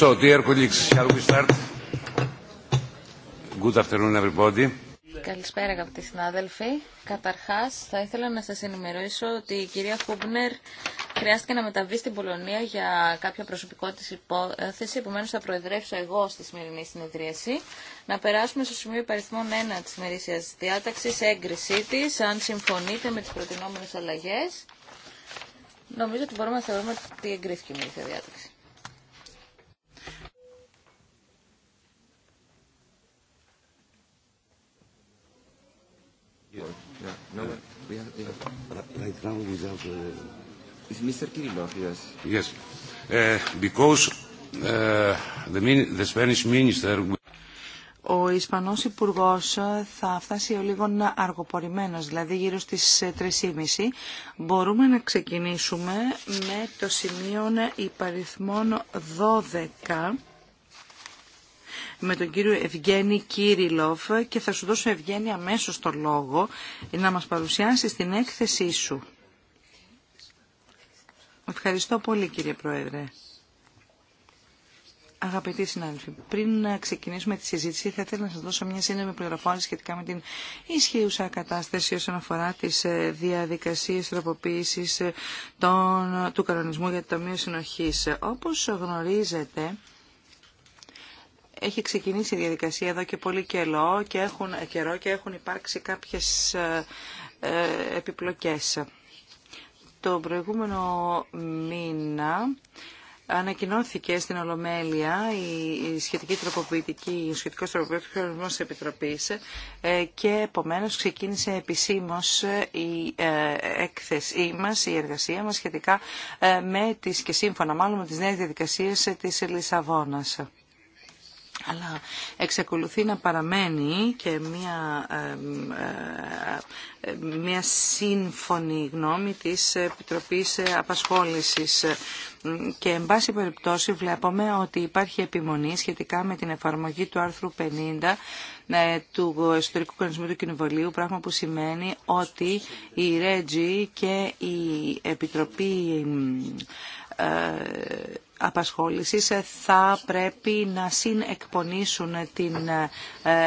So, dear colleagues, start? Good afternoon, everybody. Καλησπέρα, αγαπητοί συνάδελφοι. Καταρχάς, θα ήθελα να σας ενημερώσω ότι η κυρία Χούμπνερ χρειάστηκε να μεταβεί στην Πολωνία για κάποια προσωπικό τη υπόθεση, επομένως θα προεδρεύσω εγώ στη σημερινή συνεδρίαση. Να περάσουμε στο σημείο υπαριθμών 1 της ημερήσια διάταξης, έγκρισή τη αν συμφωνείτε με τις προτινόμενες αλλαγές. Νομίζω ότι μπορούμε να θεωρούμε ότι εγκρίθηκε η ημερήσια διάταξη. Ο Ισπανός Υπουργός ε, θα φτάσει ο λίγο αργοπορημένος, δηλαδή γύρω στις 3.30. Ε, Μπορούμε να ξεκινήσουμε με το σημείο ε, υπαριθμών 12 με τον κύριο Ευγένη Κύριλοφ και θα σου δώσω Ευγένη αμέσως το λόγο να μας παρουσιάσεις την έκθεσή σου. Ευχαριστώ πολύ κύριε Πρόεδρε. Αγαπητοί συνάδελφοι, πριν να ξεκινήσουμε τη συζήτηση, θα ήθελα να σας δώσω μια σύνδεμη πληροφόρηση σχετικά με την ισχύουσα κατάσταση όσον αφορά τις ε, διαδικασίες τροποποίησης ε, των, του κανονισμού για το Ταμείο Συνοχής. Όπως γνωρίζετε, έχει ξεκινήσει η διαδικασία εδώ και πολύ καιρό και έχουν, καιρό και έχουν υπάρξει κάποιες ε, ε, επιπλοκές. Το προηγούμενο μήνα ανακοινώθηκε στην Ολομέλεια η σχετική τροποποιητική, ο σχετικός τροποποιητικός οργανισμός της Επιτροπής ε, και επομένως ξεκίνησε επισήμως η έκθεσή μας, η εργασία μας σχετικά με τις και σύμφωνα μάλλον με τις νέες διαδικασίες της Λισαβόνας αλλά εξακολουθεί να παραμένει και μια, μια ε, σύμφωνη γνώμη της Επιτροπής Απασχόλησης και εν πάση περιπτώσει βλέπουμε ότι υπάρχει επιμονή σχετικά με την εφαρμογή του άρθρου 50 ε, του ιστορικού κανονισμού του Κοινοβολίου, πράγμα που σημαίνει ότι η Ρέτζη και η Επιτροπή ε, απασχόλησης ε, θα πρέπει να συνεκπονήσουν την ε,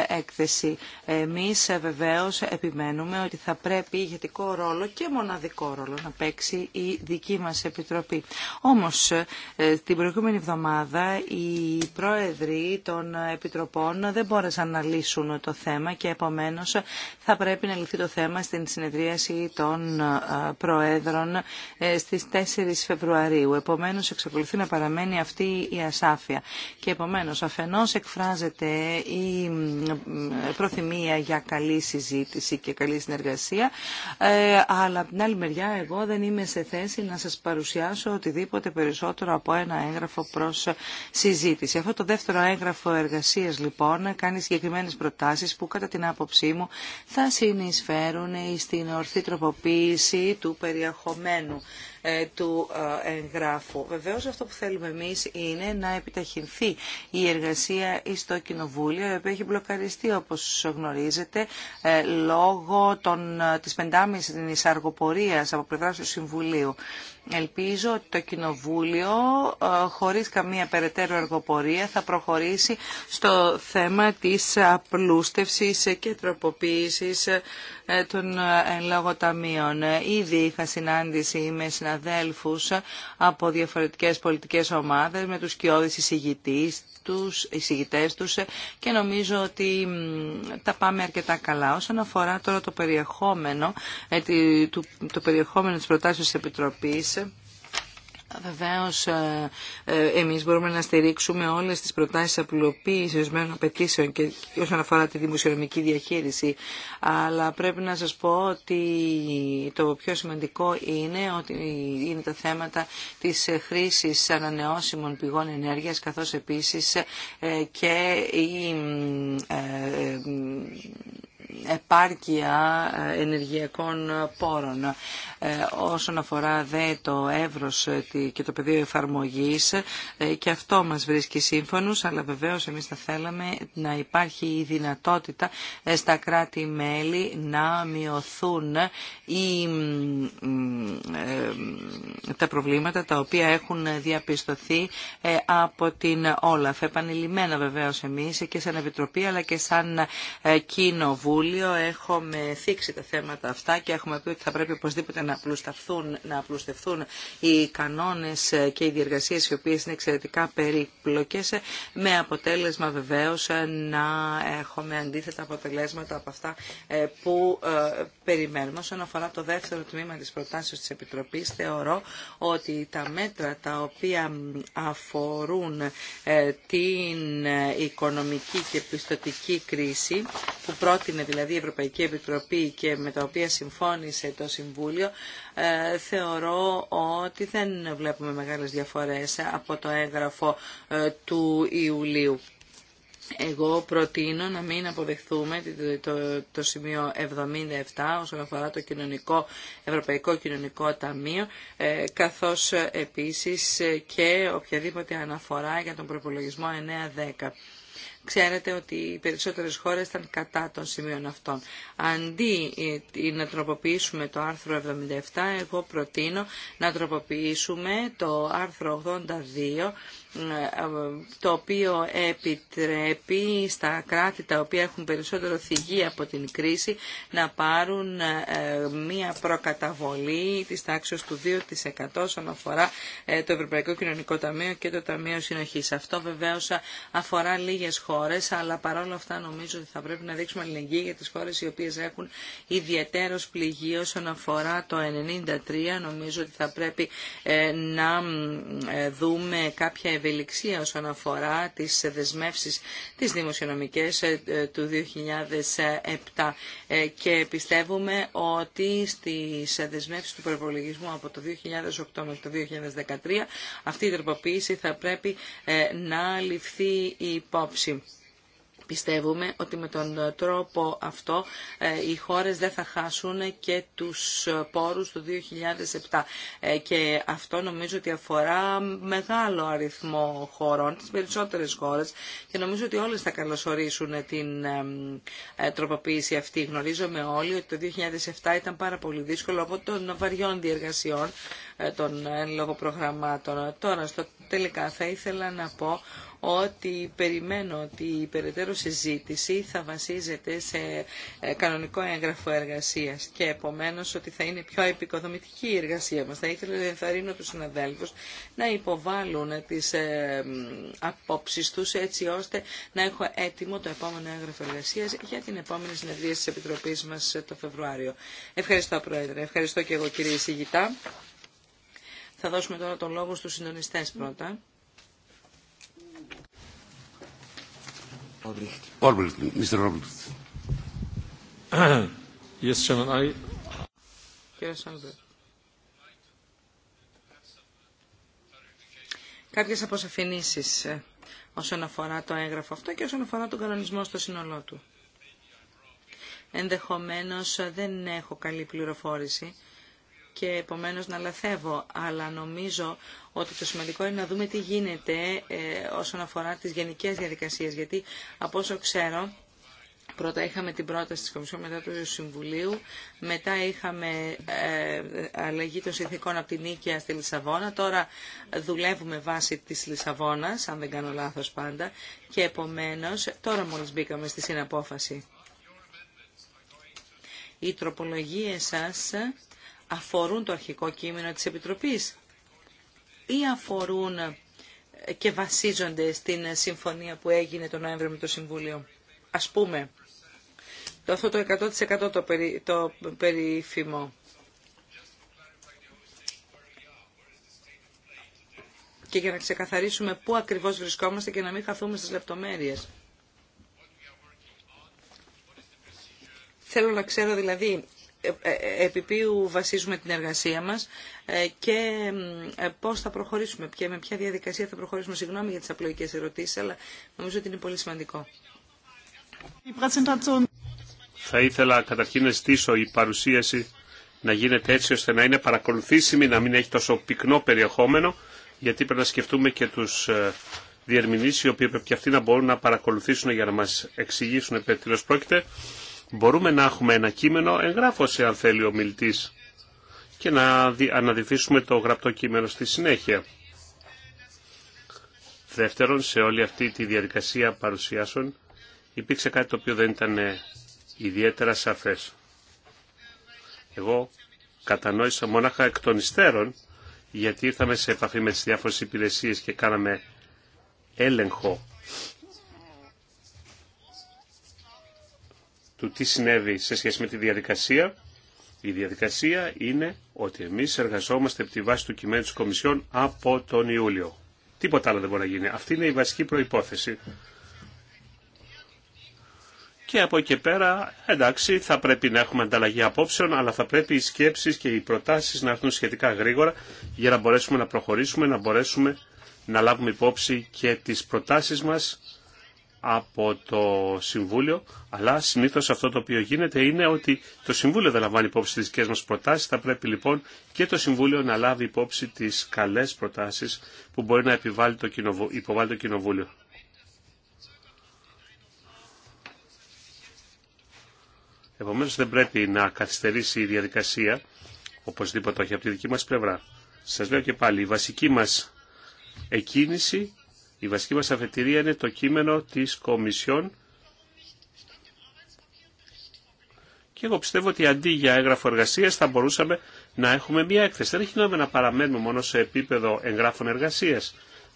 έκθεση. Εμείς ε, βεβαίως επιμένουμε ότι θα πρέπει ηγετικό ρόλο και μοναδικό ρόλο να παίξει η δική μας Επιτροπή. Όμως την προηγούμενη εβδομάδα οι πρόεδροι των Επιτροπών δεν μπόρεσαν να λύσουν το θέμα και επομένως θα πρέπει να λυθεί το θέμα στην συνεδρίαση των Προέδρων στις 4 Φεβρουαρίου. Επομένως εξακολουθεί να παραμένει αυτή η ασάφεια. Και επομένως αφενός εκφράζεται η προθυμία για καλή συζήτηση και καλή συνεργασία, ε, αλλά από την άλλη μεριά εγώ δεν είμαι σε θέση να σας παρουσιάσω οτιδήποτε περισσότερο από ένα έγγραφο προς συζήτηση. Αυτό το δεύτερο έγγραφο εργασίας λοιπόν κάνει συγκεκριμένε προτάσεις που κατά την άποψή μου θα συνεισφέρουν στην ορθή τροποποίηση του περιεχομένου ε, του ε, εγγράφου. Βεβαίω, αυτό που θέλουμε εμείς είναι να επιταχυνθεί η εργασία στο Κοινοβούλιο, η οποία έχει μπλοκαριστεί όπως γνωρίζετε ε, λόγω τη της αργοπορία αργοπορίας από πλευρά του Συμβουλίου. Ελπίζω ότι το Κοινοβούλιο, ε, χωρίς καμία περαιτέρω εργοπορία, θα προχωρήσει στο θέμα της απλούστευσης και τροποποίησης ε, των ε, λόγω ταμείων. Ήδη είχα συνάντηση με συναδέλφους από διαφορετικές πολιτικές ομάδες, με τους κοιόδης εισηγητής, τους εισηγητές τους ε, και νομίζω ότι τα πάμε αρκετά καλά. Όσον αφορά τώρα το περιεχόμενο, ε, το περιεχόμενο της προτάσεως της Επιτροπής, ε, Βεβαίω ε, ε, εμείς μπορούμε να στηρίξουμε όλες τις προτάσει απλοποίηση ορισμένων απαιτήσεων και όσον αφορά τη δημοσιονομική διαχείριση. Αλλά πρέπει να σας πω ότι το πιο σημαντικό είναι ότι είναι τα θέματα της χρήση ανανεώσιμων πηγών ενέργειας καθώς επίσης ε, και η επάρκεια ενεργειακών πόρων. Ε, όσον αφορά δε το εύρος ε, και το πεδίο εφαρμογής ε, και αυτό μας βρίσκει σύμφωνος, αλλά βεβαίως εμείς θα θέλαμε να υπάρχει η δυνατότητα στα κράτη-μέλη να μειωθούν τα προβλήματα τα οποία έχουν διαπιστωθεί από την Όλαφ. Επανειλημμένα βεβαίως εμείς και σαν Επιτροπή αλλά και σαν Κοινοβούλιο έχουμε θίξει τα θέματα αυτά και έχουμε πει ότι θα πρέπει οπωσδήποτε να να απλουστευθούν, να οι κανόνες και οι διεργασίες οι οποίες είναι εξαιρετικά περίπλοκες με αποτέλεσμα βεβαίως να έχουμε αντίθετα αποτελέσματα από αυτά ε, που ε, περιμένουμε. Όσον αφορά το δεύτερο τμήμα της προτάσεως της Επιτροπής θεωρώ ότι τα μέτρα τα οποία αφορούν ε, την οικονομική και πιστοτική κρίση που πρότεινε δηλαδή η Ευρωπαϊκή Επιτροπή και με τα οποία συμφώνησε το Συμβούλιο ε, θεωρώ ότι δεν βλέπουμε μεγάλες διαφορές από το έγγραφο ε, του Ιουλίου. Εγώ προτείνω να μην αποδεχθούμε το, το, σημείο 77 όσον αφορά το κοινωνικό, Ευρωπαϊκό Κοινωνικό Ταμείο, ε, καθώς ε, επίσης και οποιαδήποτε αναφορά για τον προπολογισμό 9-10. Ξέρετε ότι οι περισσότερες χώρες ήταν κατά των σημείων αυτών. Αντί ε, να τροποποιήσουμε το άρθρο 77, εγώ προτείνω να τροποποιήσουμε το άρθρο 82, ε, το οποίο επιτρέπει στα κράτη τα οποία έχουν περισσότερο θυγή από την κρίση να πάρουν ε, μία προκαταβολή της τάξης του 2% όσον αφορά το Ευρωπαϊκό Κοινωνικό Ταμείο και το Ταμείο Συνοχής. Αυτό βεβαίως αφορά λίγες χώρες αλλά παρόλα αυτά νομίζω ότι θα πρέπει να δείξουμε αλληλεγγύη για τι χώρε οι οποίε έχουν ιδιαίτερο πληγή όσον αφορά το 93. Νομίζω ότι θα πρέπει ε, να ε, δούμε κάποια ευελιξία όσον αφορά τι δεσμεύσεις τι ε, ε, του 2007 και πιστεύουμε ότι στι δεσμεύσει του προπολογισμού από το 2008 μέχρι το 2013 αυτή η τροποποίηση θα πρέπει να ληφθεί υπόψη. Πιστεύουμε ότι με τον τρόπο αυτό ε, οι χώρες δεν θα χάσουν και τους πόρους του 2007. Ε, και αυτό νομίζω ότι αφορά μεγάλο αριθμό χωρών, τις περισσότερες χώρες και νομίζω ότι όλες θα καλωσορίσουν την ε, τροποποίηση αυτή. Γνωρίζουμε όλοι ότι το 2007 ήταν πάρα πολύ δύσκολο από των βαριών διεργασιών των λόγω προγραμμάτων. Τώρα, στο τελικά θα ήθελα να πω ότι περιμένω ότι η περαιτέρω συζήτηση θα βασίζεται σε ε, κανονικό έγγραφο εργασίας και επομένως ότι θα είναι πιο επικοδομητική η εργασία μας. Θα ήθελα να ενθαρρύνω τους συναδέλφους να υποβάλουν τις ε, απόψει του έτσι ώστε να έχω έτοιμο το επόμενο έγγραφο εργασίας για την επόμενη συνεδρία της Επιτροπής μας το Φεβρουάριο. Ευχαριστώ Πρόεδρε, ευχαριστώ και εγώ κύριε Σιγητά. Θα δώσουμε τώρα τον λόγο στους συντονιστές πρώτα. Κάποιες αποσαφηνήσεις ε, όσον αφορά το έγγραφο αυτό και όσον αφορά τον κανονισμό στο σύνολό του. Ενδεχομένως ε, δεν έχω καλή πληροφόρηση και επομένως να λαθεύω, αλλά νομίζω ότι το σημαντικό είναι να δούμε τι γίνεται ε, όσον αφορά τις γενικές διαδικασίες, γιατί από όσο ξέρω Πρώτα είχαμε την πρόταση της Κομισιόν μετά του Συμβουλίου, μετά είχαμε ε, αλλαγή των συνθήκων από την Νίκαια στη Λισαβόνα, τώρα δουλεύουμε βάσει της Λισαβόνας, αν δεν κάνω λάθος πάντα, και επομένως τώρα μόλις μπήκαμε στη συναπόφαση. Οι τροπολογίες σας αφορούν το αρχικό κείμενο της Επιτροπής ή αφορούν και βασίζονται στην συμφωνία που έγινε τον Νοέμβριο με το Συμβούλιο. Ας πούμε, το αυτό το 100% το, το περίφημο. Και για να ξεκαθαρίσουμε πού ακριβώς βρισκόμαστε και να μην χαθούμε στις λεπτομέρειες. Θέλω να ξέρω δηλαδή ε, ε, επί ποιου βασίζουμε την εργασία μας ε, και πώς θα προχωρήσουμε και με ποια διαδικασία θα προχωρήσουμε. Συγγνώμη για τις απλοϊκές ερωτήσεις, αλλά νομίζω ότι είναι πολύ σημαντικό. Θα ήθελα καταρχήν να ζητήσω η παρουσίαση να γίνεται έτσι ώστε να είναι παρακολουθήσιμη, να μην έχει τόσο πυκνό περιεχόμενο, γιατί πρέπει να σκεφτούμε και τους διερμηνείς οι οποίοι πρέπει και αυτοί να μπορούν να παρακολουθήσουν για να μας εξηγήσουν επέτειλως πρόκειται. Μπορούμε να έχουμε ένα κείμενο εγγράφω αν θέλει ο μιλητής, και να αναδειφίσουμε το γραπτό κείμενο στη συνέχεια. Δεύτερον, σε όλη αυτή τη διαδικασία παρουσιάσεων υπήρξε κάτι το οποίο δεν ήταν ε, ιδιαίτερα σαφές. Εγώ κατανόησα μόναχα εκ των υστέρων, γιατί ήρθαμε σε επαφή με τις διάφορες υπηρεσίες και κάναμε έλεγχο του τι συνέβη σε σχέση με τη διαδικασία. Η διαδικασία είναι ότι εμείς εργαζόμαστε από τη βάση του κειμένου της Κομισιόν από τον Ιούλιο. Τίποτα άλλο δεν μπορεί να γίνει. Αυτή είναι η βασική προϋπόθεση. Και από εκεί και πέρα, εντάξει, θα πρέπει να έχουμε ανταλλαγή απόψεων, αλλά θα πρέπει οι σκέψεις και οι προτάσεις να έρθουν σχετικά γρήγορα για να μπορέσουμε να προχωρήσουμε, να μπορέσουμε να λάβουμε υπόψη και τις προτάσεις μας από το Συμβούλιο, αλλά συνήθω αυτό το οποίο γίνεται είναι ότι το Συμβούλιο δεν λαμβάνει υπόψη τι δικέ μα προτάσει. Θα πρέπει λοιπόν και το Συμβούλιο να λάβει υπόψη τι καλέ προτάσει που μπορεί να υποβάλει το Κοινοβούλιο. Επομένως δεν πρέπει να καθυστερήσει η διαδικασία, οπωσδήποτε όχι από τη δική μας πλευρά. Σας λέω και πάλι, η βασική μας εκκίνηση η βασική μας αφετηρία είναι το κείμενο της Κομισιόν και εγώ πιστεύω ότι αντί για έγγραφο εργασία θα μπορούσαμε να έχουμε μια έκθεση. Δεν έχει νόημα να παραμένουμε μόνο σε επίπεδο εγγράφων εργασία.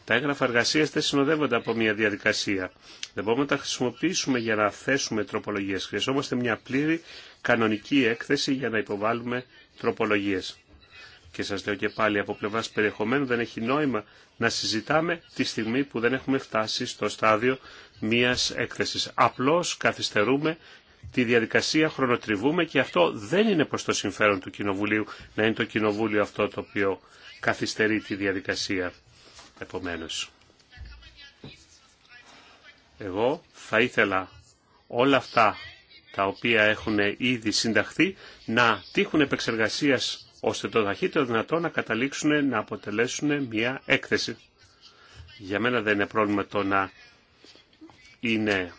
Τα έγγραφα εργασία δεν συνοδεύονται από μια διαδικασία. Δεν μπορούμε να τα χρησιμοποιήσουμε για να θέσουμε τροπολογίε. Χρειαζόμαστε μια πλήρη κανονική έκθεση για να υποβάλουμε τροπολογίες. Και σας λέω και πάλι από πλευράς περιεχομένου δεν έχει νόημα να συζητάμε τη στιγμή που δεν έχουμε φτάσει στο στάδιο μιας έκθεσης. Απλώς καθυστερούμε τη διαδικασία, χρονοτριβούμε και αυτό δεν είναι προς το συμφέρον του Κοινοβουλίου να είναι το Κοινοβούλιο αυτό το οποίο καθυστερεί τη διαδικασία. Επομένως, εγώ θα ήθελα όλα αυτά τα οποία έχουν ήδη συνταχθεί να τύχουν επεξεργασίας ώστε το ταχύτερο δυνατό να καταλήξουν να αποτελέσουν μια έκθεση. Για μένα δεν είναι πρόβλημα το να είναι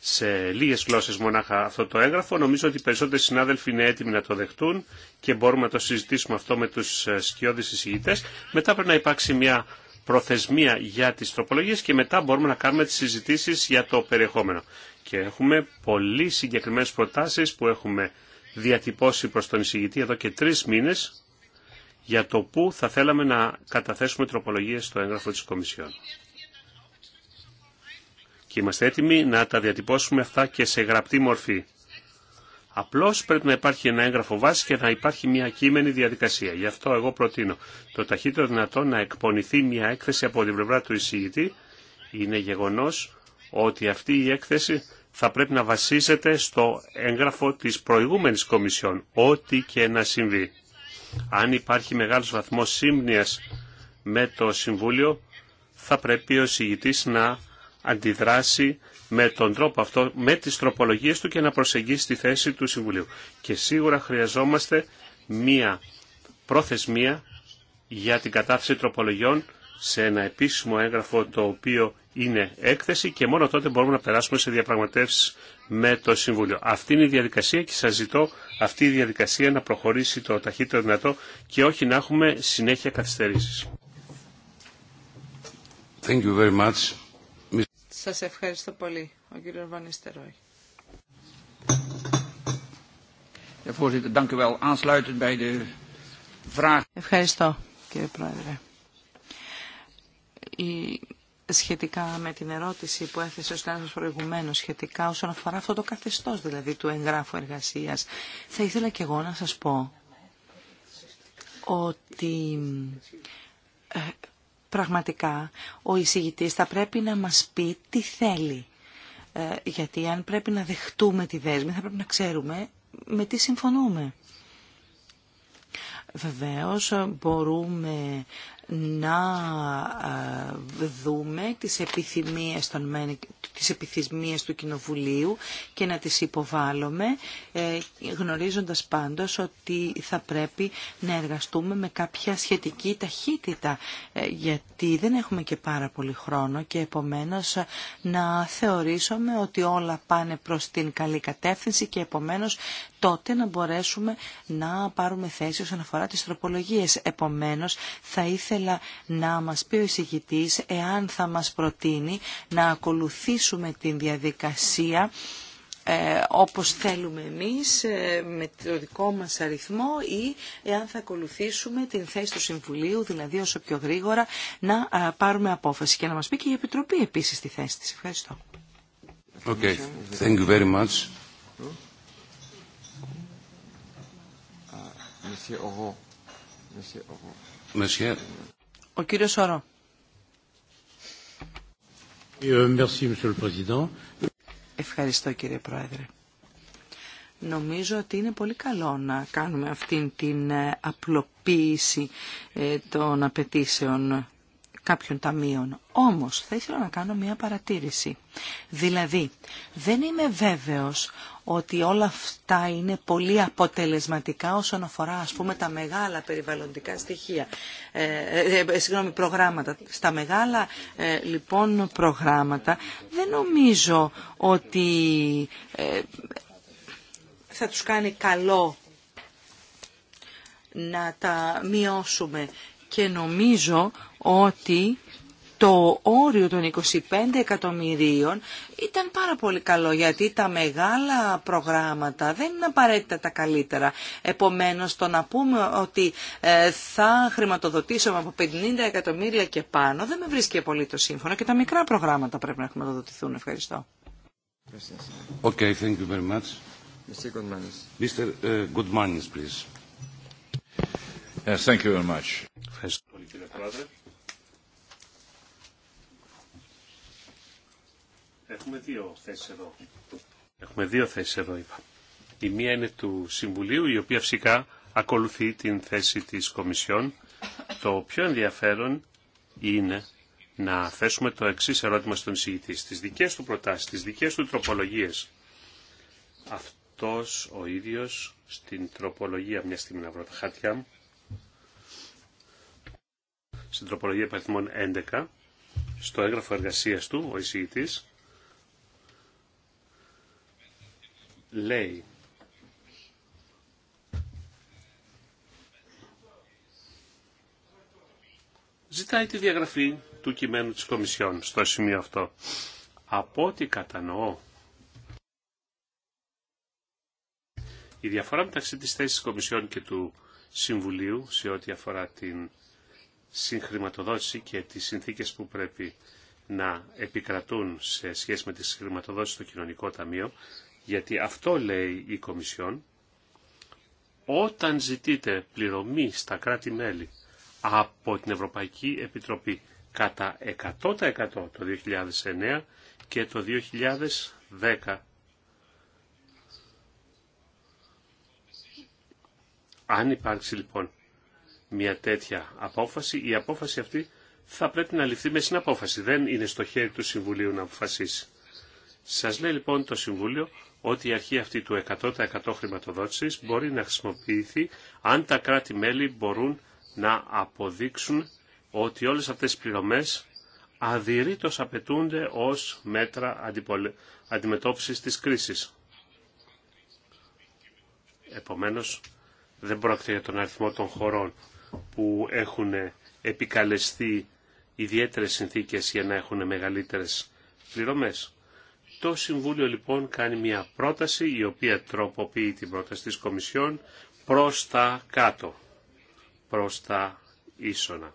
σε λίγες γλώσσες μονάχα αυτό το έγγραφο. Νομίζω ότι οι περισσότεροι συνάδελφοι είναι έτοιμοι να το δεχτούν και μπορούμε να το συζητήσουμε αυτό με τους ε, σκιώδεις εισηγητές. Μετά πρέπει να υπάρξει μια προθεσμία για τις τροπολογίες και μετά μπορούμε να κάνουμε τις συζητήσεις για το περιεχόμενο. Και έχουμε πολύ συγκεκριμένες προτάσεις που έχουμε διατυπώσει προς τον εισηγητή εδώ και τρεις μήνες για το πού θα θέλαμε να καταθέσουμε τροπολογίες στο έγγραφο της Κομισιόν. Και είμαστε έτοιμοι να τα διατυπώσουμε αυτά και σε γραπτή μορφή. Απλώς πρέπει να υπάρχει ένα έγγραφο βάση και να υπάρχει μια κείμενη διαδικασία. Γι' αυτό εγώ προτείνω το ταχύτερο δυνατό να εκπονηθεί μια έκθεση από την πλευρά του εισηγητή. Είναι γεγονός ότι αυτή η έκθεση θα πρέπει να βασίζεται στο έγγραφο της προηγούμενης Κομισιόν, ό,τι και να συμβεί. Αν υπάρχει μεγάλος βαθμός σύμπνοιας με το Συμβούλιο, θα πρέπει ο συγητής να αντιδράσει με τον τρόπο αυτό, με τις τροπολογίες του και να προσεγγίσει τη θέση του Συμβουλίου. Και σίγουρα χρειαζόμαστε μία προθεσμία για την κατάθεση τροπολογιών σε ένα επίσημο έγγραφο το οποίο είναι έκθεση και μόνο τότε μπορούμε να περάσουμε σε διαπραγματεύσεις με το Συμβούλιο. Αυτή είναι η διαδικασία και σας ζητώ αυτή η διαδικασία να προχωρήσει το ταχύτερο δυνατό και όχι να έχουμε συνέχεια καθυστερήσεις. Thank you very much. Σας ευχαριστώ πολύ, ο Βανίστερόι. Ευχαριστώ, κύριε Πρόεδρε σχετικά με την ερώτηση που έθεσε ο Στάνος προηγουμένως σχετικά όσον αφορά αυτό το καθεστώς δηλαδή του εγγράφου εργασίας. Θα ήθελα και εγώ να σας πω ότι ε, πραγματικά ο εισηγητής θα πρέπει να μας πει τι θέλει. Ε, γιατί αν πρέπει να δεχτούμε τη δέσμη θα πρέπει να ξέρουμε με τι συμφωνούμε. Βεβαίως μπορούμε να δούμε τις επιθυμίες, των, τις επιθυμίες του Κοινοβουλίου και να τις υποβάλλουμε, ε, γνωρίζοντας πάντως ότι θα πρέπει να εργαστούμε με κάποια σχετική ταχύτητα, ε, γιατί δεν έχουμε και πάρα πολύ χρόνο και επομένως ε, να θεωρήσουμε ότι όλα πάνε προς την καλή κατεύθυνση και επομένως τότε να μπορέσουμε να πάρουμε θέση όσον αφορά τις τροπολογίες. Επομένως, θα ήθελα να μας πει ο εισηγητής εάν θα μας προτείνει να ακολουθήσουμε την διαδικασία ε, όπως θέλουμε εμείς, ε, με το δικό μας αριθμό ή εάν θα ακολουθήσουμε την θέση του Συμβουλίου, δηλαδή όσο πιο γρήγορα, να ε, πάρουμε απόφαση και να μας πει και η Επιτροπή επίσης τη θέση της. Ευχαριστώ. Ο ε, Ευχαριστώ κύριε Πρόεδρε. Νομίζω ότι είναι πολύ καλό να κάνουμε αυτή την ε, απλοποίηση ε, των απαιτήσεων κάποιων ταμείων. Όμως θα ήθελα να κάνω μια παρατήρηση. Δηλαδή, δεν είμαι βέβαιος ότι όλα αυτά είναι πολύ αποτελεσματικά όσον αφορά ας πούμε τα μεγάλα περιβαλλοντικά στοιχεία, ε, ε, ε προγράμματα. Στα μεγάλα ε, λοιπόν προγράμματα δεν νομίζω ότι ε, θα τους κάνει καλό να τα μειώσουμε και νομίζω ότι το όριο των 25 εκατομμυρίων ήταν πάρα πολύ καλό γιατί τα μεγάλα προγράμματα δεν είναι απαραίτητα τα καλύτερα. Επομένως το να πούμε ότι ε, θα χρηματοδοτήσουμε από 50 εκατομμύρια και πάνω δεν με βρίσκει πολύ το σύμφωνο και τα μικρά προγράμματα πρέπει να χρηματοδοτηθούν. Ευχαριστώ. Okay, thank you very much. Mr. Ε, Goodmanis. please. thank you very much. Ευχαριστώ πολύ Έχουμε δύο θέσεις εδώ. Έχουμε δύο θέσεις εδώ, είπα. Η μία είναι του Συμβουλίου, η οποία φυσικά ακολουθεί την θέση της Κομισιόν. Το πιο ενδιαφέρον είναι να θέσουμε το εξή ερώτημα στον εισηγητή. Στις δικές του προτάσεις, στις δικές του τροπολογίες, αυτός ο ίδιος στην τροπολογία, μια στιγμή να βρω τα χάτια μου, στην τροπολογία υπαριθμών 11, στο έγγραφο εργασίας του, ο εισηγητής, λέει ζητάει τη διαγραφή του κειμένου της Κομισιόν στο σημείο αυτό. Από ό,τι κατανοώ, η διαφορά μεταξύ της θέσης της Κομισιόν και του Συμβουλίου σε ό,τι αφορά την συγχρηματοδότηση και τις συνθήκες που πρέπει να επικρατούν σε σχέση με τη συγχρηματοδότηση στο Κοινωνικό Ταμείο γιατί αυτό λέει η Κομισιόν, όταν ζητείτε πληρωμή στα κράτη-μέλη από την Ευρωπαϊκή Επιτροπή κατά 100% το 2009 και το 2010, Αν υπάρξει λοιπόν μια τέτοια απόφαση, η απόφαση αυτή θα πρέπει να ληφθεί με συναπόφαση. Δεν είναι στο χέρι του Συμβουλίου να αποφασίσει. Σας λέει λοιπόν το Συμβούλιο ότι η αρχή αυτή του 100% χρηματοδότησης μπορεί να χρησιμοποιηθεί αν τα κράτη-μέλη μπορούν να αποδείξουν ότι όλες αυτές οι πληρωμές αδειρήτως απαιτούνται ως μέτρα αντιπολε... αντιμετώπισης της κρίσης. Επομένως, δεν πρόκειται για τον αριθμό των χωρών που έχουν επικαλεστεί ιδιαίτερες συνθήκες για να έχουν μεγαλύτερες πληρωμές. Το Συμβούλιο λοιπόν κάνει μια πρόταση η οποία τροποποιεί την πρόταση της Κομισιόν προς τα κάτω, προς τα ίσονα.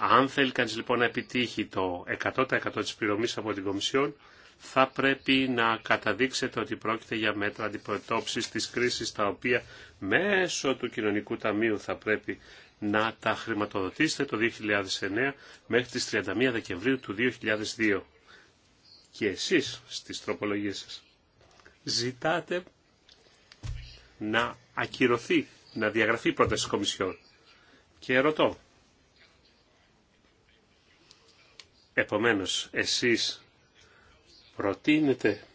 Αν θέλει κανείς λοιπόν να επιτύχει το 100% της πληρωμής από την Κομισιόν, θα πρέπει να καταδείξετε ότι πρόκειται για μέτρα αντιπροτόψης της κρίσης, τα οποία μέσω του Κοινωνικού Ταμείου θα πρέπει να τα χρηματοδοτήσετε το 2009 μέχρι τις 31 Δεκεμβρίου του 2002 και εσείς στις τροπολογίες σας. Ζητάτε να ακυρωθεί, να διαγραφεί η πρόταση της Κομισιόν. Και ρωτώ. Επομένως, εσείς προτείνετε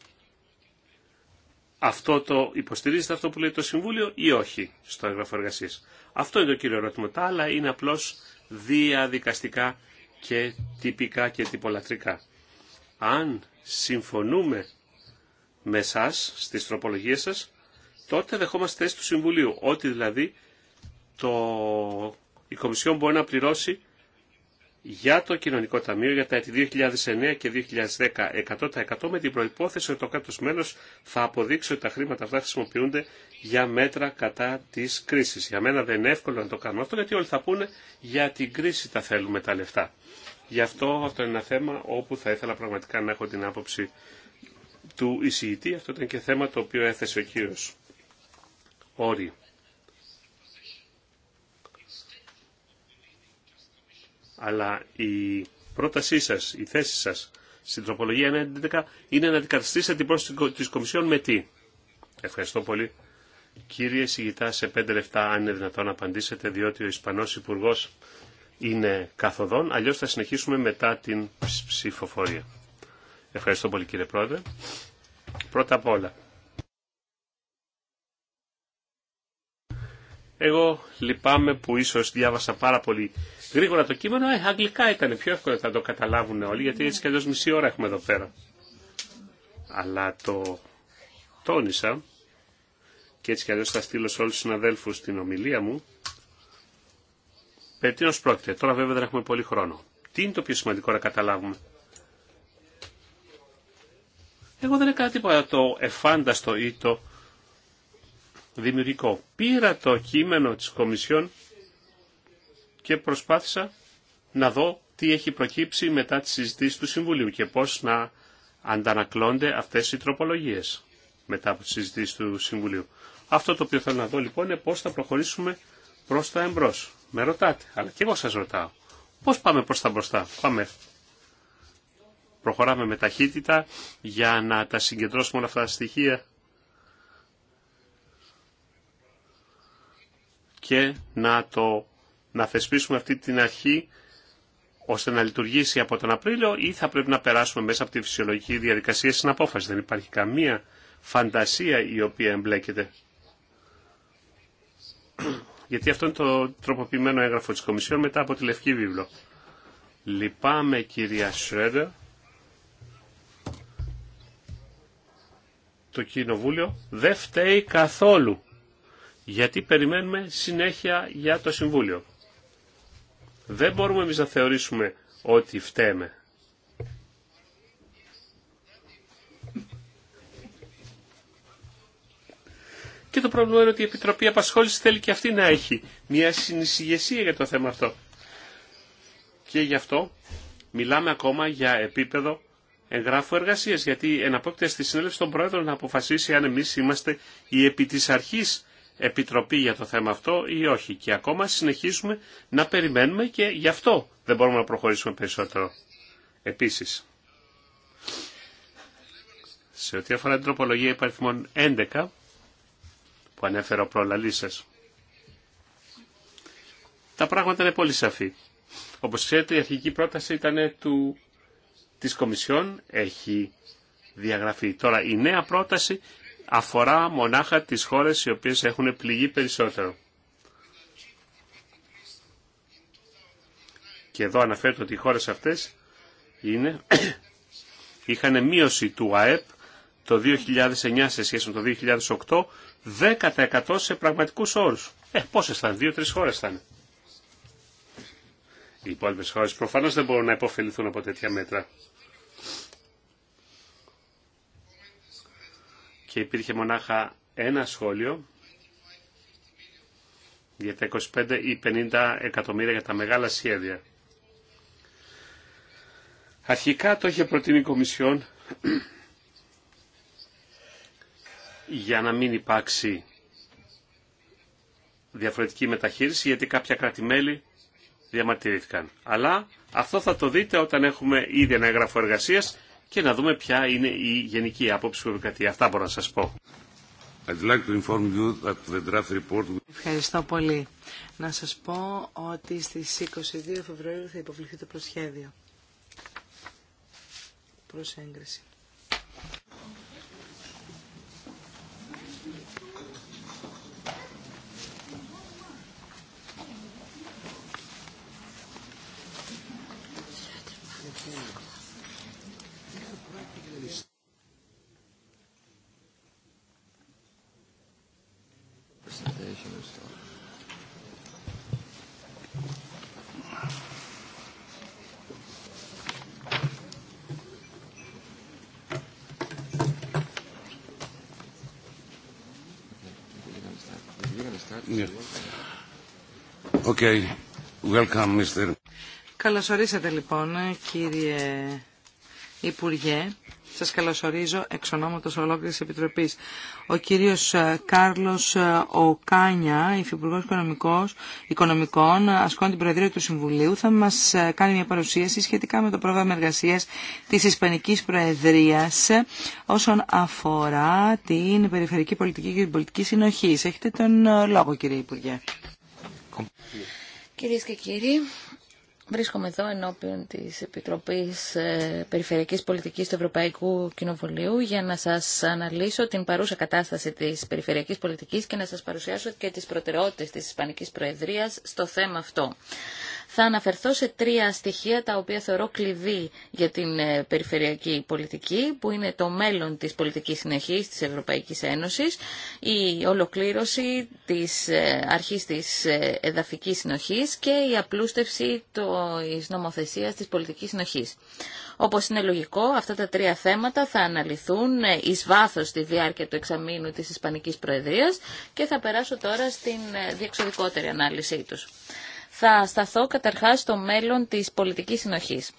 αυτό το υποστηρίζετε αυτό που λέει το Συμβούλιο ή όχι στο έγγραφο εργασία. Αυτό είναι το κύριο ερώτημα. Τα άλλα είναι απλώς διαδικαστικά και τυπικά και τυπολατρικά αν συμφωνούμε με εσά στις τροπολογίες σας, τότε δεχόμαστε θέση του Συμβουλίου. Ότι δηλαδή το... η Κομισιόν μπορεί να πληρώσει για το Κοινωνικό Ταμείο για τα έτη 2009 και 2010 100% με την προϋπόθεση ότι το κάτω μέλος θα αποδείξει ότι τα χρήματα αυτά χρησιμοποιούνται για μέτρα κατά της κρίσης. Για μένα δεν είναι εύκολο να το κάνουμε αυτό γιατί όλοι θα πούνε για την κρίση τα θέλουμε τα λεφτά. Γι' αυτό αυτό είναι ένα θέμα όπου θα ήθελα πραγματικά να έχω την άποψη του εισηγητή. Αυτό ήταν και θέμα το οποίο έθεσε ο κύριος Όρη. Αλλά η πρότασή σας, η θέση σας στην τροπολογία 11 είναι να αντικαταστήσετε την πρόσθεση της Κομισιόν με τι. Ευχαριστώ πολύ. Κύριε Σιγητά, σε πέντε λεπτά αν είναι δυνατόν να απαντήσετε, διότι ο Ισπανός Υπουργός είναι καθοδόν, αλλιώς θα συνεχίσουμε μετά την ψηφοφορία. Ευχαριστώ πολύ κύριε Πρόεδρε. Πρώτα απ' όλα, εγώ λυπάμαι που ίσως διάβασα πάρα πολύ γρήγορα το κείμενο, ε, αγγλικά ήταν πιο εύκολο να το καταλάβουν όλοι, γιατί έτσι κι αλλιώς μισή ώρα έχουμε εδώ πέρα. Αλλά το τόνισα και έτσι κι αλλιώς θα στείλω σε όλους τους συναδέλφους την ομιλία μου, Περί τίνο πρόκειται. Τώρα βέβαια δεν έχουμε πολύ χρόνο. Τι είναι το πιο σημαντικό να καταλάβουμε. Εγώ δεν έκανα τίποτα το εφάνταστο ή το δημιουργικό. Πήρα το κείμενο της Κομισιόν και προσπάθησα να δω τι έχει προκύψει μετά τις συζητήσεις του Συμβουλίου και πώς να αντανακλώνται αυτές οι τροπολογίες μετά από τις συζητήσεις του Συμβουλίου. Αυτό το οποίο θέλω να δω λοιπόν είναι πώς θα προχωρήσουμε προς τα εμπρός. Με ρωτάτε, αλλά και εγώ σας ρωτάω. Πώς πάμε προς τα μπροστά. Πάμε. Προχωράμε με ταχύτητα για να τα συγκεντρώσουμε όλα αυτά τα στοιχεία και να, το, να θεσπίσουμε αυτή την αρχή ώστε να λειτουργήσει από τον Απρίλιο ή θα πρέπει να περάσουμε μέσα από τη φυσιολογική διαδικασία στην απόφαση. Δεν υπάρχει καμία φαντασία η οποία εμπλέκεται. Γιατί αυτό είναι το τροποποιημένο έγγραφο της Κομισιόν μετά από τη Λευκή Βίβλο. Λυπάμαι κυρία Σρέντερ. Το Κοινοβούλιο δεν φταίει καθόλου. Γιατί περιμένουμε συνέχεια για το Συμβούλιο. Δεν μπορούμε εμείς να θεωρήσουμε ότι φταίμε. Και το πρόβλημα είναι ότι η Επιτροπή Απασχόληση θέλει και αυτή να έχει μια συνεισυγεσία για το θέμα αυτό. Και γι' αυτό μιλάμε ακόμα για επίπεδο εγγράφου εργασία. Γιατί εναπόκειται στη συνέλευση των Πρόεδρων να αποφασίσει αν εμεί είμαστε η επί τη αρχή επιτροπή για το θέμα αυτό ή όχι. Και ακόμα συνεχίζουμε να περιμένουμε και γι' αυτό δεν μπορούμε να προχωρήσουμε περισσότερο. Επίση. σε ό,τι αφορά την τροπολογία υπαριθμών 11, που Τα πράγματα είναι πολύ σαφή. Όπως ξέρετε η αρχική πρόταση ήταν του, της Κομισιόν, έχει διαγραφεί. Τώρα η νέα πρόταση αφορά μονάχα τις χώρες οι οποίες έχουν πληγεί περισσότερο. Και εδώ αναφέρεται ότι οι χώρες αυτές είναι, είχαν μείωση του ΑΕΠ το 2009 σε σχέση με το 2008 10% σε πραγματικούς όρους. Ε, πόσες θα είναι, δύο-τρεις χώρες θα είναι. Οι υπόλοιπες χώρε προφανώ δεν μπορούν να υποφεληθούν από τέτοια μέτρα. Και υπήρχε μονάχα ένα σχόλιο για τα 25 ή 50 εκατομμύρια για τα μεγάλα σχέδια. Αρχικά το είχε προτείνει η Κομισιόν για να μην υπάρξει διαφορετική μεταχείριση γιατί κάποια κράτη-μέλη διαμαρτυρήθηκαν. Αλλά αυτό θα το δείτε όταν έχουμε ήδη ένα έγγραφο εργασία και να δούμε ποια είναι η γενική άποψη που επικρατεί. Αυτά μπορώ να σας πω. Ευχαριστώ πολύ. Να σας πω ότι στις 22 Φεβρουαρίου θα υποβληθεί το προσχέδιο προς έγκριση. Okay. Καλωσορίσατε λοιπόν κύριε Υπουργέ. Σας καλωσορίζω εξ ονόματος ολόκληρης επιτροπής. Ο κύριος ε, Κάρλος ε, Οκάνια, Υφυπουργός Οικονομικός, Οικονομικών, ασκών την Προεδρία του Συμβουλίου, θα μας ε, κάνει μια παρουσίαση σχετικά με το πρόγραμμα εργασίας της Ισπανικής Προεδρίας όσον αφορά την περιφερειακή πολιτική και την πολιτική συνοχή. Έχετε τον λόγο κύριε Υπουργέ. Κυρίε και κύριοι, βρίσκομαι εδώ ενώπιον της Επιτροπής ε, Περιφερειακής Πολιτικής του Ευρωπαϊκού Κοινοβουλίου για να σας αναλύσω την παρούσα κατάσταση της περιφερειακής πολιτικής και να σας παρουσιάσω και τις προτεραιότητες της Ισπανικής Προεδρίας στο θέμα αυτό θα αναφερθώ σε τρία στοιχεία τα οποία θεωρώ κλειδί για την ε, περιφερειακή πολιτική, που είναι το μέλλον της πολιτικής συνεχής της Ευρωπαϊκής Ένωσης, η ολοκλήρωση της ε, αρχής της ε, εδαφικής συνοχής και η απλούστευση της νομοθεσίας της πολιτικής συνοχής. Όπως είναι λογικό, αυτά τα τρία θέματα θα αναλυθούν εις βάθος στη διάρκεια του εξαμήνου της Ισπανικής Προεδρίας και θα περάσω τώρα στην διεξοδικότερη ανάλυση τους θα σταθώ καταρχάς στο μέλλον της πολιτικής συνοχής.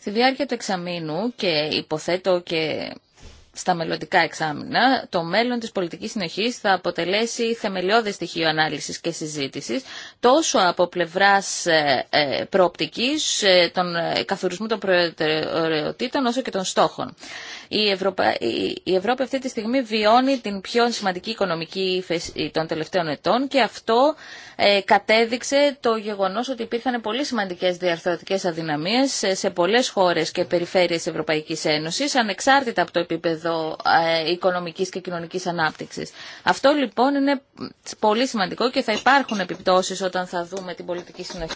Στη διάρκεια του εξαμήνου και υποθέτω και στα μελλοντικά εξάμεινα, το μέλλον της πολιτικής συνοχής θα αποτελέσει θεμελιώδες στοιχείο ανάλυσης και συζήτησης, τόσο από πλευράς ε, ε, προοπτικής, ε, των καθορισμού των προτεραιοτήτων, όσο και των στόχων. Η, η Ευρώπη αυτή τη στιγμή βιώνει την πιο σημαντική οικονομική ύφεση των τελευταίων ετών και αυτό κατέδειξε το γεγονός ότι υπήρχαν πολύ σημαντικές διαρθρωτικές αδυναμίες σε πολλές χώρες και περιφέρειες Ευρωπαϊκής Ένωσης, ανεξάρτητα από το επίπεδο επίπεδο ε, οικονομικής και κοινωνικής ανάπτυξης. Αυτό λοιπόν είναι πολύ σημαντικό και θα υπάρχουν επιπτώσεις όταν θα δούμε την πολιτική συνοχή.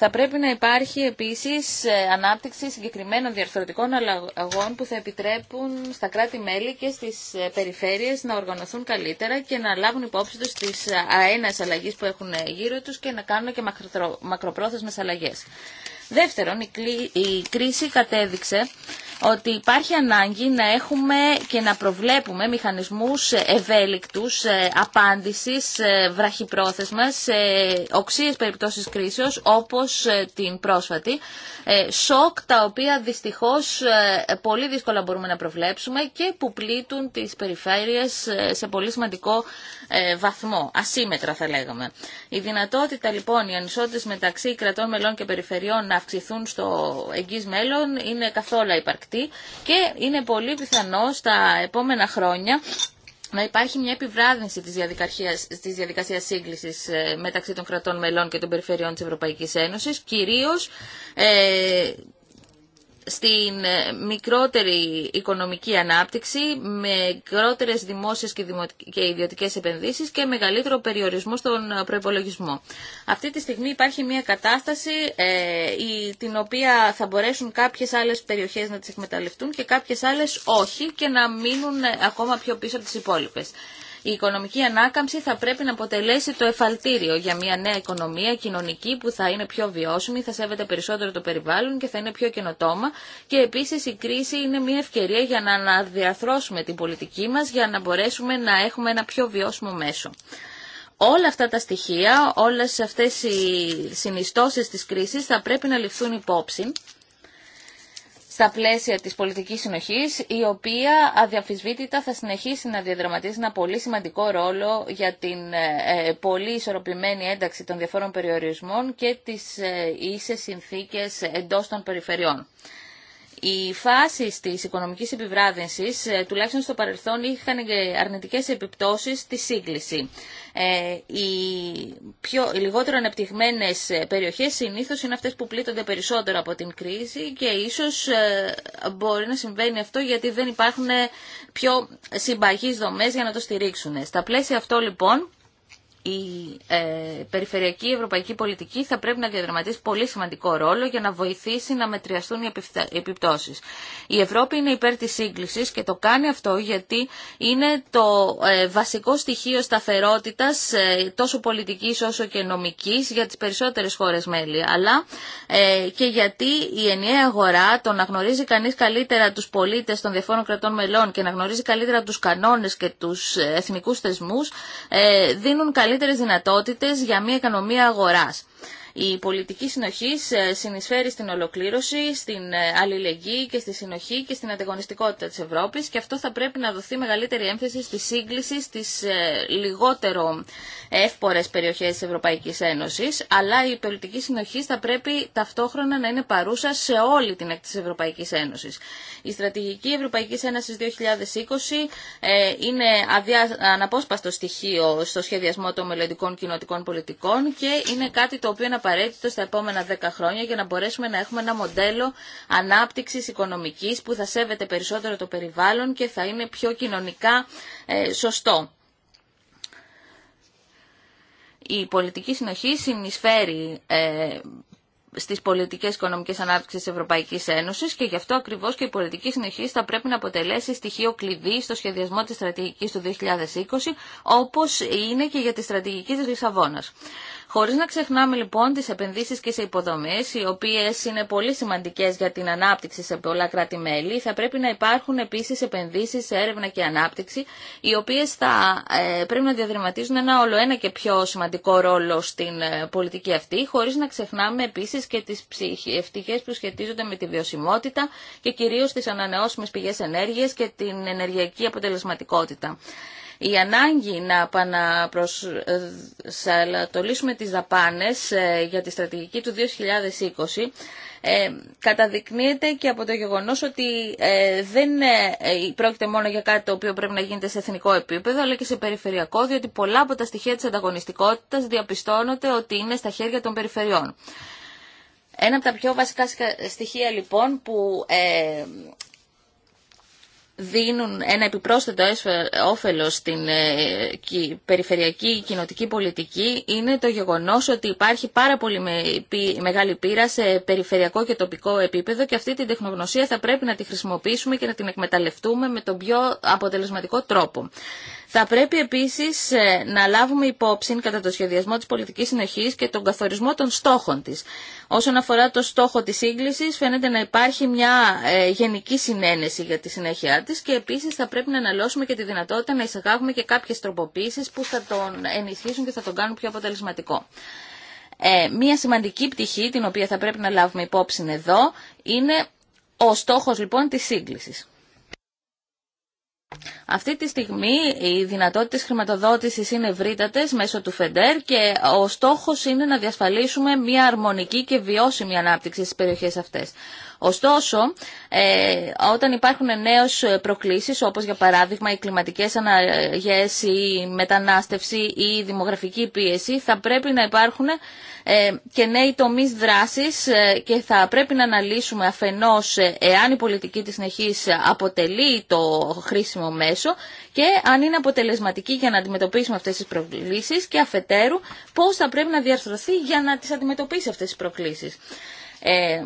Θα πρέπει να υπάρχει επίσης ε, ανάπτυξη συγκεκριμένων διαρθρωτικών αλλαγών που θα επιτρέπουν στα κράτη-μέλη και στις ε, περιφέρειες να οργανωθούν καλύτερα και να λάβουν υπόψη τους τις αένας αλλαγές που έχουν γύρω τους και να κάνουν και μακροπρόθεσμες αλλαγές. Δεύτερον, η κρίση κατέδειξε ότι υπάρχει ανάγκη να έχουμε και να προβλέπουμε μηχανισμούς ευέλικτους ε, απάντησης ε, βραχυπρόθεσμα σε οξύες περιπτώσεις κρίσεως όπως ε, την πρόσφατη, σοκ τα οποία δυστυχώς πολύ δύσκολα μπορούμε να προβλέψουμε και που πλήττουν τις περιφέρειες σε πολύ σημαντικό βαθμό, ασύμετρα θα λέγαμε. Η δυνατότητα λοιπόν οι ανισότητες μεταξύ κρατών μελών και περιφερειών αυξηθούν στο εγγύς μέλλον είναι καθόλου υπαρκτή και είναι πολύ πιθανό στα επόμενα χρόνια να υπάρχει μια επιβράδυνση της διαδικασίας, της διαδικασίας σύγκλησης ε, μεταξύ των κρατών μελών και των περιφερειών της Ευρωπαϊκής Ένωσης, κυρίως ε, στην ε, μικρότερη οικονομική ανάπτυξη, με μικρότερε δημόσιες και ιδιωτικές επενδύσεις και μεγαλύτερο περιορισμό στον ε, προπολογισμό. Αυτή τη στιγμή υπάρχει μια κατάσταση ε, την οποία θα μπορέσουν κάποιες άλλες περιοχές να τις εκμεταλλευτούν και κάποιες άλλες όχι και να μείνουν ακόμα πιο πίσω από τις η οικονομική ανάκαμψη θα πρέπει να αποτελέσει το εφαλτήριο για μια νέα οικονομία κοινωνική που θα είναι πιο βιώσιμη, θα σέβεται περισσότερο το περιβάλλον και θα είναι πιο καινοτόμα. Και επίση η κρίση είναι μια ευκαιρία για να αναδιαθρώσουμε την πολιτική μα για να μπορέσουμε να έχουμε ένα πιο βιώσιμο μέσο. Όλα αυτά τα στοιχεία, όλες αυτές οι συνιστώσεις της κρίσης θα πρέπει να ληφθούν υπόψη στα πλαίσια της πολιτικής συνοχής, η οποία αδιαφυσβήτητα θα συνεχίσει να διαδραματίζει ένα πολύ σημαντικό ρόλο για την ε, ε, πολύ ισορροπημένη ένταξη των διαφόρων περιορισμών και τις ε, ίσες συνθήκες εντός των περιφερειών. Οι φάσει τη οικονομική επιβράδυνση, ε, τουλάχιστον στο παρελθόν, είχαν αρνητικέ επιπτώσει στη σύγκληση. Ε, οι, πιο, λιγότερο ανεπτυγμένες ε, περιοχές συνήθως είναι αυτές που πλήττονται περισσότερο από την κρίση και ίσως ε, μπορεί να συμβαίνει αυτό γιατί δεν υπάρχουν πιο συμπαγείς δομές για να το στηρίξουν. Στα πλαίσια αυτό λοιπόν η ε, περιφερειακή ευρωπαϊκή πολιτική θα πρέπει να διαδραματίσει πολύ σημαντικό ρόλο για να βοηθήσει να μετριαστούν οι επιπτώσεις. Η Ευρώπη είναι υπέρ της σύγκλησης και το κάνει αυτό γιατί είναι το ε, βασικό στοιχείο σταθερότητας ε, τόσο πολιτικής όσο και νομικής για τις περισσότερες χώρες μέλη. Αλλά και γιατί η ενιαία αγορά το να γνωρίζει κανείς καλύτερα τους πολίτες των διαφόρων κρατών μελών και να γνωρίζει καλύτερα τους κανόνες και τους εθνικούς θεσμούς δίνουν καλύτερες δυνατότητες για μια οικονομία αγοράς. Η πολιτική συνοχή ε, συνεισφέρει στην ολοκλήρωση, στην ε, αλληλεγγύη και στη συνοχή και στην ανταγωνιστικότητα τη Ευρώπη και αυτό θα πρέπει να δοθεί μεγαλύτερη έμφαση στη σύγκληση στι ε, λιγότερο εύπορε περιοχέ τη Ευρωπαϊκή Ένωση, αλλά η πολιτική συνοχή θα πρέπει ταυτόχρονα να είναι παρούσα σε όλη την έκτη τη Ευρωπαϊκής Ένωσης. Η στρατηγική Ευρωπαϊκή Ένωση 2020 είναι αδιά, αναπόσπαστο στοιχείο στο σχεδιασμό των μελλοντικών κοινοτικών πολιτικών και είναι κάτι το οποίο να απαραίτητο στα επόμενα δέκα χρόνια για να μπορέσουμε να έχουμε ένα μοντέλο ανάπτυξης οικονομικής που θα σέβεται περισσότερο το περιβάλλον και θα είναι πιο κοινωνικά ε, σωστό. Η πολιτική συνοχή συνεισφέρει ε, στις πολιτικές οικονομικές ανάπτυξης της Ευρωπαϊκής Ένωσης και γι' αυτό ακριβώς και η πολιτική συνοχή θα πρέπει να αποτελέσει στοιχείο κλειδί στο σχεδιασμό της στρατηγικής του 2020 όπως είναι και για τη στρατηγική της Λισαβόνας. Χωρίς να ξεχνάμε λοιπόν τις επενδύσεις και σε υποδομές, οι οποίες είναι πολύ σημαντικές για την ανάπτυξη σε πολλά κράτη-μέλη, θα πρέπει να υπάρχουν επίσης επενδύσεις σε έρευνα και ανάπτυξη, οι οποίες θα ε, πρέπει να διαδραματίζουν ένα όλο ένα και πιο σημαντικό ρόλο στην ε, πολιτική αυτή, χωρίς να ξεχνάμε επίσης και τις ψυχευτικές που σχετίζονται με τη βιωσιμότητα και κυρίως τις ανανεώσιμες πηγές ενέργειας και την ενεργειακή αποτελεσματικότητα. Η ανάγκη να επαναπροσανατολίσουμε τις δαπάνες ε, για τη στρατηγική του 2020 ε, καταδεικνύεται και από το γεγονός ότι ε, δεν πρόκειται μόνο για κάτι το οποίο πρέπει να γίνεται σε εθνικό επίπεδο αλλά και σε περιφερειακό διότι πολλά από τα στοιχεία της ανταγωνιστικότητας διαπιστώνονται ότι είναι στα χέρια των περιφερειών. Ένα από τα πιο βασικά στοιχεία λοιπόν που δίνουν ένα επιπρόσθετο όφελος στην ε, περιφερειακή κοινοτική πολιτική είναι το γεγονός ότι υπάρχει πάρα πολύ μεγάλη πείρα σε περιφερειακό και τοπικό επίπεδο και αυτή την τεχνογνωσία θα πρέπει να τη χρησιμοποιήσουμε και να την εκμεταλλευτούμε με τον πιο αποτελεσματικό τρόπο. Θα πρέπει επίση ε, να λάβουμε υπόψη κατά το σχεδιασμό τη πολιτική συνοχή και τον καθορισμό των στόχων τη. Όσον αφορά το στόχο τη σύγκληση, φαίνεται να υπάρχει μια ε, γενική συνένεση για τη συνέχειά τη και επίση θα πρέπει να αναλώσουμε και τη δυνατότητα να εισαγάγουμε και κάποιε τροποποίησει που θα τον ενισχύσουν και θα τον κάνουν πιο αποτελεσματικό. Ε, μία σημαντική πτυχή την οποία θα πρέπει να λάβουμε υπόψη εδώ είναι ο στόχος λοιπόν της σύγκλησης. Αυτή τη στιγμή οι δυνατότητες χρηματοδότησης είναι ευρύτατες μέσω του ΦΕΝΤΕΡ και ο στόχος είναι να διασφαλίσουμε μια αρμονική και βιώσιμη ανάπτυξη στις περιοχές αυτές. Ωστόσο, ε, όταν υπάρχουν νέες προκλήσεις, όπως για παράδειγμα οι κλιματικές αναγές, η μετανάστευση ή η δημογραφική πίεση, θα πρέπει να υπάρχουν ε, και νέοι τομείς δράσης ε, και θα πρέπει να αναλύσουμε αφενός ε, εάν η πολιτική της νεχής αποτελεί το χρήσιμο μέσο, και αν είναι αποτελεσματική για να αντιμετωπίσουμε αυτές τις προκλήσεις και αφετέρου πώς θα πρέπει να διαρθρωθεί για να τις αντιμετωπίσει αυτές τις προκλήσεις. Ε,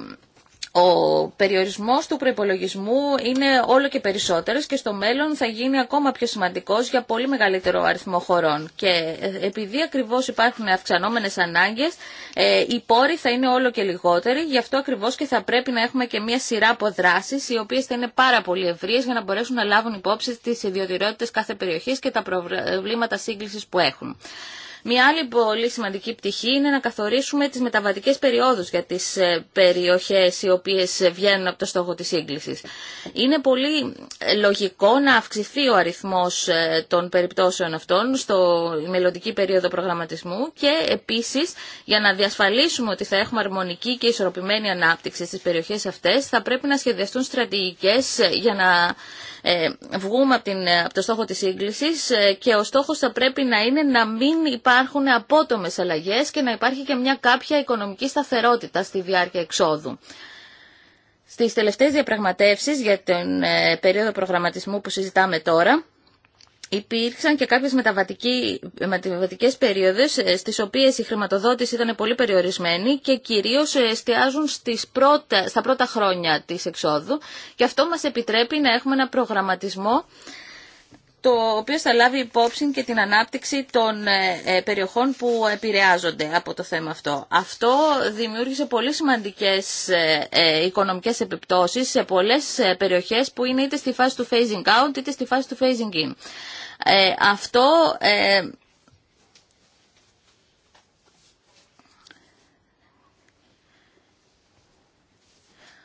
ο περιορισμός του προϋπολογισμού είναι όλο και περισσότερος και στο μέλλον θα γίνει ακόμα πιο σημαντικός για πολύ μεγαλύτερο αριθμό χωρών. Και ε, επειδή ακριβώς υπάρχουν αυξανόμενες ανάγκες, ε, οι πόροι θα είναι όλο και λιγότεροι, γι' αυτό ακριβώς και θα πρέπει να έχουμε και μια σειρά από δράσεις, οι οποίες θα είναι πάρα πολύ ευρείες για να μπορέσουν να λάβουν υπόψη τις ιδιωτηρότητες κάθε περιοχής και τα προβλήματα σύγκλησης που έχουν. Μια άλλη πολύ σημαντική πτυχή είναι να καθορίσουμε τις μεταβατικές περιόδους για τις ε, περιοχές οι οποίες βγαίνουν από το στόχο της σύγκλησης. Είναι πολύ ε, λογικό να αυξηθεί ο αριθμός ε, των περιπτώσεων αυτών στο μελλοντική περίοδο προγραμματισμού και επίσης για να διασφαλίσουμε ότι θα έχουμε αρμονική και ισορροπημένη ανάπτυξη στις περιοχές αυτές θα πρέπει να σχεδιαστούν στρατηγικές για να ε, βγούμε από, την, ε, το στόχο της σύγκλησης ε, και ο στόχος θα πρέπει να είναι να μην υπάρχουν απότομες αλλαγές και να υπάρχει και μια κάποια οικονομική σταθερότητα στη διάρκεια εξόδου. Στις τελευταίες διαπραγματεύσεις για την περίοδο προγραμματισμού που συζητάμε τώρα, Υπήρξαν και κάποιες μεταβατικές περίοδες ε, στις οποίες η χρηματοδότηση ήταν πολύ περιορισμένη και κυρίως ε, εστιάζουν στις πρώτα, στα πρώτα χρόνια της εξόδου και αυτό μας επιτρέπει να έχουμε ένα προγραμματισμό το οποίο θα λάβει υπόψη και την ανάπτυξη των ε, περιοχών που επηρεάζονται από το θέμα αυτό. Αυτό δημιούργησε πολύ σημαντικές οικονομικές επιπτώσεις σε πολλές περιοχές που είναι είτε στη φάση του phasing out είτε στη φάση του phasing in. Ε, αυτό ε,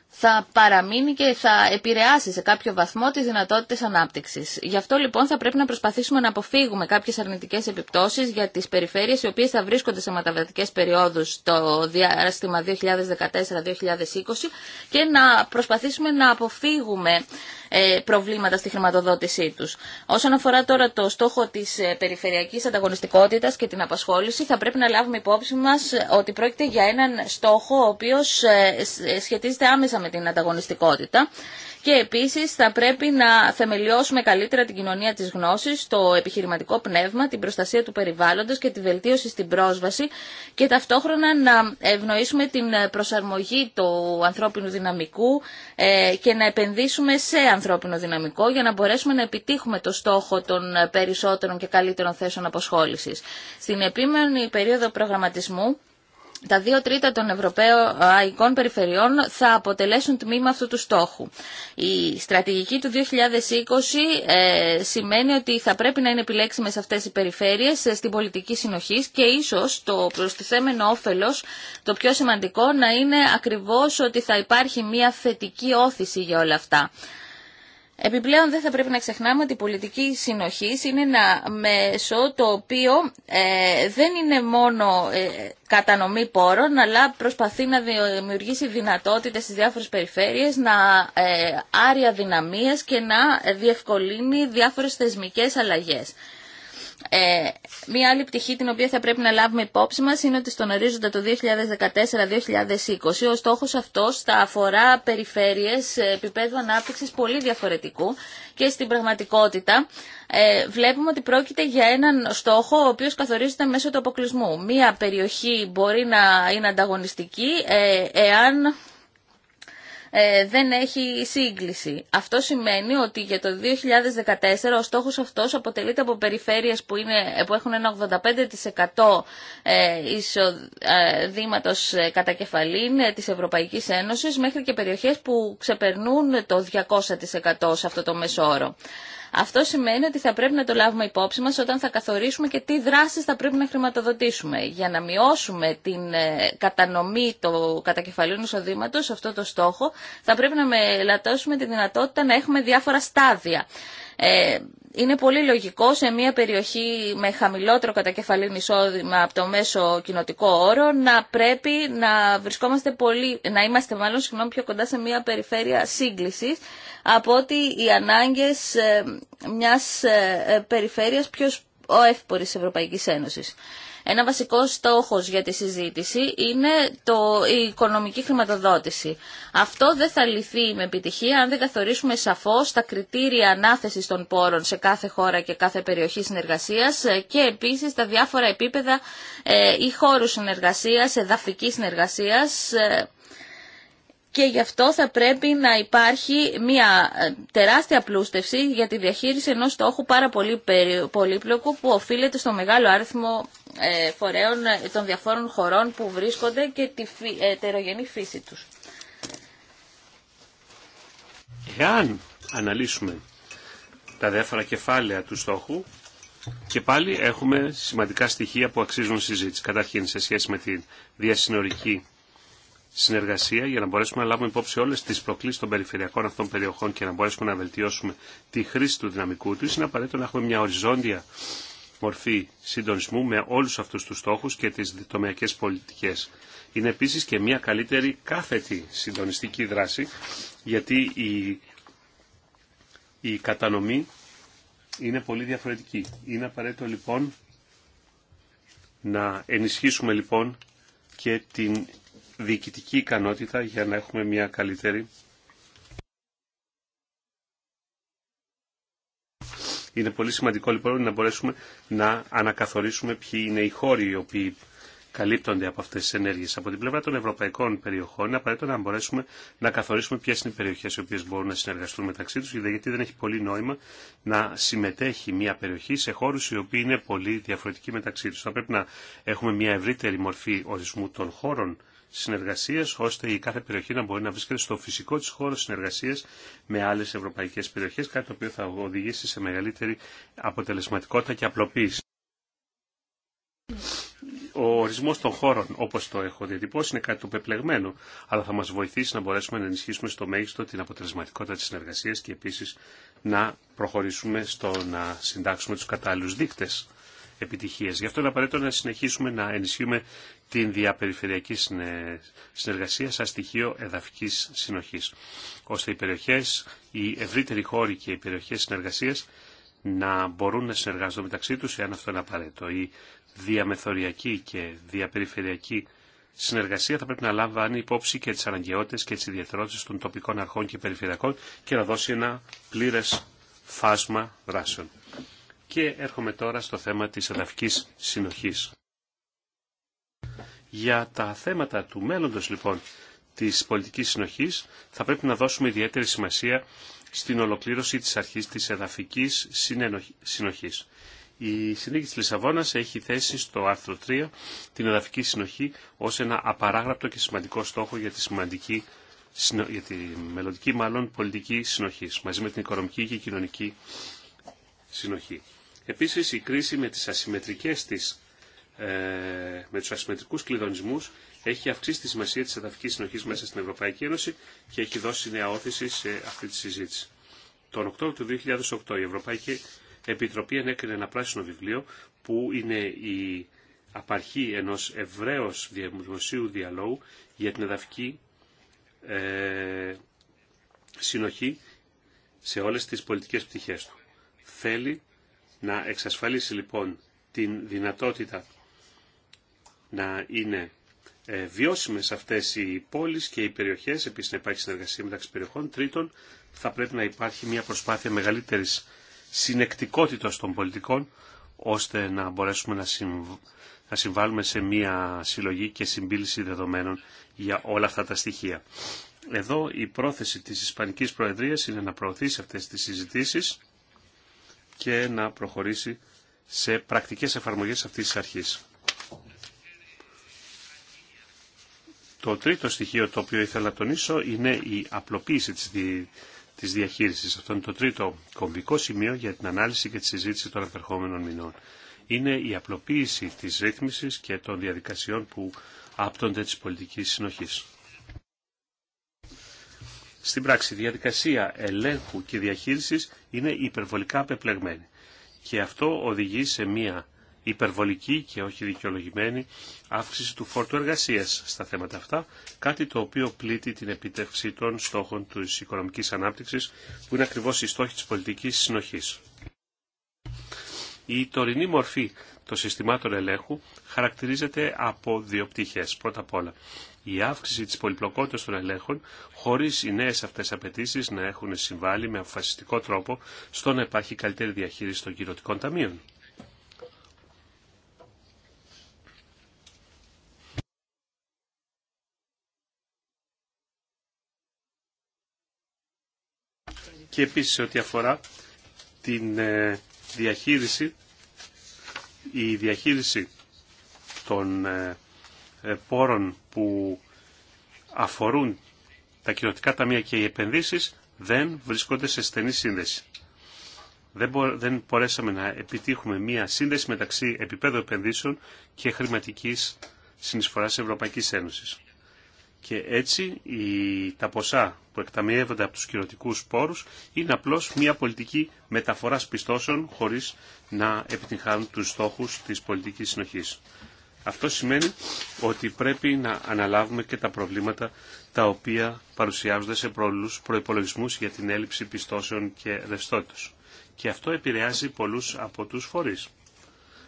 θα παραμείνει και θα επηρεάσει σε κάποιο βαθμό τις δυνατότητες ανάπτυξης. Γι' αυτό λοιπόν θα πρέπει να προσπαθήσουμε να αποφύγουμε κάποιες αρνητικές επιπτώσεις για τις περιφέρειες οι οποίες θα βρίσκονται σε μεταβατικές περιόδους το διάστημα 2014-2020 και να προσπαθήσουμε να αποφύγουμε ε, προβλήματα στη χρηματοδότησή τους. Όσον αφορά τώρα το στόχο της ε, περιφερειακής ανταγωνιστικότητας και την απασχόληση, θα πρέπει να λάβουμε υπόψη μας ε, ότι πρόκειται για έναν στόχο ο οποίος σχετίζεται άμεσα με την ανταγωνιστικότητα και επίσης θα πρέπει να θεμελιώσουμε καλύτερα την κοινωνία της γνώσης, το επιχειρηματικό πνεύμα, την προστασία του περιβάλλοντος και τη βελτίωση στην πρόσβαση και ταυτόχρονα να ευνοήσουμε την προσαρμογή του ανθρώπινου δυναμικού ε, και να επενδύσουμε σε ανθρώπινο δυναμικό για να μπορέσουμε να επιτύχουμε το στόχο των περισσότερων και καλύτερων θέσεων αποσχόληση. Στην επίμενη περίοδο προγραμματισμού τα δύο τρίτα των ευρωπαϊκών περιφερειών θα αποτελέσουν τμήμα αυτού του στόχου. Η στρατηγική του 2020 ε, σημαίνει ότι θα πρέπει να είναι επιλέξιμες αυτές οι περιφέρειες ε, στην πολιτική συνοχή και ίσως το προστιθέμενο όφελος, το πιο σημαντικό, να είναι ακριβώς ότι θα υπάρχει μια θετική όθηση για όλα αυτά. Επιπλέον δεν θα πρέπει να ξεχνάμε ότι η πολιτική συνοχή είναι ένα μέσο το οποίο ε, δεν είναι μόνο ε, κατανομή πόρων αλλά προσπαθεί να δημιουργήσει δυνατότητες στις διάφορες περιφέρειες, να ε, άρει αδυναμίες και να διευκολύνει διάφορες θεσμικές αλλαγές. Ε, μία άλλη πτυχή την οποία θα πρέπει να λάβουμε υπόψη μας είναι ότι στον ορίζοντα το 2014-2020 ο στόχος αυτός θα αφορά περιφέρειες ε, επίπεδου ανάπτυξης πολύ διαφορετικού και στην πραγματικότητα ε, βλέπουμε ότι πρόκειται για έναν στόχο ο οποίος καθορίζεται μέσω του αποκλεισμού. Μία περιοχή μπορεί να είναι ανταγωνιστική ε, εάν ε, δεν έχει σύγκληση. Αυτό σημαίνει ότι για το 2014 ο στόχος αυτός αποτελείται από περιφέρειες που, είναι, που έχουν ένα 85% εισοδήματος ε, ε, κατά κεφαλήν της Ευρωπαϊκής Ένωσης μέχρι και περιοχές που ξεπερνούν το 200% σε αυτό το μεσόρο. Αυτό σημαίνει ότι θα πρέπει να το λάβουμε υπόψη μας όταν θα καθορίσουμε και τι δράσεις θα πρέπει να χρηματοδοτήσουμε. Για να μειώσουμε την ε, κατανομή του κατακεφαλίου σε αυτό το στόχο, θα πρέπει να μελατώσουμε τη δυνατότητα να έχουμε διάφορα στάδια. Ε, είναι πολύ λογικό σε μια περιοχή με χαμηλότερο κατακεφαλήν εισόδημα από το μέσο κοινοτικό όρο να πρέπει να βρισκόμαστε πολύ, να είμαστε μάλλον συγγνώμη, πιο κοντά σε μια περιφέρεια σύγκλησης από ότι οι ανάγκες ε, μιας ε, περιφέρειας πιο εύπορης Ευρωπαϊκής Ένωσης. Ένα βασικό στόχος για τη συζήτηση είναι το, η οικονομική χρηματοδότηση. Αυτό δεν θα λυθεί με επιτυχία αν δεν καθορίσουμε σαφώς τα κριτήρια ανάθεσης των πόρων σε κάθε χώρα και κάθε περιοχή συνεργασίας ε, και επίσης τα διάφορα επίπεδα ε, ή χώρου συνεργασίας, εδαφικής συνεργασίας ε, και γι' αυτό θα πρέπει να υπάρχει μια ε, τεράστια πλούστευση για τη διαχείριση ενός στόχου πάρα πολύ πολύπλοκου που οφείλεται στο μεγάλο αριθμό ε, φορέων ε, των διαφόρων χωρών που βρίσκονται και τη τερογενή φύση τους. Εάν αναλύσουμε τα διάφορα κεφάλαια του στόχου και πάλι έχουμε σημαντικά στοιχεία που αξίζουν συζήτηση. Καταρχήν σε σχέση με τη διασυνορική συνεργασία για να μπορέσουμε να λάβουμε υπόψη όλες τις προκλήσεις των περιφερειακών αυτών περιοχών και να μπορέσουμε να βελτιώσουμε τη χρήση του δυναμικού τους. Είναι απαραίτητο να έχουμε μια οριζόντια μορφή συντονισμού με όλους αυτούς τους στόχους και τις τομεακές πολιτικές. Είναι επίσης και μια καλύτερη κάθετη συντονιστική δράση γιατί η, η κατανομή είναι πολύ διαφορετική. Είναι απαραίτητο λοιπόν να ενισχύσουμε λοιπόν και την διοικητική ικανότητα για να έχουμε μια καλύτερη Είναι πολύ σημαντικό λοιπόν να μπορέσουμε να ανακαθορίσουμε ποιοι είναι οι χώροι οι οποίοι καλύπτονται από αυτές τις ενέργειες Από την πλευρά των ευρωπαϊκών περιοχών, είναι απαραίτητο να μπορέσουμε να καθορίσουμε ποιε είναι οι περιοχές οι οποίες μπορούν να συνεργαστούν μεταξύ τους γιατί δεν έχει πολύ νόημα να συμμετέχει μια περιοχή σε χώρους οι οποίοι είναι πολύ διαφορετικοί μεταξύ τους Θα πρέπει να έχουμε μια ευρύτερη μορφή ορισμού των χώρων συνεργασία, ώστε η κάθε περιοχή να μπορεί να βρίσκεται στο φυσικό τη χώρο συνεργασία με άλλε ευρωπαϊκέ περιοχέ, κάτι το οποίο θα οδηγήσει σε μεγαλύτερη αποτελεσματικότητα και απλοποίηση. Ο ορισμό των χώρων, όπω το έχω διατυπώσει, είναι κάτι το πεπλεγμένο, αλλά θα μα βοηθήσει να μπορέσουμε να ενισχύσουμε στο μέγιστο την αποτελεσματικότητα τη συνεργασία και επίση να προχωρήσουμε στο να συντάξουμε του κατάλληλου δείκτε Γι' αυτό είναι απαραίτητο να συνεχίσουμε να ενισχύουμε την διαπεριφερειακή συνεργασία σαν στοιχείο εδαφικής συνοχής, ώστε οι περιοχές, οι ευρύτεροι χώροι και οι περιοχές συνεργασίας να μπορούν να συνεργάζονται μεταξύ τους, εάν αυτό είναι απαραίτητο. Η διαμεθοριακή και διαπεριφερειακή συνεργασία θα πρέπει να λάμβανε υπόψη και τις αναγκαιότητες και τις ιδιαιτερότητες των τοπικών αρχών και περιφερειακών και να δώσει ένα πλήρες φάσμα δράσεων. Και έρχομαι τώρα στο θέμα της εδαφικής συνοχής. Για τα θέματα του μέλλοντος λοιπόν της πολιτικής συνοχής θα πρέπει να δώσουμε ιδιαίτερη σημασία στην ολοκλήρωση της αρχής της εδαφικής συνοχής. Η Συνήκη της Λισαβόνας έχει θέσει στο άρθρο 3 την εδαφική συνοχή ως ένα απαράγραπτο και σημαντικό στόχο για τη, σημαντική, για τη μελλοντική μάλλον πολιτική συνοχής μαζί με την οικονομική και κοινωνική συνοχή. Επίσης η κρίση με τις ασυμμετρικές της ε, με τους ασυμμετρικούς κλειδονισμούς έχει αυξήσει τη σημασία της εδαφικής συνοχής μέσα στην Ευρωπαϊκή Ένωση και έχει δώσει νέα όθηση σε αυτή τη συζήτηση. Τον Οκτώβριο του 2008 η Ευρωπαϊκή Επιτροπή ενέκρινε ένα πράσινο βιβλίο που είναι η απαρχή ενός ευραίος δημοσίου διαλόγου για την εδαφική ε, συνοχή σε όλες τις πολιτικές πτυχές του. Θέλει να εξασφαλίσει λοιπόν την δυνατότητα να είναι ε, βιώσιμες αυτές οι πόλεις και οι περιοχές, επίσης να υπάρχει συνεργασία μεταξύ περιοχών. Τρίτον, θα πρέπει να υπάρχει μια προσπάθεια μεγαλύτερης συνεκτικότητας των πολιτικών, ώστε να μπορέσουμε να, να συμβάλλουμε σε μια συλλογή και συμπίληση δεδομένων για όλα αυτά τα στοιχεία. Εδώ η πρόθεση της Ισπανικής Προεδρίας είναι να προωθήσει αυτές τις συζητήσεις και να προχωρήσει σε πρακτικές εφαρμογές αυτής της αρχής. Το τρίτο στοιχείο το οποίο ήθελα να τονίσω είναι η απλοποίηση της, δι... της διαχείρισης. Αυτό είναι το τρίτο κομβικό σημείο για την ανάλυση και τη συζήτηση των εφερχόμενων μηνών. Είναι η απλοποίηση της ρύθμισης και των διαδικασιών που άπτονται της πολιτικής συνοχής στην πράξη η διαδικασία ελέγχου και διαχείρισης είναι υπερβολικά απεπλεγμένη. Και αυτό οδηγεί σε μια υπερβολική και όχι δικαιολογημένη αύξηση του φόρτου εργασίας στα θέματα αυτά, κάτι το οποίο πλήττει την επιτεύξη των στόχων της οικονομικής ανάπτυξης, που είναι ακριβώς η στόχοι της πολιτικής συνοχής. Η τωρινή μορφή των συστημάτων ελέγχου χαρακτηρίζεται από δύο πτυχές. Πρώτα απ' όλα, η αύξηση της πολυπλοκότητας των ελέγχων χωρίς οι νέες αυτές απαιτήσεις να έχουν συμβάλει με αποφασιστικό τρόπο στο να υπάρχει καλύτερη διαχείριση των κυρωτικών ταμείων. Και επίσης ό,τι αφορά την ε, διαχείριση, η διαχείριση των ε, ε, πόρων που αφορούν τα κοινωτικά ταμεία και οι επενδύσεις δεν βρίσκονται σε στενή σύνδεση. Δεν, δεν μπορέσαμε να επιτύχουμε μία σύνδεση μεταξύ επίπεδου επενδύσεων και χρηματικής συνεισφοράς Ευρωπαϊκής Ένωσης. Και έτσι τα ποσά που εκταμιεύονται από τους κυρωτικούς πόρους είναι απλώς μια πολιτική μεταφοράς πιστώσεων χωρίς να επιτυγχάνουν τους στόχους της πολιτικής συνοχής. Αυτό σημαίνει ότι πρέπει να αναλάβουμε και τα προβλήματα τα οποία παρουσιάζονται σε πολλούς προϋπολογισμούς για την έλλειψη πιστώσεων και ρευστότητας. Και αυτό επηρεάζει πολλούς από τους φορείς.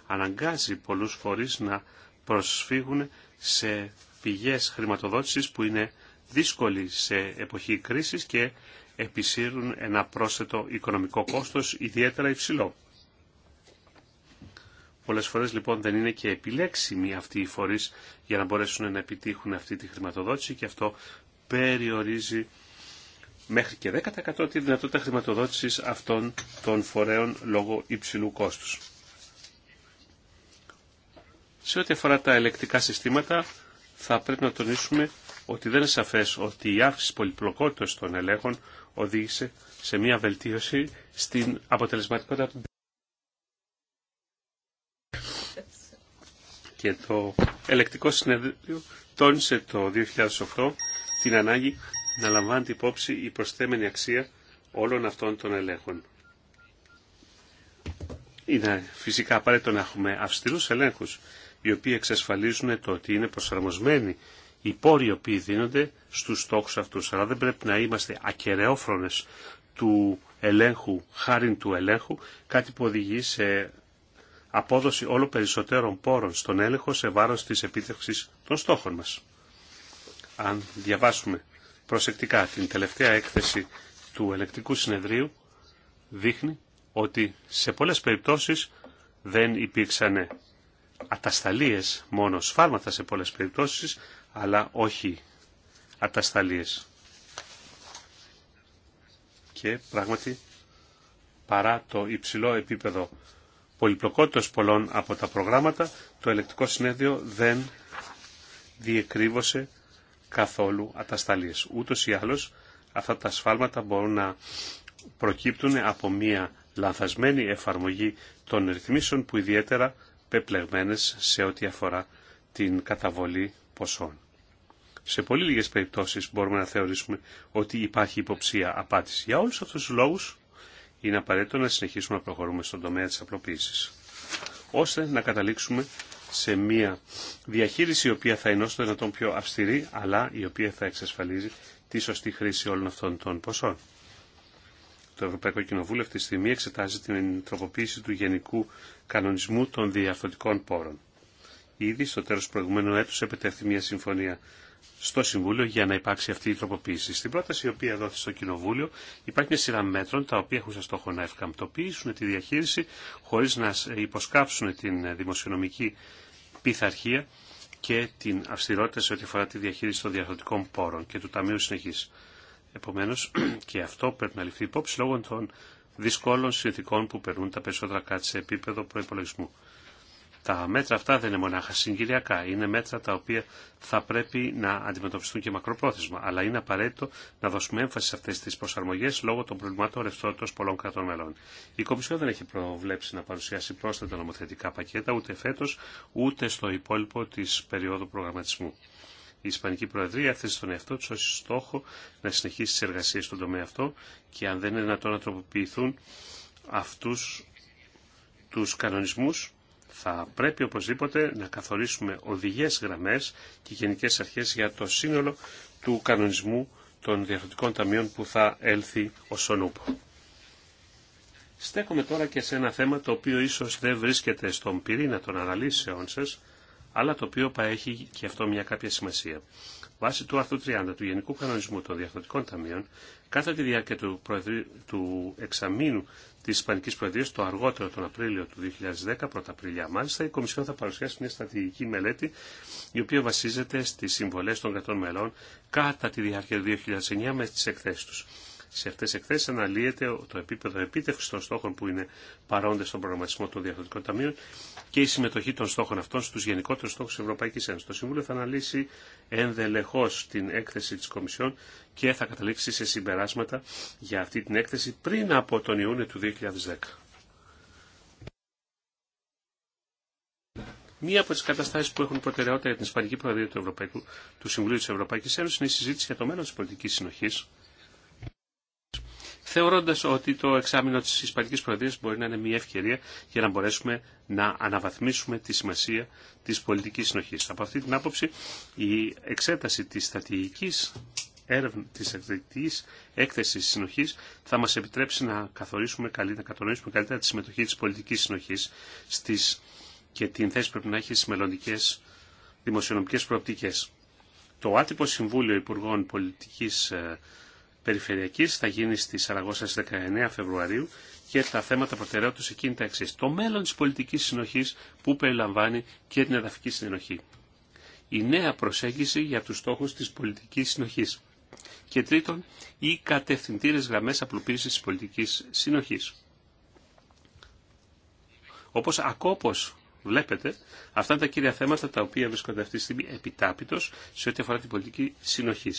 Αναγκάζει πολλούς φορείς να προσφύγουν σε πηγές χρηματοδότησης που είναι δύσκολοι σε εποχή κρίσης και επισύρουν ένα πρόσθετο οικονομικό κόστος ιδιαίτερα υψηλό. Πολλές φορές λοιπόν δεν είναι και επιλέξιμοι αυτοί οι φορείς για να μπορέσουν να επιτύχουν αυτή τη χρηματοδότηση και αυτό περιορίζει μέχρι και 10% τη δυνατότητα χρηματοδότησης αυτών των φορέων λόγω υψηλού κόστους. Σε ό,τι αφορά τα ελεκτικά συστήματα, θα πρέπει να τονίσουμε ότι δεν είναι σαφές ότι η αύξηση πολυπλοκότητας των ελέγχων οδήγησε σε μια βελτίωση στην αποτελεσματικότητα και το ελεκτικό συνεδρίο τόνισε το 2008 την ανάγκη να λαμβάνει υπόψη η προσθέμενη αξία όλων αυτών των ελέγχων. Είναι φυσικά απαραίτητο να έχουμε αυστηρούς ελέγχους, οι οποίοι εξασφαλίζουν το ότι είναι προσαρμοσμένοι οι πόροι οι οποίοι δίνονται στους στόχους αυτούς. Αλλά δεν πρέπει να είμαστε ακεραιόφρονες του ελέγχου, χάρη του ελέγχου, κάτι που οδηγεί σε απόδοση όλο περισσότερων πόρων στον έλεγχο σε βάρος της επίτευξης των στόχων μας. Αν διαβάσουμε προσεκτικά την τελευταία έκθεση του ελεκτικού συνεδρίου, δείχνει ότι σε πολλές περιπτώσεις δεν υπήρξαν ατασταλίες, μόνο σφάλματα σε πολλές περιπτώσεις, αλλά όχι ατασταλίες. Και πράγματι, παρά το υψηλό επίπεδο πολυπλοκότητας πολλών από τα προγράμματα, το ελεκτικό συνέδριο δεν διεκρύβωσε καθόλου ατασταλίες. Ούτως ή άλλως αυτά τα σφάλματα μπορούν να προκύπτουν από μια λανθασμένη εφαρμογή των ρυθμίσεων που ιδιαίτερα πεπλεγμένες σε ό,τι αφορά την καταβολή ποσών. Σε πολύ λίγες περιπτώσεις μπορούμε να θεωρήσουμε ότι υπάρχει υποψία απάτηση. Για όλους αυτούς τους λόγους είναι απαραίτητο να συνεχίσουμε να προχωρούμε στον τομέα της απλοποίησης, ώστε να καταλήξουμε σε μια διαχείριση η οποία θα είναι όσο δυνατόν πιο αυστηρή, αλλά η οποία θα εξασφαλίζει τη σωστή χρήση όλων αυτών των ποσών. Το Ευρωπαϊκό Κοινοβούλιο αυτή τη στιγμή εξετάζει την τροποποίηση του Γενικού Κανονισμού των Διαφορετικών Πόρων. Ήδη στο τέλος του προηγούμενου έτους επιτεύχθη μια συμφωνία στο Συμβούλιο για να υπάρξει αυτή η τροποποίηση. Στην πρόταση η οποία δόθηκε στο Κοινοβούλιο υπάρχει μια σειρά μέτρων τα οποία έχουν σαν στόχο να ευκαμπτοποιήσουν τη διαχείριση χωρίς να υποσκάψουν την δημοσιονομική πειθαρχία και την αυστηρότητα σε ό,τι αφορά τη διαχείριση των διαρθρωτικών πόρων και του Ταμείου Συνεχής. Επομένω, και αυτό πρέπει να ληφθεί υπόψη λόγω των δυσκόλων συνθηκών που περνούν τα περισσότερα κάτι σε επίπεδο προπολογισμού. Τα μέτρα αυτά δεν είναι μονάχα συγκυριακά. Είναι μέτρα τα οποία θα πρέπει να αντιμετωπιστούν και μακροπρόθεσμα. Αλλά είναι απαραίτητο να δώσουμε έμφαση σε αυτέ τι προσαρμογέ λόγω των προβλημάτων ρευστότητα πολλών κρατών μελών. Η Κομισιόν δεν έχει προβλέψει να παρουσιάσει πρόσθετα νομοθετικά πακέτα ούτε φέτο ούτε στο υπόλοιπο τη περίοδου προγραμματισμού. Η Ισπανική Προεδρία έθεσε τον εαυτό τη ω στόχο να συνεχίσει τι εργασίε στον τομέα αυτό και αν δεν είναι δυνατόν να τροποποιηθούν αυτού του κανονισμού θα πρέπει οπωσδήποτε να καθορίσουμε οδηγές γραμμές και γενικές αρχές για το σύνολο του κανονισμού των διαφορετικών ταμείων που θα έλθει ο νούπο. Στέκομαι τώρα και σε ένα θέμα το οποίο ίσως δεν βρίσκεται στον πυρήνα των αναλύσεών σας, αλλά το οποίο έχει και αυτό μια κάποια σημασία. Βάσει του άρθρου 30 του Γενικού Κανονισμού των Διαφορετικών Ταμείων, κάθε τη διάρκεια του, του εξαμήνου της Ισπανικής Προεδρίας το αργότερο τον Απρίλιο του 2010, πρώτα Απριλιά μάλιστα, η Κομισιόν θα παρουσιάσει μια στρατηγική μελέτη η οποία βασίζεται στις συμβολές των κρατών μελών κατά τη διάρκεια του 2009 με τις εκθέσεις τους. Σε αυτέ τι εκθέσει αναλύεται το επίπεδο επίτευξη των στόχων που είναι παρόντε στον προγραμματισμό των διαφορετικών ταμείων και η συμμετοχή των στόχων αυτών στου γενικότερου στόχου τη Ευρωπαϊκή Ένωση. Το Συμβούλιο θα αναλύσει ενδελεχώ την έκθεση τη Κομισιόν και θα καταλήξει σε συμπεράσματα για αυτή την έκθεση πριν από τον Ιούνιο του 2010. Μία από τι καταστάσει που έχουν προτεραιότητα για την Ισπανική Προεδρία του, του Συμβουλίου τη Ευρωπαϊκή Ένωση είναι η συζήτηση για το μέλλον τη πολιτική συνοχή θεωρώντα ότι το εξάμεινο τη ισπανική Προεδρίας μπορεί να είναι μια ευκαιρία για να μπορέσουμε να αναβαθμίσουμε τη σημασία τη πολιτική συνοχή. Από αυτή την άποψη, η εξέταση τη στρατηγική έρευνα της έκθεσης θα μα επιτρέψει να καθορίσουμε καλύτερα, να κατανοήσουμε καλύτερα τη συμμετοχή τη πολιτική συνοχή στις, και την θέση που πρέπει να έχει στι μελλοντικέ δημοσιονομικές προοπτικέ. Το άτυπο Συμβούλιο Υπουργών πολιτική. Ε, Περιφερειακής θα γίνει στη Σαραγώσα στις 19 Φεβρουαρίου και τα θέματα προτεραιότητας εκείνη τα εξής. Το μέλλον της πολιτικής συνοχής που περιλαμβάνει και την εδαφική συνοχή. Η νέα προσέγγιση για τους στόχους της πολιτικής συνοχής. Και τρίτον, οι κατευθυντήρες γραμμές απλοποίησης της πολιτικής συνοχής. Όπως ακόπως βλέπετε, αυτά είναι τα κύρια θέματα τα οποία βρίσκονται αυτή τη στιγμή επιτάπητο σε ό,τι αφορά την πολιτική συνοχή.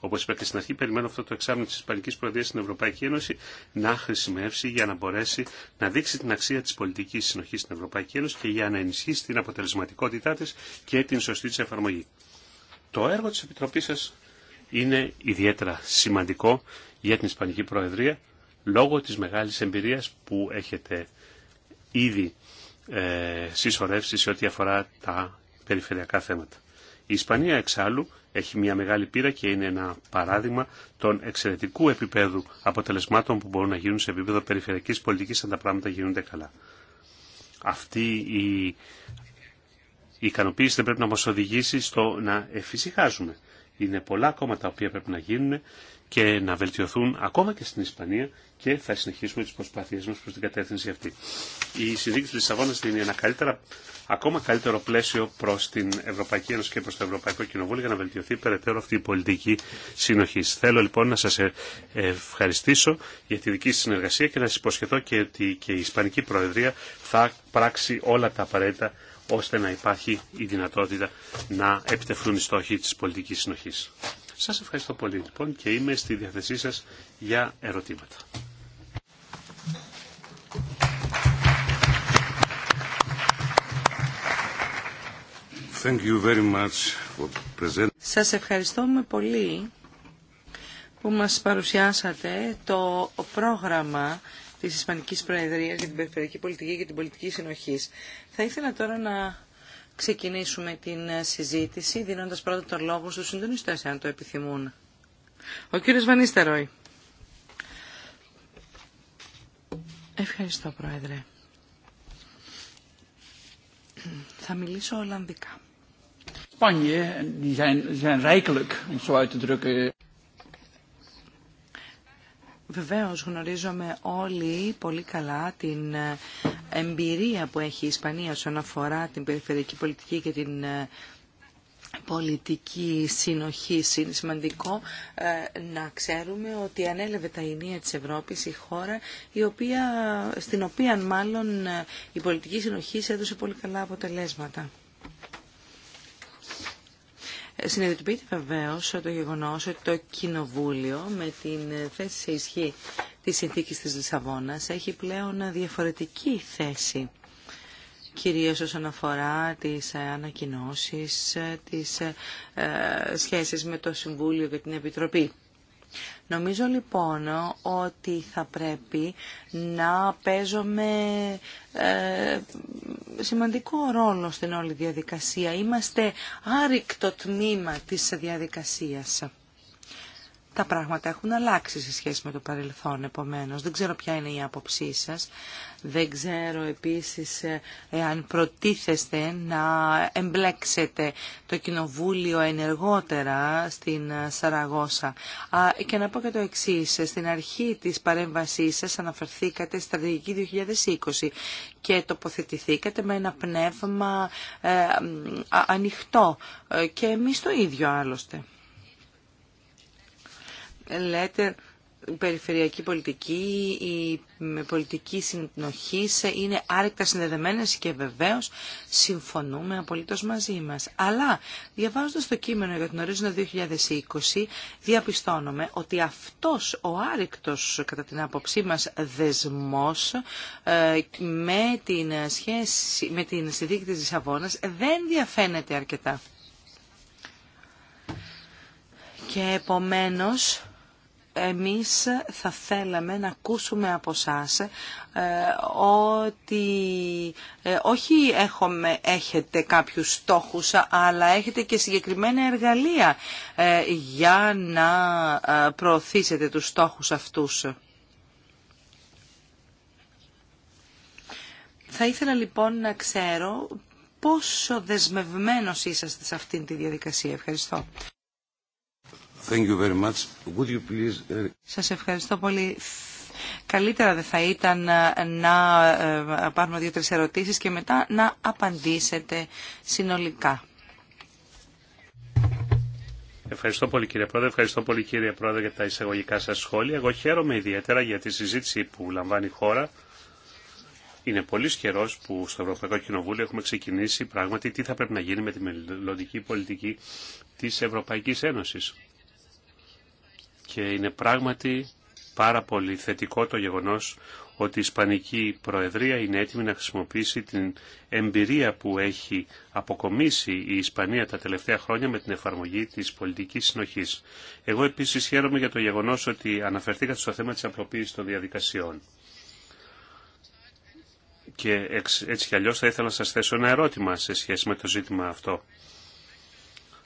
Όπω είπα και στην αρχή, περιμένω αυτό το εξάμεινο τη Ισπανική Προεδρία στην Ευρωπαϊκή Ένωση να χρησιμεύσει για να μπορέσει να δείξει την αξία τη πολιτική συνοχή στην Ευρωπαϊκή Ένωση και για να ενισχύσει την αποτελεσματικότητά τη και την σωστή τη εφαρμογή. Το έργο τη Επιτροπή σα είναι ιδιαίτερα σημαντικό για την Ισπανική Προεδρία λόγω της μεγάλης εμπειρίας που έχετε ήδη ε, συσσωρεύσει σε ό,τι αφορά τα περιφερειακά θέματα. Η Ισπανία εξάλλου έχει μια μεγάλη πείρα και είναι ένα παράδειγμα των εξαιρετικού επίπεδου αποτελεσμάτων που μπορούν να γίνουν σε επίπεδο περιφερειακή πολιτική αν τα πράγματα γίνονται καλά. Αυτή η, ικανοποίηση δεν πρέπει να μας οδηγήσει στο να εφησυχάζουμε. Είναι πολλά κόμματα τα οποία πρέπει να γίνουν και να βελτιωθούν ακόμα και στην Ισπανία και θα συνεχίσουμε τι προσπάθειές μα προ την κατεύθυνση αυτή. Η συνθήκη τη Λισαβόνα δίνει ένα καλύτερα, ακόμα καλύτερο πλαίσιο προ την Ευρωπαϊκή Ένωση και προ το Ευρωπαϊκό Κοινοβούλιο για να βελτιωθεί περαιτέρω αυτή η πολιτική συνοχή. Θέλω λοιπόν να σα ευχαριστήσω για τη δική σα συνεργασία και να σα υποσχεθώ και ότι και η Ισπανική Προεδρία θα πράξει όλα τα απαραίτητα ώστε να υπάρχει η δυνατότητα να επιτευχθούν οι στόχοι της πολιτικής συνοχής. Σας ευχαριστώ πολύ λοιπόν και είμαι στη διάθεσή σας για ερωτήματα. Σας ευχαριστούμε πολύ που μας παρουσιάσατε το πρόγραμμα της Ισπανικής Προεδρίας για την Περιφερειακή Πολιτική και την Πολιτική Συνοχής. Θα ήθελα τώρα να ξεκινήσουμε την συζήτηση δίνοντας πρώτα τον λόγο στους συντονιστές, αν το επιθυμούν. Ο κύριος Βανίστερόη. Ευχαριστώ, Πρόεδρε. Θα μιλήσω Ολλανδικά. Spanje, en die zijn, zijn rijkelijk, om zo uit te drukken. γνωρίζομαι όλοι πολύ καλά την ε, εμπειρία που έχει η Ισπανία όσον αφορά την περιφερειακή πολιτική και την ε, πολιτική συνοχή. Είναι σημαντικό ε, να ξέρουμε ότι ανέλαβε τα ενία της Ευρώπης η χώρα η οποία, στην οποία μάλλον ε, η πολιτική συνοχή έδωσε πολύ καλά αποτελέσματα. Συνειδητοποιείται βεβαίω το γεγονό ότι το Κοινοβούλιο με την θέση σε ισχύ τη συνθήκη τη Λισαβόνα έχει πλέον διαφορετική θέση κυρίως όσον αφορά τις ανακοινώσεις, τις ε, ε, σχέσεις με το Συμβούλιο και την Επιτροπή. Νομίζω λοιπόν ότι θα πρέπει να παίζουμε σημαντικό ρόλο στην όλη διαδικασία. Είμαστε άρρηκτο τμήμα της διαδικασίας τα πράγματα έχουν αλλάξει σε σχέση με το παρελθόν, επομένως. Δεν ξέρω ποια είναι η άποψή σας. Δεν ξέρω επίσης αν ε, προτίθεστε να εμπλέξετε το Κοινοβούλιο ενεργότερα στην ε, Σαραγώσα. Και να πω και το εξής. Στην αρχή της παρέμβασής σας αναφερθήκατε στρατηγική 2020 και τοποθετηθήκατε με ένα πνεύμα ε, ανοιχτό. Και εμείς το ίδιο άλλωστε λέτε περιφερειακή πολιτική, η πολιτική συνοχή είναι άρρηκτα συνδεδεμένες και βεβαίως συμφωνούμε απολύτως μαζί μας. Αλλά διαβάζοντας το κείμενο για την ορίζοντα 2020 διαπιστώνουμε ότι αυτός ο άρρηκτος κατά την άποψή μας δεσμός ε, με την, σχέση, με την συνθήκη της Λισαβόνας δεν διαφαίνεται αρκετά. Και επομένως εμείς θα θέλαμε να ακούσουμε από σας ε, ότι ε, όχι έχουμε, έχετε κάποιους στόχους αλλά έχετε και συγκεκριμένα εργαλεία ε, για να προωθήσετε τους στόχους αυτούς. Θα ήθελα λοιπόν να ξέρω πόσο δεσμευμένος είσαστε σε αυτήν τη διαδικασία. Ευχαριστώ. Thank uh, Σας ευχαριστώ πολύ. Καλύτερα δεν θα ήταν ε, να ε, πάρουμε δύο-τρεις ερωτήσεις και μετά να απαντήσετε συνολικά. Ευχαριστώ πολύ κύριε Πρόεδρε, ευχαριστώ πολύ κύριε Πρόεδρε για τα εισαγωγικά σας σχόλια. Εγώ χαίρομαι ιδιαίτερα για τη συζήτηση που λαμβάνει η χώρα. Είναι πολύ καιρό που στο Ευρωπαϊκό Κοινοβούλιο έχουμε ξεκινήσει πράγματι τι θα πρέπει να γίνει με τη μελλοντική πολιτική της Ευρωπαϊκής Ένωσης και είναι πράγματι πάρα πολύ θετικό το γεγονός ότι η Ισπανική Προεδρία είναι έτοιμη να χρησιμοποιήσει την εμπειρία που έχει αποκομίσει η Ισπανία τα τελευταία χρόνια με την εφαρμογή της πολιτικής συνοχής. Εγώ επίσης χαίρομαι για το γεγονός ότι αναφερθήκατε στο θέμα της απλοποίησης των διαδικασιών. Και έτσι κι αλλιώς θα ήθελα να σας θέσω ένα ερώτημα σε σχέση με το ζήτημα αυτό.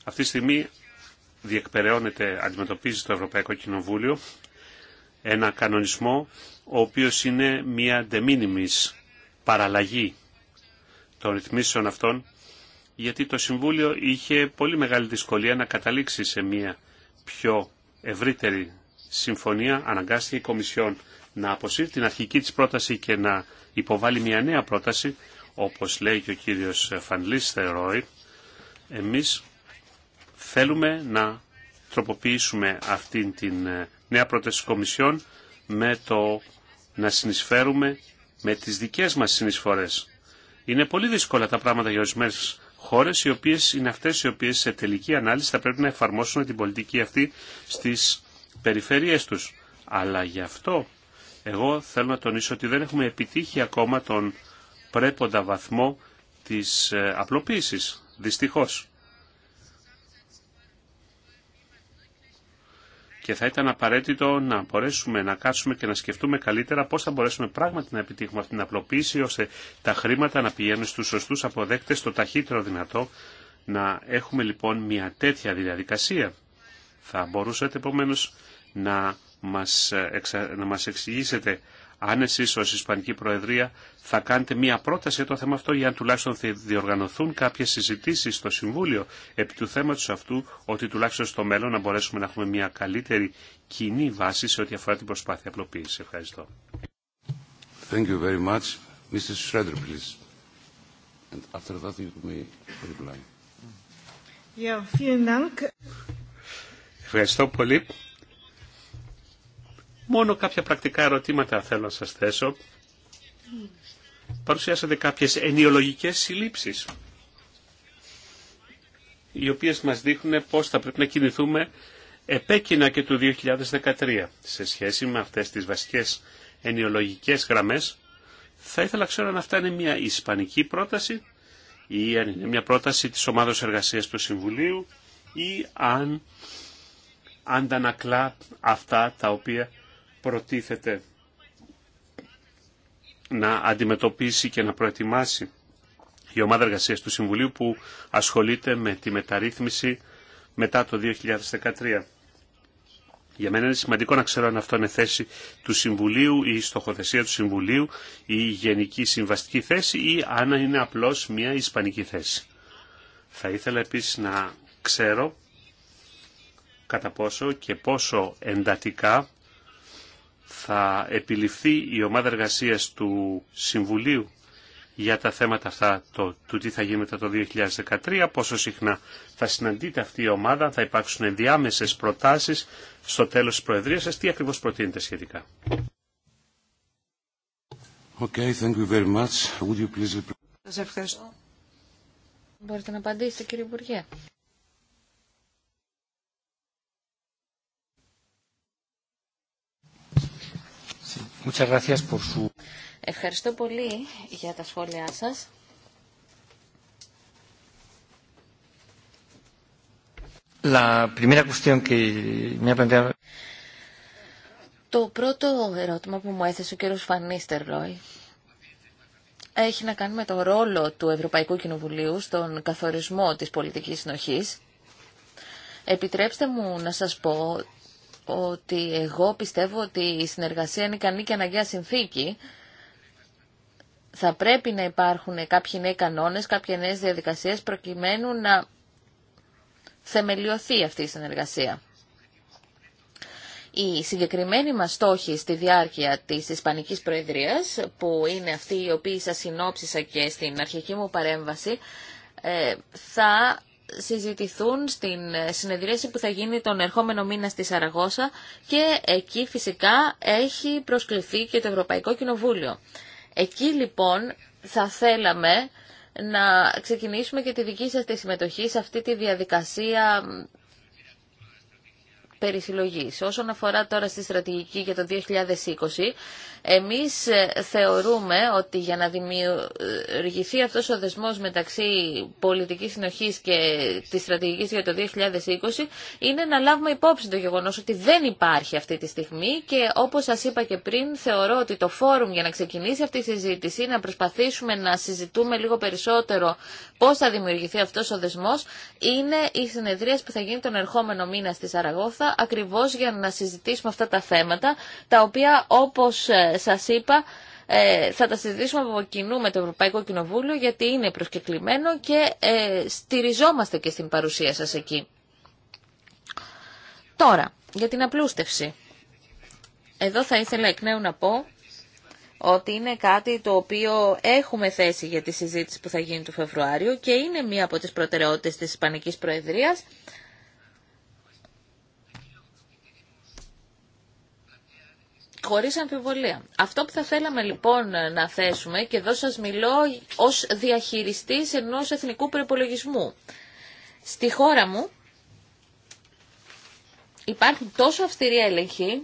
Αυτή τη στιγμή διεκπεραιώνεται, αντιμετωπίζει το Ευρωπαϊκό Κοινοβούλιο ένα κανονισμό ο οποίος είναι μια de παραλλαγή των ρυθμίσεων αυτών γιατί το Συμβούλιο είχε πολύ μεγάλη δυσκολία να καταλήξει σε μια πιο ευρύτερη συμφωνία. Αναγκάστηκε η Κομισιόν να αποσύρει την αρχική της πρόταση και να υποβάλει μια νέα πρόταση όπως λέει και ο κύριος Φανλίστεροι. Εμείς Θέλουμε να τροποποιήσουμε αυτήν την ε, νέα πρόταση Κομισιόν με το να συνεισφέρουμε με τις δικές μας συνεισφορές. Είναι πολύ δύσκολα τα πράγματα για ορισμένε χώρες, οι οποίες είναι αυτές οι οποίες σε τελική ανάλυση θα πρέπει να εφαρμόσουν την πολιτική αυτή στις περιφέρειές τους. Αλλά γι' αυτό εγώ θέλω να τονίσω ότι δεν έχουμε επιτύχει ακόμα τον πρέποντα βαθμό της ε, απλοποίησης, δυστυχώς. και θα ήταν απαραίτητο να μπορέσουμε να κάτσουμε και να σκεφτούμε καλύτερα πώς θα μπορέσουμε πράγματι να επιτύχουμε αυτή την απλοποίηση ώστε τα χρήματα να πηγαίνουν στους σωστούς αποδέκτες το ταχύτερο δυνατό να έχουμε λοιπόν μια τέτοια διαδικασία. Θα μπορούσατε επομένω να μας, ε, να μας εξηγήσετε αν εσεί ω Ισπανική Προεδρία θα κάνετε μία πρόταση για το θέμα αυτό, για αν τουλάχιστον θα διοργανωθούν κάποιε συζητήσει στο Συμβούλιο επί του θέματο αυτού, ότι τουλάχιστον στο μέλλον να μπορέσουμε να έχουμε μία καλύτερη κοινή βάση σε ό,τι αφορά την προσπάθεια απλοποίηση. Ευχαριστώ. Thank you very much. And after that you may reply. Ευχαριστώ πολύ. Μόνο κάποια πρακτικά ερωτήματα θέλω να σας θέσω. Παρουσιάσατε κάποιες ενιολογικές συλλήψεις, οι οποίες μας δείχνουν πώς θα πρέπει να κινηθούμε επέκεινα και του 2013 σε σχέση με αυτές τις βασικές ενιολογικές γραμμές. Θα ήθελα ξέρω αν αυτά είναι μια ισπανική πρόταση ή μια πρόταση της ομάδος εργασίας του Συμβουλίου ή αν αντανακλά αυτά τα οποία προτίθεται να αντιμετωπίσει και να προετοιμάσει η ομάδα εργασίας του Συμβουλίου που ασχολείται με τη μεταρρύθμιση μετά το 2013. Για μένα είναι σημαντικό να ξέρω αν αυτό είναι θέση του Συμβουλίου ή στοχοθεσία του Συμβουλίου ή γενική συμβαστική θέση ή αν είναι απλώς μια ισπανική θέση. Θα ήθελα επίσης να ξέρω κατά πόσο και πόσο εντατικά θα επιληφθεί η ομάδα εργασίας του Συμβουλίου για τα θέματα αυτά, το, του τι θα γίνει μετά το 2013, πόσο συχνά θα συναντείτε αυτή η ομάδα, θα υπάρξουν ενδιάμεσες προτάσεις στο τέλος της Προεδρίας σας, τι ακριβώς προτείνετε σχετικά. Okay, thank you very much. Would you please... Σας ευχαριστώ. Μπορείτε να απαντήσετε κύριε Υπουργέ. Ευχαριστώ πολύ για τα σχόλιά σας. Το πρώτο ερώτημα που μου έθεσε ο κύριος Φανίστερ Ρόι έχει να κάνει με τον ρόλο του Ευρωπαϊκού Κοινοβουλίου στον καθορισμό της πολιτικής συνοχής. Επιτρέψτε μου να σας πω ότι εγώ πιστεύω ότι η συνεργασία είναι ικανή και αναγκαία συνθήκη. Θα πρέπει να υπάρχουν κάποιοι νέοι κανόνες, κάποιες νέες διαδικασίες προκειμένου να θεμελιωθεί αυτή η συνεργασία. Οι συγκεκριμένοι μας στόχοι στη διάρκεια της Ισπανικής Προεδρίας, που είναι αυτοί οι οποίοι σας συνόψισα και στην αρχική μου παρέμβαση, ε, θα συζητηθούν στην συνεδρίαση που θα γίνει τον ερχόμενο μήνα στη Σαραγώσα και εκεί φυσικά έχει προσκληθεί και το Ευρωπαϊκό Κοινοβούλιο. Εκεί λοιπόν θα θέλαμε να ξεκινήσουμε και τη δική σας τη συμμετοχή σε αυτή τη διαδικασία Όσον αφορά τώρα στη στρατηγική για το 2020, εμείς ε, θεωρούμε ότι για να δημιουργηθεί αυτός ο δεσμός μεταξύ πολιτικής συνοχής και της στρατηγικής για το 2020 είναι να λάβουμε υπόψη το γεγονός ότι δεν υπάρχει αυτή τη στιγμή και όπως σας είπα και πριν θεωρώ ότι το φόρουμ για να ξεκινήσει αυτή η συζήτηση να προσπαθήσουμε να συζητούμε λίγο περισσότερο πώς θα δημιουργηθεί αυτός ο δεσμός είναι η συνεδρία που θα γίνει τον ερχόμενο μήνα στη Σαραγώθα ακριβώς για να συζητήσουμε αυτά τα θέματα, τα οποία όπως ε, σας είπα ε, θα τα συζητήσουμε από κοινού με το Ευρωπαϊκό Κοινοβούλιο γιατί είναι προσκεκλημένο και ε, στηριζόμαστε και στην παρουσία σας εκεί. Τώρα, για την απλούστευση. Εδώ θα ήθελα εκ νέου να πω ότι είναι κάτι το οποίο έχουμε θέση για τη συζήτηση που θα γίνει του Φεβρουάριο και είναι μία από τις προτεραιότητες της Ισπανικής Προεδρίας Χωρίς αμφιβολία. Αυτό που θα θέλαμε λοιπόν να θέσουμε, και εδώ σας μιλώ ως διαχειριστής ενός εθνικού προπολογισμού. Στη χώρα μου υπάρχουν τόσο αυστηροί έλεγχοι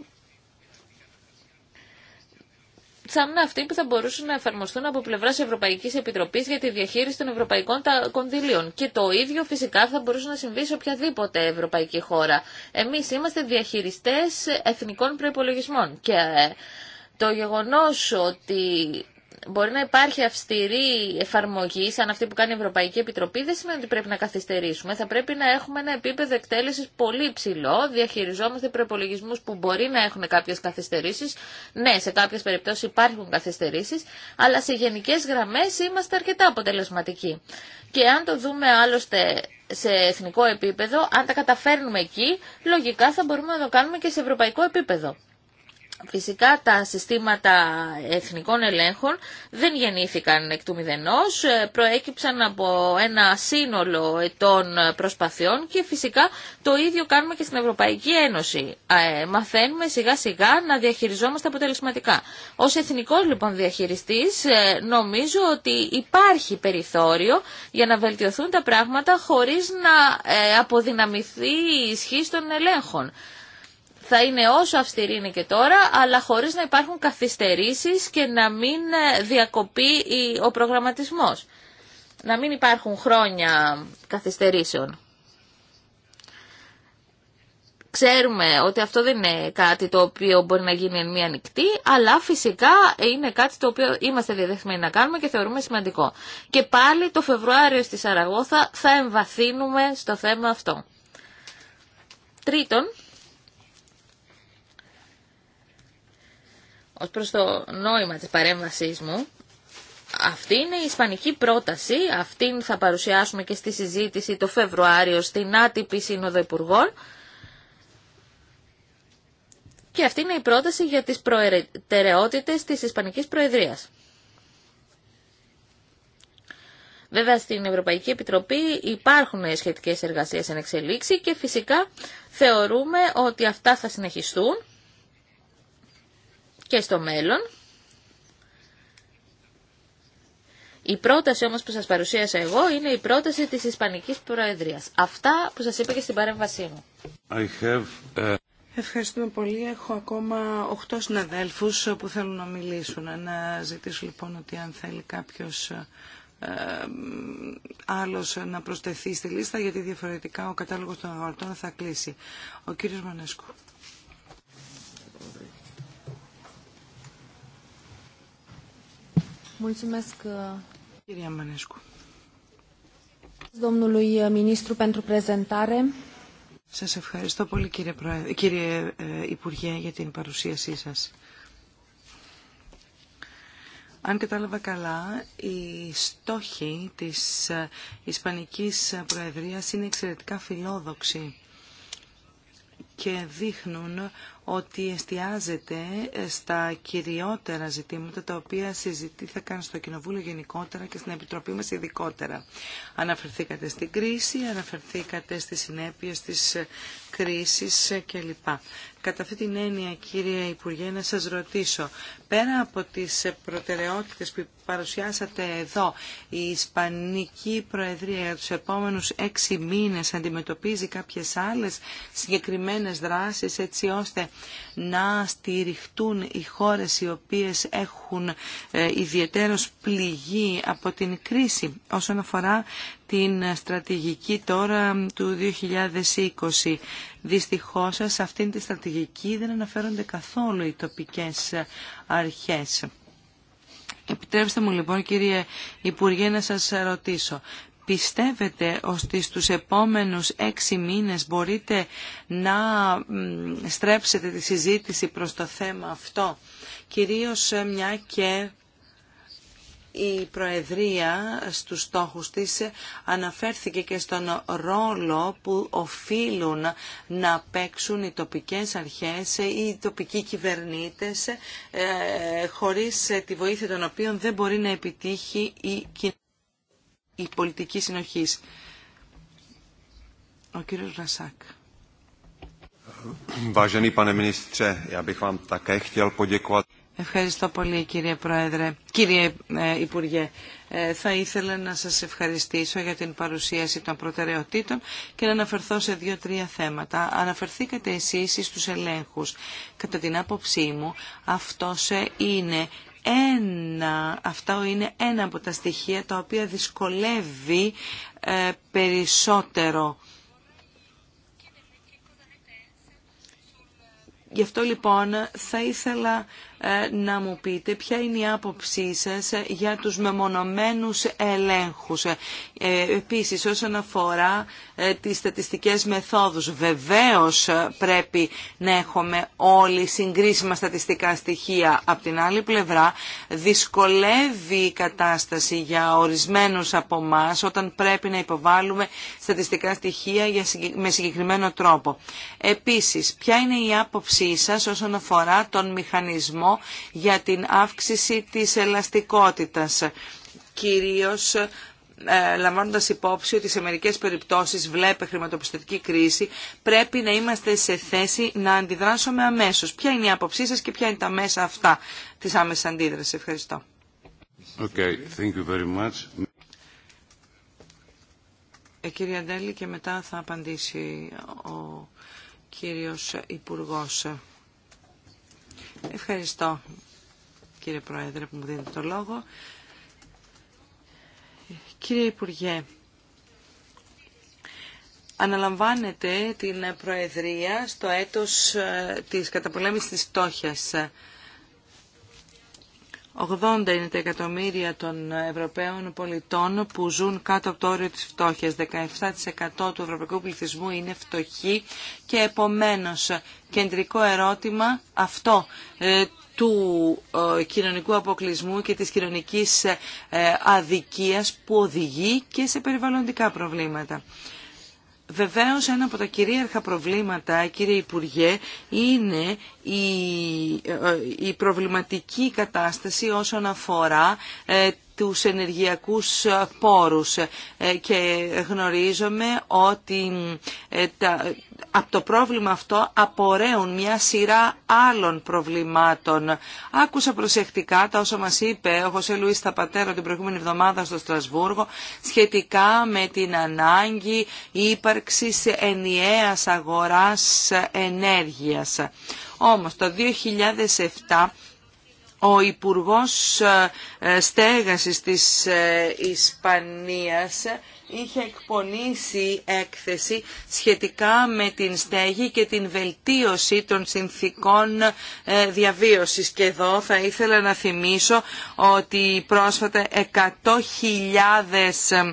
σαν αυτοί που θα μπορούσαν να εφαρμοστούν από πλευρά Ευρωπαϊκή Επιτροπή για τη διαχείριση των ευρωπαϊκών κονδυλίων. Και το ίδιο φυσικά θα μπορούσε να συμβεί σε οποιαδήποτε ευρωπαϊκή χώρα. Εμεί είμαστε διαχειριστέ εθνικών προπολογισμών. Και ε, το γεγονό ότι μπορεί να υπάρχει αυστηρή εφαρμογή σαν αυτή που κάνει η Ευρωπαϊκή Επιτροπή, δεν σημαίνει ότι πρέπει να καθυστερήσουμε. Θα πρέπει να έχουμε ένα επίπεδο εκτέλεση πολύ ψηλό, Διαχειριζόμαστε προπολογισμού που μπορεί να έχουν κάποιε καθυστερήσει. Ναι, σε κάποιε περιπτώσει υπάρχουν καθυστερήσει, αλλά σε γενικέ γραμμέ είμαστε αρκετά αποτελεσματικοί. Και αν το δούμε άλλωστε σε εθνικό επίπεδο, αν τα καταφέρνουμε εκεί, λογικά θα μπορούμε να το κάνουμε και σε ευρωπαϊκό επίπεδο. Φυσικά τα συστήματα εθνικών ελέγχων δεν γεννήθηκαν εκ του μηδενός, ε, προέκυψαν από ένα σύνολο των προσπαθειών και φυσικά το ίδιο κάνουμε και στην Ευρωπαϊκή Ένωση. Ε, μαθαίνουμε σιγά σιγά να διαχειριζόμαστε αποτελεσματικά. Ως εθνικός λοιπόν διαχειριστής ε, νομίζω ότι υπάρχει περιθώριο για να βελτιωθούν τα πράγματα χωρίς να αποδυναμηθεί η ισχύ των ελέγχων θα είναι όσο αυστηρή είναι και τώρα, αλλά χωρίς να υπάρχουν καθυστερήσεις και να μην ε, διακοπεί ο προγραμματισμός. Να μην υπάρχουν χρόνια καθυστερήσεων. Ξέρουμε ότι αυτό δεν είναι κάτι το οποίο μπορεί να γίνει εν μία νυχτή, αλλά φυσικά είναι κάτι το οποίο είμαστε διαδεχμένοι να κάνουμε και θεωρούμε σημαντικό. Και πάλι το Φεβρουάριο στη Σαραγώθα θα εμβαθύνουμε στο θέμα αυτό. Τρίτον, ως προς το νόημα της παρέμβασής μου, αυτή είναι η ισπανική πρόταση, αυτήν θα παρουσιάσουμε και στη συζήτηση το Φεβρουάριο στην άτυπη Σύνοδο Υπουργών. Και αυτή είναι η πρόταση για τις προτεραιότητες της Ισπανικής Προεδρίας. Βέβαια στην Ευρωπαϊκή Επιτροπή υπάρχουν σχετικές εργασίες εν εξελίξη και φυσικά θεωρούμε ότι αυτά θα συνεχιστούν και στο μέλλον. Η πρόταση όμως που σας παρουσίασα εγώ είναι η πρόταση της Ισπανικής Προεδρίας. Αυτά που σας είπα και στην παρέμβασή μου. Ε, Ευχαριστούμε πολύ. Έχω ακόμα 8 συναδέλφους που θέλουν να μιλήσουν. Να ζητήσω λοιπόν ότι αν θέλει κάποιος ε, ε, άλλος να προσθεθεί στη λίστα γιατί διαφορετικά ο κατάλογος των αγορτών θα κλείσει. Ο κύριος Μανέσκου. Mulțumesc, uh, uh, Σας ευχαριστώ πολύ κύριε, κύριε uh, Υπουργέ για την παρουσίασή σας. Αν κατάλαβα καλά, οι στόχοι της Ισπανικής Προεδρίας είναι εξαιρετικά φιλόδοξοι και δείχνουν ότι εστιάζεται στα κυριότερα ζητήματα τα οποία συζητήθηκαν στο Κοινοβούλιο γενικότερα και στην Επιτροπή μας ειδικότερα. Αναφερθήκατε στην κρίση, αναφερθήκατε στις συνέπειες της κρίσης κλπ. Κατά αυτή την έννοια, κύριε Υπουργέ, να σας ρωτήσω, πέρα από τις προτεραιότητες που παρουσιάσατε εδώ, η Ισπανική Προεδρία για τους επόμενους έξι μήνες αντιμετωπίζει κάποιες άλλες συγκεκριμένε δράσεις έτσι ώστε να στηριχτούν οι χώρες οι οποίες έχουν ε, ιδιαίτερος πληγή από την κρίση όσον αφορά την στρατηγική τώρα του 2020. Δυστυχώς σε αυτήν τη στρατηγική δεν αναφέρονται καθόλου οι τοπικές αρχές. Επιτρέψτε μου λοιπόν κύριε Υπουργέ να σας ρωτήσω Πιστεύετε ότι στους επόμενους έξι μήνες μπορείτε να στρέψετε τη συζήτηση προς το θέμα αυτό, κυρίως ε, μια και η Προεδρία στους στόχους της αναφέρθηκε και στον ρόλο που οφείλουν να παίξουν οι τοπικές αρχές ή οι τοπικοί κυβερνήτες ε, χωρίς τη βοήθεια των οποίων δεν μπορεί να επιτύχει η κοινωνία η πολιτική συνοχή. Ο κύριος Ρασάκ. Ευχαριστώ πολύ κύριε Πρόεδρε. Κύριε ε, Υπουργέ, ε, θα ήθελα να σας ευχαριστήσω για την παρουσίαση των προτεραιοτήτων και να αναφερθώ σε δύο-τρία θέματα. Αναφερθήκατε εσείς στους ελέγχους. Κατά την άποψή μου, αυτός ε, είναι ένα, αυτά είναι ένα από τα στοιχεία τα οποία δυσκολεύει ε, περισσότερο. Γι' αυτό λοιπόν θα ήθελα ε, να μου πείτε ποια είναι η άποψή σας ε, για τους μεμονωμένους ελέγχους. Ε, επίσης, όσον αφορά τις στατιστικές μεθόδους, βεβαίως πρέπει να έχουμε όλοι συγκρίσιμα στατιστικά στοιχεία. Απ' την άλλη πλευρά, δυσκολεύει η κατάσταση για ορισμένους από εμά όταν πρέπει να υποβάλουμε στατιστικά στοιχεία με συγκεκριμένο τρόπο. Επίσης, ποια είναι η άποψή σας όσον αφορά τον μηχανισμό για την αύξηση της ελαστικότητας. Κυρίως ε, λαμβάνοντας υπόψη ότι σε μερικές περιπτώσεις βλέπε χρηματοπιστωτική κρίση, πρέπει να είμαστε σε θέση να αντιδράσουμε αμέσως. Ποια είναι η άποψή σας και ποια είναι τα μέσα αυτά της άμεσης αντίδρασης. Ευχαριστώ. Okay, thank you very much. Ε, κύριε Αντέλη και μετά θα απαντήσει ο κύριος Υπουργός. Ευχαριστώ κύριε Πρόεδρε που μου δίνετε το λόγο. Κύριε Υπουργέ, αναλαμβάνετε την Προεδρία στο έτος ε, της καταπολέμησης της φτώχειας. 80 είναι τα εκατομμύρια των Ευρωπαίων πολιτών που ζουν κάτω από το όριο της φτώχειας. 17% του ευρωπαϊκού πληθυσμού είναι φτωχοί και επομένως κεντρικό ερώτημα αυτό ε, του ε, κοινωνικού αποκλεισμού και της κοινωνικής ε, αδικίας που οδηγεί και σε περιβαλλοντικά προβλήματα. Βεβαίως ένα από τα κυρίαρχα προβλήματα, κύριε Υπουργέ, είναι η, ε, ε, η προβληματική κατάσταση όσον αφορά ε, τους ενεργειακούς πόρους ε, και γνωρίζουμε ότι ε, τα, από το πρόβλημα αυτό απορρέουν μια σειρά άλλων προβλημάτων. Άκουσα προσεκτικά τα όσα μας είπε ο Χωσέ Λουίς Θαπατέρο την προηγούμενη εβδομάδα στο Στρασβούργο σχετικά με την ανάγκη ύπαρξης ενιαίας αγοράς ενέργειας. Όμως το 2007 ο Υπουργός ε, ε, Στέγασης της ε, Ισπανίας είχε εκπονήσει έκθεση σχετικά με την στέγη και την βελτίωση των συνθήκων διαβίωσης. Και εδώ θα ήθελα να θυμίσω ότι πρόσφατα 100.000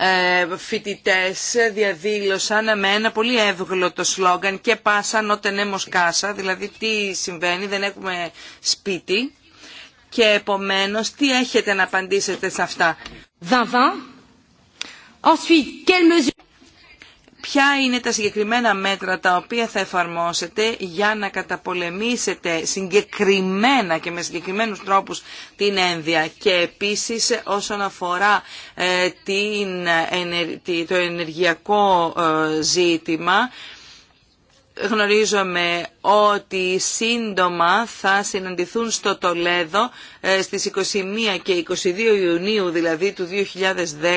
ε, φοιτητές διαδήλωσαν με ένα πολύ εύγλωτο σλόγγαν και πάσα νότε νέμος κάσα, δηλαδή τι συμβαίνει, δεν έχουμε σπίτι και επομένως τι έχετε να απαντήσετε σε αυτά. 20 Ensuite, Ποια είναι τα συγκεκριμένα μέτρα τα οποία θα εφαρμόσετε για να καταπολεμήσετε συγκεκριμένα και με συγκεκριμένους τρόπους την ένδια και επίσης όσον αφορά ε, την, το ενεργειακό ε, ζήτημα γνωρίζομαι ότι σύντομα θα συναντηθούν στο Τολέδο ε, στις 21 και 22 Ιουνίου δηλαδή του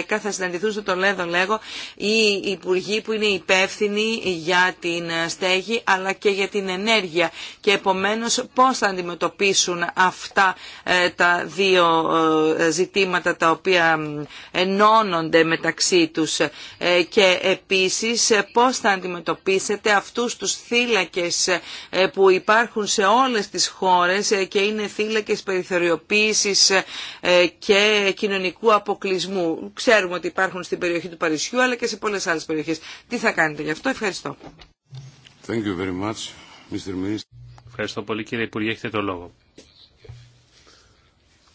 2010 θα συναντηθούν στο Τολέδο λέγω οι υπουργοί που είναι υπεύθυνοι για την ε, στέγη αλλά και για την ενέργεια και επομένως πώς θα αντιμετωπίσουν αυτά ε, τα δύο ζητήματα τα οποία ενώνονται μεταξύ τους και επίσης πώς θα αντιμετωπίσετε αυτούς τους τους θύλακες ε, που υπάρχουν σε όλες τις χώρες ε, και είναι θύλακες περιθωριοποίησης ε, και κοινωνικού αποκλεισμού. Ξέρουμε ότι υπάρχουν στην περιοχή του Παρισιού αλλά και σε πολλές άλλες περιοχές. Τι θα κάνετε γι' αυτό. Ευχαριστώ. Thank you very much, Mr. Ευχαριστώ πολύ κύριε Υπουργέ. Έχετε το λόγο.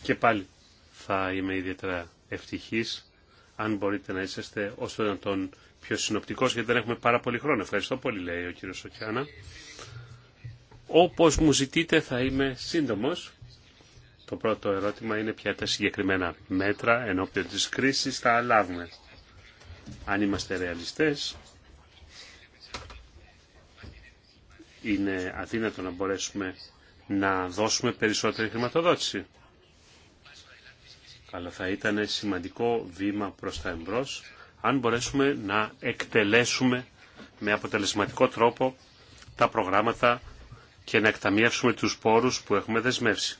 Και πάλι θα είμαι ιδιαίτερα ευτυχής αν μπορείτε να είσαστε όσο να τον πιο συνοπτικός γιατί δεν έχουμε πάρα πολύ χρόνο. Ευχαριστώ πολύ λέει ο κύριος Σοκιάνα. Όπως μου ζητείτε θα είμαι σύντομος. Το πρώτο ερώτημα είναι ποια τα συγκεκριμένα μέτρα ενώπιον της κρίσης θα λάβουμε. Αν είμαστε ρεαλιστές, είναι αδύνατο να μπορέσουμε να δώσουμε περισσότερη χρηματοδότηση. Αλλά θα ήταν σημαντικό βήμα προς τα εμπρός αν μπορέσουμε να εκτελέσουμε με αποτελεσματικό τρόπο τα προγράμματα και να εκταμιεύσουμε τους πόρους που έχουμε δεσμεύσει.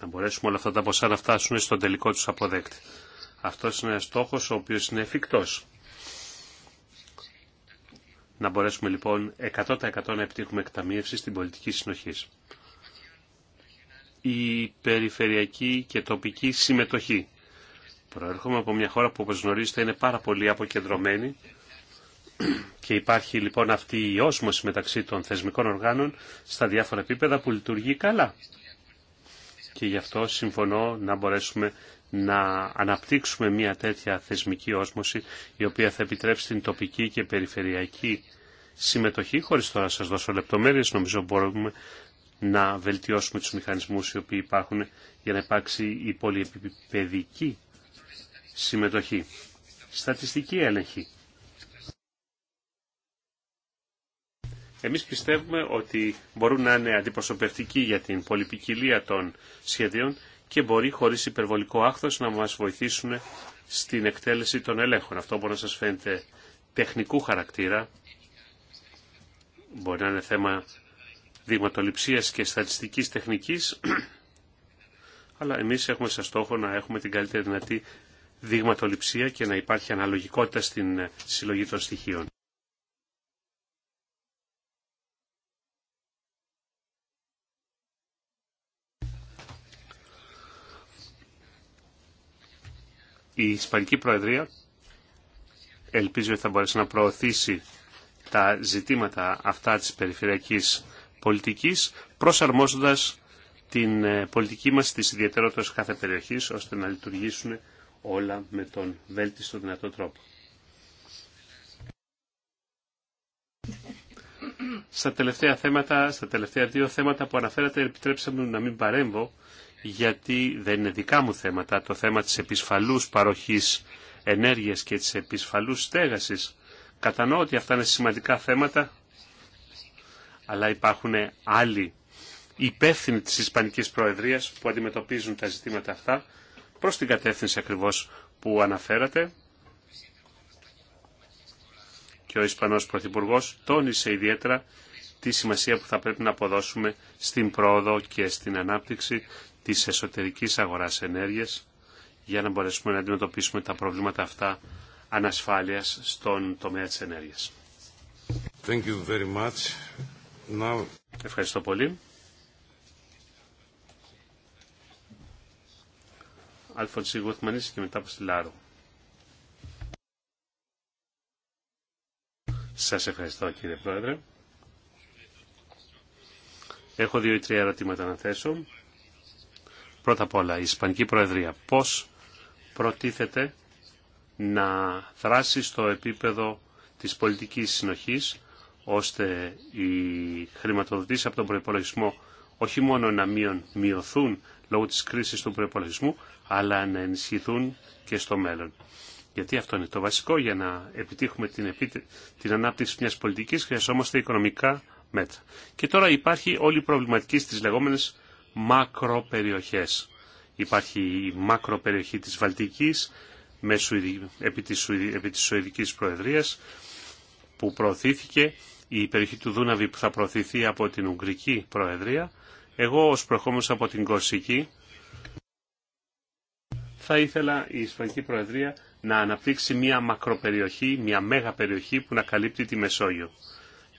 Να μπορέσουμε όλα αυτά τα ποσά να φτάσουν στον τελικό τους αποδέκτη. Αυτός είναι ένας στόχος ο οποίος είναι εφικτός. Να μπορέσουμε λοιπόν 100% να επιτύχουμε εκταμίευση στην πολιτική συνοχή. Η περιφερειακή και τοπική συμμετοχή Προέρχομαι από μια χώρα που όπως γνωρίζετε είναι πάρα πολύ αποκεντρωμένη και υπάρχει λοιπόν αυτή η όσμωση μεταξύ των θεσμικών οργάνων στα διάφορα επίπεδα που λειτουργεί καλά. Και γι' αυτό συμφωνώ να μπορέσουμε να αναπτύξουμε μια τέτοια θεσμική όσμωση η οποία θα επιτρέψει την τοπική και περιφερειακή συμμετοχή χωρίς τώρα να σας δώσω λεπτομέρειες νομίζω μπορούμε να βελτιώσουμε τους μηχανισμούς οι οποίοι υπάρχουν για να υπάρξει η πολυεπιπεδική συμμετοχή. Στατιστική έλεγχη. Εμείς πιστεύουμε ότι μπορούν να είναι αντιπροσωπευτικοί για την πολυπικιλία των σχεδίων και μπορεί χωρίς υπερβολικό άχθος να μας βοηθήσουν στην εκτέλεση των ελέγχων. Αυτό μπορεί να σας φαίνεται τεχνικού χαρακτήρα. Μπορεί να είναι θέμα δειγματοληψίας και στατιστικής τεχνικής, αλλά εμείς έχουμε σαν στόχο να έχουμε την καλύτερη δυνατή δειγματοληψία και να υπάρχει αναλογικότητα στην ε, συλλογή των στοιχείων. Η Ισπανική Προεδρία ελπίζει ότι θα μπορέσει να προωθήσει τα ζητήματα αυτά της περιφερειακής πολιτικής προσαρμόζοντας την ε, πολιτική μας στις ιδιαιτερότητες κάθε περιοχής ώστε να λειτουργήσουν όλα με τον βέλτιστο δυνατό τρόπο. Στα τελευταία, θέματα, στα τελευταία δύο θέματα που αναφέρατε επιτρέψτε μου να μην παρέμβω γιατί δεν είναι δικά μου θέματα. Το θέμα της επισφαλούς παροχής ενέργειας και της επισφαλούς στέγασης. Κατανοώ ότι αυτά είναι σημαντικά θέματα, αλλά υπάρχουν άλλοι υπεύθυνοι της Ισπανικής Προεδρίας που αντιμετωπίζουν τα ζητήματα αυτά προς την κατεύθυνση ακριβώς που αναφέρατε. Και ο Ισπανός Πρωθυπουργό τόνισε ιδιαίτερα τη σημασία που θα πρέπει να αποδώσουμε στην πρόοδο και στην ανάπτυξη της εσωτερικής αγοράς ενέργειας για να μπορέσουμε να αντιμετωπίσουμε τα προβλήματα αυτά ανασφάλειας στον τομέα της ενέργειας. Ευχαριστώ πολύ. Αλφονσί μετά Λάρο. Σας ευχαριστώ κύριε Πρόεδρε. Έχω δύο ή τρία ερωτήματα να θέσω. Πρώτα απ' όλα, η Ισπανική Προεδρία πώς προτίθεται να δράσει στο επίπεδο της πολιτικής συνοχής ώστε οι χρηματοδοτήσεις από τον προϋπολογισμό όχι μόνο να μειωθούν λόγω της κρίσης του προπολογισμού, αλλά να ενισχυθούν και στο μέλλον. Γιατί αυτό είναι το βασικό για να επιτύχουμε την, την ανάπτυξη μιας πολιτικής, χρειαζόμαστε οικονομικά μέτρα. Και τώρα υπάρχει όλη η προβληματική στις λεγόμενες μακροπεριοχές. Υπάρχει η μακροπεριοχή της Βαλτικής με επί, επί της Σουηδικής Προεδρίας που προωθήθηκε η περιοχή του Δούναβη που θα προωθηθεί από την Ουγγρική Προεδρία εγώ ως προχώμος από την Κορσική θα ήθελα η Ισπανική Προεδρία να αναπτύξει μια μακροπεριοχή, μια μέγα περιοχή που να καλύπτει τη Μεσόγειο.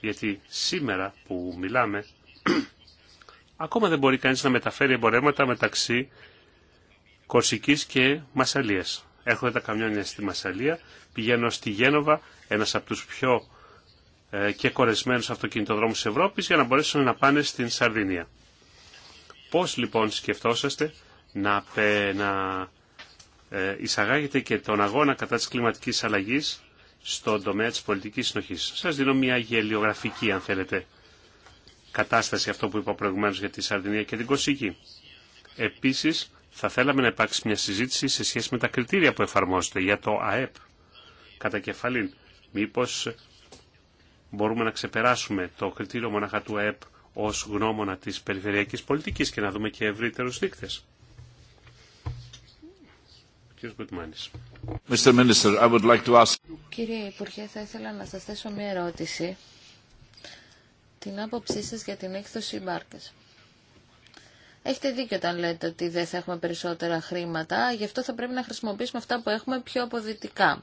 Γιατί σήμερα που μιλάμε ακόμα δεν μπορεί κανείς να μεταφέρει εμπορέματα μεταξύ Κορσικής και Μασαλίας. Έρχονται τα καμιόνια στη Μασαλία, πηγαίνω στη Γένοβα, ένας από τους πιο ε, και κορεσμένους αυτοκινητοδρόμους της Ευρώπης για να μπορέσουν να πάνε στην Σαρδινία. Πώς λοιπόν σκεφτόσαστε να, να ε, εισαγάγετε και τον αγώνα κατά της κλιματικής αλλαγής στον τομέα της πολιτικής συνοχής. Σας δίνω μια γελιογραφική, αν θέλετε, κατάσταση αυτό που είπα προηγουμένως για τη Σαρδινία και την Κωσική. Επίσης, θα θέλαμε να υπάρξει μια συζήτηση σε σχέση με τα κριτήρια που εφαρμόζεται για το ΑΕΠ κατά κεφαλήν. Μήπως μπορούμε να ξεπεράσουμε το κριτήριο μοναχα του ΑΕΠ ως γνώμονα της περιφερειακής πολιτικής και να δούμε και ευρύτερους δείκτες. Κύριε Υπουργέ, θα ήθελα να σας θέσω μια ερώτηση. Την άποψή σας για την έκδοση Μπάρκας. Έχετε δίκιο όταν λέτε ότι δεν θα έχουμε περισσότερα χρήματα, γι' αυτό θα πρέπει να χρησιμοποιήσουμε αυτά που έχουμε πιο αποδυτικά.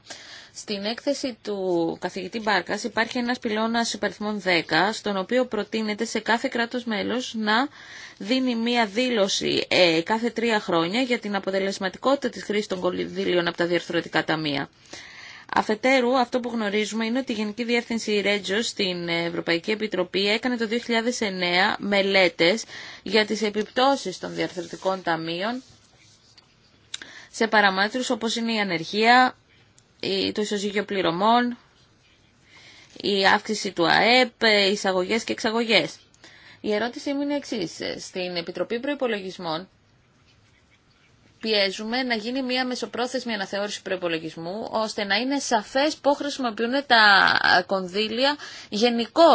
Στην έκθεση του καθηγητή Μπάρκας υπάρχει ένα πυλώνα υπαριθμών 10, στον οποίο προτείνεται σε κάθε κράτο μέλος να δίνει μία δήλωση ε, κάθε τρία χρόνια για την αποτελεσματικότητα τη χρήση των κονδυλίων από τα διαρθρωτικά ταμεία. Αφετέρου, αυτό που γνωρίζουμε είναι ότι η Γενική Διεύθυνση Ρέτζο στην Ευρωπαϊκή Επιτροπή έκανε το 2009 μελέτες για τις επιπτώσεις των διαρθρωτικών ταμείων σε παραμέτρους όπως είναι η ανεργία, το ισοζύγιο πληρωμών, η αύξηση του ΑΕΠ, εισαγωγές και εξαγωγές. Η ερώτησή μου είναι εξή. Στην Επιτροπή Προπολογισμών πιέζουμε να γίνει μια μεσοπρόθεσμη αναθεώρηση προπολογισμού, ώστε να είναι σαφές πώ χρησιμοποιούν τα κονδύλια γενικώ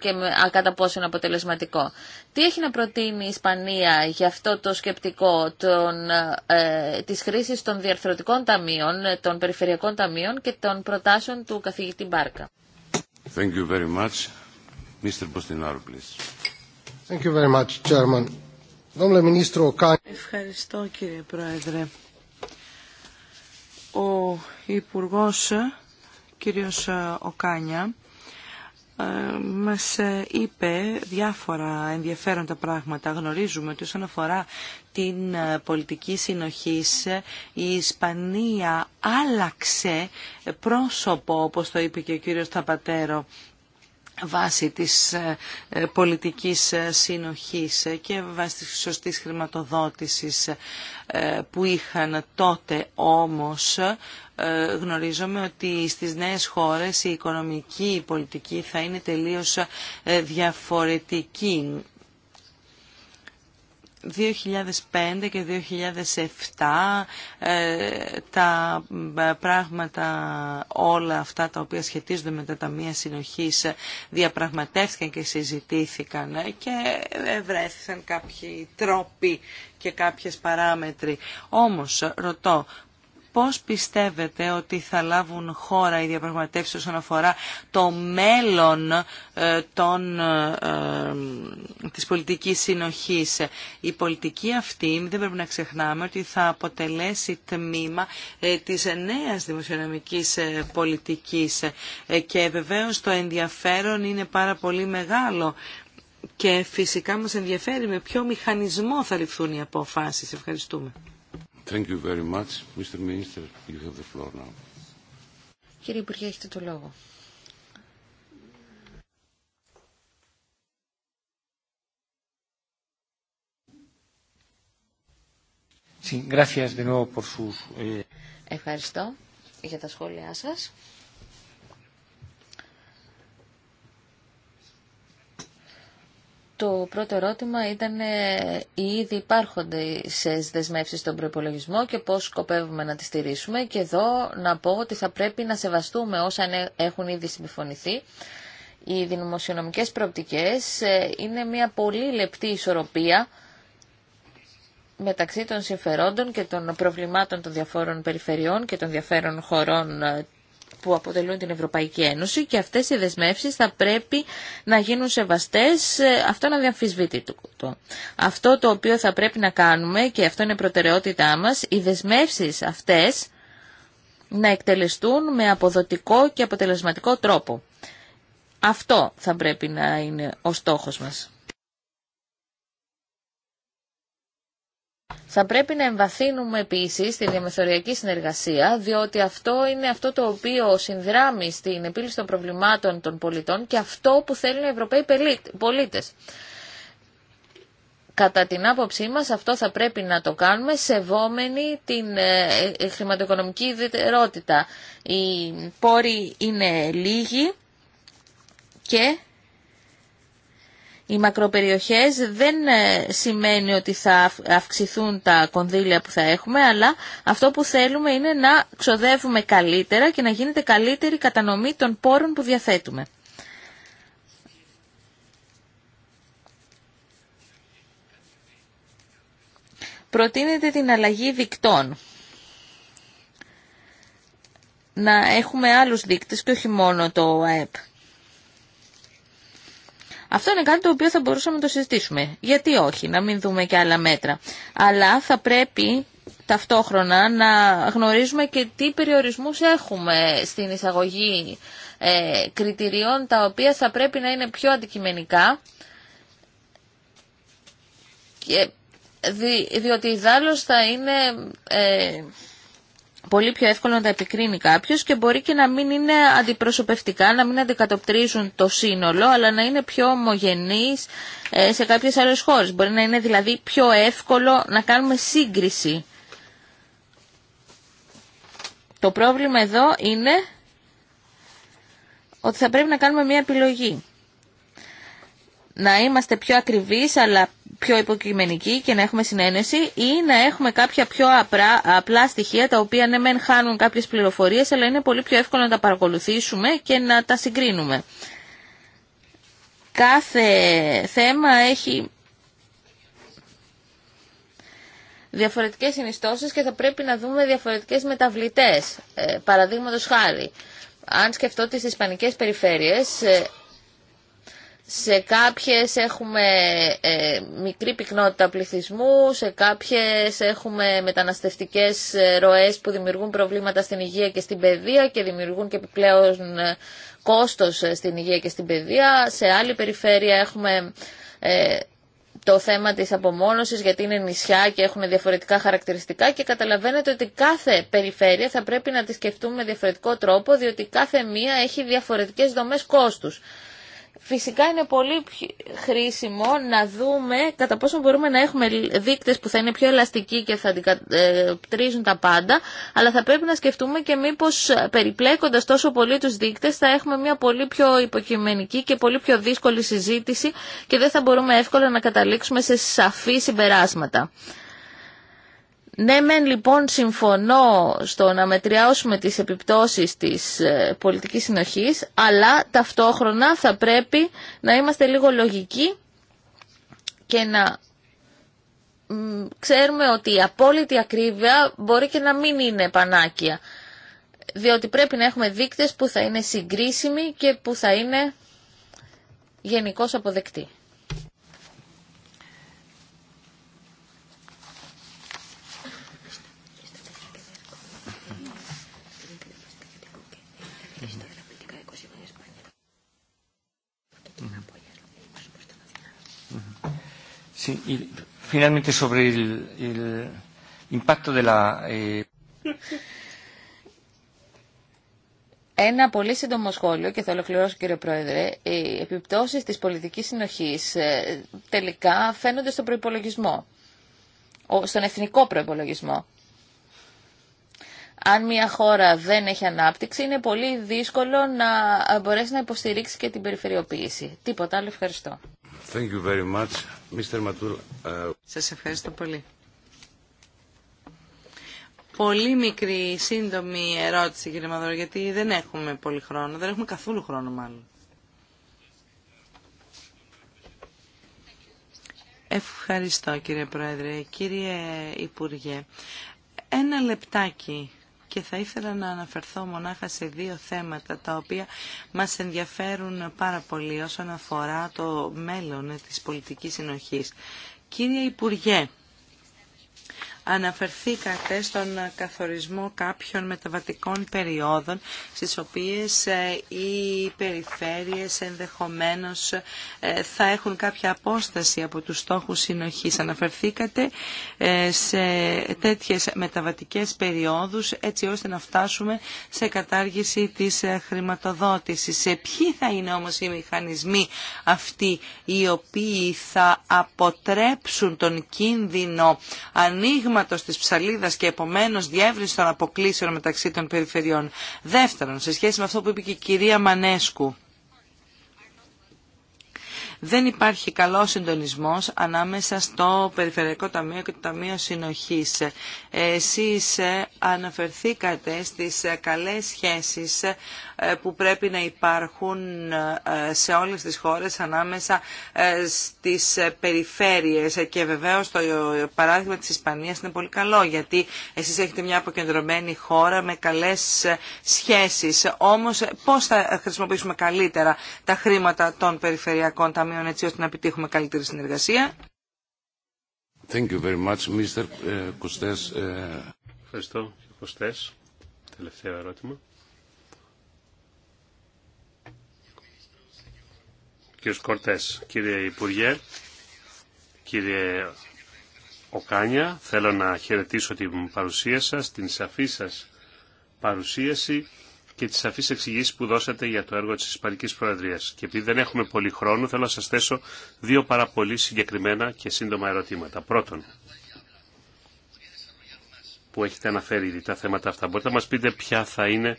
και κατά πόσο είναι αποτελεσματικό. Τι έχει να προτείνει η Ισπανία για αυτό το σκεπτικό ε, της χρήσης των διαρθρωτικών ταμείων, των περιφερειακών ταμείων και των προτάσεων του καθηγητή Μπάρκα. Thank you very much. Mr. Thank you very much, Chairman. Ευχαριστώ κύριε Πρόεδρε. Ο Υπουργός κύριος Οκάνια ε, μας είπε διάφορα ενδιαφέροντα πράγματα. Γνωρίζουμε ότι όσον αφορά την ε, πολιτική συνοχή ε, η Ισπανία άλλαξε πρόσωπο όπως το είπε και ο κύριος Ταπατέρο βάση της ε, ε, πολιτικής ε, συνοχής και βάση της σωστής χρηματοδότησης που είχαν τότε όμως γνωρίζομαι ότι στις νέες χώρες η οικονομική πολιτική θα είναι τελείως διαφορετική 2005 και 2007 ε, τα ε, πράγματα όλα αυτά τα οποία σχετίζονται με τα ταμεία συνοχής διαπραγματεύτηκαν και συζητήθηκαν ε, και βρέθηκαν κάποιοι τρόποι και κάποιες παράμετροι. Όμως ρωτώ Πώς πιστεύετε ότι θα λάβουν χώρα οι διαπραγματεύσεις όσον αφορά το μέλλον ε, των, ε, ε, της πολιτικής συνοχής. Η πολιτική αυτή, δεν πρέπει να ξεχνάμε, ότι θα αποτελέσει τμήμα της νέας δημοσιονομικής πολιτικής και βεβαίως το ενδιαφέρον είναι πάρα πολύ μεγάλο και φυσικά μας ενδιαφέρει με ποιο μηχανισμό θα ληφθούν οι αποφάσεις. Ευχαριστούμε. Thank you Κύριε Υπουργέ, έχετε το λόγο. Eh, Ευχαριστώ για τα σχόλιά σας. Το πρώτο ερώτημα ήταν οι ε, ήδη υπάρχονται σε δεσμεύσει στον προπολογισμό και πώς σκοπεύουμε να τις στηρίσουμε. Και εδώ να πω ότι θα πρέπει να σεβαστούμε όσα έχουν ήδη συμφωνηθεί. Οι δημοσιονομικές προοπτικές ε, είναι μια πολύ λεπτή ισορροπία μεταξύ των συμφερόντων και των προβλημάτων των διαφόρων περιφερειών και των διαφέρων χωρών ε, που αποτελούν την Ευρωπαϊκή Ένωση και αυτές οι δεσμεύσεις θα πρέπει να γίνουν σεβαστές, ε, αυτό να διαμφισβήτη το. Αυτό το οποίο θα πρέπει να κάνουμε και αυτό είναι προτεραιότητά μας, οι δεσμεύσεις αυτές να εκτελεστούν με αποδοτικό και αποτελεσματικό τρόπο. Αυτό θα πρέπει να είναι ο στόχος μας. Θα πρέπει να εμβαθύνουμε επίση τη διαμεθοριακή συνεργασία, διότι αυτό είναι αυτό το οποίο συνδράμει στην επίλυση των προβλημάτων των πολιτών και αυτό που θέλουν οι Ευρωπαίοι πολίτες. Κατά την άποψή μας αυτό θα πρέπει να το κάνουμε σεβόμενοι την ε, ε, χρηματοοικονομική ιδιαιτερότητα. Οι πόροι είναι λίγοι και οι μακροπεριοχές δεν ε, σημαίνει ότι θα αυξηθούν τα κονδύλια που θα έχουμε, αλλά αυτό που θέλουμε είναι να ξοδεύουμε καλύτερα και να γίνεται καλύτερη κατανομή των πόρων που διαθέτουμε. Προτείνεται την αλλαγή δικτών. Να έχουμε άλλους δείκτες και όχι μόνο το ΑΕΠ. Αυτό είναι κάτι το οποίο θα μπορούσαμε να το συζητήσουμε. Γιατί όχι, να μην δούμε και άλλα μέτρα. Αλλά θα πρέπει ταυτόχρονα να γνωρίζουμε και τι περιορισμούς έχουμε στην εισαγωγή ε, κριτηριών τα οποία θα πρέπει να είναι πιο αντικειμενικά και δι, διότι η θα είναι ε, πολύ πιο εύκολο να τα επικρίνει κάποιο και μπορεί και να μην είναι αντιπροσωπευτικά, να μην αντικατοπτρίζουν το σύνολο, αλλά να είναι πιο ομογενεί ε, σε κάποιε άλλε χώρε. Μπορεί να είναι δηλαδή πιο εύκολο να κάνουμε σύγκριση. Το πρόβλημα εδώ είναι ότι θα πρέπει να κάνουμε μια επιλογή. Να είμαστε πιο ακριβείς αλλά πιο υποκειμενικοί και να έχουμε συνένεση ή να έχουμε κάποια πιο απρά, απλά στοιχεία τα οποία ναι μεν χάνουν κάποιες πληροφορίες αλλά είναι πολύ πιο εύκολο να τα παρακολουθήσουμε και να τα συγκρίνουμε. Κάθε θέμα έχει διαφορετικές συνιστώσεις και θα πρέπει να δούμε διαφορετικές μεταβλητές. Ε, Παραδείγματο χάρη, αν σκεφτώ τις ισπανικές περιφέρειες, ε, σε κάποιες έχουμε ε, μικρή πυκνότητα πληθυσμού, σε κάποιες έχουμε μεταναστευτικές ροές που δημιουργούν προβλήματα στην υγεία και στην παιδεία και δημιουργούν και επιπλέον ε, κόστος ε, στην υγεία και στην παιδεία. Σε άλλη περιφέρεια έχουμε το θέμα της απομόνωσης γιατί είναι νησιά και έχουν διαφορετικά χαρακτηριστικά και καταλαβαίνετε ότι κάθε περιφέρεια θα πρέπει να τη σκεφτούμε με διαφορετικό τρόπο διότι κάθε μία έχει διαφορετικές δομές κόστους. Φυσικά είναι πολύ χρήσιμο να δούμε κατά πόσο μπορούμε να έχουμε δείκτες που θα είναι πιο ελαστικοί και θα αντικατρίζουν τα πάντα, αλλά θα πρέπει να σκεφτούμε και μήπως ε, περιπλέκοντας τόσο πολύ τους δείκτες θα έχουμε μια πολύ πιο υποκειμενική και πολύ πιο δύσκολη συζήτηση και δεν θα μπορούμε εύκολα να καταλήξουμε σε σαφή συμπεράσματα. Ναι, μεν λοιπόν συμφωνώ στο να μετριάσουμε τις επιπτώσεις της ε, πολιτικής συνοχής, αλλά ταυτόχρονα θα πρέπει να είμαστε λίγο λογικοί και να ξέρουμε ότι η απόλυτη ακρίβεια μπορεί και να μην είναι πανάκια. Διότι πρέπει να έχουμε δείκτες που θα είναι συγκρίσιμοι και που θα είναι γενικώς αποδεκτοί. Ένα πολύ σύντομο σχόλιο και θα ολοκληρώσω κύριε Πρόεδρε. Οι επιπτώσει τη πολιτική συνοχή ε, τελικά φαίνονται στον προπολογισμό, στον εθνικό προπολογισμό. Αν μια χώρα δεν έχει ανάπτυξη είναι πολύ δύσκολο να μπορέσει να υποστηρίξει και την περιφερειοποίηση. Τίποτα άλλο ευχαριστώ. Thank uh, Σας ευχαριστώ πολύ. Πολύ μικρή, σύντομη ερώτηση, κύριε Μαδόρο, γιατί δεν έχουμε πολύ χρόνο, δεν έχουμε καθόλου χρόνο μάλλον. Ευχαριστώ, κύριε Πρόεδρε. Κύριε Υπουργέ, ένα λεπτάκι και θα ήθελα να αναφερθώ μονάχα σε δύο θέματα τα οποία μας ενδιαφέρουν πάρα πολύ όσον αφορά το μέλλον της πολιτικής συνοχής. Κύριε Υπουργέ, αναφερθήκατε στον καθορισμό κάποιων μεταβατικών περιόδων στις οποίες ε, οι περιφέρειες ενδεχομένως ε, θα έχουν κάποια απόσταση από τους στόχους συνοχής. Αναφερθήκατε ε, σε τέτοιες μεταβατικές περιόδους έτσι ώστε να φτάσουμε σε κατάργηση της χρηματοδότησης. Σε ποιοι θα είναι όμως οι μηχανισμοί αυτοί οι οποίοι θα αποτρέψουν τον κίνδυνο ανοίγμα ανοίγματο της ψαλίδας και επομένως διεύρυνση των αποκλήσεων μεταξύ των περιφερειών. Δεύτερον, σε σχέση με αυτό που είπε και η κυρία Μανέσκου, δεν υπάρχει καλό συντονισμός ανάμεσα στο Περιφερειακό Ταμείο και το Ταμείο Συνοχής. Εσείς ε, αναφερθήκατε στις ε, καλές σχέσεις ε, που πρέπει να υπάρχουν σε όλες τις χώρες ανάμεσα στις περιφέρειες και βεβαίως το παράδειγμα της Ισπανίας είναι πολύ καλό γιατί εσείς έχετε μια αποκεντρωμένη χώρα με καλές σχέσεις. Όμως πώς θα χρησιμοποιήσουμε καλύτερα τα χρήματα των περιφερειακών ταμείων Ταμείων έτσι ώστε να επιτύχουμε καλύτερη συνεργασία. Thank you very much, ε, ε. Ευχαριστώ, κύριε Κωστές. Τελευταίο ερώτημα. Κύριος Κορτές, κύριε Υπουργέ, κύριε Οκάνια, θέλω να χαιρετήσω την παρουσία σας, την σαφή σας παρουσίαση και τις σαφείς εξηγήσει που δώσατε για το έργο της Ισπανικής Προεδρίας. Και επειδή δεν έχουμε πολύ χρόνο, θέλω να σας θέσω δύο πάρα πολύ συγκεκριμένα και σύντομα ερωτήματα. Πρώτον, που έχετε αναφέρει ήδη τα θέματα αυτά, μπορείτε να μας πείτε ποια θα είναι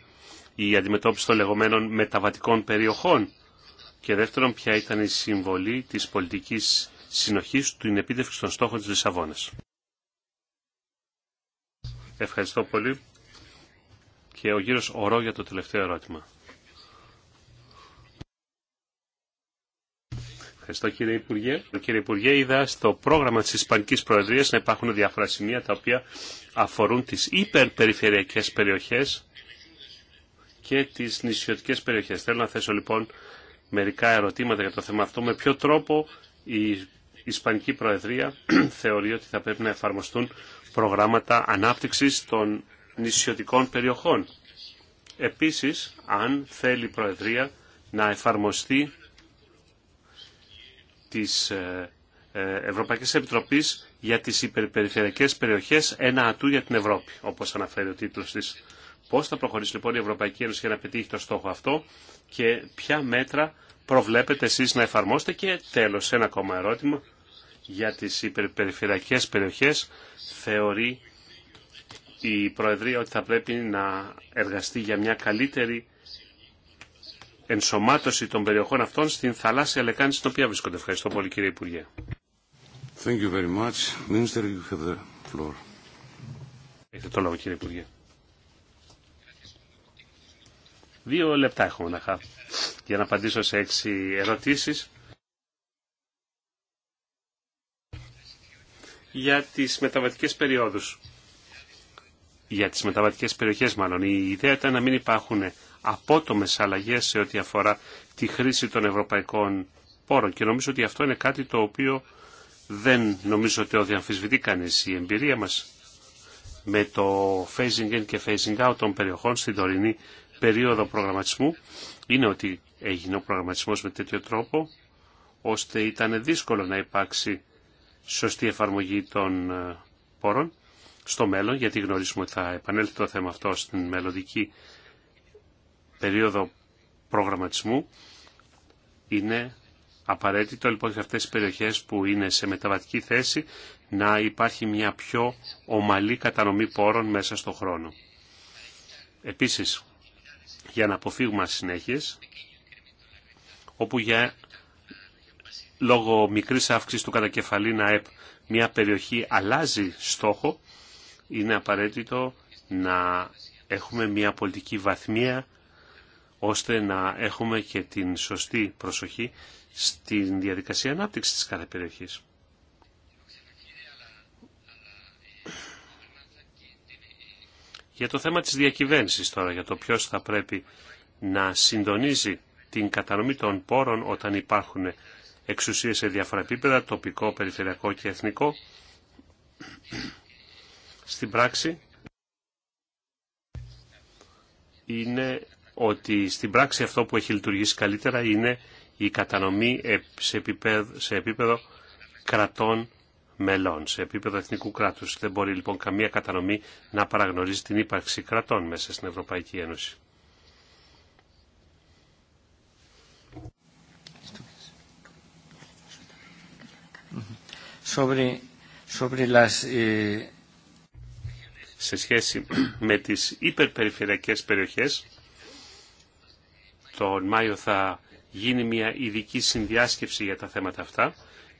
η αντιμετώπιση των λεγόμενων μεταβατικών περιοχών και δεύτερον, ποια ήταν η συμβολή τη πολιτική συνοχή του επίτευξη των στόχων τη Λισαβόνα. Ευχαριστώ πολύ και ο γύρος Ορό για το τελευταίο ερώτημα. Ευχαριστώ κύριε Υπουργέ. Κύριε Υπουργέ, είδα στο πρόγραμμα της Ισπανικής Προεδρίας να υπάρχουν διάφορα σημεία τα οποία αφορούν τις υπερπεριφερειακές περιοχές και τις νησιωτικές περιοχές. Θέλω να θέσω λοιπόν μερικά ερωτήματα για το θέμα αυτό. Με ποιο τρόπο η Ισπανική Προεδρία θεωρεί ότι θα πρέπει να εφαρμοστούν προγράμματα ανάπτυξης των νησιωτικών περιοχών. Επίσης, αν θέλει η Προεδρία να εφαρμοστεί της ε, ε, Ευρωπαϊκής Επιτροπής για τις υπερπεριφερειακές περιοχές ένα ατού για την Ευρώπη, όπως αναφέρει ο τίτλος της. Πώς θα προχωρήσει λοιπόν η Ευρωπαϊκή Ένωση για να πετύχει το στόχο αυτό και ποια μέτρα προβλέπετε εσείς να εφαρμόσετε και τέλος ένα ακόμα ερώτημα για τις υπερπεριφερειακές περιοχές θεωρεί η Προεδρία ότι θα πρέπει να εργαστεί για μια καλύτερη ενσωμάτωση των περιοχών αυτών στην θαλάσσια λεκάνη στην οποία βρίσκονται. Ευχαριστώ πολύ κύριε Υπουργέ. Thank you very much. Minister, you have the floor. Έχετε το λόγο κύριε Υπουργέ. Δύο λεπτά έχω να χάσω για να απαντήσω σε έξι ερωτήσεις. για τις μεταβατικές περιόδους για τις μεταβατικές περιοχές μάλλον. Η ιδέα ήταν να μην υπάρχουν απότομες αλλαγές σε ό,τι αφορά τη χρήση των ευρωπαϊκών πόρων και νομίζω ότι αυτό είναι κάτι το οποίο δεν νομίζω ότι ό,τι αμφισβητεί η εμπειρία μας με το phasing in και phasing out των περιοχών στην τωρινή περίοδο προγραμματισμού είναι ότι έγινε ο προγραμματισμός με τέτοιο τρόπο ώστε ήταν δύσκολο να υπάρξει σωστή εφαρμογή των ε, πόρων στο μέλλον, γιατί γνωρίζουμε ότι θα επανέλθει το θέμα αυτό στην μελλοντική περίοδο προγραμματισμού, είναι απαραίτητο λοιπόν σε αυτές τις περιοχές που είναι σε μεταβατική θέση να υπάρχει μια πιο ομαλή κατανομή πόρων μέσα στον χρόνο. Επίσης, για να αποφύγουμε συνέχειες, όπου για λόγω μικρής αύξησης του κατακεφαλήν ΑΕΠ μια περιοχή αλλάζει στόχο, είναι απαραίτητο να έχουμε μια πολιτική βαθμία ώστε να έχουμε και την σωστή προσοχή στην διαδικασία ανάπτυξης της κάθε περιοχής. Για το θέμα της διακυβέρνησης τώρα, για το ποιος θα πρέπει να συντονίζει την κατανομή των πόρων όταν υπάρχουν εξουσίες σε διάφορα επίπεδα, τοπικό, περιφερειακό και εθνικό στην πράξη είναι ότι στην πράξη αυτό που έχει λειτουργήσει καλύτερα είναι η κατανομή σε επίπεδο, σε επίπεδο κρατών μελών, σε επίπεδο εθνικού κράτους. Δεν μπορεί λοιπόν καμία κατανομή να παραγνωρίζει την ύπαρξη κρατών μέσα στην Ευρωπαϊκή Ένωση. Sobre, sobre las, ε, σε σχέση με τις υπερπεριφερειακές περιοχές. Τον Μάιο θα γίνει μια ειδική συνδιάσκεψη για τα θέματα αυτά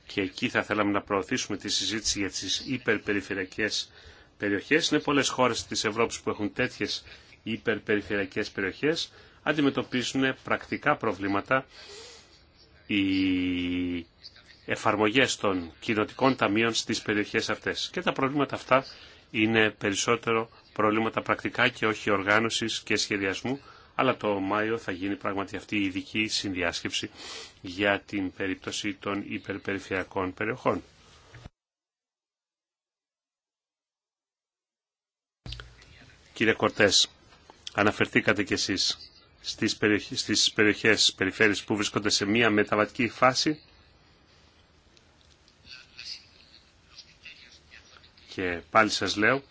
και εκεί θα θέλαμε να προωθήσουμε τη συζήτηση για τις υπερπεριφερειακές περιοχές. Είναι πολλές χώρες της Ευρώπης που έχουν τέτοιες υπερπεριφερειακές περιοχές, αντιμετωπίζουν πρακτικά προβλήματα οι εφαρμογές των κοινοτικών ταμείων στις περιοχές αυτές. Και τα προβλήματα αυτά είναι περισσότερο προβλήματα πρακτικά και όχι οργάνωσης και σχεδιασμού, αλλά το Μάιο θα γίνει πράγματι αυτή η ειδική συνδιάσκεψη για την περίπτωση των υπερπεριφερειακών περιοχών. Κύριε Κορτές, αναφερθήκατε κι εσείς στις περιοχές, στις που βρίσκονται σε μία μεταβατική φάση Και πάλι σας λέω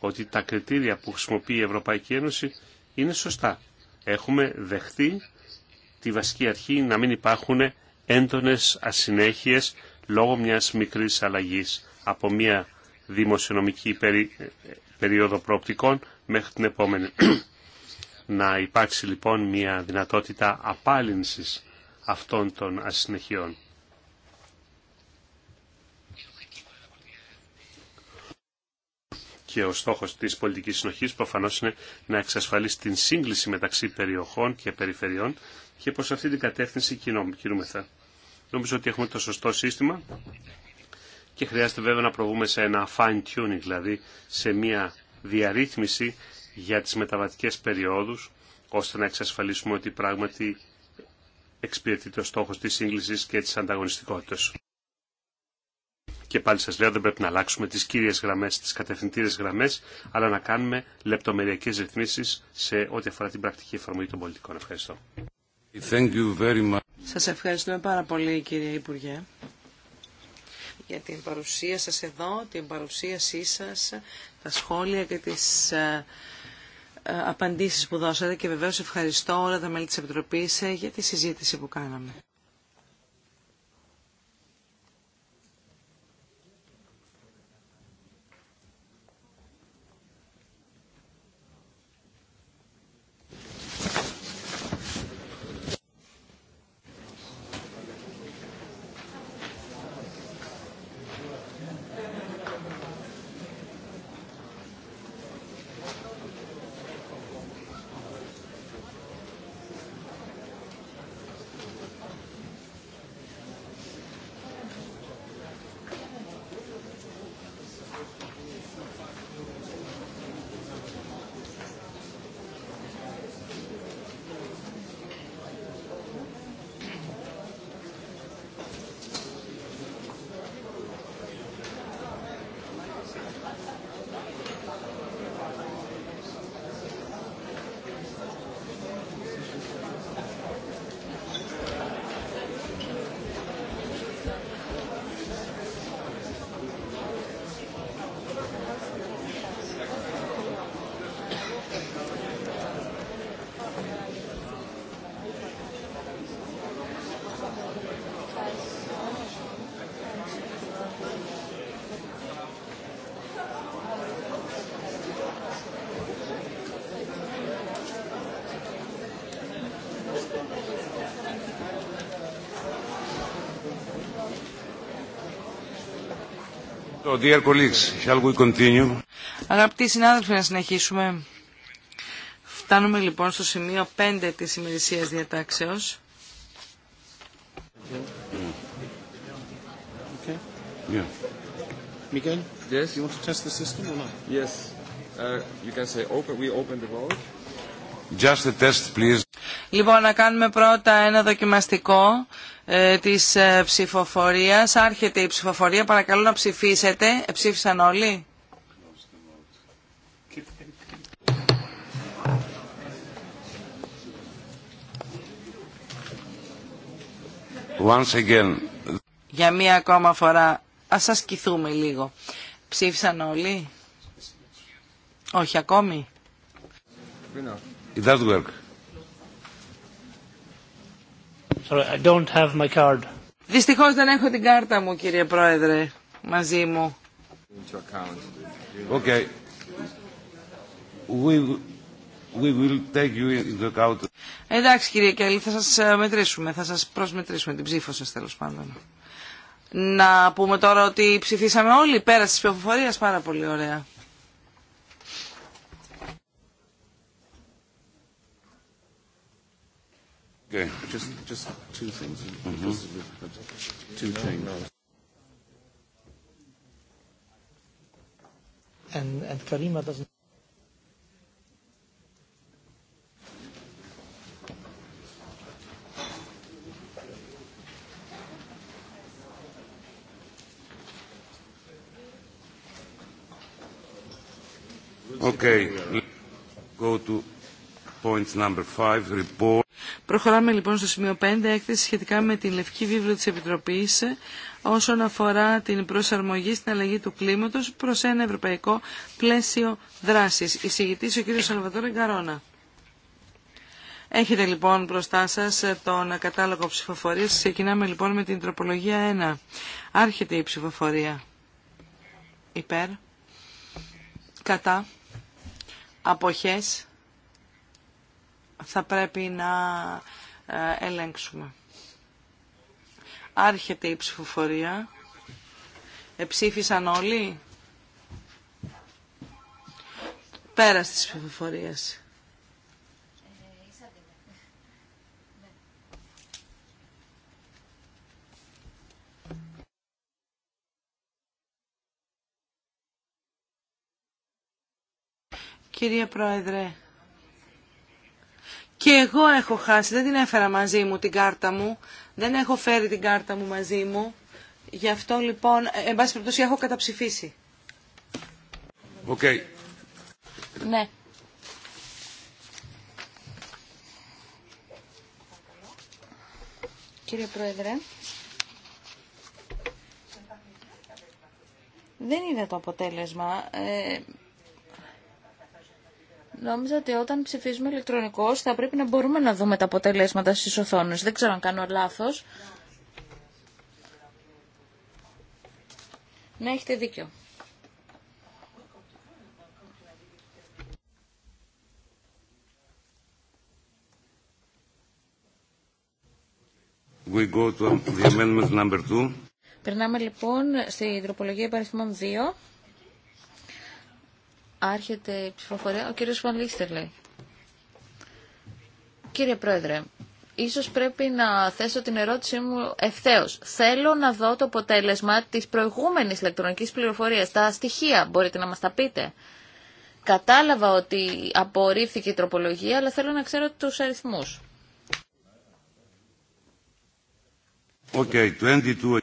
ότι τα κριτήρια που χρησιμοποιεί η Ευρωπαϊκή Ένωση είναι σωστά. Έχουμε δεχτεί τη βασική αρχή να μην υπάρχουν έντονες ασυνέχειες λόγω μιας μικρής αλλαγής από μια δημοσιονομική περίοδο προοπτικών μέχρι την επόμενη. να υπάρξει λοιπόν μια δυνατότητα απάλυνσης αυτών των ασυνεχειών. και ο στόχος της πολιτικής συνοχής προφανώς είναι να εξασφαλίσει την σύγκληση μεταξύ περιοχών και περιφερειών και προς αυτή την κατεύθυνση κινούμεθα. Νομίζω ότι έχουμε το σωστό σύστημα και χρειάζεται βέβαια να προβούμε σε ένα fine tuning, δηλαδή σε μια διαρρύθμιση για τις μεταβατικές περιόδους, ώστε να εξασφαλίσουμε ότι πράγματι εξυπηρετεί το στόχος της σύγκλησης και της ανταγωνιστικότητας. Και πάλι σας λέω δεν πρέπει να αλλάξουμε τις κύριες γραμμές, τις κατευθυντήρες γραμμές, αλλά να κάνουμε λεπτομεριακές ρυθμίσεις σε ό,τι αφορά την πρακτική εφαρμογή των πολιτικών. Ευχαριστώ. Thank Σας ευχαριστούμε πάρα πολύ κύριε Υπουργέ για την παρουσία σας εδώ, την παρουσίασή σας, τα σχόλια και τις ε, ε, απαντήσεις που δώσατε και βεβαίως ευχαριστώ όλα τα μέλη της Επιτροπής ε, για τη συζήτηση που κάναμε. dear colleagues, shall we continue? Αγαπητοί συνάδελφοι, να συνεχίσουμε. Φτάνουμε λοιπόν στο σημείο 5 της ημερησίας διατάξεως. Okay. Yeah. Miguel, yes? you want to test the system or not? Yes. Uh, you can say open, we open the vote. Just a test, please. Λοιπόν, να κάνουμε πρώτα ένα δοκιμαστικό ε, της ε, ψηφοφορίας. Άρχεται η ψηφοφορία. Παρακαλώ να ψηφίσετε. Ε, ψήφισαν όλοι. Για μία ακόμα φορά. Ας ασκηθούμε λίγο. Ψήφισαν όλοι. Όχι ακόμη. It Δυστυχώς δεν έχω την κάρτα μου, κύριε Πρόεδρε, μαζί μου. Εντάξει, κύριε Κέλλη, θα σας ε, μετρήσουμε, θα σας προσμετρήσουμε την ψήφο σας, τέλος πάντων. Να πούμε τώρα ότι ψηφίσαμε όλοι πέρα τη ψηφοφορία πάρα πολύ ωραία. Okay. Just, just two things. Mm -hmm. Two changes. And, and Karima doesn't. Okay, go to Προχωράμε λοιπόν στο σημείο 5, έκθεση σχετικά με την Λευκή Βίβλο της Επιτροπής ε, όσον αφορά την προσαρμογή στην αλλαγή του κλίματος προς ένα ευρωπαϊκό πλαίσιο δράσης. Εισηγητής ο κ. Σαλβατόρε Γκαρόνα. Έχετε λοιπόν μπροστά σα ε, τον κατάλογο ψηφοφορίας. Ξεκινάμε λοιπόν με την τροπολογία 1. Άρχεται η ψηφοφορία. Υπέρ. Κατά. Αποχές θα πρέπει να ε, ελέγξουμε. Άρχεται η ψηφοφορία. Εψήφισαν όλοι. Πέρα της ψηφοφορίας. Κύριε Πρόεδρε, και εγώ έχω χάσει, δεν την έφερα μαζί μου την κάρτα μου, δεν έχω φέρει την κάρτα μου μαζί μου, γι' αυτό λοιπόν, ε, εν πάση περιπτώσει, έχω καταψηφίσει. Okay. Ναι. Κύριε Πρόεδρε, δεν είναι το αποτέλεσμα. Ε, νόμιζα ότι όταν ψηφίζουμε ηλεκτρονικώ θα πρέπει να μπορούμε να δούμε τα αποτελέσματα στι οθόνε. Δεν ξέρω αν κάνω λάθος. Ναι, έχετε δίκιο. We go to the amendment number two. Περνάμε λοιπόν στη τροπολογία υπαριθμών 2. Άρχεται η ψηφοφορία. Ο κύριος Βαν λέει. Κύριε Πρόεδρε, ίσως πρέπει να θέσω την ερώτησή μου ευθέως. Θέλω να δω το αποτέλεσμα της προηγούμενης ηλεκτρονικής πληροφορίας. Τα στοιχεία μπορείτε να μας τα πείτε. Κατάλαβα ότι απορρίφθηκε η τροπολογία, αλλά θέλω να ξέρω τους αριθμούς. Okay, 22.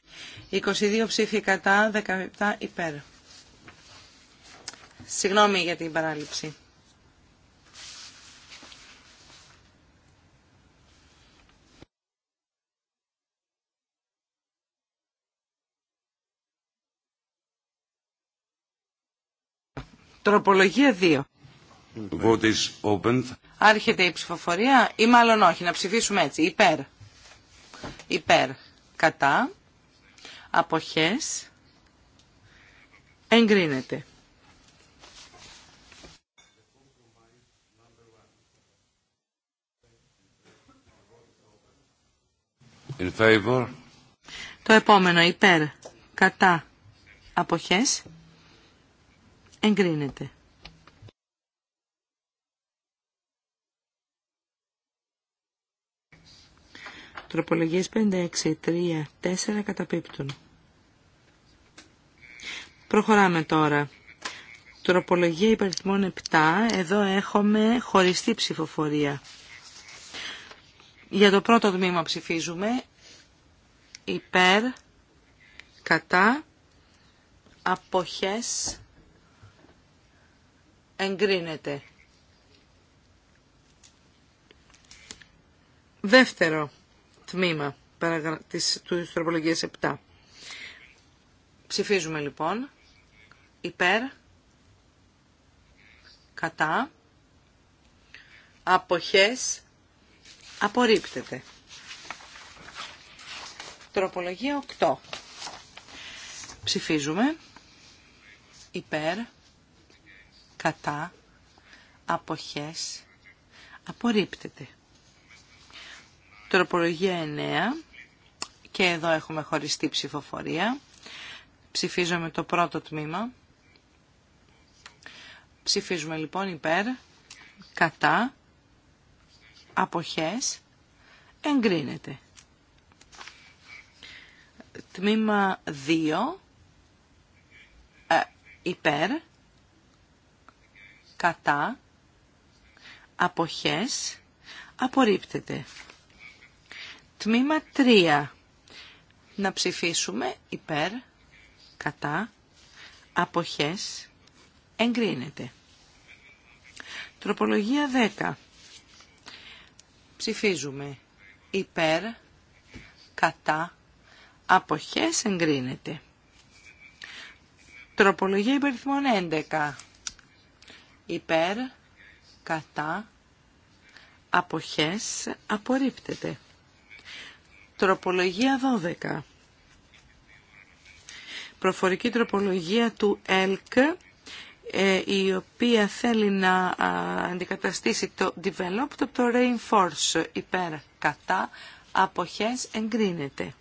22 ψήφοι κατά, 17 υπέρ. Συγγνώμη για την παράληψη. Τροπολογία 2. Άρχεται η ψηφοφορία ή μάλλον όχι, να ψηφίσουμε έτσι. Υπέρ. Υπέρ. Κατά. Αποχές. Εγκρίνεται. In favor. Το επόμενο υπέρ κατά αποχές εγκρίνεται. Τροπολογίες 5, 6, 3, 4 καταπίπτουν. Προχωράμε τώρα. Τροπολογία υπαριθμών 7. Εδώ έχουμε χωριστή ψηφοφορία. Για το πρώτο τμήμα ψηφίζουμε υπέρ, κατά, αποχές, εγκρίνεται. Δεύτερο τμήμα της, του τροπολογίας 7. Ψηφίζουμε λοιπόν υπέρ, κατά, αποχές, Απορρίπτεται. Τροπολογία 8. Ψηφίζουμε. Υπέρ. Κατά. Αποχές. Απορρίπτεται. Τροπολογία 9. Και εδώ έχουμε χωριστή ψηφοφορία. Ψηφίζουμε το πρώτο τμήμα. Ψηφίζουμε λοιπόν υπέρ, κατά, αποχές εγκρίνεται. Τμήμα 2 ε, υπέρ κατά αποχές απορρίπτεται. Τμήμα 3 να ψηφίσουμε υπέρ κατά αποχές εγκρίνεται. Τροπολογία 10 Ψηφίζουμε υπέρ, κατά, αποχές εγκρίνεται. Τροπολογία υπαριθμών 11. Υπέρ, κατά, αποχές απορρίπτεται. Τροπολογία 12. Προφορική τροπολογία του ΕΛΚ ε, η οποία θέλει να αντικαταστήσει το develop το, το reinforce υπέρ κατά αποχές εγκρίνεται.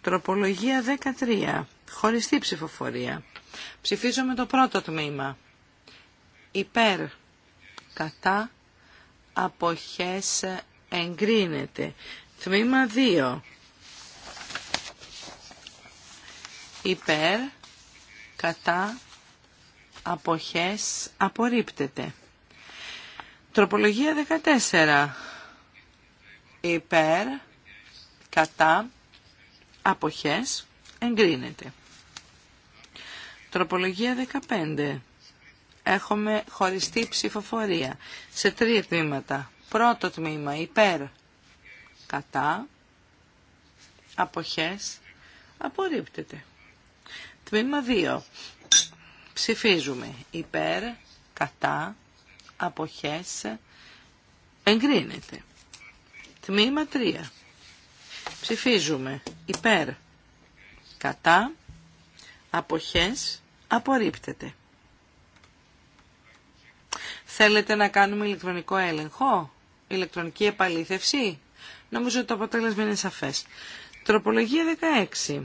Τροπολογία 13. Χωριστή ψηφοφορία. Ψηφίζουμε το πρώτο τμήμα. Υπέρ κατά αποχές εγκρίνεται. Τμήμα 2. Υπέρ κατά αποχές απορρίπτεται. Τροπολογία 14. Υπέρ, κατά, αποχές, εγκρίνεται. Τροπολογία 15. Έχουμε χωριστή ψηφοφορία σε τρία τμήματα. Πρώτο τμήμα υπέρ, κατά, αποχές, απορρίπτεται. Τμήμα 2. Ψηφίζουμε υπέρ, κατά, αποχές, εγκρίνεται. Τμήμα 3. Ψηφίζουμε υπέρ, κατά, αποχές, απορρίπτεται. Θέλετε να κάνουμε ηλεκτρονικό έλεγχο, ηλεκτρονική επαλήθευση. Νομίζω ότι το αποτέλεσμα είναι σαφές. Τροπολογία 16.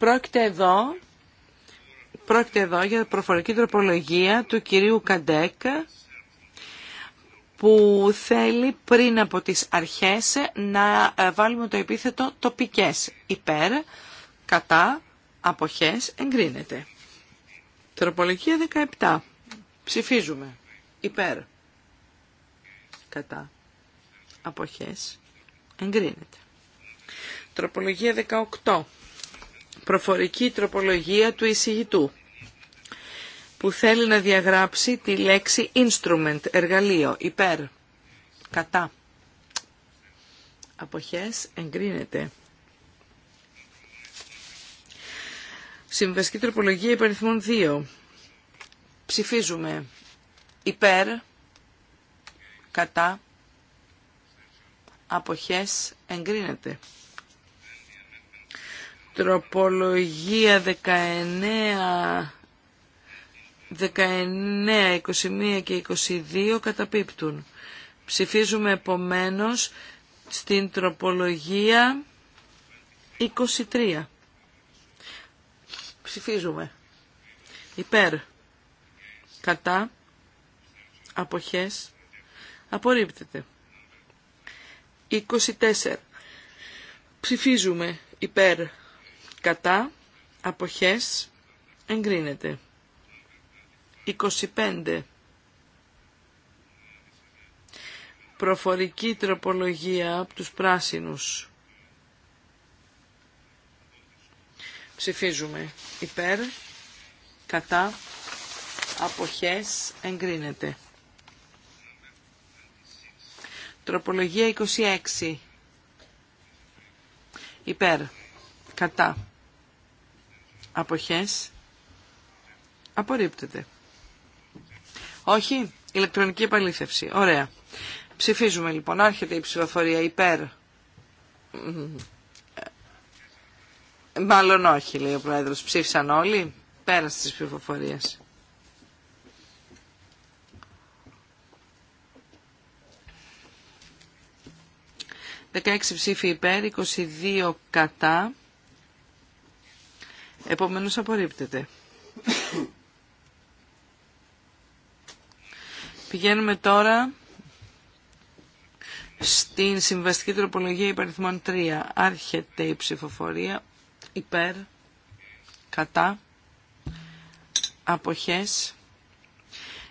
Πρόκειται εδώ, για προφορική τροπολογία του κυρίου Καντέκ που θέλει πριν από τις αρχές να ε, βάλουμε το επίθετο τοπικές υπέρ, κατά, αποχές, εγκρίνεται. Τροπολογία 17. Ψηφίζουμε. Υπέρ. Κατά. Αποχές. Εγκρίνεται. Τροπολογία 18 προφορική τροπολογία του εισηγητού που θέλει να διαγράψει τη λέξη instrument, εργαλείο, υπέρ, κατά. Αποχές εγκρίνεται. Συμβασική τροπολογία υπαριθμών 2. Ψηφίζουμε υπέρ, κατά, αποχές εγκρίνεται. Τροπολογία 19, 19, 21 και 22 καταπίπτουν. Ψηφίζουμε επομένως στην τροπολογία 23. Ψηφίζουμε. Υπέρ. Κατά. Αποχές. Απορρίπτεται. 24. Ψηφίζουμε. Υπέρ κατά αποχές εγκρίνεται. 25. Προφορική τροπολογία από τους πράσινους. Ψηφίζουμε υπέρ, κατά, αποχές, εγκρίνεται. Τροπολογία 26. Υπέρ, κατά, αποχές απορρίπτεται. Όχι, ηλεκτρονική επαλήθευση. Ωραία. Ψηφίζουμε λοιπόν. Άρχεται η ψηφοφορία υπέρ. Μάλλον όχι, λέει ο Πρόεδρος. Ψήφισαν όλοι Πέρα της ψηφοφορίες. Δεκαέξι ψήφοι υπέρ, 22 κατά. Επομένως απορρίπτεται. Πηγαίνουμε τώρα στην συμβαστική τροπολογία υπαριθμών 3. Άρχεται η ψηφοφορία υπέρ, κατά, αποχές,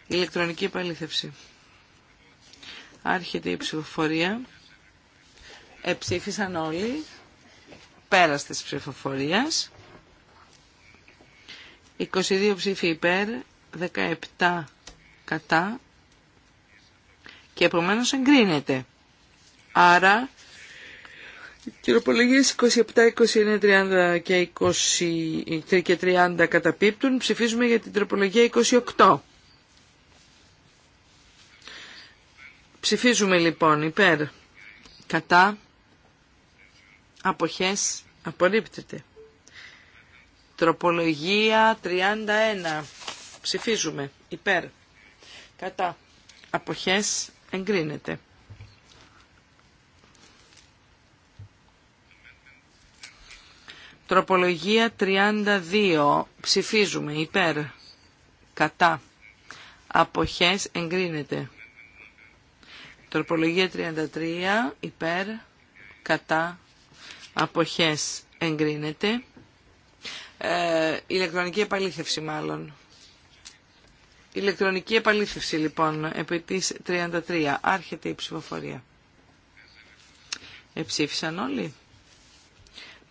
ηλεκτρονική επαλήθευση. Άρχεται η ψηφοφορία. Εψήφισαν όλοι πέρας της ψηφοφορίας. 22 ψήφοι υπέρ, 17 κατά και επομένως εγκρίνεται. Άρα, κυροπολογίες 27, 29, 30 και, 20, και 30 καταπίπτουν. Ψηφίζουμε για την τροπολογία 28. Ψηφίζουμε λοιπόν υπέρ, κατά, αποχές, απορρίπτεται. Τροπολογία 31. Ψηφίζουμε. Υπέρ. Κατά. Αποχές εγκρίνεται. Τροπολογία 32. Ψηφίζουμε. Υπέρ. Κατά. Αποχές εγκρίνεται. Τροπολογία 33. Υπέρ. Κατά. Αποχές εγκρίνεται. Ε, ηλεκτρονική επαλήθευση μάλλον. Ηλεκτρονική επαλήθευση λοιπόν επί της 33. Άρχεται η ψηφοφορία. Εψήφισαν όλοι.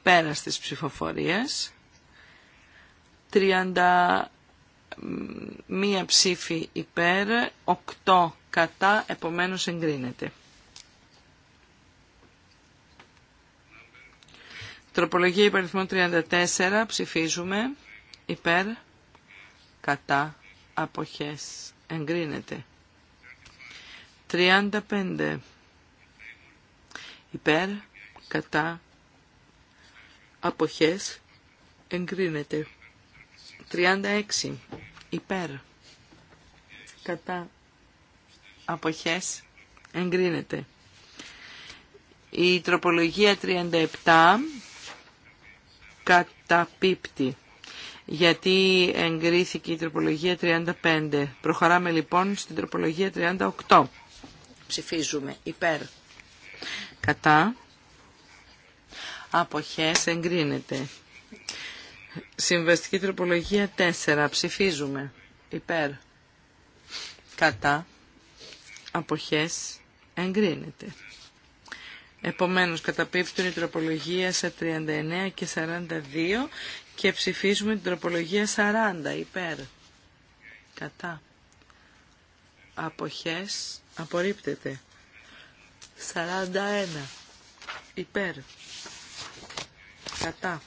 Πέρα στις ψηφοφορίες. 31 ψήφι υπέρ, 8 κατά, επομένως εγκρίνεται. Τροπολογία υπαριθμών 34. Ψηφίζουμε. Υπέρ. Κατά. Αποχές. Εγκρίνεται. 35. Υπέρ. Κατά. Αποχές. Εγκρίνεται. 36. Υπέρ. Κατά. Αποχές. Εγκρίνεται. Η τροπολογία 37 καταπίπτει γιατί εγκρίθηκε η τροπολογία 35. Προχωράμε λοιπόν στην τροπολογία 38. Ψηφίζουμε υπέρ. Κατά. Αποχές εγκρίνεται. Συμβαστική τροπολογία 4. Ψηφίζουμε υπέρ. Κατά. Αποχές εγκρίνεται. Επομένως, καταπίπτουν η τροπολογία 39 και 42 και ψηφίζουμε την τροπολογία 40 υπέρ. Κατά. Αποχές απορρίπτεται. 41 υπέρ. Κατά.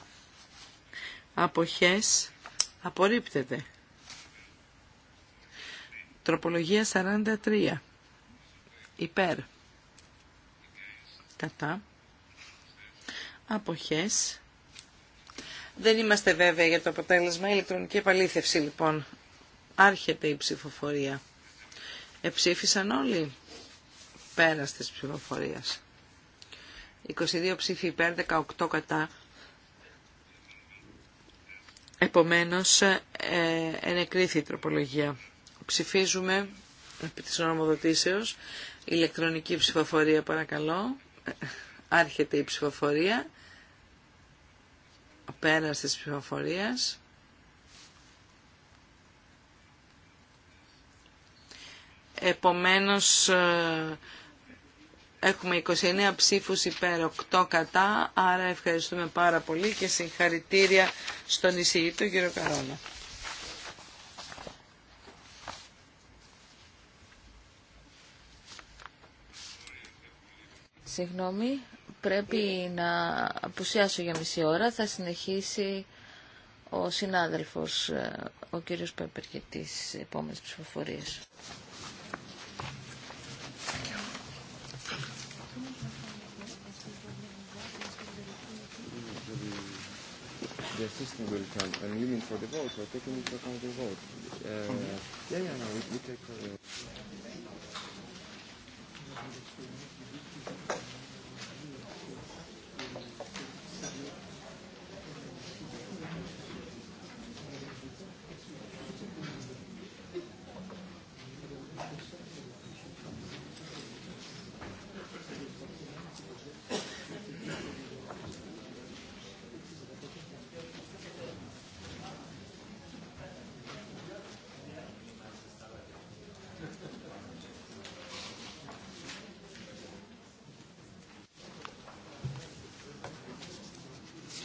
Αποχές απορρίπτεται. Τροπολογία 43 υπέρ κατά αποχές. Δεν είμαστε βέβαιοι για το αποτέλεσμα. Ηλεκτρονική επαλήθευση λοιπόν. Άρχεται η ψηφοφορία. Εψήφισαν όλοι πέρα της ψηφοφορίας. 22 ψήφοι υπέρ, 18 κατά. Επομένως, ε, ενεκρίθη η τροπολογία. Ψηφίζουμε επί της νομοδοτήσεως. Ηλεκτρονική ψηφοφορία παρακαλώ. Άρχεται η ψηφοφορία. Πέρας της ψηφοφορίας. Επομένως ε, έχουμε 29 ψήφους υπέρ 8 κατά, άρα ευχαριστούμε πάρα πολύ και συγχαρητήρια στον εισηγητή κύριο καρόνα. Συγγνώμη, πρέπει να απουσιάσω για μισή ώρα. Θα συνεχίσει ο συνάδελφος, ε, ο κύριος Πέπερ, για τις επόμενες ψηφοφορίες.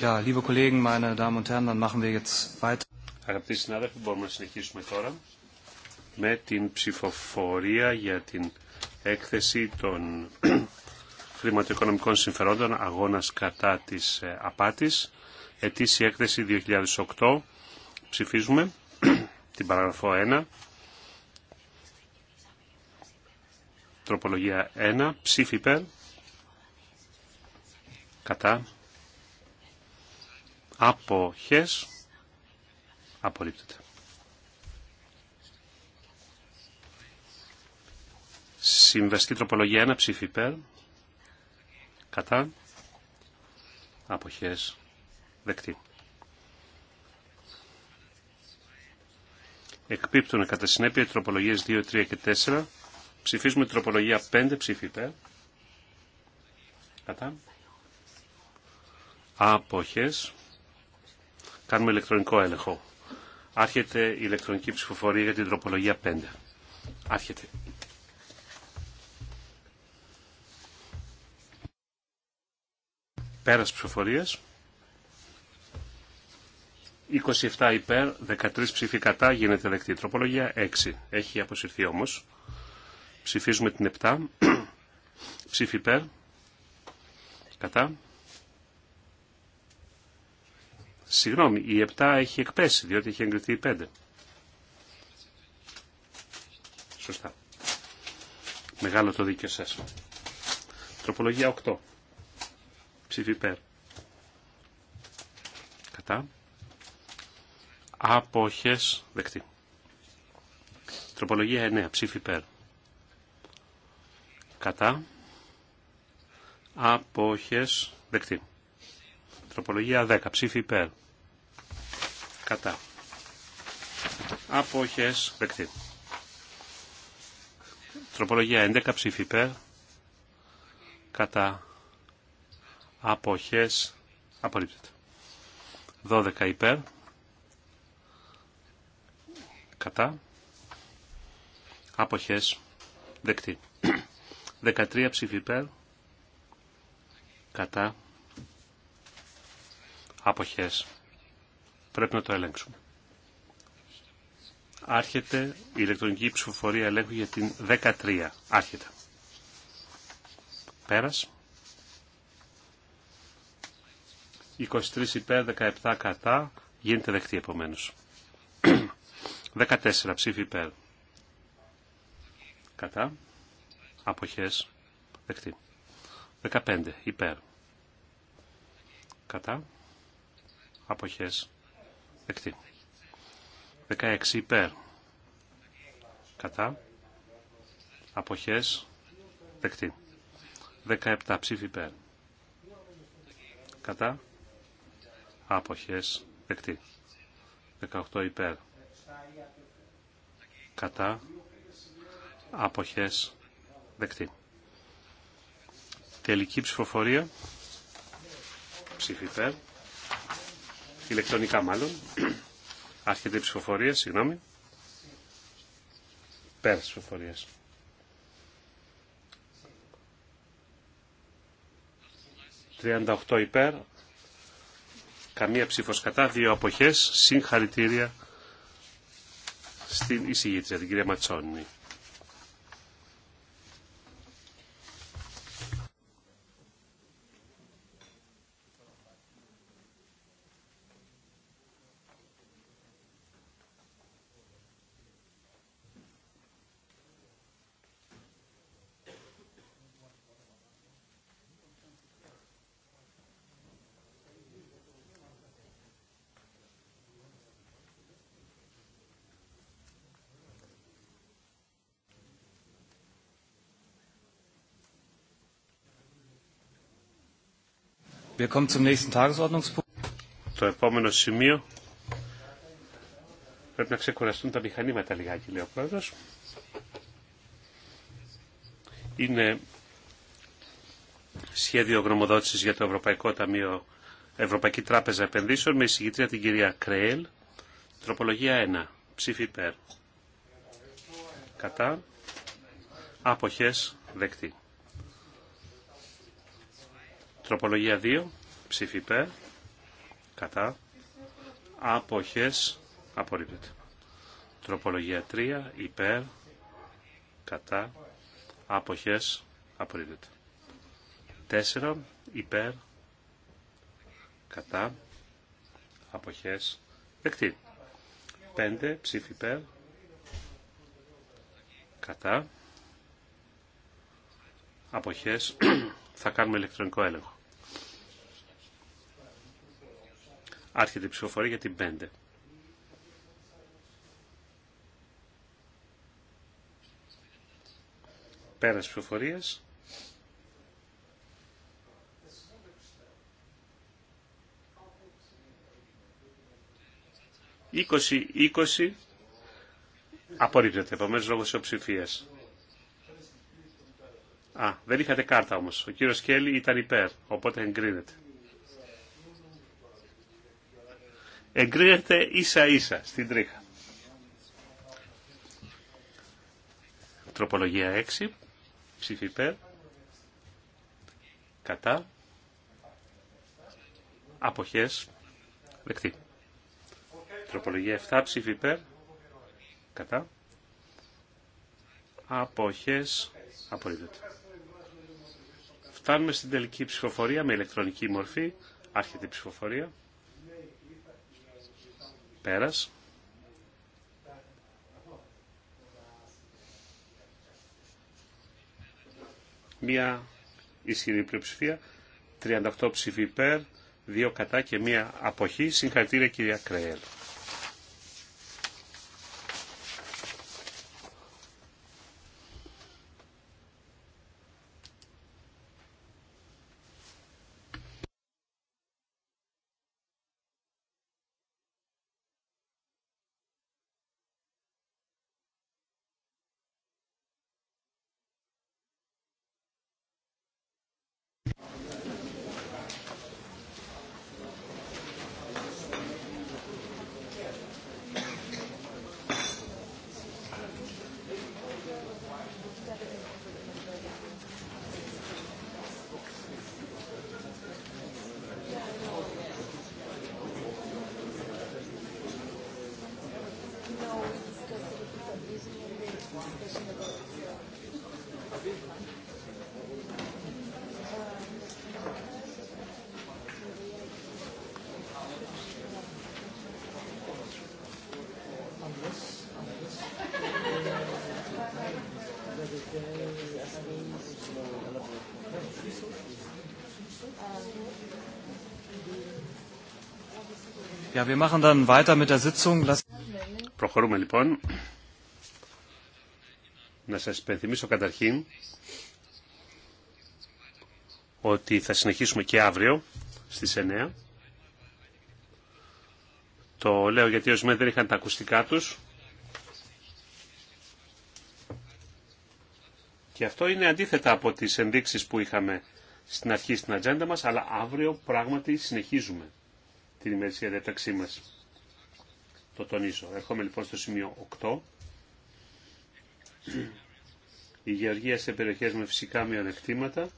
Ja, liebe Αγαπητοί συνάδελφοι, μπορούμε να συνεχίσουμε τώρα με την ψηφοφορία για την έκθεση των χρηματοοικονομικών συμφερόντων αγώνας κατά της ε, απάτης. Ετήσια έκθεση 2008. Ψηφίζουμε την παραγραφό 1. Τροπολογία 1. Ψήφι Κατά. Αποχές. Απορρίπτεται. Συμβαστική τροπολογία 1. Ψήφι υπέρ. Κατά. Αποχές. Δεκτή. Εκπίπτουν κατά συνέπεια οι τροπολογίες 2, 3 και 4. Ψηφίζουμε τροπολογία 5. Ψήφι υπέρ. Κατά. Αποχές. Κάνουμε ηλεκτρονικό έλεγχο. Άρχεται η ηλεκτρονική ψηφοφορία για την τροπολογία 5. Άρχεται. Πέρας ψηφοφορίας. 27 υπέρ, 13 ψήφοι κατά, γίνεται δεκτή. Τροπολογία 6. Έχει αποσυρθεί όμως. Ψηφίζουμε την 7. Ψήφοι υπέρ. Κατά. Συγγνώμη, η 7 έχει εκπέσει, διότι έχει εγκριθεί η 5. Σωστά. Μεγάλο το δίκιο σας. Τροπολογία 8. Ψήφι υπέρ. Κατά. Αποχές δεκτή. Τροπολογία 9. Ψήφι υπέρ. Κατά. Αποχές δεκτή. Τροπολογία 10. Ψήφι υπέρ. Κατά. Αποχές. Δεκτή. Τροπολογία 11. Ψήφι υπέρ. Κατά. Αποχές. Απορρίπτεται. 12 υπέρ. Κατά. Αποχές. Δεκτή. 13 ψήφι υπέρ. Κατά αποχές. Πρέπει να το ελέγξουμε. Άρχεται η ηλεκτρονική ψηφοφορία ελέγχου για την 13. Άρχεται. Πέρας. 23 υπέρ, 17 κατά. Γίνεται δεκτή επομένως. 14 ψήφι υπέρ. Κατά. Αποχές. Δεκτή. 15 υπέρ. Κατά αποχές δεκτή. 16 υπέρ κατά αποχές δεκτή. 17 ψήφι υπέρ κατά αποχές δεκτή. 18 υπέρ κατά αποχές δεκτή. Τελική ψηφοφορία ψήφι υπέρ ηλεκτρονικά μάλλον. Άρχεται η ψηφοφορία, συγγνώμη. Πέρα ψηφοφορία. 38 υπέρ, καμία ψήφος κατά, δύο αποχές, συγχαρητήρια στην εισηγήτρια, την κυρία Ματσόνη. Το επόμενο σημείο πρέπει να ξεκουραστούν τα μηχανήματα λιγάκι, λέει ο πρόεδρος. Είναι σχέδιο γνωμοδότησης για το Ευρωπαϊκό Ταμείο Ευρωπαϊκή Τράπεζα Επενδύσεων με εισηγητρία την κυρία Κρέελ. Τροπολογία 1. Ψήφι υπέρ. Κατά. Αποχές δεκτή. Τροπολογία 2. Ψήφι υπέρ. Κατά. Αποχές. Απορρίπτεται. Τροπολογία 3. Υπέρ. Κατά. Αποχές. Απορρίπτεται. 4. Υπέρ. Κατά. Αποχές. Δεκτή. 5. Ψήφι υπέρ. Κατά. Αποχές. Θα κάνουμε ηλεκτρονικό έλεγχο. Άρχεται η ψηφοφορία για την 5. Πέρας ψηφοφορίας. Είκοσι, είκοσι, απορρίπτεται, επομένως λόγω ισοψηφίας. Α, δεν είχατε κάρτα όμως. Ο κύριος Κέλλη ήταν υπέρ, οπότε εγκρίνεται. εγκρίνεται ίσα ίσα στην τρίχα. Τροπολογία 6, ψήφι υπέρ, κατά, αποχές, δεκτή. Τροπολογία 7, ψήφι υπέρ, κατά, αποχές, απορρίπτεται. Φτάνουμε στην τελική ψηφοφορία με ηλεκτρονική μορφή, άρχεται η ψηφοφορία. Πέρας. Μία ισχυρή πλειοψηφία. 38 ψηφί υπέρ, 2 κατά και μία αποχή. Συγχαρητήρια κυρία Κρέελ. Προχωρούμε λοιπόν. Να σας υπενθυμίσω καταρχήν ότι θα συνεχίσουμε και αύριο στις 9. Το λέω γιατί ορισμένοι δεν είχαν τα ακουστικά τους. Και αυτό είναι αντίθετα από τις ενδείξεις που είχαμε στην αρχή στην ατζέντα μας, αλλά αύριο πράγματι συνεχίζουμε την ημερησία διαταξή μας. Το τονίζω. Έρχομαι λοιπόν στο σημείο 8. Η γεωργία σε περιοχές με φυσικά μειονεκτήματα,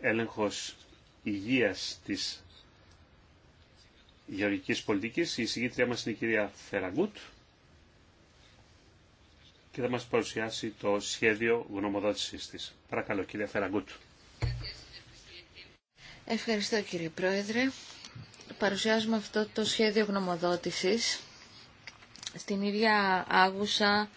έλεγχος υγείας της γεωργικής πολιτικής. Η συγκήτρια μας είναι η κυρία Φεραγκούτ και θα μας παρουσιάσει το σχέδιο γνωμοδότησης της. Παρακαλώ κυρία Φεραγκούτ. Ευχαριστώ κύριε Πρόεδρε. Παρουσιάζουμε αυτό το σχέδιο γνωμοδότησης στην ίδια άγουσα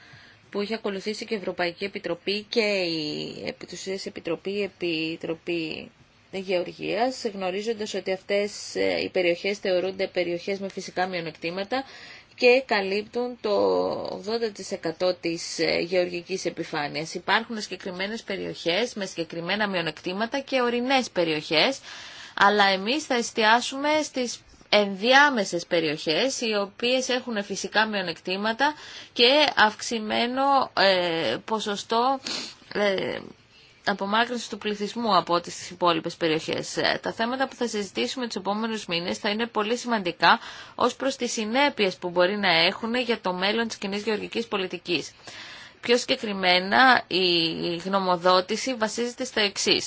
που είχε ακολουθήσει και η Ευρωπαϊκή Επιτροπή και η Επιτουσίας Επιτροπή, Επιτροπή Γεωργίας, γνωρίζοντας ότι αυτές οι περιοχές θεωρούνται περιοχές με φυσικά μειονεκτήματα και καλύπτουν το 80% της ε, γεωργικής επιφάνειας. Υπάρχουν συγκεκριμένες περιοχές με συγκεκριμένα μειονεκτήματα και ορεινές περιοχές, αλλά εμείς θα εστιάσουμε στις ενδιάμεσες περιοχές οι οποίες έχουν φυσικά μειονεκτήματα και αυξημένο ε, ποσοστό ε, απομάκρυνση του πληθυσμού από τις υπόλοιπες περιοχές. Ε, τα θέματα που θα συζητήσουμε τους επόμενους μήνες θα είναι πολύ σημαντικά ως προς τις συνέπειες που μπορεί να έχουν για το μέλλον της κοινή γεωργικής πολιτικής. Πιο συγκεκριμένα η γνωμοδότηση βασίζεται στο εξή.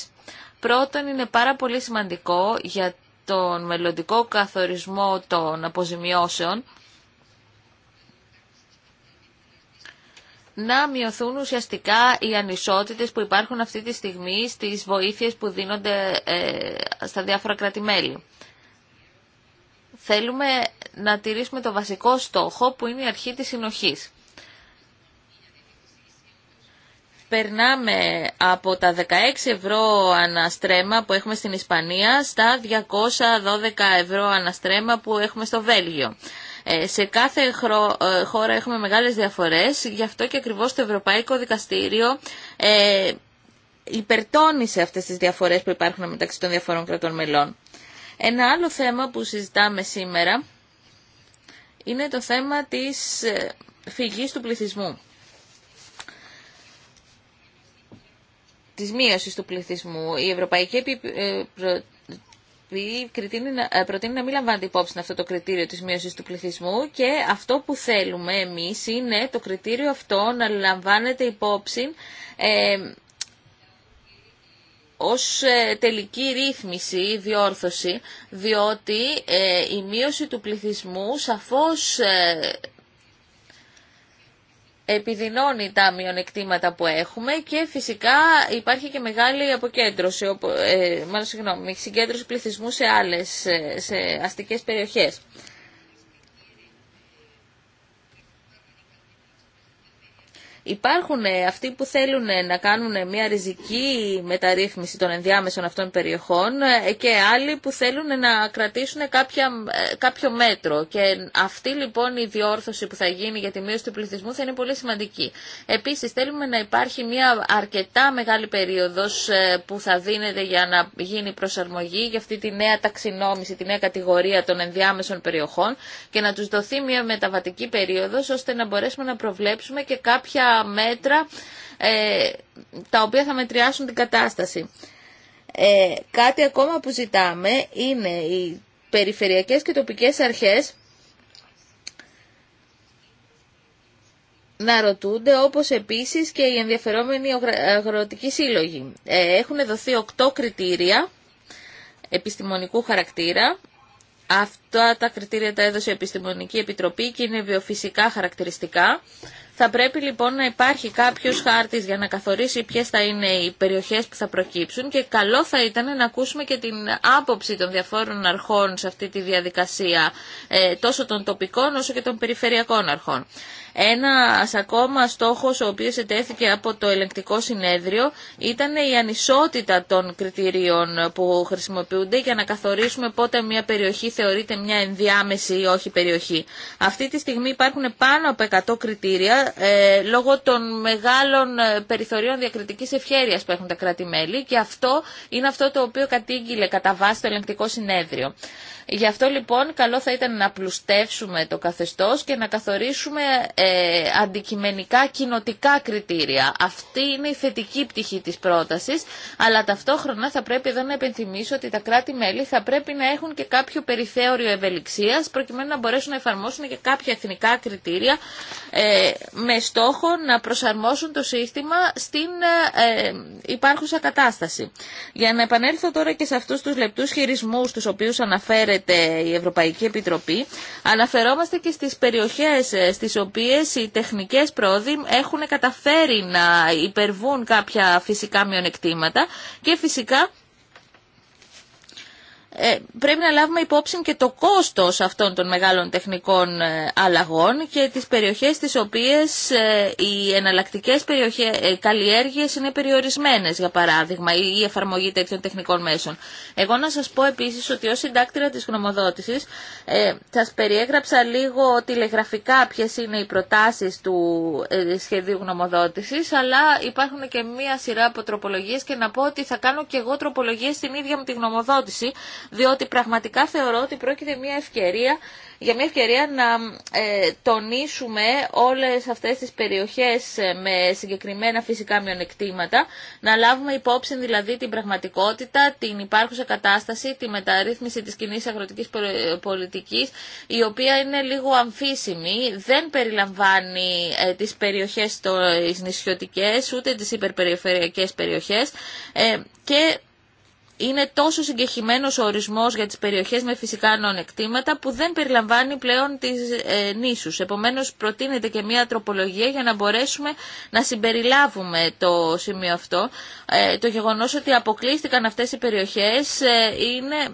Πρώτον είναι πάρα πολύ σημαντικό για τον μελλοντικό καθορισμό των αποζημιώσεων να μειωθούν ουσιαστικά οι ανισότητες που υπάρχουν αυτή τη στιγμή στις βοήθειες που δίνονται ε, στα διάφορα κράτη-μέλη. Θέλουμε να τηρήσουμε το βασικό στόχο που είναι η αρχή της συνοχής. περνάμε από τα 16 ευρώ αναστρέμα που έχουμε στην Ισπανία στα 212 ευρώ αναστρέμα που έχουμε στο Βέλγιο. Ε, σε κάθε ε, χώρα έχουμε μεγάλες διαφορές, γι' αυτό και ακριβώς το Ευρωπαϊκό Δικαστήριο ε, υπερτώνησε αυτές τις διαφορές που υπάρχουν μεταξύ των διαφορών κρατών μελών. Ένα άλλο θέμα που συζητάμε σήμερα είναι το θέμα της φυγής του πληθυσμού. Της μείωσης του πληθυσμού. Η Ευρωπαϊκή ε, προτείνει να μην λαμβάνεται υπόψη αυτό το κριτήριο της μείωσης του πληθυσμού και αυτό που θέλουμε εμείς είναι το κριτήριο αυτό να λαμβάνεται υπόψη ε, ως ε, τελική ρύθμιση, διόρθωση, διότι ε, η μείωση του πληθυσμού σαφώς επιδεινώνει τα μειονεκτήματα που έχουμε και φυσικά υπάρχει και μεγάλη αποκέντρωση, ε, μάλλον συγγνώμη, συγκέντρωση πληθυσμού σε άλλες ε, σε αστικές περιοχές. Υπάρχουν ε, αυτοί που θέλουν ε, να κάνουν ε, μια ριζική μεταρρύθμιση των ενδιάμεσων αυτών περιοχών και άλλοι που θέλουν να κρατήσουν κάποια, κάποιο μέτρο. Και αυτή λοιπόν η διόρθωση που θα γίνει για τη μείωση του πληθυσμού θα είναι πολύ σημαντική. Επίση, θέλουμε να υπάρχει μια αρκετά μεγάλη περίοδο που θα δίνεται για να γίνει προσαρμογή για αυτή τη νέα ταξινόμηση, τη νέα κατηγορία των ενδιάμεσων περιοχών και να τους δοθεί μια μεταβατική περίοδος ώστε να μπορέσουμε να προβλέψουμε και κάποια μέτρα ε, τα οποία θα μετριάσουν την κατάσταση. Ε, κάτι ακόμα που ζητάμε είναι οι περιφερειακές και τοπικές αρχές να ρωτούνται, όπως επίσης και οι ενδιαφερόμενοι αγροτικοί σύλλογοι. Ε, έχουν δοθεί οκτώ κριτήρια επιστημονικού χαρακτήρα. Αυτά τα κριτήρια τα έδωσε η Επιστημονική Επιτροπή και είναι βιοφυσικά χαρακτηριστικά. Θα πρέπει λοιπόν να υπάρχει κάποιος χάρτης για να καθορίσει ποιε θα είναι οι περιοχές που θα προκύψουν και καλό θα ήταν να ακούσουμε και την άποψη των διαφόρων αρχών σε αυτή τη διαδικασία, ε, τόσο των τοπικών όσο και των περιφερειακών αρχών. Ένα ακόμα στόχο ο οποίο ετέθηκε από το ελεγκτικό συνέδριο ήταν η ανισότητα των κριτηρίων που χρησιμοποιούνται για να καθορίσουμε πότε μια περιοχή θεωρείται μια ενδιάμεση ή όχι περιοχή. Αυτή τη στιγμή υπάρχουν πάνω από 100 κριτήρια ε, λόγω των μεγάλων ε, περιθωρίων διακριτική ευχέρειας που έχουν τα κράτη-μέλη και αυτό είναι αυτό το οποίο κατήγγειλε κατά βάση το ελεγκτικό συνέδριο. Γι' αυτό λοιπόν καλό θα ήταν να πλουστεύσουμε το καθεστώς και να καθορίσουμε ε, ε, αντικειμενικά κοινοτικά κριτήρια. Αυτή είναι η θετική πτυχή της πρότασης, αλλά ταυτόχρονα θα πρέπει εδώ να επενθυμίσω ότι τα κράτη-μέλη θα πρέπει να έχουν και κάποιο περιθέωριο ευελιξίας, προκειμένου να μπορέσουν να εφαρμόσουν και κάποια εθνικά κριτήρια ε, με στόχο να προσαρμόσουν το σύστημα στην ε, ε, υπάρχουσα κατάσταση. Για να επανέλθω τώρα και σε αυτούς τους λεπτούς χειρισμούς τους οποίους αναφέρεται η Ευρωπαϊκή Επιτροπή, αναφερόμαστε και στις περιοχές ε, στις οποίες οποίες οι τεχνικές πρόοδοι έχουν καταφέρει να υπερβούν κάποια φυσικά μειονεκτήματα και φυσικά ε, πρέπει να λάβουμε υπόψη και το κόστος αυτών των μεγάλων τεχνικών ε, αλλαγών και τις περιοχές τις οποίες ε, οι εναλλακτικές περιοχές, καλλιέργειες είναι περιορισμένες, για παράδειγμα, ή η εφαρμογή τέτοιων τεχνικών μέσων. Εγώ να σας πω επίσης ότι ως συντάκτηρα της γνωμοδότησης ε, σας περιέγραψα λίγο τηλεγραφικά ποιες είναι οι προτάσεις του σχεδίου γνωμοδότησης, αλλά υπάρχουν και μία σειρά από τροπολογίες και να πω ότι θα κάνω και εγώ τροπολογίες στην ίδια μου τη γνωμοδότηση, διότι πραγματικά θεωρώ ότι πρόκειται μια ευκαιρία, για μια ευκαιρία να ε, τονίσουμε όλες αυτές τις περιοχές ε, με συγκεκριμένα φυσικά μειονεκτήματα, να λάβουμε υπόψη δηλαδή την πραγματικότητα, την υπάρχουσα κατάσταση, τη μεταρρύθμιση της κοινή αγροτικής πολιτικής, η οποία είναι λίγο αμφίσιμη, δεν περιλαμβάνει ε, τις περιοχές το, νησιωτικές, ούτε τις υπερπεριφερειακές περιοχές ε, και είναι τόσο συγκεχημένος ο ορισμός για τις περιοχές με φυσικά νονεκτήματα που δεν περιλαμβάνει πλέον τις ε, νήσους. Επομένως προτείνεται και μια τροπολογία για να μπορέσουμε να συμπεριλάβουμε το σημείο αυτό. Ε, το γεγονός ότι αποκλείστηκαν αυτές οι περιοχές ε, είναι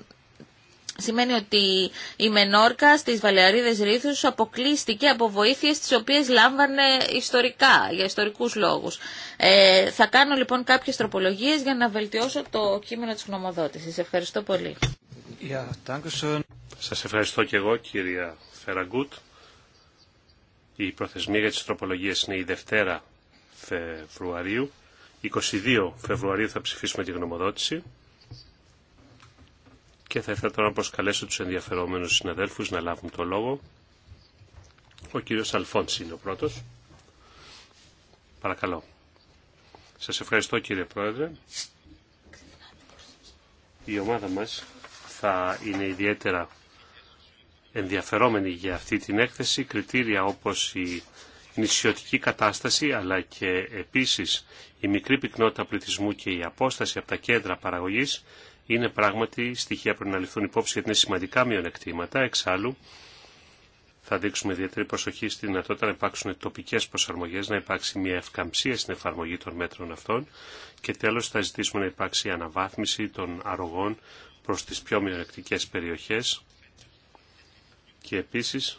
Σημαίνει ότι η Μενόρκα στις Βαλεαρίδες Ρήθου αποκλείστηκε από βοήθειε, τι οποίες λάμβανε ιστορικά, για ιστορικούς λόγους. Ε, θα κάνω λοιπόν κάποιες τροπολογίες για να βελτιώσω το κείμενο της γνωμοδότησης. Ευχαριστώ πολύ. Yeah, Σας ευχαριστώ και εγώ κυρία Φεραγκούτ. Η προθεσμία για τι τροπολογίε είναι η Δευτέρα Φεβρουαρίου. 22 Φεβρουαρίου θα ψηφίσουμε τη γνωμοδότηση και θα ήθελα τώρα να προσκαλέσω τους ενδιαφερόμενους συναδέλφους να λάβουν το λόγο. Ο κύριος Αλφόντς είναι ο πρώτος. Παρακαλώ. Σας ευχαριστώ κύριε Πρόεδρε. Η ομάδα μας θα είναι ιδιαίτερα ενδιαφερόμενη για αυτή την έκθεση. Κριτήρια όπως η νησιωτική κατάσταση αλλά και επίσης η μικρή πυκνότητα πληθυσμού και η απόσταση από τα κέντρα παραγωγής είναι πράγματι στοιχεία που πρέπει να ληφθούν υπόψη γιατί είναι σημαντικά μειονεκτήματα. Εξάλλου, θα δείξουμε ιδιαίτερη προσοχή στη δυνατότητα να υπάρξουν τοπικές προσαρμογέ, να υπάρξει μια ευκαμψία στην εφαρμογή των μέτρων αυτών και τέλος θα ζητήσουμε να υπάρξει αναβάθμιση των αρρωγών προς τις πιο μειονεκτικέ περιοχέ. και επίση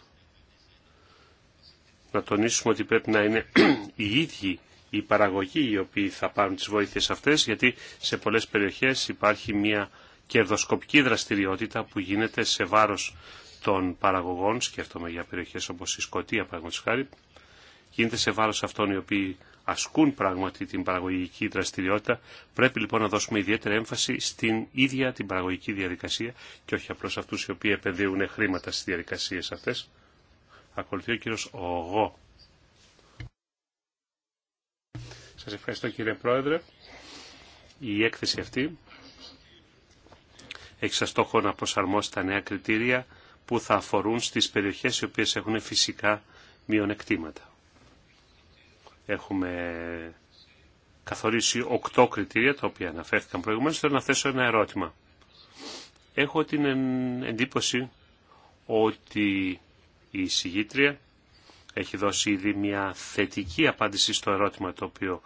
να τονίσουμε ότι πρέπει να είναι οι ίδιοι οι παραγωγοί οι οποίοι θα πάρουν τις βοήθειες αυτές, γιατί σε πολλές περιοχές υπάρχει μια κερδοσκοπική δραστηριότητα που γίνεται σε βάρος των παραγωγών, σκέφτομαι για περιοχές όπως η Σκοτία χάρη, γίνεται σε βάρος αυτών οι οποίοι ασκούν πράγματι την παραγωγική δραστηριότητα. Πρέπει λοιπόν να δώσουμε ιδιαίτερη έμφαση στην ίδια την παραγωγική διαδικασία και όχι απλώς αυτούς οι οποίοι επενδύουν χρήματα στις διαδικασίες αυτές. Ακολουθεί ο κύριος Ογώ. Σας ευχαριστώ κύριε Πρόεδρε. Η έκθεση αυτή έχει σαν στόχο να προσαρμόσει τα νέα κριτήρια που θα αφορούν στις περιοχές οι οποίες έχουν φυσικά μειονεκτήματα. Έχουμε καθορίσει οκτώ κριτήρια τα οποία αναφέρθηκαν προηγουμένως. Θέλω να θέσω ένα ερώτημα. Έχω την εντύπωση ότι η συγγήτρια έχει δώσει ήδη μια θετική απάντηση στο ερώτημα το οποίο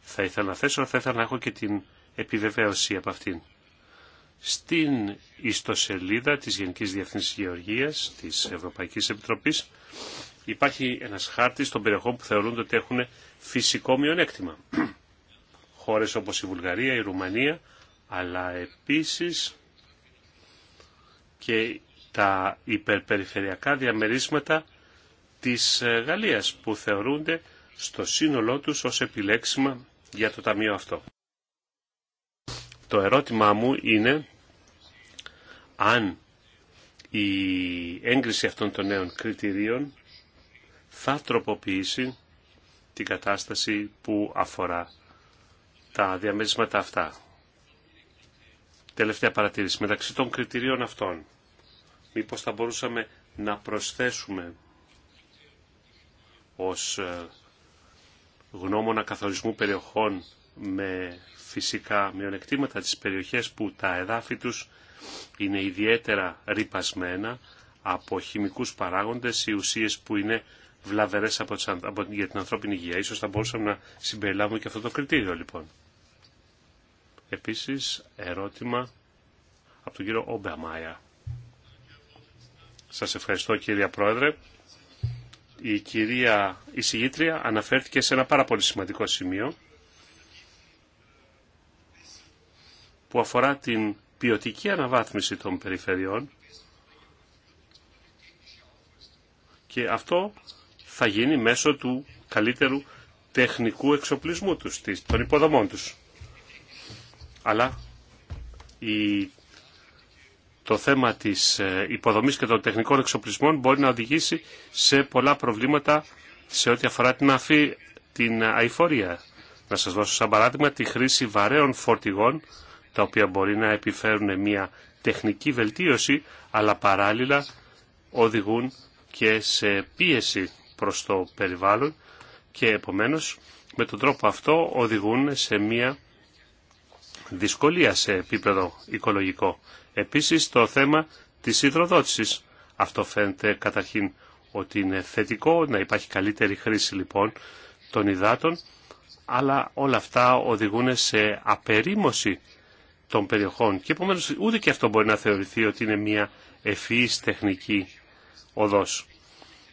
θα ήθελα να θέσω, θα ήθελα να έχω και την επιβεβαίωση από αυτήν. Στην ιστοσελίδα της Γενικής Διεθνής Γεωργίας της Ευρωπαϊκής Επιτροπής υπάρχει ένας χάρτης των περιοχών που θεωρούνται ότι έχουν φυσικό μειονέκτημα. Χώρες όπως η Βουλγαρία, η Ρουμανία, αλλά επίσης και τα υπερπεριφερειακά διαμερίσματα της ε, Γαλλίας που θεωρούνται στο σύνολό τους ως επιλέξιμα για το ταμείο αυτό. Το ερώτημά μου είναι αν η έγκριση αυτών των νέων κριτηρίων θα τροποποιήσει την κατάσταση που αφορά τα διαμέρισματα αυτά. Τελευταία παρατήρηση. Μεταξύ των κριτηρίων αυτών, μήπως θα μπορούσαμε να προσθέσουμε ως ε, γνώμονα καθορισμού περιοχών με φυσικά μειονεκτήματα τις περιοχές που τα εδάφη τους είναι ιδιαίτερα ρυπασμένα από χημικούς παράγοντες ή ουσίες που είναι βλαβερές από, από, για την ανθρώπινη υγεία. Ίσως θα μπορούσαμε να συμπεριλάβουμε και αυτό το κριτήριο λοιπόν. Επίσης ερώτημα από τον κύριο Ομπεαμάια. Σας ευχαριστώ κύριε Πρόεδρε η κυρία εισηγήτρια αναφέρθηκε σε ένα πάρα πολύ σημαντικό σημείο που αφορά την ποιοτική αναβάθμιση των περιφερειών και αυτό θα γίνει μέσω του καλύτερου τεχνικού εξοπλισμού τους, των υποδομών τους. Αλλά η το θέμα της ε, υποδομής και των τεχνικών εξοπλισμών μπορεί να οδηγήσει σε πολλά προβλήματα σε ό,τι αφορά την αφή, την αηφορία. Να σας δώσω σαν παράδειγμα τη χρήση βαρέων φορτηγών, τα οποία μπορεί να επιφέρουν μια τεχνική βελτίωση, αλλά παράλληλα οδηγούν και σε πίεση προς το περιβάλλον και επομένως με τον τρόπο αυτό οδηγούν σε μια δυσκολία σε επίπεδο οικολογικό. Επίσης το θέμα της υδροδότησης. Αυτό φαίνεται καταρχήν ότι είναι θετικό, να υπάρχει καλύτερη χρήση λοιπόν των υδάτων, αλλά όλα αυτά οδηγούν σε απερίμωση των περιοχών και επομένως ούτε και αυτό μπορεί να θεωρηθεί ότι είναι μια ευφυής τεχνική οδός.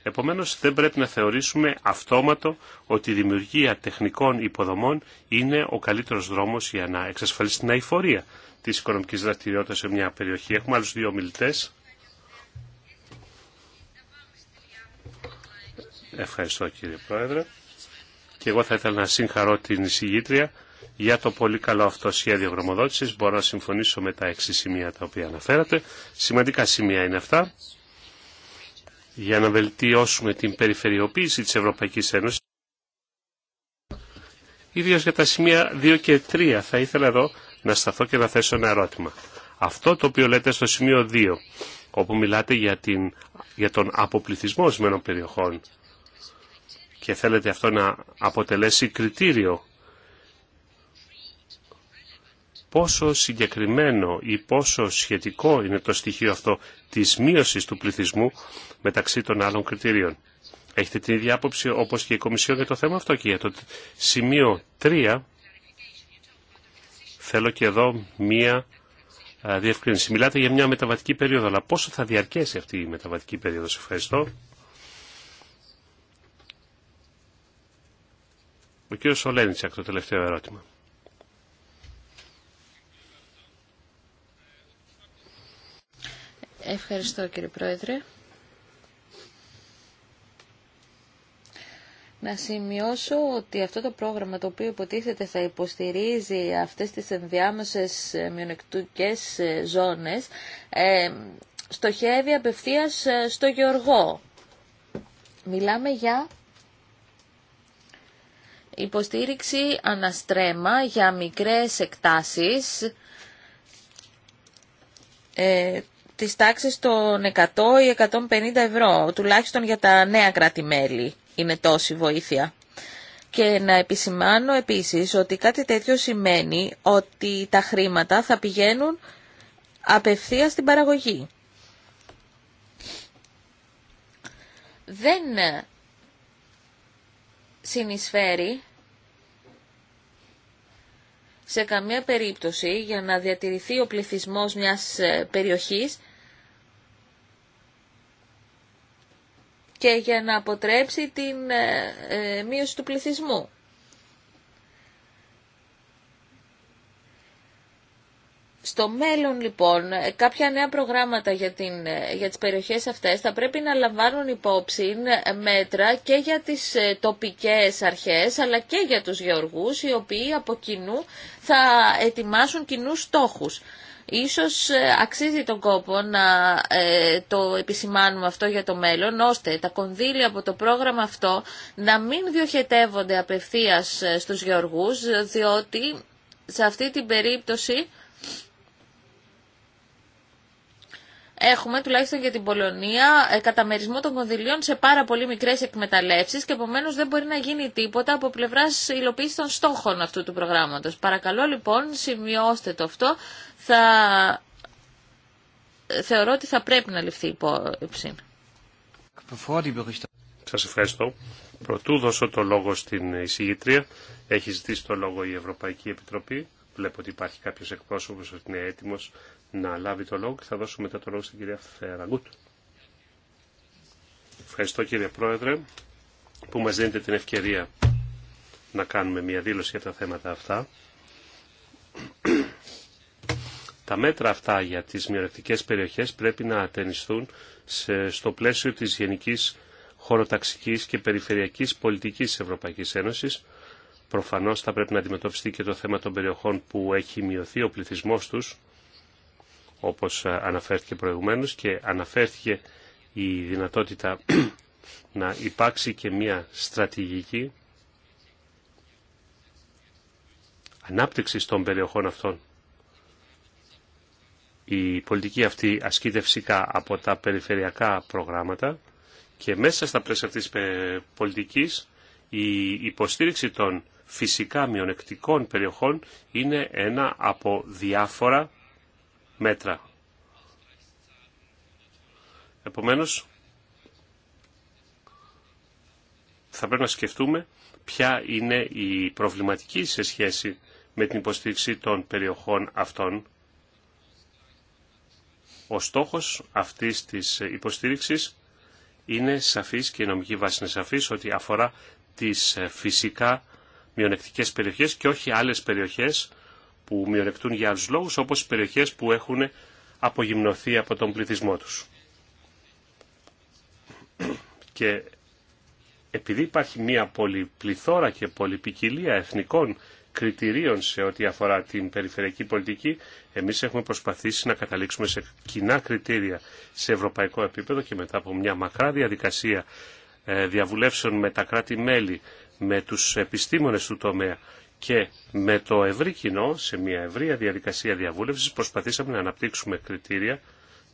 Επομένως δεν πρέπει να θεωρήσουμε αυτόματο ότι η δημιουργία τεχνικών υποδομών είναι ο καλύτερος δρόμος για να εξασφαλίσει την αηφορία της οικονομικής δραστηριότητας σε μια περιοχή. Έχουμε άλλους δύο μιλητές. Ευχαριστώ κύριε Πρόεδρε. Και εγώ θα ήθελα να συγχαρώ την εισηγήτρια για το πολύ καλό αυτό σχέδιο γνωμοδότησης. Μπορώ να συμφωνήσω με τα έξι σημεία τα οποία αναφέρατε. Σημαντικά σημεία είναι αυτά για να βελτιώσουμε την περιφερειοποίηση της Ευρωπαϊκής Ένωσης. Ίδιος για τα σημεία 2 και 3 θα ήθελα εδώ να σταθώ και να θέσω ένα ερώτημα. Αυτό το οποίο λέτε στο σημείο 2, όπου μιλάτε για, την, για τον αποπληθυσμό ορισμένων περιοχών και θέλετε αυτό να αποτελέσει κριτήριο πόσο συγκεκριμένο ή πόσο σχετικό είναι το στοιχείο αυτό της μείωσης του πληθυσμού μεταξύ των άλλων κριτηρίων. Έχετε την ίδια άποψη όπως και η Κομισιόν για το θέμα αυτό και για το σημείο 3 θέλω και εδώ μία διευκρίνηση. Μιλάτε για μια μεταβατική περίοδο, αλλά πόσο θα διαρκέσει αυτή η μεταβατική περίοδος. Ευχαριστώ. Ο κύριος Σολένιτσακ το τελευταίο ερώτημα. Ευχαριστώ κύριε Πρόεδρε. Να σημειώσω ότι αυτό το πρόγραμμα το οποίο υποτίθεται θα υποστηρίζει αυτές τις ενδιάμεσες μειονεκτικές ζώνες ε, στοχεύει απευθείας ε, στο Γεωργό. Μιλάμε για υποστήριξη αναστρέμα για μικρές εκτάσεις ε, τις τάξεις των 100 ή 150 ευρώ, τουλάχιστον για τα νέα κράτη-μέλη είναι τόση βοήθεια. Και να επισημάνω επίσης ότι κάτι τέτοιο σημαίνει ότι τα χρήματα θα πηγαίνουν απευθείας στην παραγωγή. Δεν συνεισφέρει σε καμία περίπτωση για να διατηρηθεί ο πληθυσμός μιας περιοχής και για να αποτρέψει την ε, ε, μείωση του πληθυσμού. Στο μέλλον λοιπόν ε, κάποια νέα προγράμματα για, την, για τις περιοχές αυτές θα πρέπει να λαμβάνουν υπόψη μέτρα και για τις τοπικές αρχές αλλά και για τους γεωργούς οι οποίοι από κοινού θα ετοιμάσουν κοινούς στόχους. Ίσως ε, αξίζει τον κόπο να ε, το επισημάνουμε αυτό για το μέλλον, ώστε τα κονδύλια από το πρόγραμμα αυτό να μην διοχετεύονται απευθείας ε, στους γεωργούς, διότι σε αυτή την περίπτωση έχουμε τουλάχιστον για την Πολωνία ε, καταμερισμό των κονδυλίων σε πάρα πολύ μικρέ εκμεταλλεύσεις και επομένω δεν μπορεί να γίνει τίποτα από πλευρά υλοποίηση των στόχων αυτού του προγράμματο. Παρακαλώ λοιπόν σημειώστε το αυτό. Θα... Ε, θεωρώ ότι θα πρέπει να ληφθεί υπόψη. Σα ευχαριστώ. Πρωτού δώσω το λόγο στην εισηγήτρια. Έχει ζητήσει το λόγο η Ευρωπαϊκή Επιτροπή. Βλέπω ότι υπάρχει κάποιο εκπρόσωπο ότι είναι έτοιμο να λάβει το λόγο και θα δώσω μετά το λόγο στην κυρία Φεραγκούτ. Ευχαριστώ κύριε Πρόεδρε που μας δίνετε την ευκαιρία να κάνουμε μια δήλωση για τα θέματα αυτά. τα μέτρα αυτά για τις μειορεκτικές περιοχές πρέπει να ατενιστούν στο πλαίσιο της γενικής χωροταξικής και περιφερειακής πολιτικής Ευρωπαϊκής Ένωσης. Προφανώς θα πρέπει να αντιμετωπιστεί και το θέμα των περιοχών που έχει μειωθεί ο πληθυσμός τους όπως ε, αναφέρθηκε προηγουμένως και αναφέρθηκε η δυνατότητα να υπάρξει και μια στρατηγική ανάπτυξη των περιοχών αυτών. Η πολιτική αυτή ασκείται φυσικά από τα περιφερειακά προγράμματα και μέσα στα πλαίσια αυτής της πολιτικής η υποστήριξη των φυσικά μειονεκτικών περιοχών είναι ένα από διάφορα μέτρα. Επομένως, θα πρέπει να σκεφτούμε ποια είναι η προβληματική σε σχέση με την υποστήριξη των περιοχών αυτών. Ο στόχος αυτής της υποστήριξης είναι σαφής και η νομική βάση είναι σαφής ότι αφορά τις φυσικά μειονεκτικές περιοχές και όχι άλλες περιοχές που μειονεκτούν για άλλους λόγους, όπως οι περιοχές που έχουν απογυμνωθεί από τον πληθυσμό τους. Και επειδή υπάρχει μια πολυπληθώρα και πολυπικιλία εθνικών κριτηρίων σε ό,τι αφορά την περιφερειακή πολιτική, εμείς έχουμε προσπαθήσει να καταλήξουμε σε κοινά κριτήρια σε ευρωπαϊκό επίπεδο και μετά από μια μακρά διαδικασία ε, διαβουλεύσεων με τα κράτη-μέλη, με τους επιστήμονες του τομέα, και με το ευρύ κοινό, σε μια ευρεία διαδικασία διαβούλευσης, προσπαθήσαμε να αναπτύξουμε κριτήρια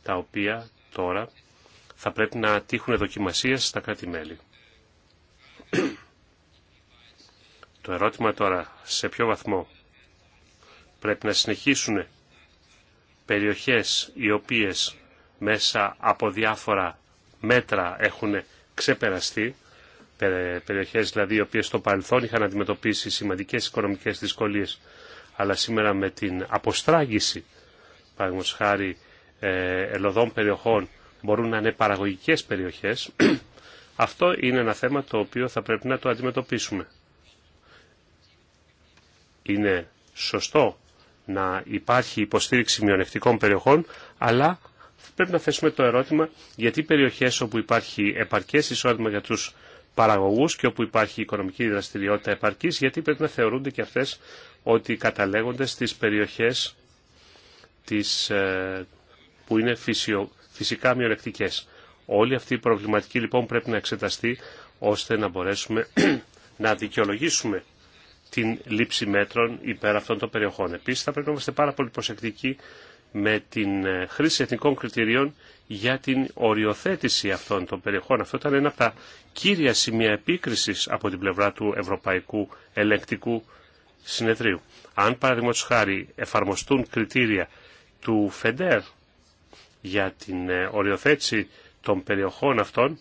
τα οποία τώρα θα πρέπει να τύχουν δοκιμασία στα κράτη-μέλη. το ερώτημα τώρα, σε ποιο βαθμό πρέπει να συνεχίσουν περιοχές οι οποίες μέσα από διάφορα μέτρα έχουν ξεπεραστεί, περιοχές δηλαδή οι οποίες στο παρελθόν είχαν αντιμετωπίσει σημαντικές οικονομικές δυσκολίες αλλά σήμερα με την αποστράγγιση παραδείγματος χάρη ε, ελοδών περιοχών μπορούν να είναι παραγωγικές περιοχές αυτό είναι ένα θέμα το οποίο θα πρέπει να το αντιμετωπίσουμε. Είναι σωστό να υπάρχει υποστήριξη μειονεκτικών περιοχών, αλλά πρέπει να θέσουμε το ερώτημα γιατί περιοχές όπου υπάρχει επαρκές εισόδημα για τους παραγωγούς και όπου υπάρχει οικονομική δραστηριότητα επαρκής, γιατί πρέπει να θεωρούνται και αυτές ότι καταλέγονται στις περιοχές ε, που είναι φυσιο, φυσικά μειονεκτικές. Όλη αυτή η προβληματική λοιπόν πρέπει να εξεταστεί ώστε να μπορέσουμε να δικαιολογήσουμε την λήψη μέτρων υπέρ αυτών των περιοχών. Επίσης θα πρέπει να είμαστε πάρα πολύ προσεκτικοί με την ε, χρήση εθνικών κριτηρίων για την οριοθέτηση αυτών των περιοχών. Αυτό ήταν ένα από τα κύρια σημεία επίκρισης από την πλευρά του Ευρωπαϊκού Ελεκτικού Συνεδρίου. Αν παραδείγματος χάρη εφαρμοστούν κριτήρια του ΦΕΝΤΕΡ για την ε, οριοθέτηση των περιοχών αυτών,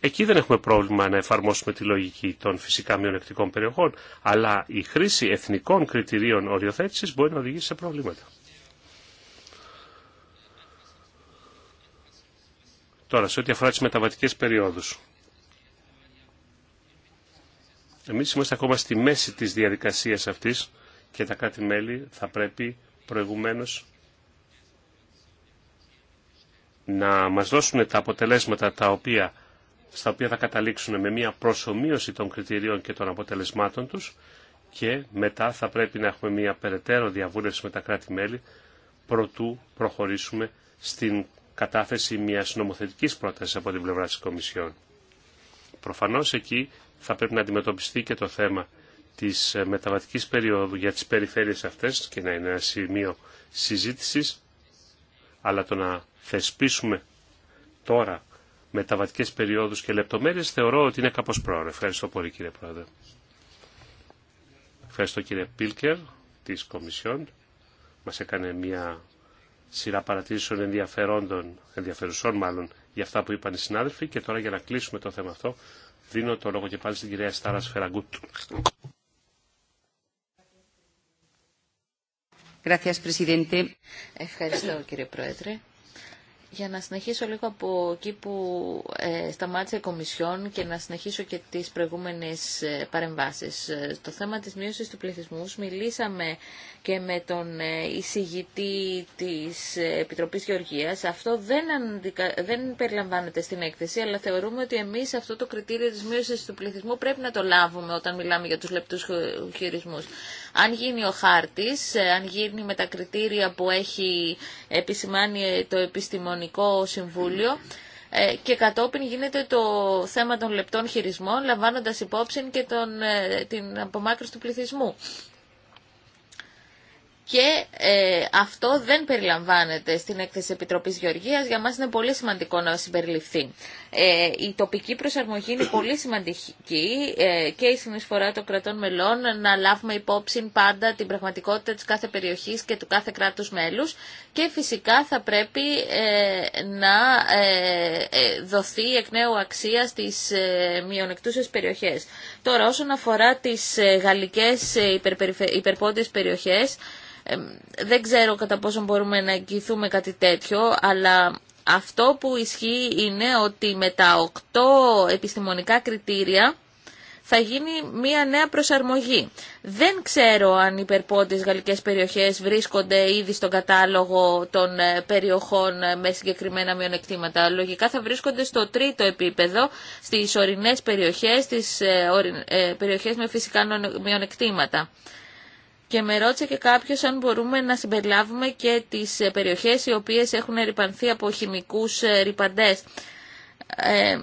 Εκεί δεν έχουμε πρόβλημα να εφαρμόσουμε τη λογική των φυσικά μειονεκτικών περιοχών, αλλά η χρήση εθνικών κριτηρίων οριοθέτησης μπορεί να οδηγήσει σε προβλήματα. Τώρα, σε ό,τι αφορά τις μεταβατικές περιόδους. Εμείς είμαστε ακόμα στη μέση της διαδικασίας αυτής και τα κράτη-μέλη θα πρέπει προηγουμένως να μας δώσουν τα αποτελέσματα τα οποία, στα οποία θα καταλήξουν με μια προσωμείωση των κριτηρίων και των αποτελεσμάτων τους και μετά θα πρέπει να έχουμε μια περαιτέρω διαβούλευση με τα κράτη-μέλη προτού προχωρήσουμε στην κατάθεση μιας νομοθετικής πρότασης από την πλευρά της Κομισιόν. Προφανώς εκεί θα πρέπει να αντιμετωπιστεί και το θέμα της ε, μεταβατικής περίοδου για τις περιφέρειες αυτές και να είναι ένα σημείο συζήτησης, αλλά το να θεσπίσουμε τώρα μεταβατικές περιόδους και λεπτομέρειες θεωρώ ότι είναι κάπως πρόωρο. Ευχαριστώ πολύ κύριε Πρόεδρε. Ευχαριστώ κύριε Πίλκερ της Κομισιόν. Μας έκανε μια σειρά παρατήρησεων ενδιαφερόντων, ενδιαφερουσών μάλλον, για αυτά που είπαν οι συνάδελφοι και τώρα για να κλείσουμε το θέμα αυτό δίνω το λόγο και πάλι στην κυρία Στάρα Σφεραγκούτ. Ευχαριστώ κύριε Πρόεδρε για να συνεχίσω λίγο από εκεί που ε, σταμάτησε η Κομισιόν και να συνεχίσω και τις προηγούμενες ε, παρεμβάσεις. Ε, στο θέμα της μείωσης του πληθυσμού μιλήσαμε και με τον ε, εισηγητή της ε, Επιτροπής Γεωργίας. Αυτό δεν, αντικα... δεν περιλαμβάνεται στην έκθεση, αλλά θεωρούμε ότι εμείς αυτό το κριτήριο της μείωσης του πληθυσμού πρέπει να το λάβουμε όταν μιλάμε για τους λεπτούς χειρισμούς. Αν γίνει ο χάρτης, ε, αν γίνει με τα κριτήρια που έχει επισημάνει ε, το Επιστημονικό Συμβούλιο, ε, και κατόπιν γίνεται το θέμα των λεπτών χειρισμών, λαμβάνοντας υπόψη και τον, την απομάκρυνση του πληθυσμού και ε, αυτό δεν περιλαμβάνεται στην έκθεση Επιτροπή Γεωργία. Για μας είναι πολύ σημαντικό να συμπεριληφθεί. Ε, η τοπική προσαρμογή είναι πολύ σημαντική ε, και η συνεισφορά των κρατών μελών να λάβουμε υπόψη πάντα την πραγματικότητα τη κάθε περιοχή και του κάθε κράτους μέλου. και φυσικά θα πρέπει να δοθεί εκ νέου αξία στις μειονεκτούσε περιοχέ. Τώρα όσον αφορά τις γαλλικές υπερπόντιε περιοχέ δεν ξέρω κατά πόσο μπορούμε να εγγυηθούμε κάτι τέτοιο, αλλά αυτό που ισχύει είναι ότι με τα οκτώ επιστημονικά κριτήρια θα γίνει μία νέα προσαρμογή. Δεν ξέρω αν οι υπερπόντες γαλλικές περιοχές βρίσκονται ήδη στον κατάλογο των ε, περιοχών ε, με συγκεκριμένα μειονεκτήματα. Λογικά θα βρίσκονται στο τρίτο επίπεδο, στις ορεινές περιοχές, στις ε, περιοχές με φυσικά μειονεκτήματα και με ρώτησε και κάποιο αν μπορούμε να συμπεριλάβουμε και τις ε, περιοχές οι οποίες έχουν ρηπανθεί από χημικούς ε, ρηπαντέ. Ε,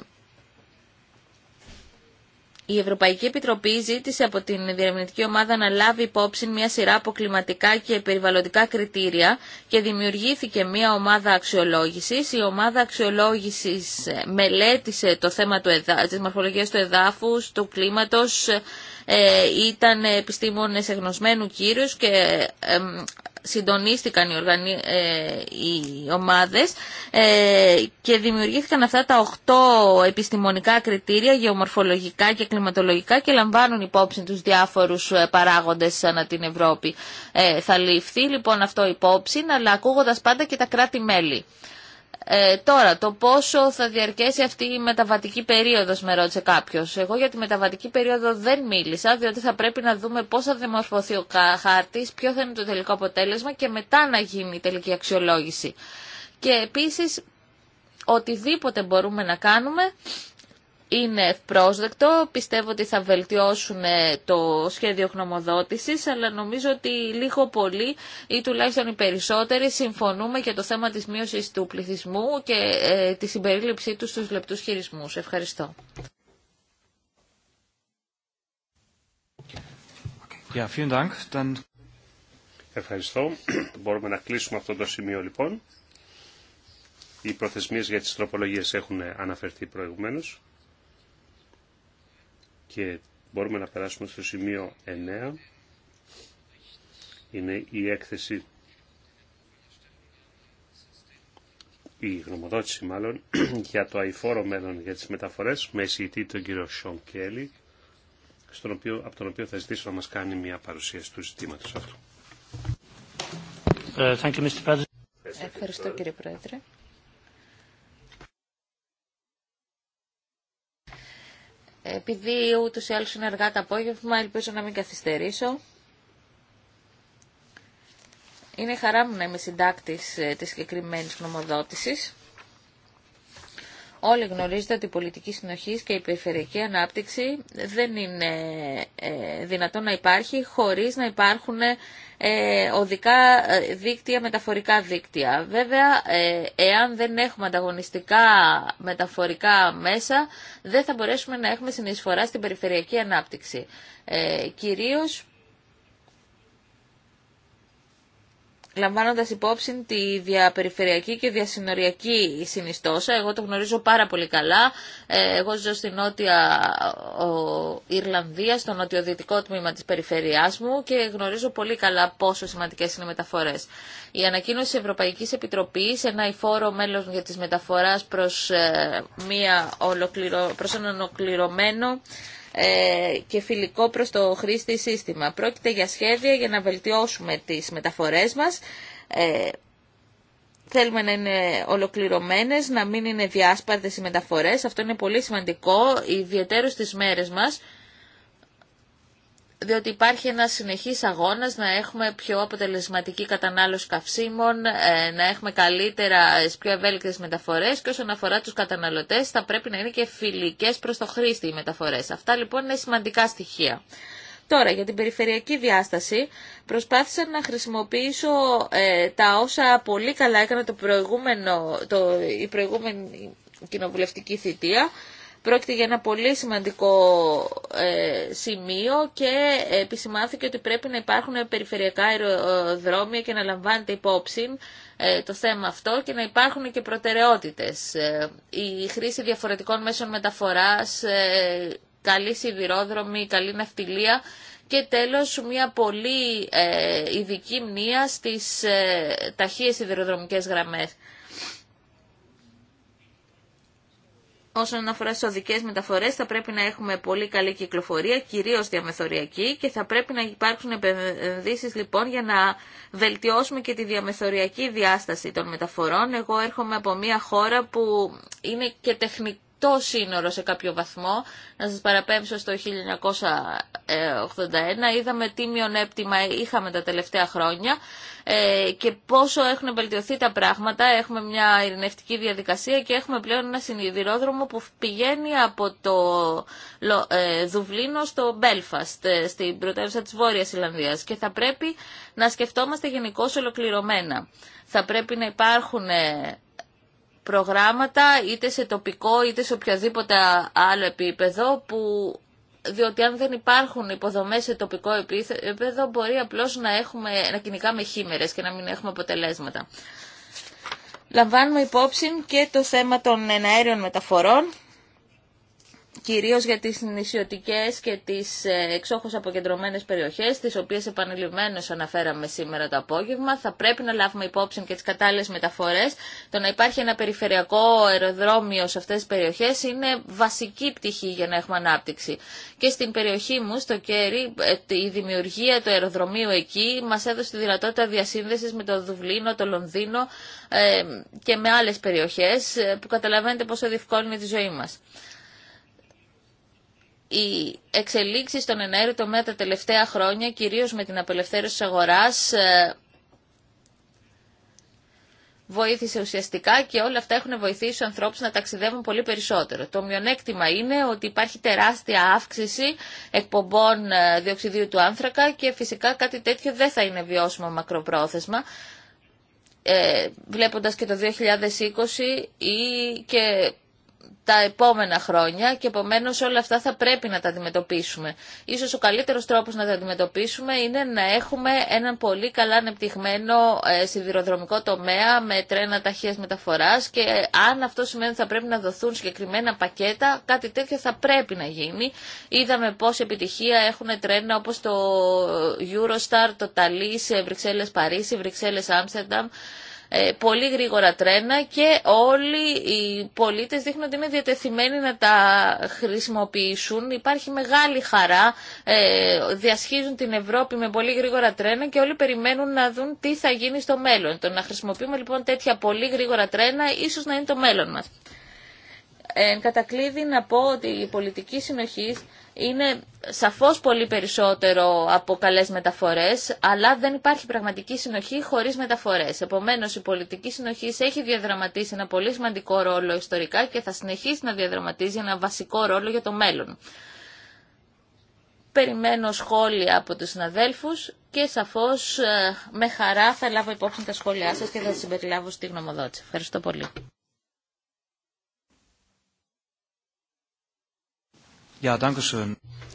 η Ευρωπαϊκή Επιτροπή ζήτησε από την Διερευνητική Ομάδα να λάβει υπόψη μια σειρά από κλιματικά και περιβαλλοντικά κριτήρια και δημιουργήθηκε μια ομάδα αξιολόγησης. Η ομάδα αξιολόγησης ε, μελέτησε το θέμα του μορφολογία του εδάφους, του κλίματος, ε, ήταν επιστήμονες εγνωσμένου κύριους και ε, συντονίστηκαν οι, οργανι... Ε, οι ομάδες ε, και δημιουργήθηκαν αυτά τα οχτώ επιστημονικά κριτήρια γεωμορφολογικά και κλιματολογικά και λαμβάνουν υπόψη τους διάφορους ε, παράγοντες ανά την Ευρώπη. θα ληφθεί λοιπόν αυτό υπόψη, αλλά ακούγοντας πάντα και τα κράτη-μέλη. Ε, τώρα, το πόσο θα διαρκέσει αυτή η μεταβατική περίοδος, με ρώτησε κάποιος. Εγώ για τη μεταβατική περίοδο δεν μίλησα, διότι θα πρέπει να δούμε πώς θα δημορφωθεί ο χάρτης, ποιο θα είναι το τελικό αποτέλεσμα και μετά να γίνει η τελική αξιολόγηση. Και επίσης, οτιδήποτε μπορούμε να κάνουμε είναι ευπρόσδεκτο, πιστεύω ότι θα βελτιώσουν ε, το σχέδιο γνωμοδότησης, αλλά νομίζω ότι λίγο πολύ ή τουλάχιστον οι περισσότεροι συμφωνούμε για το θέμα της μείωσης του πληθυσμού και ε, τη συμπερίληψή του στους λεπτούς χειρισμούς. Ευχαριστώ. vielen Dank. Dann... Ευχαριστώ. Μπορούμε να κλείσουμε αυτό το σημείο λοιπόν. Οι προθεσμίες για τις τροπολογίες έχουν αναφερθεί προηγουμένως. Και μπορούμε να περάσουμε στο σημείο 9. Είναι η έκθεση, η γνωμοδότηση μάλλον, για το αηφόρο μέλλον για τις μεταφορές με εισηγητή τον κύριο Σιόν Κέλλη, από τον οποίο θα ζητήσω να μας κάνει μια παρουσίαση του ζητήματος αυτού. Ε, Ευχαριστώ κύριε Πρόεδρε. Επειδή ούτως ή άλλως είναι αργά το απόγευμα, ελπίζω να μην καθυστερήσω. Είναι χαρά μου να είμαι συντάκτης ε, της συγκεκριμένη νομοδότησης. Όλοι γνωρίζετε ότι η πολιτική συνοχή και η περιφερειακή ανάπτυξη δεν είναι ε, δυνατόν να υπάρχει χωρίς να υπάρχουν ε, οδικά ε, δίκτυα, μεταφορικά δίκτυα. Βέβαια, εάν δεν έχουμε ανταγωνιστικά μεταφορικά μέσα, δεν θα μπορέσουμε να έχουμε συνεισφορά στην περιφερειακή ανάπτυξη. Κυρίως λαμβάνοντας υπόψη τη διαπεριφερειακή και διασυνοριακή συνιστόσα. Εγώ το γνωρίζω πάρα πολύ καλά. Ε, εγώ ζω στην νότια Ιρλανδία, στο νοτιοδυτικό τμήμα της περιφερειάς μου και γνωρίζω πολύ καλά πόσο σημαντικές είναι οι μεταφορές. Η ανακοίνωση Ευρωπαϊκής Επιτροπής, ένα υφόρο μέλος για τις μεταφοράς προς, ε, μια προς έναν ολοκληρωμένο ε, και φιλικό προς το χρήστη σύστημα. Πρόκειται για σχέδια για να βελτιώσουμε τις μεταφορές μας. Ε, θέλουμε να είναι ολοκληρωμένες, να μην είναι διάσπαρτες οι μεταφορές. Αυτό είναι πολύ σημαντικό, ιδιαίτερο στις μέρες μας διότι υπάρχει ένα συνεχής αγώνας να έχουμε πιο αποτελεσματική κατανάλωση καυσίμων, ε, να έχουμε καλύτερα, ε, πιο ευέλικτες μεταφορές και όσον αφορά τους καταναλωτές θα πρέπει να είναι και φιλικές προς το χρήστη οι μεταφορές. Αυτά λοιπόν είναι σημαντικά στοιχεία. Τώρα, για την περιφερειακή διάσταση, προσπάθησα να χρησιμοποιήσω ε, τα όσα πολύ καλά έκανε το προηγούμενο, το, η προηγούμενη κοινοβουλευτική θητεία, Πρόκειται για ένα πολύ σημαντικό ε, σημείο και επισημάνθηκε ότι πρέπει να υπάρχουν περιφερειακά αεροδρόμια και να λαμβάνεται υπόψη ε, το θέμα αυτό και να υπάρχουν και προτεραιότητες. Ε, η χρήση διαφορετικών μέσων μεταφοράς, ε, καλή σιδηρόδρομη, καλή ναυτιλία και τέλος μια πολύ ειδική μνήμα στις ταχύες σιδηροδρομικές γραμμές. Όσον αφορά στι οδικέ μεταφορέ, θα πρέπει να έχουμε πολύ καλή κυκλοφορία, κυρίω διαμεθοριακή, και θα πρέπει να υπάρξουν επενδύσει λοιπόν για να βελτιώσουμε και τη διαμεθοριακή διάσταση των μεταφορών. Εγώ έρχομαι από μια χώρα που είναι και τεχνική το σύνορο σε κάποιο βαθμό. Να σας παραπέμψω στο 1981, είδαμε τι μειονέκτημα είχαμε τα τελευταία χρόνια ε, και πόσο έχουν βελτιωθεί τα πράγματα. Έχουμε μια ειρηνευτική διαδικασία και έχουμε πλέον ένα συνειδηρόδρομο που πηγαίνει από το ε, Δουβλίνο στο Μπέλφαστ, ε, στην πρωτεύουσα της Βόρειας Ιλλανδίας και θα πρέπει να σκεφτόμαστε γενικώ ολοκληρωμένα. Θα πρέπει να υπάρχουν προγράμματα είτε σε τοπικό είτε σε οποιαδήποτε άλλο επίπεδο που διότι αν δεν υπάρχουν υποδομές σε τοπικό επίπεδο μπορεί απλώς να, έχουμε, να κυνηγάμε χήμερες και να μην έχουμε αποτελέσματα. Λαμβάνουμε υπόψη και το θέμα των εναέριων μεταφορών κυρίως για τις νησιωτικές και τις ε, εξόχως αποκεντρωμένες περιοχές, τις οποίες επανειλημμένως αναφέραμε σήμερα το απόγευμα. Θα πρέπει να λάβουμε υπόψη και τις κατάλληλες μεταφορές. Το να υπάρχει ένα περιφερειακό αεροδρόμιο σε αυτές τις περιοχές είναι βασική πτυχή για να έχουμε ανάπτυξη. Και στην περιοχή μου, στο Κέρι, ε, η δημιουργία του αεροδρομίου εκεί μας έδωσε τη δυνατότητα διασύνδεσης με το Δουβλίνο, το Λονδίνο ε, και με άλλες περιοχές που καταλαβαίνετε πόσο διευκόλυνε τη ζωή μας οι εξελίξεις στον ενέργειο τομέα τα τελευταία χρόνια, κυρίως με την απελευθέρωση της αγοράς, ε, βοήθησε ουσιαστικά και όλα αυτά έχουν βοηθήσει τους ανθρώπους να ταξιδεύουν πολύ περισσότερο. Το μειονέκτημα είναι ότι υπάρχει τεράστια αύξηση εκπομπών ε, διοξιδίου του άνθρακα και φυσικά κάτι τέτοιο δεν θα είναι βιώσιμο μακροπρόθεσμα. Ε, βλέποντας και το 2020 ή και τα επόμενα χρόνια και επομένω όλα αυτά θα πρέπει να τα αντιμετωπίσουμε. Ίσως ο καλύτερος τρόπος να τα αντιμετωπίσουμε είναι να έχουμε έναν πολύ καλά ανεπτυγμένο ε, σιδηροδρομικό τομέα με τρένα ταχείας μεταφοράς και αν αυτό σημαίνει ότι θα πρέπει να δοθούν συγκεκριμένα πακέτα, κάτι τέτοιο θα πρέπει να γίνει. Είδαμε πόση επιτυχία έχουν τρένα όπως το Eurostar, το ταλί βρυξελλες παρισι βρυξελλες αμστερνταμ ε, πολύ γρήγορα τρένα και όλοι οι πολίτες δείχνουν ότι είναι διατεθειμένοι να τα χρησιμοποιήσουν. Υπάρχει μεγάλη χαρά, ε, διασχίζουν την Ευρώπη με πολύ γρήγορα τρένα και όλοι περιμένουν να δουν τι θα γίνει στο μέλλον. Το να χρησιμοποιούμε λοιπόν τέτοια πολύ γρήγορα τρένα ίσως να είναι το μέλλον μας. Εν κατακλείδη να πω ότι η πολιτική συνοχή είναι σαφώς πολύ περισσότερο από καλές μεταφορές, αλλά δεν υπάρχει πραγματική συνοχή χωρίς μεταφορές. Επομένως, η πολιτική συνοχή έχει διαδραματίσει ένα πολύ σημαντικό ρόλο ιστορικά και θα συνεχίσει να διαδραματίζει ένα βασικό ρόλο για το μέλλον. Περιμένω σχόλια από τους συναδέλφους και σαφώς ε, με χαρά θα λάβω υπόψη τα σχόλιά σας και θα συμπεριλάβω στη γνωμοδότηση. Ευχαριστώ πολύ.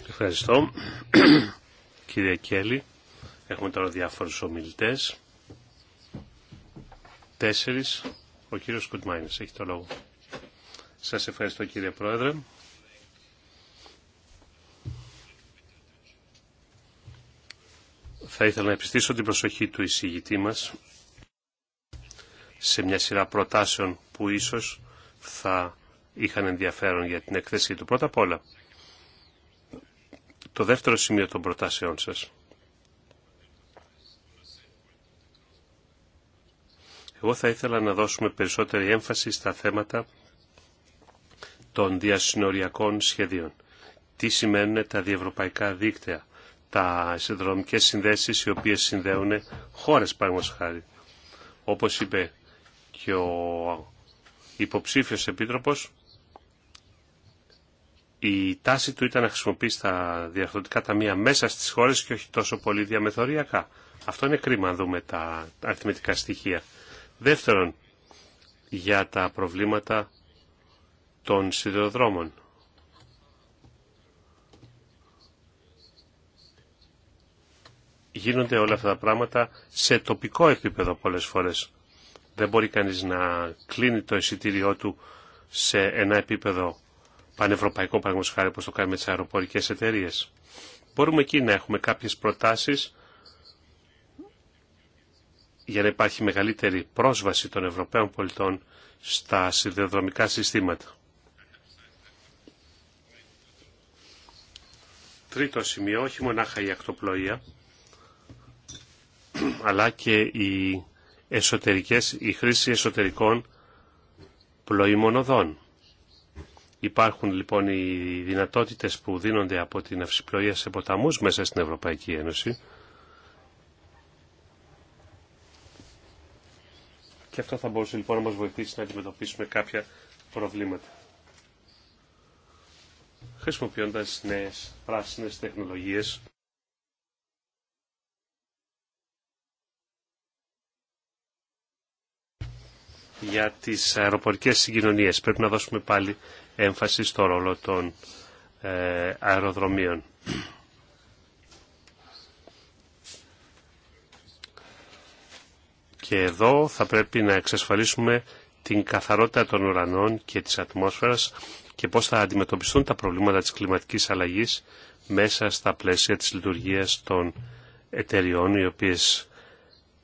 Ευχαριστώ. Κύριε Κέλλη, έχουμε τώρα διάφορους ομιλητές. Τέσσερις, ο κύριος Κουτμάινης έχει το λόγο. Σας ευχαριστώ κύριε Πρόεδρε. Θα ήθελα να επιστήσω την προσοχή του εισηγητή μας σε μια σειρά προτάσεων που ίσως θα είχαν ενδιαφέρον για την εκθέση του. Πρώτα απ' όλα, το δεύτερο σημείο των προτάσεών σας. Εγώ θα ήθελα να δώσουμε περισσότερη έμφαση στα θέματα των διασυνοριακών σχεδίων. Τι σημαίνουν τα διευρωπαϊκά δίκτυα, τα συνδρομικές συνδέσεις οι οποίες συνδέουν χώρες παραγωγός χάρη. Όπως είπε και ο υποψήφιος επίτροπος, η τάση του ήταν να χρησιμοποιήσει τα διαρθρωτικά ταμεία μέσα στις χώρες και όχι τόσο πολύ διαμεθοριακά. Αυτό είναι κρίμα αν δούμε τα αριθμητικά στοιχεία. Δεύτερον, για τα προβλήματα των σιδηροδρόμων. Γίνονται όλα αυτά τα πράγματα σε τοπικό επίπεδο πολλές φορές. Δεν μπορεί κανείς να κλείνει το εισιτήριό του σε ένα επίπεδο πανευρωπαϊκό παραγωγός χάρη όπως το κάνουμε με τις αεροπορικές Μπορούμε εκεί να έχουμε κάποιες προτάσεις για να υπάρχει μεγαλύτερη πρόσβαση των Ευρωπαίων πολιτών στα σιδηροδρομικά συστήματα. Τρίτο σημείο, όχι μονάχα η ακτοπλοεία, αλλά και οι εσωτερικές, η χρήση εσωτερικών πλοήμων οδών. Υπάρχουν λοιπόν οι δυνατότητες που δίνονται από την αυσιπλοεία σε ποταμούς μέσα στην Ευρωπαϊκή Ένωση. Και αυτό θα μπορούσε λοιπόν να μας βοηθήσει να αντιμετωπίσουμε κάποια προβλήματα. Χρησιμοποιώντας νέες πράσινες τεχνολογίες. για τις αεροπορικές συγκοινωνίες. Πρέπει να δώσουμε πάλι έμφαση στο ρόλο των ε, αεροδρομίων. Και εδώ θα πρέπει να εξασφαλίσουμε την καθαρότητα των ουρανών και της ατμόσφαιρας και πώς θα αντιμετωπιστούν τα προβλήματα της κλιματικής αλλαγής μέσα στα πλαίσια της λειτουργίας των εταιριών οι οποίες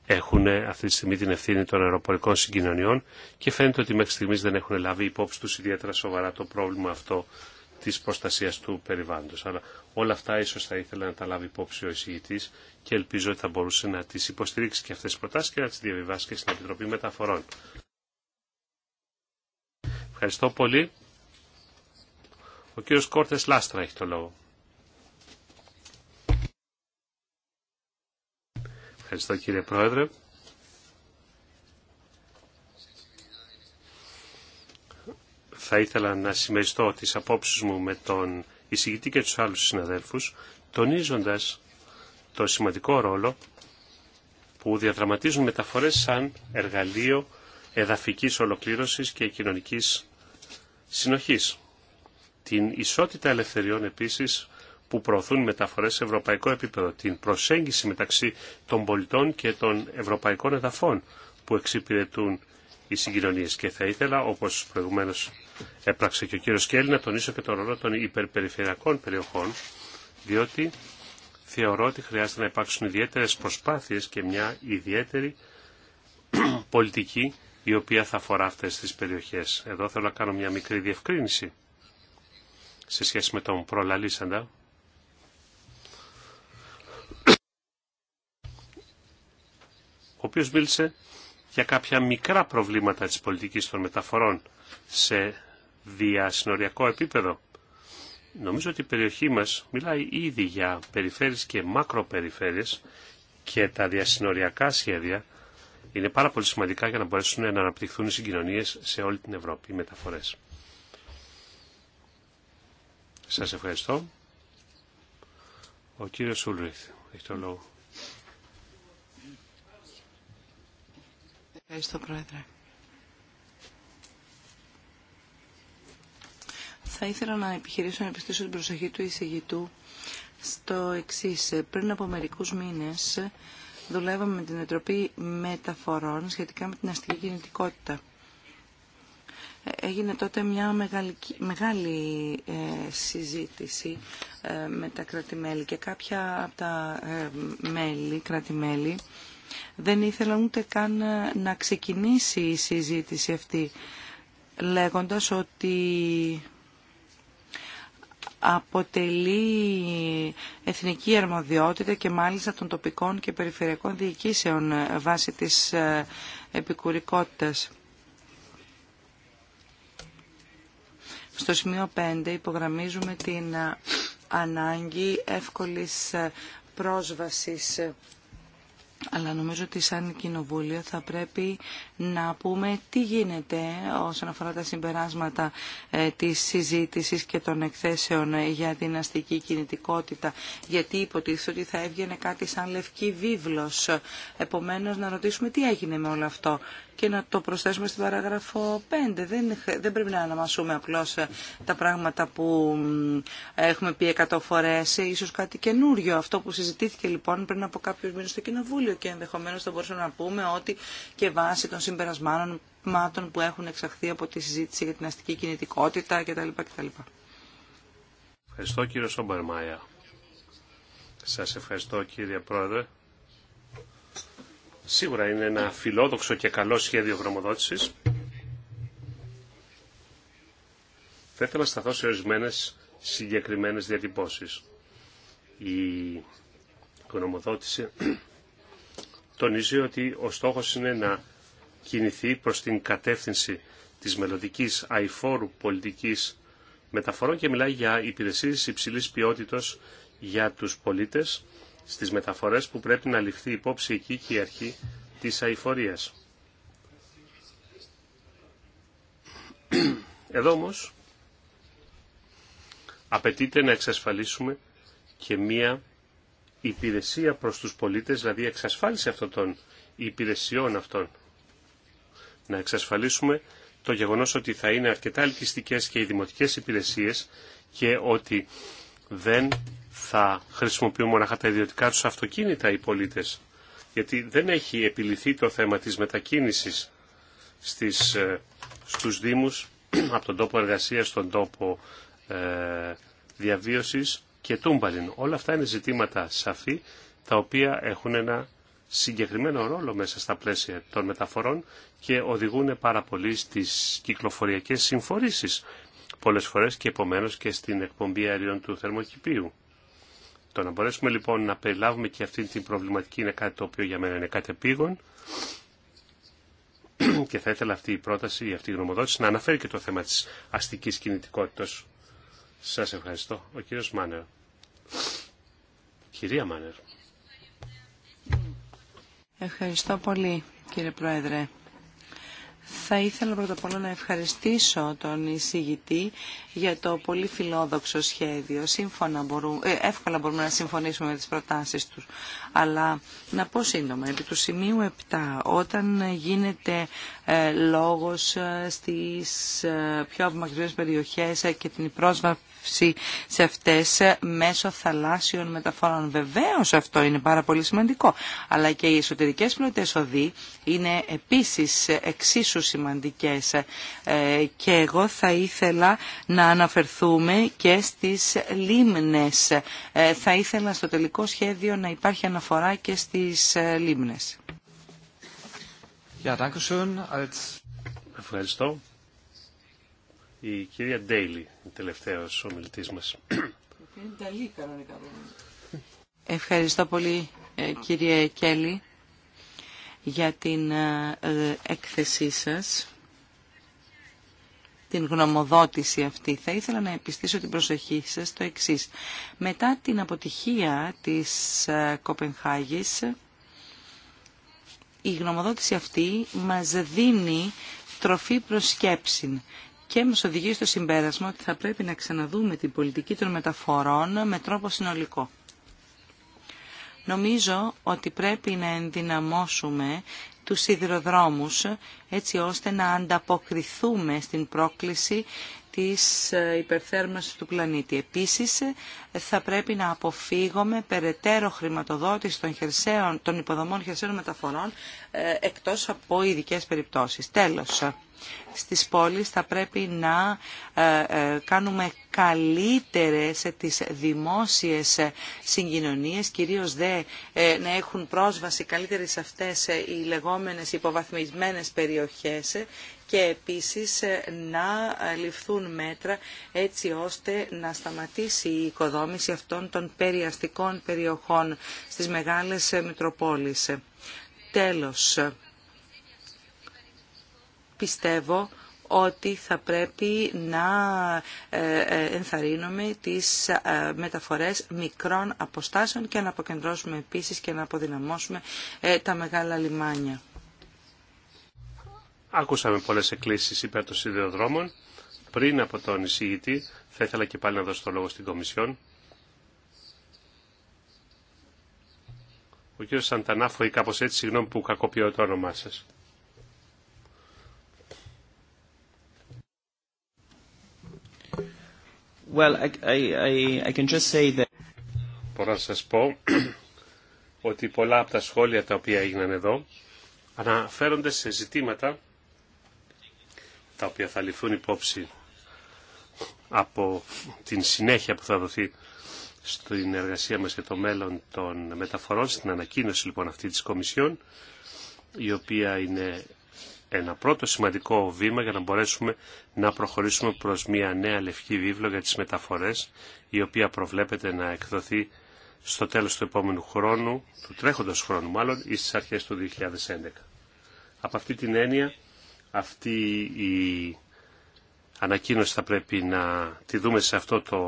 έχουν αυτή τη στιγμή την ευθύνη των αεροπορικών συγκοινωνιών και φαίνεται ότι μέχρι στιγμής δεν έχουν λάβει υπόψη τους ιδιαίτερα σοβαρά το πρόβλημα αυτό της προστασίας του περιβάλλοντο. Αλλά όλα αυτά ίσως θα ήθελα να τα λάβει υπόψη ο εισηγητής και ελπίζω ότι θα μπορούσε να τις υποστηρίξει και αυτές τις προτάσεις και να τις διαβιβάσει και στην Επιτροπή Μεταφορών. Ευχαριστώ πολύ. Ο κύριος Κόρτες Λάστρα έχει το λόγο. Ευχαριστώ κύριε Πρόεδρε. Θα ήθελα να συμμεριστώ τις απόψεις μου με τον εισηγητή και τους άλλους συναδέλφους, τονίζοντας το σημαντικό ρόλο που διαδραματίζουν μεταφορές σαν εργαλείο εδαφικής ολοκλήρωσης και κοινωνικής συνοχής. Την ισότητα ελευθεριών επίσης που προωθούν μεταφορές σε ευρωπαϊκό επίπεδο, την προσέγγιση μεταξύ των πολιτών και των ευρωπαϊκών εδαφών που εξυπηρετούν οι συγκοινωνίες. Και θα ήθελα, όπως προηγουμένως έπραξε και ο κύριος Κέλλη, να τονίσω και τον ρόλο των υπερπεριφερειακών περιοχών, διότι θεωρώ ότι χρειάζεται να υπάρξουν ιδιαίτερες προσπάθειες και μια ιδιαίτερη πολιτική η οποία θα αφορά αυτές τις περιοχές. Εδώ θέλω να κάνω μια μικρή διευκρίνηση σε σχέση με τον προλαλήσαντα. ο οποίος μίλησε για κάποια μικρά προβλήματα της πολιτικής των μεταφορών σε διασυνοριακό επίπεδο. Νομίζω ότι η περιοχή μας μιλάει ήδη για περιφέρειες και μακροπεριφέρειες και τα διασυνοριακά σχέδια είναι πάρα πολύ σημαντικά για να μπορέσουν να αναπτυχθούν οι συγκοινωνίες σε όλη την Ευρώπη, οι μεταφορές. Σας ευχαριστώ. Ο κύριος Ούλριθ έχει το λόγο. Ευχαριστώ, Πρόεδρε. Θα ήθελα να επιχειρήσω να επιστήσω την προσοχή του εισηγητού στο εξή. Πριν από μερικούς μήνες δουλεύαμε με την Ετροπή Μεταφορών σχετικά με την αστική κινητικότητα. Έγινε τότε μια μεγάλη, ε, συζήτηση ε, με τα κρατημέλη και κάποια από τα ε, μέλη, δεν ήθελαν ούτε καν ε, να ξεκινήσει η συζήτηση αυτή, λέγοντας ότι αποτελεί εθνική αρμοδιότητα και μάλιστα των τοπικών και περιφερειακών διοικήσεων ε, βάσει της ε, επικουρικότητας. Στο σημείο 5 υπογραμμίζουμε την ανάγκη εύκολης πρόσβασης αλλά νομίζω ότι σαν κοινοβούλιο θα πρέπει να πούμε τι γίνεται όσον αφορά τα συμπεράσματα ε, της συζήτησης και των εκθέσεων ε, για την αστική κινητικότητα. Γιατί υποτίθεται ότι θα έβγαινε κάτι σαν λευκή βίβλος. Επομένως να ρωτήσουμε τι έγινε με όλο αυτό και να το προσθέσουμε στην παράγραφο 5. Δεν, δεν πρέπει να αναμασούμε απλώς ε, τα πράγματα που έχουμε πει εκατό φορές, ε, ίσως κάτι καινούριο. Αυτό που συζητήθηκε λοιπόν πριν από κάποιους μήνες στο Κοινοβούλιο και ενδεχομένως θα μπορούσαμε να πούμε ότι και βάσει των συμπερασμάτων που έχουν εξαχθεί από τη συζήτηση για την αστική κινητικότητα κτλ. κτλ. Ευχαριστώ κύριο Μάια. Σας ευχαριστώ κύριε Πρόεδρε. Σίγουρα είναι ένα φιλόδοξο και καλό σχέδιο γνωμοδότησης. Θα ήθελα να σταθώ σε ορισμένε συγκεκριμένε διατυπώσει. Η γνωμοδότηση τονίζει ότι ο στόχος είναι να κινηθεί προς την κατεύθυνση της μελλοντική αηφόρου πολιτικής μεταφορών και μιλάει για υπηρεσίε υψηλή ποιότητα για τους πολίτες στις μεταφορές που πρέπει να ληφθεί υπόψη εκεί και η αρχή της αηφορίας. Εδώ όμως απαιτείται να εξασφαλίσουμε και μία υπηρεσία προς τους πολίτες, δηλαδή εξασφάλιση αυτών των υπηρεσιών αυτών. Να εξασφαλίσουμε το γεγονός ότι θα είναι αρκετά ελκυστικές και οι δημοτικές υπηρεσίες και ότι δεν θα χρησιμοποιούν μονάχα τα ιδιωτικά τους αυτοκίνητα οι πολίτες. Γιατί δεν έχει επιληθεί το θέμα της μετακίνησης στις, ε, στους Δήμους από τον τόπο εργασίας, στον τόπο ε, διαβίωσης και τούμπαλιν. Όλα αυτά είναι ζητήματα σαφή τα οποία έχουν ένα συγκεκριμένο ρόλο μέσα στα πλαίσια των μεταφορών και οδηγούν πάρα πολύ στις κυκλοφοριακές συμφορήσεις πολλές φορές και επομένως και στην εκπομπή αερίων του θερμοκηπίου. Το να μπορέσουμε λοιπόν να περιλάβουμε και αυτή την προβληματική είναι κάτι το οποίο για μένα είναι κάτι επίγον και θα ήθελα αυτή η πρόταση, αυτή η γνωμοδότηση να αναφέρει και το θέμα της αστικής κινητικότητας. Σας ευχαριστώ. Ο κύριος Μάνερ. Κυρία Μάνερ. Ευχαριστώ πολύ κύριε Πρόεδρε. Θα ήθελα πρώτα απ' όλα να ευχαριστήσω τον εισηγητή για το πολύ φιλόδοξο σχέδιο. Σύμφωνα ε, εύκολα μπορούμε να συμφωνήσουμε με τις προτάσεις του. Αλλά να πω σύντομα, επί του σημείου 7, όταν γίνεται ε, λόγος ε, στις ε, πιο απομακρυσμένες περιοχές ε, και την πρόσβαση σε αυτές ε, μέσω θαλάσσιων μεταφορών. Βεβαίως αυτό είναι πάρα πολύ σημαντικό, αλλά και οι εσωτερικές πλούτες οδοί είναι επίσης εξίσου σημαντικές ε, και εγώ θα ήθελα να αναφερθούμε και στις λίμνες. Ε, θα ήθελα στο τελικό σχέδιο να υπάρχει αναφορά και στις λίμνες. Als Ευχαριστώ. Η κυρία Ντέιλι, η τελευταίος ομιλητής μας. Ευχαριστώ πολύ ε, κυρία Κέλλη για την ε, ε, έκθεσή σας την γνωμοδότηση αυτή, θα ήθελα να επιστήσω την προσοχή σας στο εξής. Μετά την αποτυχία της Κοπενχάγης, η γνωμοδότηση αυτή μας δίνει τροφή προσκέψη και μας οδηγεί στο συμπέρασμα ότι θα πρέπει να ξαναδούμε την πολιτική των μεταφορών με τρόπο συνολικό. Νομίζω ότι πρέπει να ενδυναμώσουμε τους σιδηροδρόμους έτσι ώστε να ανταποκριθούμε στην πρόκληση της ε, υπερθέρμανσης του πλανήτη. Επίσης, θα πρέπει να αποφύγουμε περαιτέρω χρηματοδότηση των, χερσαίων, υποδομών χερσαίων μεταφορών ε, εκτός από ειδικέ περιπτώσεις. Τέλος, στις πόλεις θα πρέπει να ε, ε, κάνουμε καλύτερες τις δημόσιες συγκοινωνίες, κυρίως δε ε, να έχουν πρόσβαση καλύτερες σε αυτές οι λεγόμενες υποβαθμισμένες περιοχές και επίσης να ληφθούν μέτρα έτσι ώστε να σταματήσει η οικοδόμηση αυτών των περιαστικών περιοχών στις μεγάλες Μητροπόλεις. Τέλος, πιστεύω ότι θα πρέπει να ε, ε, ενθαρρύνουμε τις ε, μεταφορές μικρών αποστάσεων και να αποκεντρώσουμε επίσης και να αποδυναμώσουμε τα μεγάλα λιμάνια. Άκουσαμε πολλές εκκλήσεις υπέρ των σιδεοδρόμων. Πριν από τον εισηγητή θα ήθελα και πάλι να δώσω το λόγο στην Κομισιόν. Ο κύριος Σαντανάφο ή κάπως έτσι, συγγνώμη που κακοποιώ το όνομά σας. Well, Μπορώ να σας πω ότι πολλά από τα σχόλια τα οποία έγιναν εδώ αναφέρονται σε ζητήματα τα οποία θα ληφθούν υπόψη από την συνέχεια που θα δοθεί στην εργασία μας για το μέλλον των μεταφορών, στην ανακοίνωση λοιπόν αυτή της Κομισιόν, η οποία είναι ένα πρώτο σημαντικό βήμα για να μπορέσουμε να προχωρήσουμε προς μια νέα λευκή βίβλο για τις μεταφορές, η οποία προβλέπεται να εκδοθεί στο τέλος του επόμενου χρόνου, του τρέχοντος χρόνου μάλλον, ή στις αρχές του 2011. Από αυτή την έννοια, αυτή η ανακοίνωση θα πρέπει να τη δούμε σε αυτό το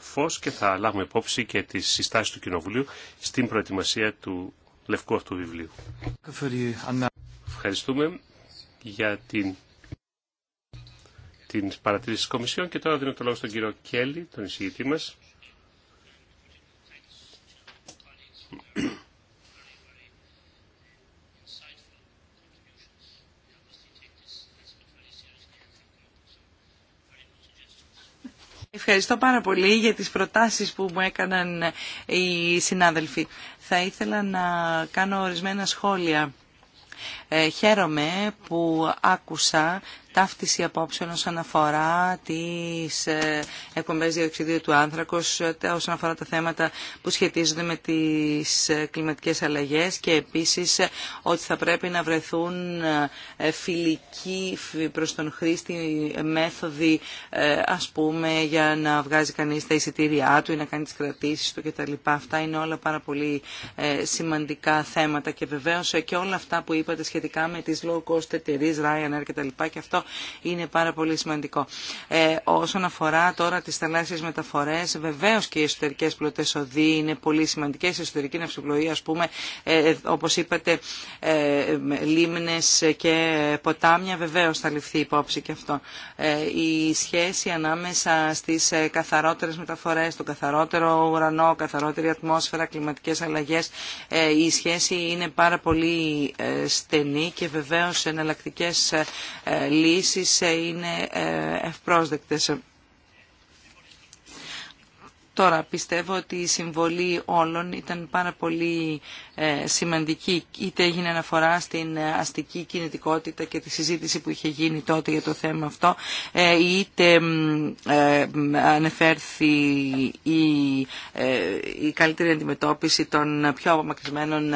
φως και θα λάβουμε υπόψη και τις συστάσεις του Κοινοβουλίου στην προετοιμασία του λευκού αυτού βιβλίου. Ευχαριστούμε για την, την παρατήρηση της Κομισιόν και τώρα δίνω το λόγο στον κύριο Κέλλη, τον εισηγητή μας. Ευχαριστώ πάρα πολύ για τις προτάσεις που μου έκαναν οι συνάδελφοι. Θα ήθελα να κάνω ορισμένα σχόλια. Ε, χαίρομαι που άκουσα ταύτιση απόψεων όσον αφορά τις ε, εκπομπές διοξιδίου του άνθρακος, ε, όσον αφορά τα θέματα που σχετίζονται με τις κλιματικές αλλαγές και επίσης ότι θα πρέπει να βρεθούν φιλικοί προς τον χρήστη μέθοδοι ας πούμε για να βγάζει κανείς τα εισιτήριά του ή να κάνει τις κρατήσεις του κτλ. Αυτά είναι όλα πάρα πολύ σημαντικά θέματα και βεβαίως και όλα αυτά που είπατε σχετικά με τις low cost εταιρείε, Ryanair κτλ. Και αυτό είναι πάρα πολύ σημαντικό. Ε, όσον αφορά τώρα τις θαλάσσιες μεταφορές, βεβαίως και οι εσωτερικές πλωτές οδοί είναι πολύ σημαντικές. Η εσωτερική ναυσιπλοεία, ας πούμε, ε, ε όπως είπατε, ε, λίμνες και ποτάμια, βεβαίως θα ληφθεί υπόψη και αυτό. Ε, η σχέση ανάμεσα στις καθαρότερες μεταφορές, τον καθαρότερο ουρανό, καθαρότερη ατμόσφαιρα, κλιματικές αλλαγές, η σχέση είναι πάρα πολύ στενή ασθενή και βεβαίως εναλλακτικές ε, ε, λύσεις ε, είναι ευπρόσδεκτες. Τώρα πιστεύω ότι η συμβολή όλων ήταν πάρα πολύ ε, σημαντική, είτε έγινε αναφορά στην αστική κινητικότητα και τη συζήτηση που είχε γίνει τότε για το θέμα αυτό, ε, είτε ε, ανεφέρθη η καλύτερη αντιμετώπιση των πιο απομακρυσμένων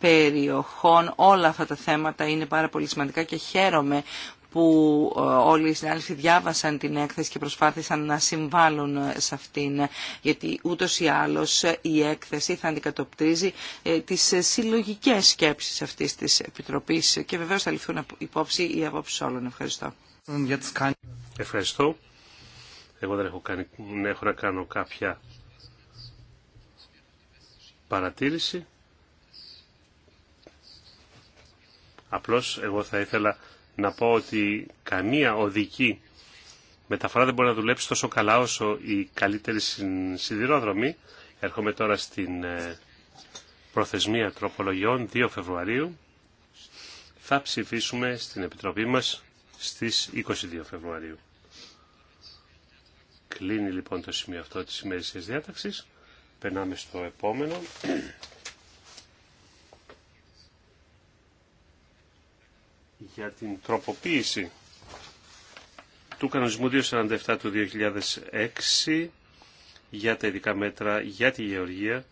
περιοχών. Όλα αυτά τα θέματα είναι πάρα πολύ σημαντικά και χαίρομαι που ε, όλοι οι συνάδελφοι διάβασαν την έκθεση και προσπάθησαν να συμβάλλουν ε, σε αυτήν, ε, γιατί ούτως ή άλλω η αλλω η εκθεση θα αντικατοπτρίζει τις συλλογικε σκέψεις αυτής της Επιτροπής και βεβαιω θα ληφθούν υπόψη οι απόψη όλων. Ευχαριστώ. Ευχαριστώ. Εγώ δεν έχω, έχω να κάνω κάποια παρατήρηση. Απλώς εγώ θα ήθελα να πω ότι καμία οδική μεταφορά δεν μπορεί να δουλέψει τόσο καλά όσο η καλύτερη σιδηρόδρομη. Έρχομαι τώρα στην ε, προθεσμία τροπολογιών 2 Φεβρουαρίου. Θα ψηφίσουμε στην Επιτροπή μας στις 22 Φεβρουαρίου. Κλείνει λοιπόν το σημείο αυτό της ημέρησης διάταξης. Περνάμε στο επόμενο. για την τροποποίηση του κανονισμού 247 του 2006 για τα ειδικά μέτρα για τη γεωργία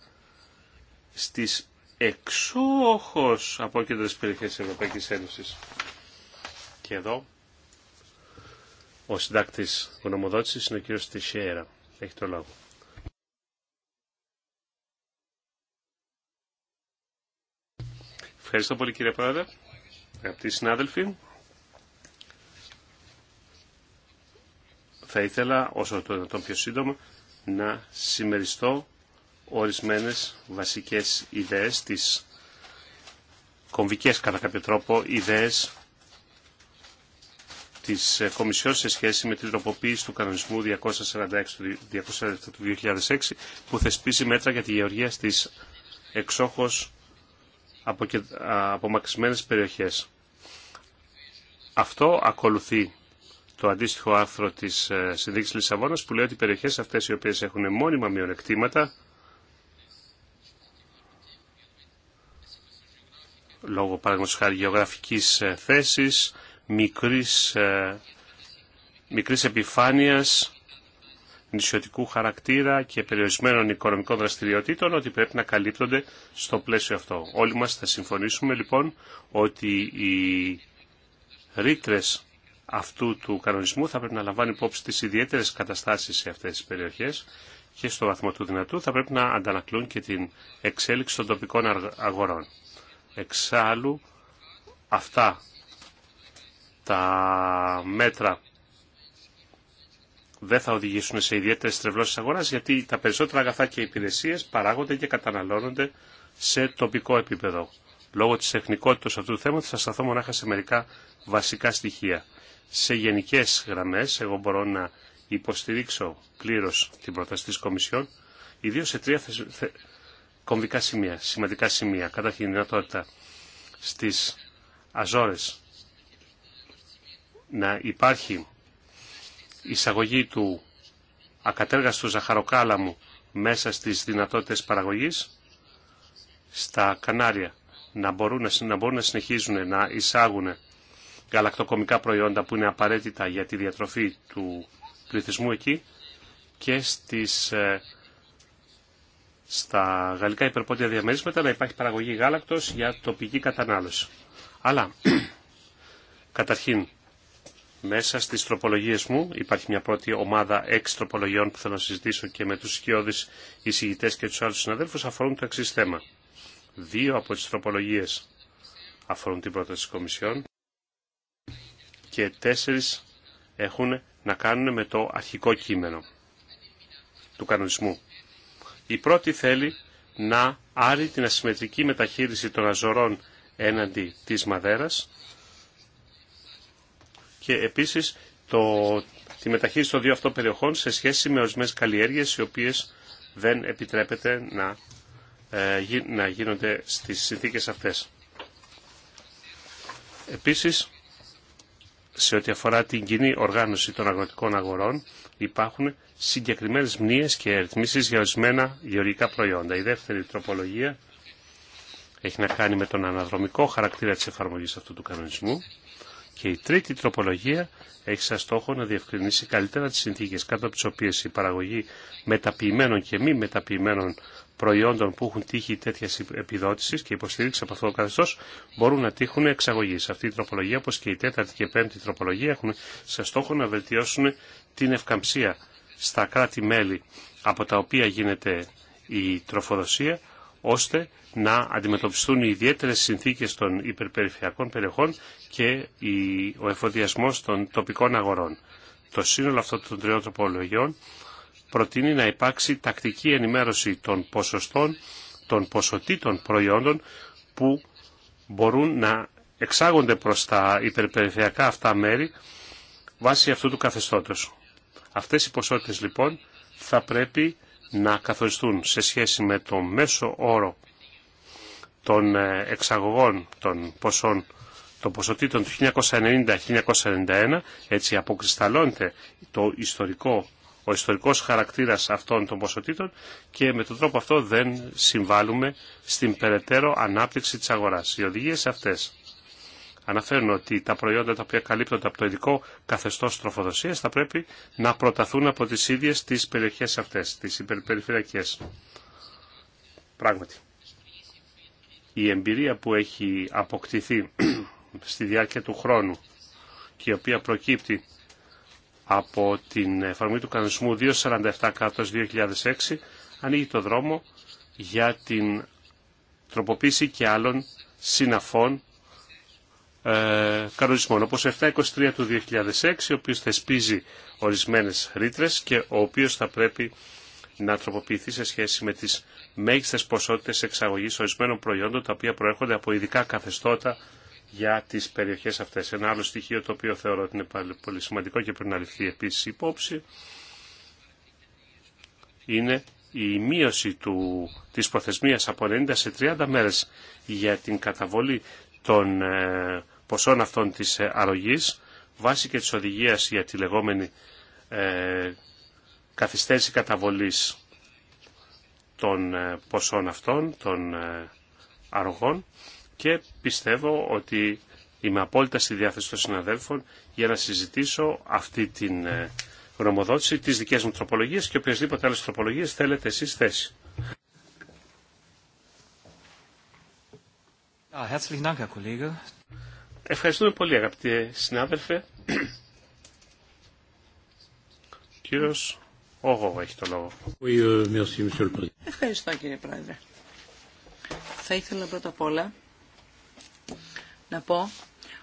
στις εξόχως απόκεντρες περιοχές της Ευρωπαϊκής Ένωσης. Και εδώ ο συντάκτης γνωμοδότησης είναι ο κύριος Τισιέρα. Έχει το λόγο. Ευχαριστώ πολύ κύριε Πρόεδρε. Αγαπητοί συνάδελφοι, θα ήθελα όσο το δυνατόν πιο σύντομα να συμμεριστώ ορισμένες βασικές ιδέες, τις κομβικές κατά κάποιο τρόπο ιδέες της Κομισιόν σε σχέση με την τροποποίηση του κανονισμού 246 του 2006 που θεσπίζει μέτρα για τη γεωργία στις εξόχως απομακρυσμένες περιοχές. Αυτό ακολουθεί το αντίστοιχο άρθρο τη ε, Συνδίκη Λισαβόνα. που λέει ότι οι περιοχέ αυτές οι οποίες έχουν μόνιμα μειονεκτήματα λόγω παραδείγματο χάρη γεωγραφικής ε, θέσης, μικρής, ε, μικρής επιφάνειας, νησιωτικού χαρακτήρα και περιορισμένων οικονομικών δραστηριοτήτων ότι πρέπει να καλύπτονται στο πλαίσιο αυτό. Όλοι μας θα συμφωνήσουμε λοιπόν ότι η ρήτρε αυτού του κανονισμού θα πρέπει να λαμβάνει υπόψη τι ιδιαίτερε καταστάσει σε αυτέ τι περιοχέ και στο βαθμό του δυνατού θα πρέπει να αντανακλούν και την εξέλιξη των τοπικών αγορών. Εξάλλου αυτά τα μέτρα δεν θα οδηγήσουν σε ιδιαίτερε τρευλώσει αγορά, γιατί τα περισσότερα αγαθά και υπηρεσίε παράγονται και καταναλώνονται σε τοπικό επίπεδο. Λόγω της τεχνικότητας αυτού του θέματος θα σταθώ μονάχα σε μερικά βασικά στοιχεία. Σε γενικές γραμμές εγώ μπορώ να υποστηρίξω πλήρως την πρόταση της Κομισιόν, ιδίως σε τρία θε... κομβικά σημεία, σημαντικά σημεία. Κατά τη δυνατότητα στις Αζόρες να υπάρχει εισαγωγή του ακατέργαστου ζαχαροκάλαμου μέσα στις δυνατότητες παραγωγής στα Κανάρια να μπορούν να, μπορούν να συνεχίζουν να εισάγουν γαλακτοκομικά προϊόντα που είναι απαραίτητα για τη διατροφή του πληθυσμού εκεί και στις, ε, στα γαλλικά υπερπόντια διαμερίσματα να υπάρχει παραγωγή γάλακτος για τοπική κατανάλωση. Αλλά, καταρχήν, μέσα στις τροπολογίες μου υπάρχει μια πρώτη ομάδα έξι τροπολογιών που θέλω να συζητήσω και με τους σκιώδεις εισηγητές και τους άλλους συναδέλφους αφορούν το εξή θέμα. Δύο από τις τροπολογίες αφορούν την πρόταση της Κομισιόν και τέσσερις έχουν να κάνουν με το αρχικό κείμενο του κανονισμού. Η πρώτη θέλει να άρει την ασυμμετρική μεταχείριση των αζωρών έναντι της Μαδέρας και επίσης το, τη μεταχείριση των δύο αυτών περιοχών σε σχέση με ορισμένε καλλιέργειες οι οποίες δεν επιτρέπεται να ε, να γίνονται στις συνθήκες αυτές. Επίσης, σε ό,τι αφορά την κοινή οργάνωση των αγροτικών αγορών, υπάρχουν συγκεκριμένες μνήες και ρυθμίσεις για ορισμένα γεωργικά προϊόντα. Η δεύτερη τροπολογία έχει να κάνει με τον αναδρομικό χαρακτήρα της εφαρμογής αυτού του κανονισμού και η τρίτη τροπολογία έχει σαν στόχο να διευκρινίσει καλύτερα τις συνθήκες κάτω από τις οποίες η παραγωγή μεταποιημένων και μη μεταποιημένων προϊόντων που έχουν τύχει τέτοια επιδότηση και υποστήριξη από αυτό το καθεστώ μπορούν να τύχουν εξαγωγή. Αυτή η τροπολογία, όπω και η τέταρτη και πέμπτη τροπολογία, έχουν σε στόχο να βελτιώσουν την ευκαμψία στα κράτη-μέλη από τα οποία γίνεται η τροφοδοσία, ώστε να αντιμετωπιστούν οι ιδιαίτερες συνθήκες των υπερπεριφερειακών περιοχών και ο εφοδιασμός των τοπικών αγορών. Το σύνολο αυτών των τριών τροπολογιών προτείνει να υπάρξει τακτική ενημέρωση των ποσοστών, των ποσοτήτων προϊόντων που μπορούν να εξάγονται προς τα υπερπεριφερειακά αυτά μέρη βάσει αυτού του καθεστώτος. Αυτές οι ποσότητες λοιπόν θα πρέπει να καθοριστούν σε σχέση με το μέσο όρο των ε, εξαγωγών των ποσών των ποσοτήτων του 1990-1991, έτσι αποκρισταλώνεται το ιστορικό ο ιστορικός χαρακτήρας αυτών των ποσοτήτων και με τον τρόπο αυτό δεν συμβάλλουμε στην περαιτέρω ανάπτυξη της αγοράς. Οι οδηγίες αυτές αναφέρουν ότι τα προϊόντα τα οποία καλύπτονται από το ειδικό καθεστώς τροφοδοσίας θα πρέπει να προταθούν από τις ίδιες τις περιοχές αυτές, τις υπερπεριφερειακές. Πράγματι, η εμπειρία που έχει αποκτηθεί στη διάρκεια του χρόνου και η οποία προκύπτει από την εφαρμογή του κανονισμού 247 2006 ανοίγει το δρόμο για την τροποποίηση και άλλων συναφών ε, κανονισμών, όπως 723 του 2006, ο οποίος θεσπίζει ορισμένες ρήτρε και ο οποίος θα πρέπει να τροποποιηθεί σε σχέση με τις μέγιστες ποσότητες εξαγωγής ορισμένων προϊόντων, τα οποία προέρχονται από ειδικά καθεστώτα για τις περιοχές αυτές. Ένα άλλο στοιχείο το οποίο θεωρώ ότι είναι πολύ σημαντικό και πρέπει να ληφθεί επίσης υπόψη είναι η μείωση του, της προθεσμίας από 90 σε 30 μέρες για την καταβολή των ε, ποσών αυτών της ε, αρρωγής βάσει και της οδηγίας για τη λεγόμενη ε, καθυστέρηση καταβολής των ε, ποσών αυτών, των αρρωγών και πιστεύω ότι είμαι απόλυτα στη διάθεση των συναδέλφων για να συζητήσω αυτή την ε, γνωμοδότηση, τις δικές μου τροπολογίες και οποιασδήποτε άλλες τροπολογίες θέλετε εσείς θέση. Ευχαριστούμε πολύ αγαπητοί συνάδελφε. Κύριος Όγο έχει το λόγο. Euh, Ευχαριστώ κύριε Πρόεδρε. Θα ήθελα πρώτα απ' όλα να πω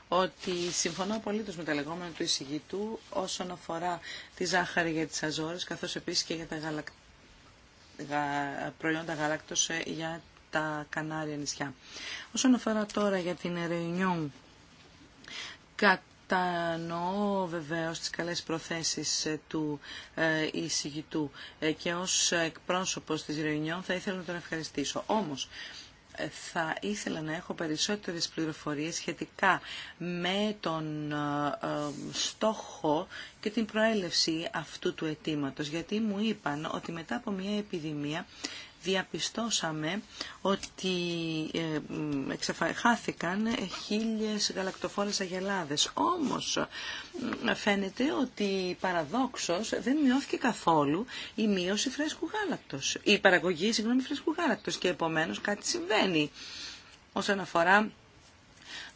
ότι συμφωνώ απολύτως με τα λεγόμενα του εισηγητού όσον αφορά τη ζάχαρη για τις αζόρες, καθώς επίσης και για τα γαλακ... προϊόντα γαλάκτος ε, για τα Κανάρια νησιά. Όσον αφορά τώρα για την Ρεϊνιόν, κατανοώ βεβαίως τις καλές προθέσεις ε, του ε, εισηγητού και ως εκπρόσωπος της Ρεϊνιόν θα ήθελα να τον ευχαριστήσω. Όμως, θα ήθελα να έχω περισσότερες πληροφορίες σχετικά με τον ε, στόχο και την προέλευση αυτού του αιτήματος, γιατί μου είπαν ότι μετά από μια επιδημία διαπιστώσαμε ότι ε, χάθηκαν χίλιες γαλακτοφόρες αγελάδες. Όμως φαίνεται ότι παραδόξως δεν μειώθηκε καθόλου η μείωση φρέσκου γάλακτος, η παραγωγή συγγνώμη, φρέσκου γάλακτος και επομένως κάτι συμβαίνει όσον αφορά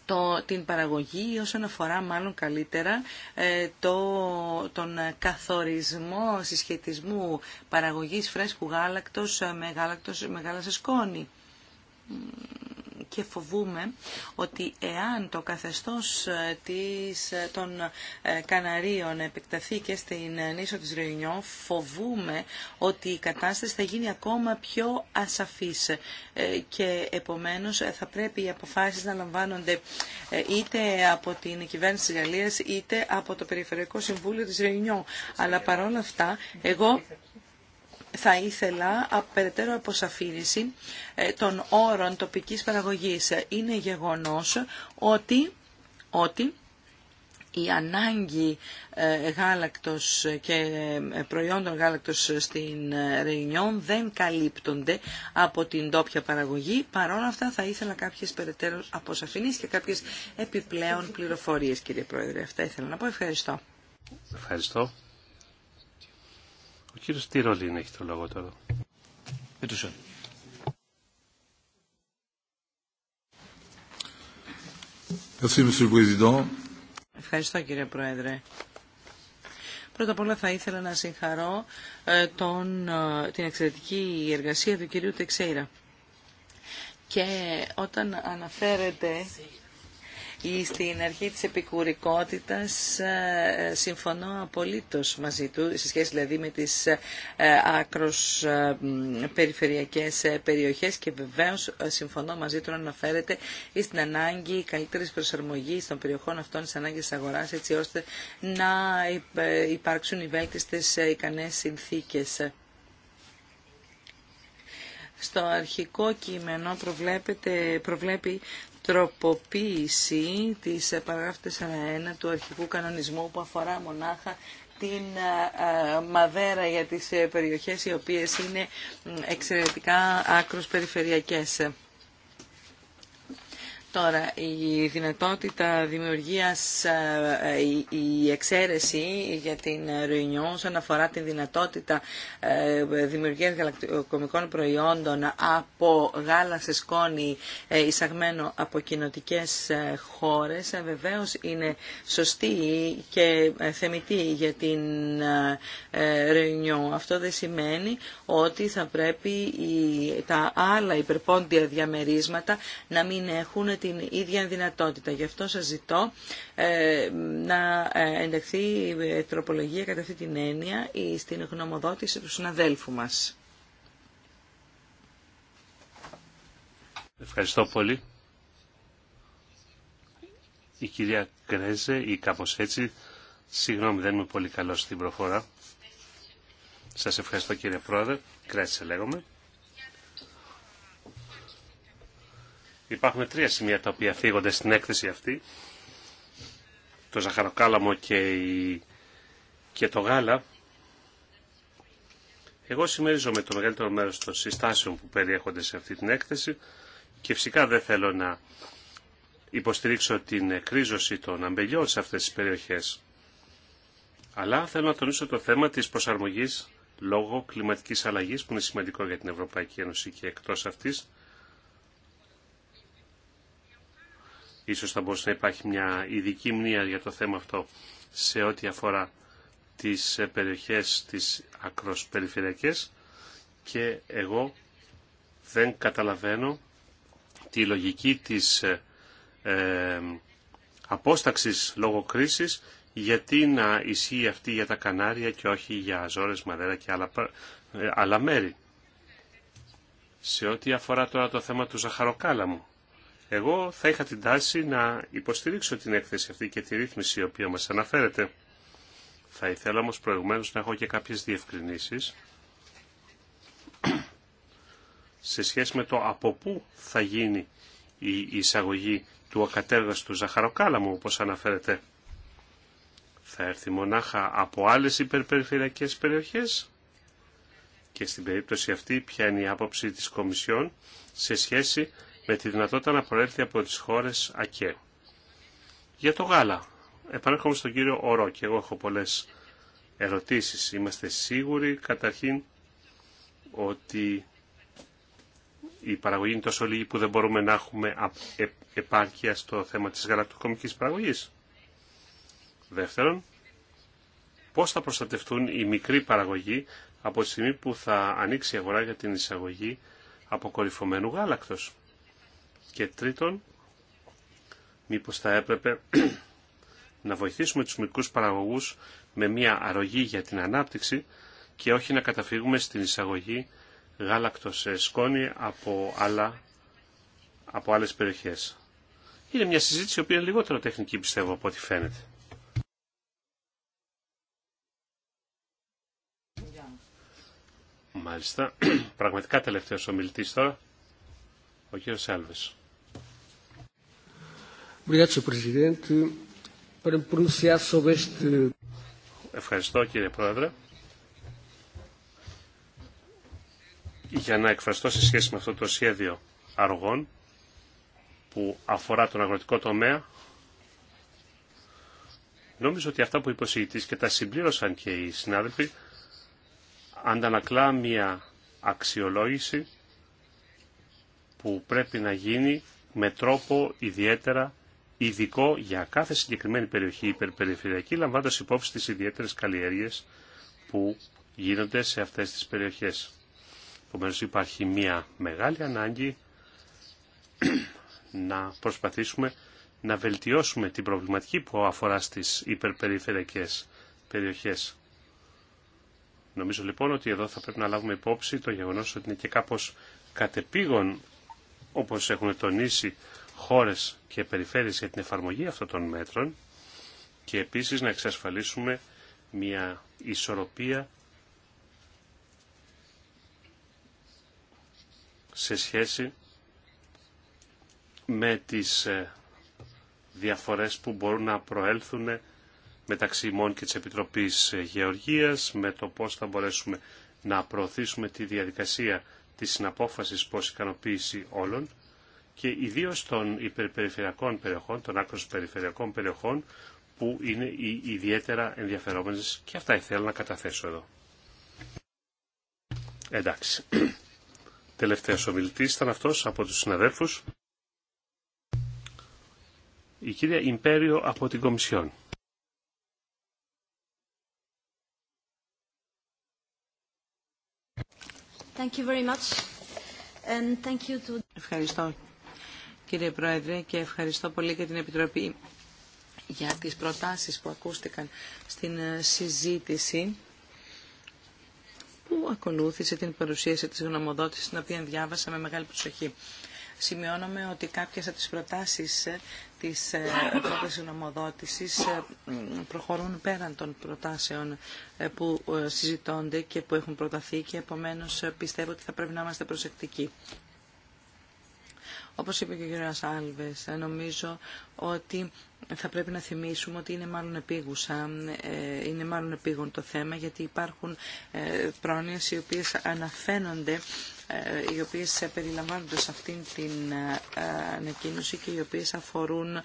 το, την παραγωγή όσον αφορά μάλλον καλύτερα ε, το, τον καθορισμό συσχετισμού παραγωγής φρέσκου γάλακτος ε, με, γάλακτος, με γάλα σε σκόνη και φοβούμε ότι εάν το καθεστώς ε, της, ε, των ε, Καναρίων επεκταθεί και στην νήσο της Ρεϊνιό, φοβούμε ότι η κατάσταση θα γίνει ακόμα πιο ασαφής και επομένως θα πρέπει οι αποφάσεις να λαμβάνονται είτε από την κυβέρνηση της Γαλλίας είτε από το Περιφερειακό Συμβούλιο της Ρεϊνιό. Αλλά παρόλα αυτά, εγώ θα ήθελα περαιτέρω αποσαφήνιση ε, των όρων τοπικής παραγωγής. Είναι γεγονός ότι, ότι η ανάγκη ε, γάλακτος και ε, προϊόντων γάλακτος στην Ρεϊνιόν δεν καλύπτονται από την τόπια παραγωγή. Παρόλα αυτά θα ήθελα κάποιες περαιτέρω αποσαφηνείς και κάποιες επιπλέον πληροφορίες κύριε Πρόεδρε. Αυτά ήθελα να πω. Ευχαριστώ. Ευχαριστώ. Ο κύριο Τυρολίν έχει το λόγο τώρα. Ευχαριστώ κύριε Πρόεδρε. Πρώτα απ' όλα θα ήθελα να συγχαρώ ε, ε, την εξαιρετική εργασία του κυρίου Τεξέιρα. Και όταν αναφέρεται στην αρχή της επικουρικότητας ε, συμφωνώ απολύτως μαζί του, σε σχέση δηλαδή με τις ε, άκρος ε, περιφερειακές περιοχές και βεβαίως συμφωνώ μαζί του να αναφέρεται στην ανάγκη καλύτερης προσαρμογής των περιοχών αυτών στις ανάγκες της αγοράς έτσι ώστε να υπάρξουν οι βέλτιστες ικανές συνθήκες. Στο αρχικό κείμενο προβλέπει τροποποίηση της ε, παραγράφου 41 του αρχικού κανονισμού που αφορά μονάχα την ε, ε, μαδέρα για τις περιοχές οι οποίες είναι εξαιρετικά άκρος περιφερειακές. Τώρα, η δυνατότητα δημιουργίας, ε, η εξαίρεση για την Ρουινιό όσον αφορά τη δυνατότητα ε, δημιουργίας γαλακτοκομικών προϊόντων από γάλα σε σκόνη ε, εισαγμένο από κοινοτικέ χώρες, βεβαίως είναι σωστή και θεμητή για την Ρουινιό. Αυτό δεν σημαίνει ότι θα πρέπει τα άλλα υπερπόντια διαμερίσματα να μην έχουν την ίδια δυνατότητα. Γι' αυτό σας ζητώ ε, να ε, ενταχθεί η τροπολογία κατά αυτή την έννοια στην γνωμοδότηση του συναδέλφου μας. Ευχαριστώ πολύ. Η κυρία Κρέζε ή κάπως έτσι, συγγνώμη δεν είμαι πολύ καλός στην προφορά. Σας ευχαριστώ κύριε Πρόεδρε, Κρέζε λέγομαι. Υπάρχουν τρία σημεία τα οποία φύγονται στην έκθεση αυτή. Το ζαχαροκάλαμο και, η... το γάλα. Εγώ συμμερίζομαι το μεγαλύτερο μέρος των συστάσεων που περιέχονται σε αυτή την έκθεση και φυσικά δεν θέλω να υποστηρίξω την κρίζωση των αμπελιών σε αυτές τις περιοχές. Αλλά θέλω να τονίσω το θέμα της προσαρμογής λόγω κλιματικής αλλαγής που είναι σημαντικό για την Ευρωπαϊκή Ένωση και εκτός αυτής Ίσως θα μπορούσε να υπάρχει μια ειδική μνήμα για το θέμα αυτό σε ό,τι αφορά τις περιοχές τις ακροσπεριφερειακές και εγώ δεν καταλαβαίνω τη λογική της ε, απόσταξης λόγω κρίσης γιατί να ισχύει αυτή για τα Κανάρια και όχι για Αζόρες, Μαδέρα και άλλα, ε, άλλα μέρη. Σε ό,τι αφορά τώρα το θέμα του ζαχαροκάλαμου. Εγώ θα είχα την τάση να υποστηρίξω την έκθεση αυτή και τη ρύθμιση η οποία μας αναφέρεται. Θα ήθελα όμως προηγουμένως να έχω και κάποιες διευκρινήσεις σε σχέση με το από πού θα γίνει η εισαγωγή του ακατέργαστου ζαχαροκάλαμου όπως αναφέρεται. Θα έρθει μονάχα από άλλες υπερπεριφερειακές περιοχές και στην περίπτωση αυτή ποια είναι η άποψη της Κομισιόν σε σχέση με τη δυνατότητα να προέλθει από τις χώρες ΑΚΕ. Για το γάλα. Επανέρχομαι στον κύριο Ορό και εγώ έχω πολλές ερωτήσεις. Είμαστε σίγουροι καταρχήν ότι η παραγωγή είναι τόσο λίγη που δεν μπορούμε να έχουμε επάρκεια στο θέμα της γαλακτοκομικής παραγωγής. Δεύτερον, πώς θα προστατευτούν οι μικροί παραγωγοί από τη στιγμή που θα ανοίξει η αγορά για την εισαγωγή αποκορυφωμένου γάλακτος. Και τρίτον, μήπως θα έπρεπε να βοηθήσουμε τους μικρούς παραγωγούς με μια αρρωγή για την ανάπτυξη και όχι να καταφύγουμε στην εισαγωγή γάλακτος σκόνη από, άλλα, από άλλες περιοχές. Είναι μια συζήτηση η οποία είναι λιγότερο τεχνική πιστεύω από ό,τι φαίνεται. Μάλιστα, πραγματικά τελευταίος ομιλητής τώρα. Ευχαριστώ κύριε Πρόεδρε. Για να εκφραστώ σε σχέση με αυτό το σχέδιο αργών που αφορά τον αγροτικό τομέα, νομίζω ότι αυτά που είπε ο και τα συμπλήρωσαν και οι συνάδελφοι, αντανακλά μια αξιολόγηση που πρέπει να γίνει με τρόπο ιδιαίτερα ειδικό για κάθε συγκεκριμένη περιοχή υπερπεριφερειακή, λαμβάνοντας υπόψη τις ιδιαίτερες καλλιέργειες που γίνονται σε αυτές τις περιοχές. Επομένως υπάρχει μια μεγάλη ανάγκη να προσπαθήσουμε να βελτιώσουμε την προβληματική που αφορά στις υπερπεριφερειακές περιοχές. Νομίζω λοιπόν ότι εδώ θα πρέπει να λάβουμε υπόψη το γεγονός ότι είναι και κάπως κατεπήγον όπως έχουν τονίσει χώρες και περιφέρειες για την εφαρμογή αυτών των μέτρων και επίσης να εξασφαλίσουμε μια ισορροπία σε σχέση με τις ε, διαφορές που μπορούν να προέλθουν μεταξύ ημών και της Επιτροπής Γεωργίας, με το πώς θα μπορέσουμε να προωθήσουμε τη διαδικασία της συναπόφασης προς ικανοποίηση όλων και ιδίως των υπερπεριφερειακών περιοχών, των άκρως περιφερειακών περιοχών που είναι ιδιαίτερα ενδιαφερόμενες και αυτά ήθελα να καταθέσω εδώ. Εντάξει. Τελευταίος ομιλητής ήταν αυτός από τους συναδέλφους. Η κυρία Ιμπέριο από την Κομισιόν. Ευχαριστώ κύριε Πρόεδρε και ευχαριστώ πολύ και την Επιτροπή για τις προτάσεις που ακούστηκαν στην ε, συζήτηση που ακολούθησε την παρουσίαση της γνωμοδότησης την οποία διάβασα με μεγάλη προσοχή. Σημειώνομαι ότι κάποιες από τις προτάσεις ε, της ε, πρώτης νομοδότησης ε, προχωρούν πέραν των προτάσεων ε, που συζητώνται και που έχουν προταθεί και επομένως πιστεύω ότι θα πρέπει να είμαστε προσεκτικοί. Όπως είπε και ο κ. Άλβες, νομίζω ότι θα πρέπει να θυμίσουμε ότι είναι μάλλον επίγουσα, είναι μάλλον επίγον το θέμα, γιατί υπάρχουν πρόνοιες οι οποίες αναφαίνονται ε, οι οποίες περιλαμβάνονται σε αυτήν την ε, ανακοίνωση και οι οποίες αφορούν ε,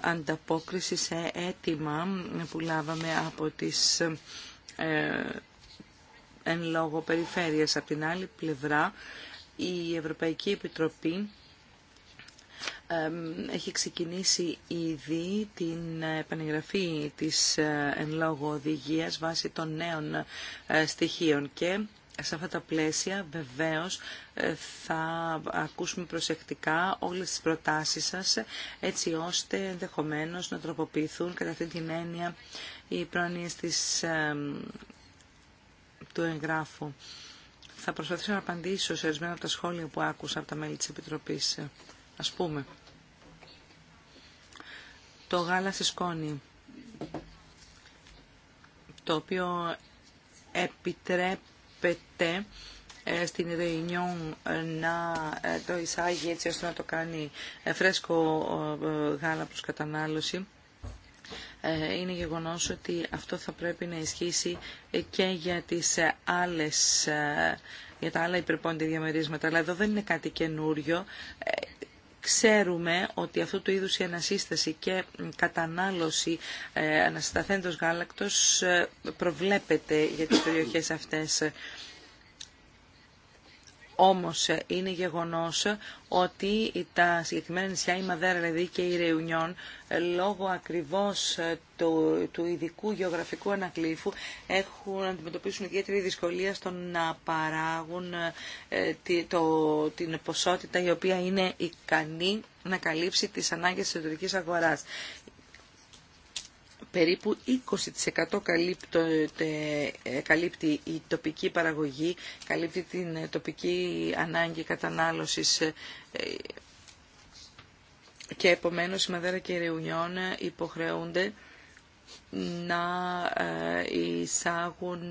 ανταπόκριση σε αίτημα που λάβαμε από τις εν λόγω περιφέρειας. Από την άλλη πλευρά, η Ευρωπαϊκή Επιτροπή έχει ξεκινήσει ήδη την επανεγγραφή της εν λόγω οδηγίας βάσει των νέων στοιχείων και σε αυτά τα πλαίσια βεβαίως ε, θα ακούσουμε προσεκτικά όλες τις προτάσεις σας έτσι ώστε ενδεχομένως να τροποποιηθούν κατά αυτή την έννοια οι πρόνοιες του εγγράφου. Θα προσπαθήσω να απαντήσω σε ορισμένα από τα σχόλια που άκουσα από τα μέλη της Επιτροπής. Ας πούμε, το γάλα στη σκόνη, το οποίο επιτρέπει πετέ ε, στην Ρεϊνιόν να ε, το εισάγει έτσι ώστε να το κάνει ε, φρέσκο γάλα προς κατανάλωση είναι γεγονός ότι αυτό θα πρέπει να ισχύσει και για τις άλλες για τα άλλα υπερπόντια διαμερίσματα. Αλλά εδώ δεν είναι κάτι καινούριο. Ξέρουμε ότι αυτό το είδους η ανασύσταση και κατανάλωση ε, ανασταθέντος γάλακτος ε, προβλέπεται για τις περιοχές αυτές. Όμως ε, είναι γεγονός ότι τα συγκεκριμένα νησιά, η Μαδέρα δηλαδή και η Ρεουνιόν, ε, λόγω ακριβώς ε, του, του ειδικού γεωγραφικού ανακλήφου, έχουν να αντιμετωπίσουν ιδιαίτερη δυσκολία στο να παράγουν την ποσότητα η οποία είναι ικανή να καλύψει τις ανάγκες της εσωτερικής αγοράς περίπου 20% ε, καλύπτει η τοπική παραγωγή, καλύπτει την ε, τοπική ανάγκη κατανάλωσης ε, και επομένως η Μαδέρα και η Ρεουνιόν υποχρεούνται να εισάγουν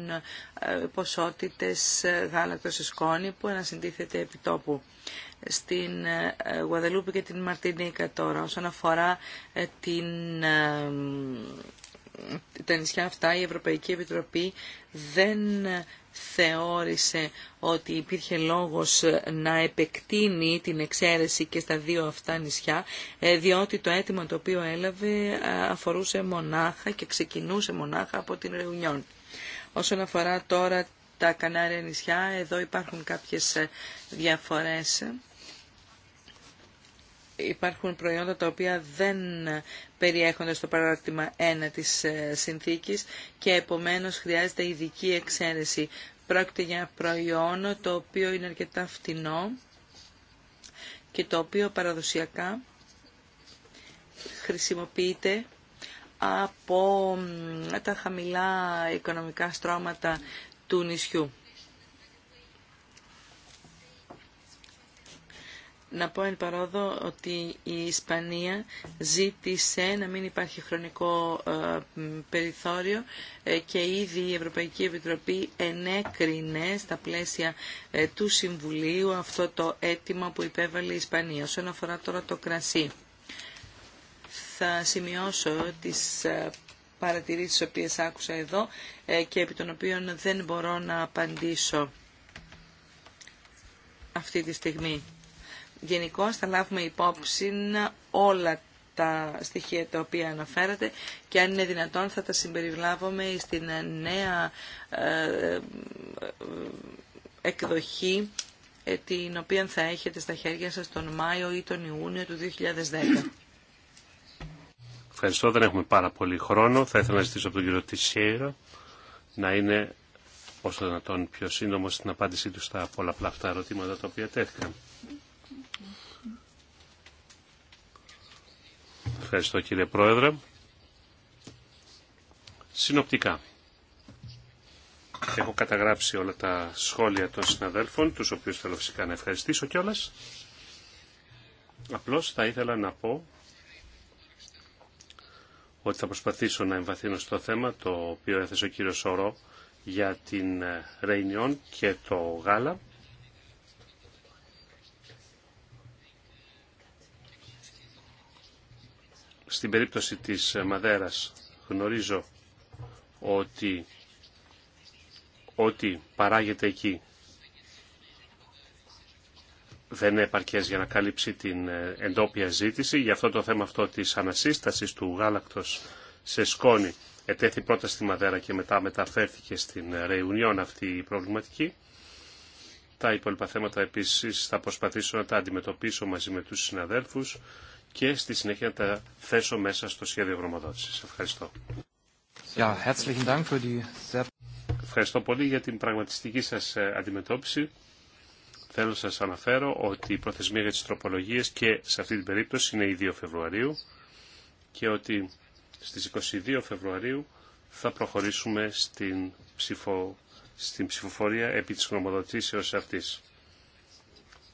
ποσότητες γάλακτος σκόνη που ανασυντίθεται επί τόπου στην ε, Γουαδελούπη και την Μαρτινίκα τώρα. Όσον αφορά ε, την, ε, τα νησιά αυτά, η Ευρωπαϊκή Επιτροπή δεν θεώρησε ότι υπήρχε λόγος να επεκτείνει την εξαίρεση και στα δύο αυτά νησιά, διότι το αίτημα το οποίο έλαβε αφορούσε μονάχα και ξεκινούσε μονάχα από την Ρεουνιόν. Όσον αφορά τώρα τα Κανάρια νησιά, εδώ υπάρχουν κάποιες διαφορές υπάρχουν προϊόντα τα οποία δεν περιέχονται στο παράρτημα 1 της ε, συνθήκης και επομένως χρειάζεται ειδική εξαίρεση. Πρόκειται για προϊόν το οποίο είναι αρκετά φτηνό και το οποίο παραδοσιακά χρησιμοποιείται από τα χαμηλά οικονομικά στρώματα του νησιού. Να πω εν παρόδο ότι η Ισπανία ζήτησε να μην υπάρχει χρονικό ε, περιθώριο ε, και ήδη η Ευρωπαϊκή Επιτροπή ενέκρινε στα πλαίσια ε, του Συμβουλίου αυτό το αίτημα που υπέβαλε η Ισπανία. Όσον αφορά τώρα το κρασί, θα σημειώσω τις παρατηρήσεις τις οποίες άκουσα εδώ και επί των οποίων δεν μπορώ να απαντήσω αυτή τη στιγμή. Γενικώ θα λάβουμε υπόψη όλα τα στοιχεία τα οποία αναφέρατε και αν είναι δυνατόν θα τα συμπεριλάβουμε στην νέα ε, ε, εκδοχή ε, την οποία θα έχετε στα χέρια σας τον Μάιο ή τον Ιούνιο του 2010. Ευχαριστώ. Δεν έχουμε πάρα πολύ χρόνο. Θα ήθελα να ζητήσω από τον κύριο Τισιέρα να είναι όσο δυνατόν πιο σύντομο στην απάντησή του στα πολλαπλά αυτά ερωτήματα τα οποία τέθηκαν. Ευχαριστώ κύριε Πρόεδρε. Συνοπτικά. Έχω καταγράψει όλα τα σχόλια των συναδέλφων, τους οποίους θέλω φυσικά να ευχαριστήσω κιόλα. Απλώς θα ήθελα να πω ότι θα προσπαθήσω να εμβαθύνω στο θέμα το οποίο έθεσε ο κύριος Σωρό για την Ρέινιόν και το Γάλα. στην περίπτωση της Μαδέρας γνωρίζω ότι ό,τι παράγεται εκεί δεν είναι επαρκές για να καλύψει την ε, εντόπια ζήτηση. Γι' αυτό το θέμα αυτό της ανασύστασης του γάλακτος σε σκόνη ετέθη πρώτα στη Μαδέρα και μετά μεταφέρθηκε στην Ρεϊουνιόν αυτή η προβληματική. Τα υπόλοιπα θέματα επίσης θα προσπαθήσω να τα αντιμετωπίσω μαζί με τους συναδέλφους και στη συνέχεια τα θέσω μέσα στο σχέδιο γνωμοδότηση. Ευχαριστώ. herzlichen Dank für die... Ευχαριστώ πολύ για την πραγματιστική σα ε, αντιμετώπιση. Θέλω να σας αναφέρω ότι η προθεσμία για τι τροπολογίε και σε αυτή την περίπτωση είναι η 2 Φεβρουαρίου και ότι στις 22 Φεβρουαρίου θα προχωρήσουμε στην, ψηφο, στην ψηφοφορία επί της γνωμοδοτήσεως αυτής.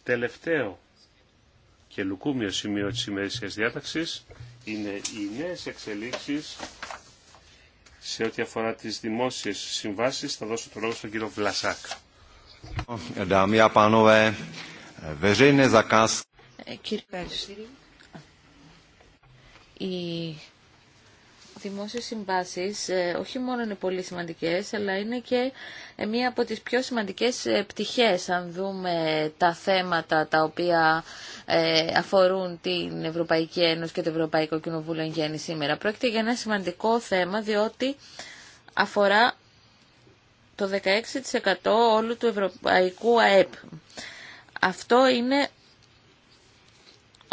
Τελευταίο και λουκούμιο σημείο της ημερήσιας διάταξης είναι οι νέες εξελίξεις σε ό,τι αφορά τις δημόσιες συμβάσεις. Θα δώσω το λόγο στον κύριο Βλασάκ. Ε, κύριε Περσίρη, δημόσιες συμβάσεις ε, όχι μόνο είναι πολύ σημαντικές, αλλά είναι και ε, μία από τις πιο σημαντικές ε, πτυχές, αν δούμε τα θέματα τα οποία αφορούν την Ευρωπαϊκή Ένωση και το Ευρωπαϊκό Κοινοβούλιο εν γέννη σήμερα. Πρόκειται για ένα σημαντικό θέμα, διότι αφορά το 16% όλου του Ευρωπαϊκού ΑΕΠ. Αυτό είναι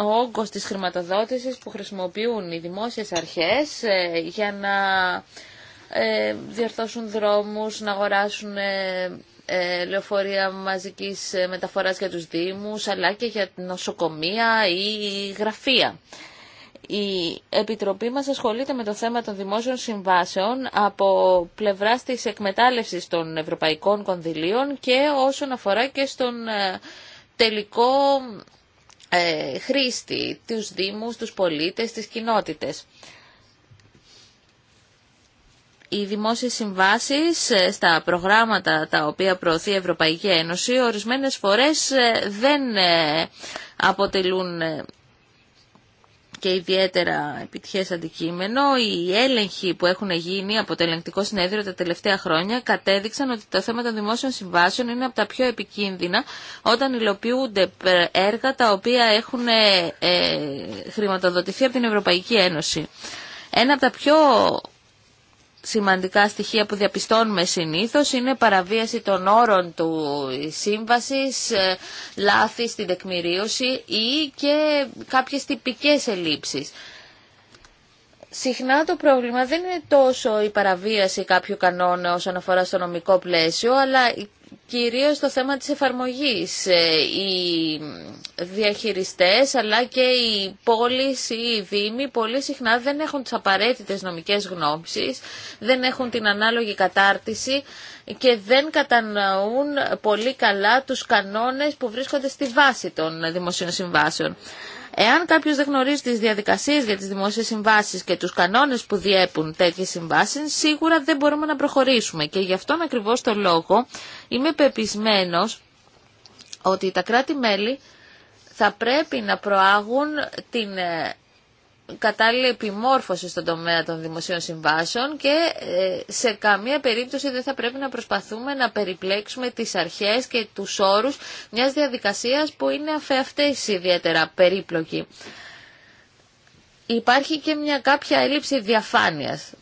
ο όγκος της χρηματοδότησης που χρησιμοποιούν οι δημόσιες αρχές ε, για να ε, διορθώσουν δρόμους, να αγοράσουν ε, λεωφορεία μαζικής μεταφοράς για τους Δήμους, αλλά και για νοσοκομεία ή γραφεία. Η Επιτροπή μας ασχολείται με το θέμα των δημόσιων συμβάσεων από πλευράς της εκμετάλλευσης των ευρωπαϊκών κονδυλίων και όσον αφορά και στον τελικό ε, χρήστη, τους δήμους, τους πολίτες, τις κοινότητες. Οι δημόσιες συμβάσεις ε, στα προγράμματα τα οποία προωθεί η Ευρωπαϊκή Ένωση ορισμένες φορές ε, δεν ε, αποτελούν και ιδιαίτερα επιτυχές αντικείμενο. Οι έλεγχοι που έχουν γίνει από το ελεγκτικό συνέδριο τα τελευταία χρόνια κατέδειξαν ότι τα θέματα δημόσιων συμβάσεων είναι από τα πιο επικίνδυνα όταν υλοποιούνται έργα τα οποία έχουν ε, ε, χρηματοδοτηθεί από την Ευρωπαϊκή Ένωση. Ένα από τα πιο σημαντικά στοιχεία που διαπιστώνουμε συνήθως είναι παραβίαση των όρων του σύμβασης, ε, λάθη στην τεκμηρίωση ή και κάποιες τυπικές ελλείψεις συχνά το πρόβλημα δεν είναι τόσο η παραβίαση κάποιου κανόνα όσον αφορά στο νομικό πλαίσιο, αλλά κυρίως το θέμα της εφαρμογής. Ε, οι διαχειριστές αλλά και οι πόλεις ή οι δήμοι πολύ συχνά δεν έχουν τις απαραίτητες νομικές γνώψεις, δεν έχουν την ανάλογη κατάρτιση και δεν κατανοούν πολύ καλά τους κανόνες που βρίσκονται στη βάση των δημοσίων συμβάσεων. Εάν κάποιος δεν γνωρίζει τις διαδικασίες για τις δημόσιες συμβάσεις και τους κανόνες που διέπουν τέτοιες συμβάσεις, σίγουρα δεν μπορούμε να προχωρήσουμε. Και γι' αυτόν ακριβώς το λόγο είμαι πεπισμένος ότι τα κράτη-μέλη θα πρέπει να προάγουν την ε, κατάλληλη επιμόρφωση στον τομέα των δημοσίων συμβάσεων και ε, σε καμία περίπτωση δεν θα πρέπει να προσπαθούμε να περιπλέξουμε τις αρχές και τους όρους μιας διαδικασίας που είναι αφεαυτές ιδιαίτερα περίπλοκη. Υπάρχει και μια κάποια έλλειψη διαφάνειας.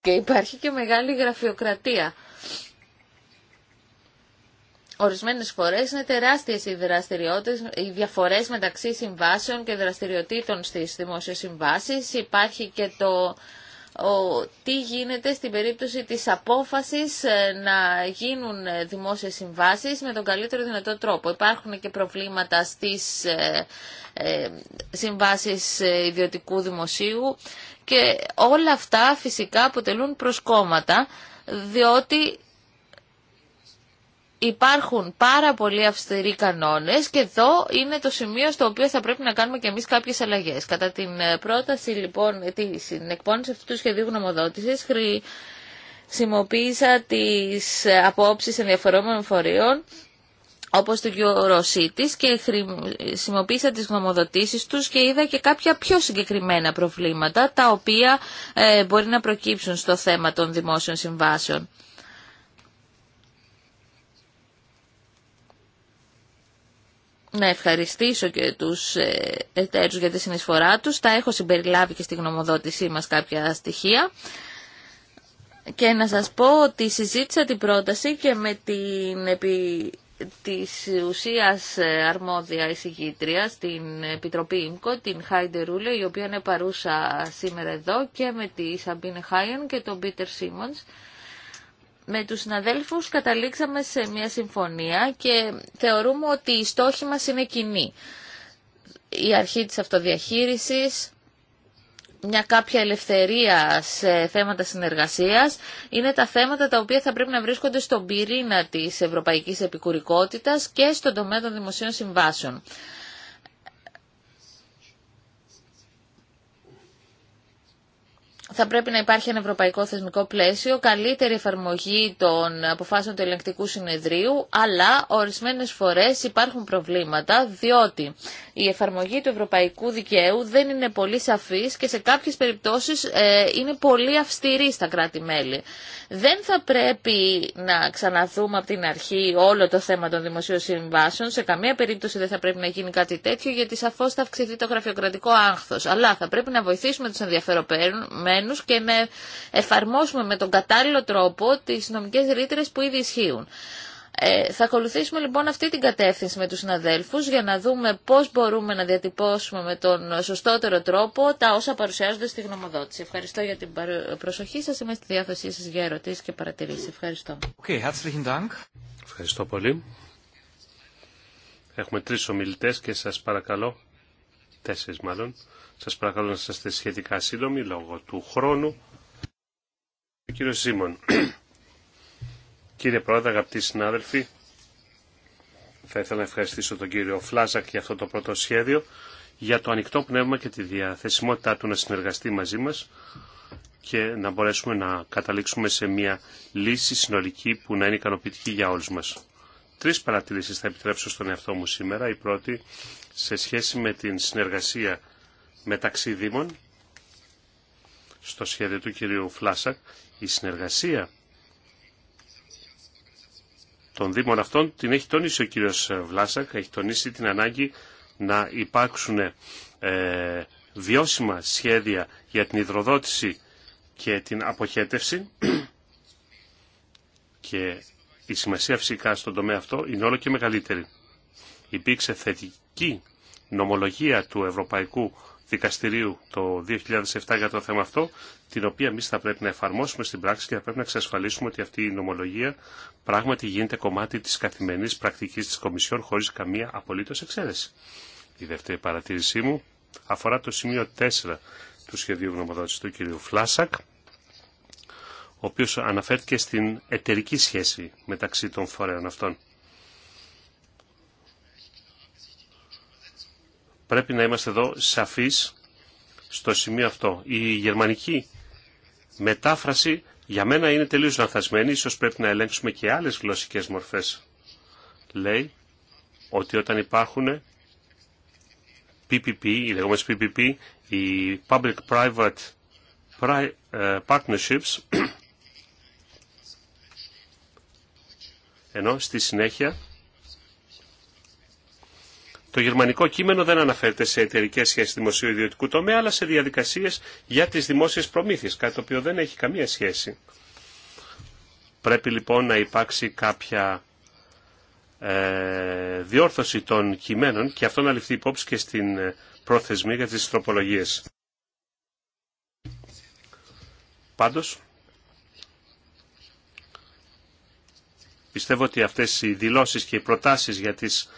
Και υπάρχει και μεγάλη γραφειοκρατία. Ορισμένες φορές είναι τεράστιε οι δραστηριότητε, οι διαφορές μεταξύ συμβάσεων και δραστηριοτήτων στις δημόσιες συμβάσει. Υπάρχει και το τι γίνεται στην περίπτωση της απόφασης ε, να γίνουν ε, δημόσιες συμβάσεις με τον καλύτερο δυνατό τρόπο. Υπάρχουν και προβλήματα στις ε, ε συμβάσεις ιδιωτικού δημοσίου και όλα αυτά φυσικά αποτελούν προσκόμματα διότι υπάρχουν πάρα πολλοί αυστηροί κανόνες και εδώ είναι το σημείο στο οποίο θα πρέπει να κάνουμε και εμείς κάποιες αλλαγές. Κατά την ε, πρόταση λοιπόν, την εκπόνηση αυτού του σχεδίου γνωμοδότησης χρησιμοποίησα τις ε, απόψεις ενδιαφερόμενων φορείων όπως του Eurocities και χρησιμοποίησα τις γνωμοδοτήσεις τους και είδα και κάποια πιο συγκεκριμένα προβλήματα τα οποία ε, μπορεί να προκύψουν στο θέμα των δημόσιων συμβάσεων. να ευχαριστήσω και τους ε, εταίρους για τη συνεισφορά τους. Τα έχω συμπεριλάβει και στη γνωμοδότησή μας κάποια στοιχεία. Και να σας πω ότι συζήτησα την πρόταση και με την επί της ουσίας ε, αρμόδια εισηγήτρια την Επιτροπή ΙΜΚΟ, την Χάιντε Ρούλε, η οποία είναι παρούσα σήμερα εδώ και με τη Σαμπίνε Χάιον και τον Πίτερ Σίμονς με τους συναδέλφους καταλήξαμε σε μια συμφωνία και θεωρούμε ότι οι στόχοι μας είναι κοινοί. Η αρχή της αυτοδιαχείρισης, μια κάποια ελευθερία σε θέματα συνεργασίας είναι τα θέματα τα οποία θα πρέπει να βρίσκονται στον πυρήνα της ευρωπαϊκής επικουρικότητας και στον τομέα των δημοσίων συμβάσεων. θα πρέπει να υπάρχει ένα ευρωπαϊκό θεσμικό πλαίσιο, καλύτερη εφαρμογή των αποφάσεων του ελεγκτικού συνεδρίου, αλλά ορισμένες φορές υπάρχουν προβλήματα, διότι η εφαρμογή του ευρωπαϊκού δικαίου δεν είναι πολύ σαφής και σε κάποιες περιπτώσεις ε, είναι πολύ αυστηρή στα κράτη-μέλη. Δεν θα πρέπει να ξαναδούμε από την αρχή όλο το θέμα των δημοσίων συμβάσεων. Σε καμία περίπτωση δεν θα πρέπει να γίνει κάτι τέτοιο, γιατί σαφώ θα αυξηθεί το γραφειοκρατικό άγχος. Αλλά θα πρέπει να βοηθήσουμε τους ενδιαφέρον και να εφαρμόσουμε με τον κατάλληλο τρόπο τις νομικές ρήτρε που ήδη ισχύουν. Ε, θα ακολουθήσουμε λοιπόν αυτή την κατεύθυνση με τους συναδέλφους για να δούμε πώς μπορούμε να διατυπώσουμε με τον σωστότερο τρόπο τα όσα παρουσιάζονται στη γνωμοδότηση. Ευχαριστώ για την προσοχή σας. Είμαι στη διάθεσή σας για ερωτήσεις και παρατηρήσεις. Ευχαριστώ. Okay, Ευχαριστώ πολύ. Έχουμε τρεις ομιλητές και σας παρακαλώ, τέσσερις μάλλον, σας παρακαλώ να είστε σχετικά σύντομοι λόγω του χρόνου. Ο κύριος Σίμων. Κύριε Πρόεδρε, αγαπητοί συνάδελφοι, θα ήθελα να ευχαριστήσω τον κύριο Φλάζακ για αυτό το πρώτο σχέδιο, για το ανοιχτό πνεύμα και τη διαθεσιμότητά του να συνεργαστεί μαζί μας και να μπορέσουμε να καταλήξουμε σε μια λύση συνολική που να είναι ικανοποιητική για όλους μας. Τρεις παρατηρήσεις θα επιτρέψω στον εαυτό μου σήμερα. Η πρώτη σε σχέση με την συνεργασία μεταξύ Δήμων. Στο σχέδιο του κυρίου Φλάσακ η συνεργασία των Δήμων αυτών την έχει τονίσει ο κύριος Βλάσακ, έχει τονίσει την ανάγκη να υπάρξουν ε, βιώσιμα σχέδια για την υδροδότηση και την αποχέτευση και η σημασία φυσικά στον τομέα αυτό είναι όλο και μεγαλύτερη. Υπήρξε θετική νομολογία του Ευρωπαϊκού δικαστηρίου το 2007 για το θέμα αυτό, την οποία εμεί θα πρέπει να εφαρμόσουμε στην πράξη και θα πρέπει να εξασφαλίσουμε ότι αυτή η νομολογία πράγματι γίνεται κομμάτι τη καθημερινή πρακτική τη Κομισιόν χωρί καμία απολύτω εξαίρεση. Η δεύτερη παρατήρησή μου αφορά το σημείο 4 του σχεδίου γνωμοδότηση του κ. Φλάσακ, ο οποίο αναφέρθηκε στην εταιρική σχέση μεταξύ των φορέων αυτών. Πρέπει να είμαστε εδώ σαφείς στο σημείο αυτό. Η γερμανική μετάφραση για μένα είναι τελείως λανθασμένη, ίσως πρέπει να ελέγξουμε και άλλες γλωσσικές μορφές. Λέει ότι όταν υπάρχουν PPP, οι λεγόμενες PPP, οι Public-Private ε, Partnerships, ενώ στη συνέχεια το γερμανικό κείμενο δεν αναφέρεται σε εταιρικέ σχέσει δημοσίου-ιδιωτικού τομέα, αλλά σε διαδικασίε για τι δημόσιε προμήθειε, κάτι το οποίο δεν έχει καμία σχέση. Πρέπει λοιπόν να υπάρξει κάποια ε, διόρθωση των κειμένων και αυτό να ληφθεί υπόψη και στην ε, πρόθεσμη για τις τροπολογίες. Πάντως, πιστεύω ότι αυτές οι δηλώσεις και οι προτάσεις για τις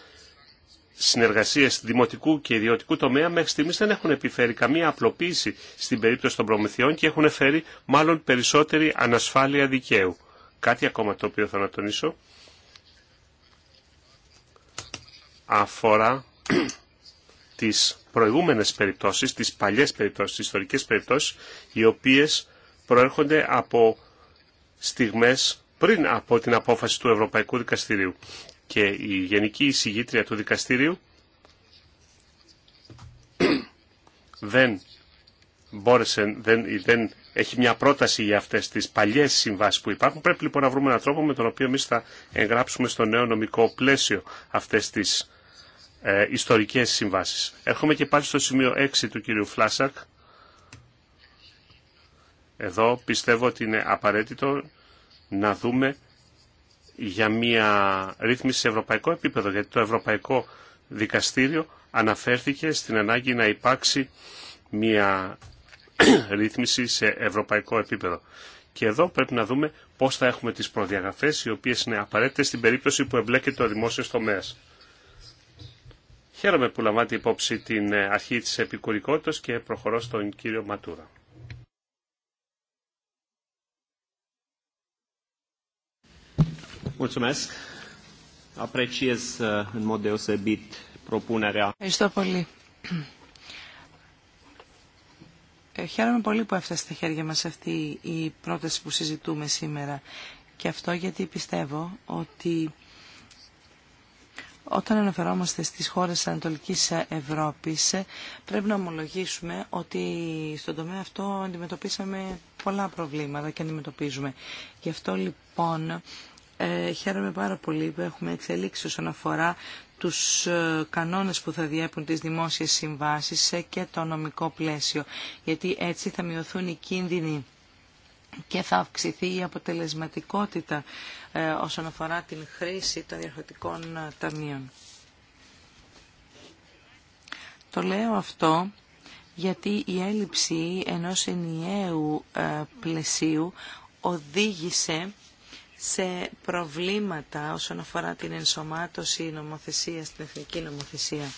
συνεργασίες δημοτικού και ιδιωτικού τομέα μέχρι στιγμής δεν έχουν επιφέρει καμία απλοποίηση στην περίπτωση των προμηθειών και έχουν φέρει μάλλον περισσότερη ανασφάλεια δικαίου. Κάτι ακόμα το οποίο θα να τονίσω αφορά τις προηγούμενες περιπτώσεις, τις παλιές περιπτώσεις, τις ιστορικές περιπτώσεις, οι οποίες προέρχονται από στιγμές πριν από την απόφαση του Ευρωπαϊκού Δικαστηρίου και η Γενική Εισηγήτρια του Δικαστηρίου δεν μπόρεσε, δεν, έχει μια πρόταση για αυτές τις παλιές συμβάσεις που υπάρχουν. Πρέπει λοιπόν να βρούμε έναν τρόπο με τον οποίο εμεί θα εγγράψουμε στο νέο νομικό πλαίσιο αυτές τις ε, ιστορικές συμβάσεις. Έρχομαι και πάλι στο σημείο 6 του κυρίου Φλάσακ. Εδώ πιστεύω ότι είναι απαραίτητο να δούμε για μια ρύθμιση σε ευρωπαϊκό επίπεδο, γιατί το Ευρωπαϊκό Δικαστήριο αναφέρθηκε στην ανάγκη να υπάρξει μια ρύθμιση σε ευρωπαϊκό επίπεδο. Και εδώ πρέπει να δούμε πώς θα έχουμε τις προδιαγραφές οι οποίες είναι απαραίτητες στην περίπτωση που εμπλέκεται ο δημόσιος τομέας. Χαίρομαι που λαμβάνετε υπόψη την ε, αρχή της επικουρικότητας και προχωρώ στον κύριο Ματούρα. Uh, Ευχαριστώ πολύ. Ε, χαίρομαι πολύ που έφτασε στα χέρια μας αυτή η πρόταση που συζητούμε σήμερα. Και αυτό γιατί πιστεύω ότι όταν αναφερόμαστε στις χώρες της Ανατολικής Ευρώπης πρέπει να ομολογήσουμε ότι στον τομέα αυτό αντιμετωπίσαμε πολλά προβλήματα και αντιμετωπίζουμε. Γι' αυτό λοιπόν ε, χαίρομαι πάρα πολύ που έχουμε εξελίξει όσον αφορά τους ε, κανόνες που θα διέπουν τις δημόσιες συμβάσεις και το νομικό πλαίσιο, γιατί έτσι θα μειωθούν οι κίνδυνοι και θα αυξηθεί η αποτελεσματικότητα ε, όσον αφορά την χρήση των διαρχοτικών ταμείων. Το λέω αυτό γιατί η έλλειψη ενός ενιαίου πλαισίου οδήγησε σε προβλήματα όσον αφορά την ενσωμάτωση νομοθεσίας την εθνική νομοθεσία.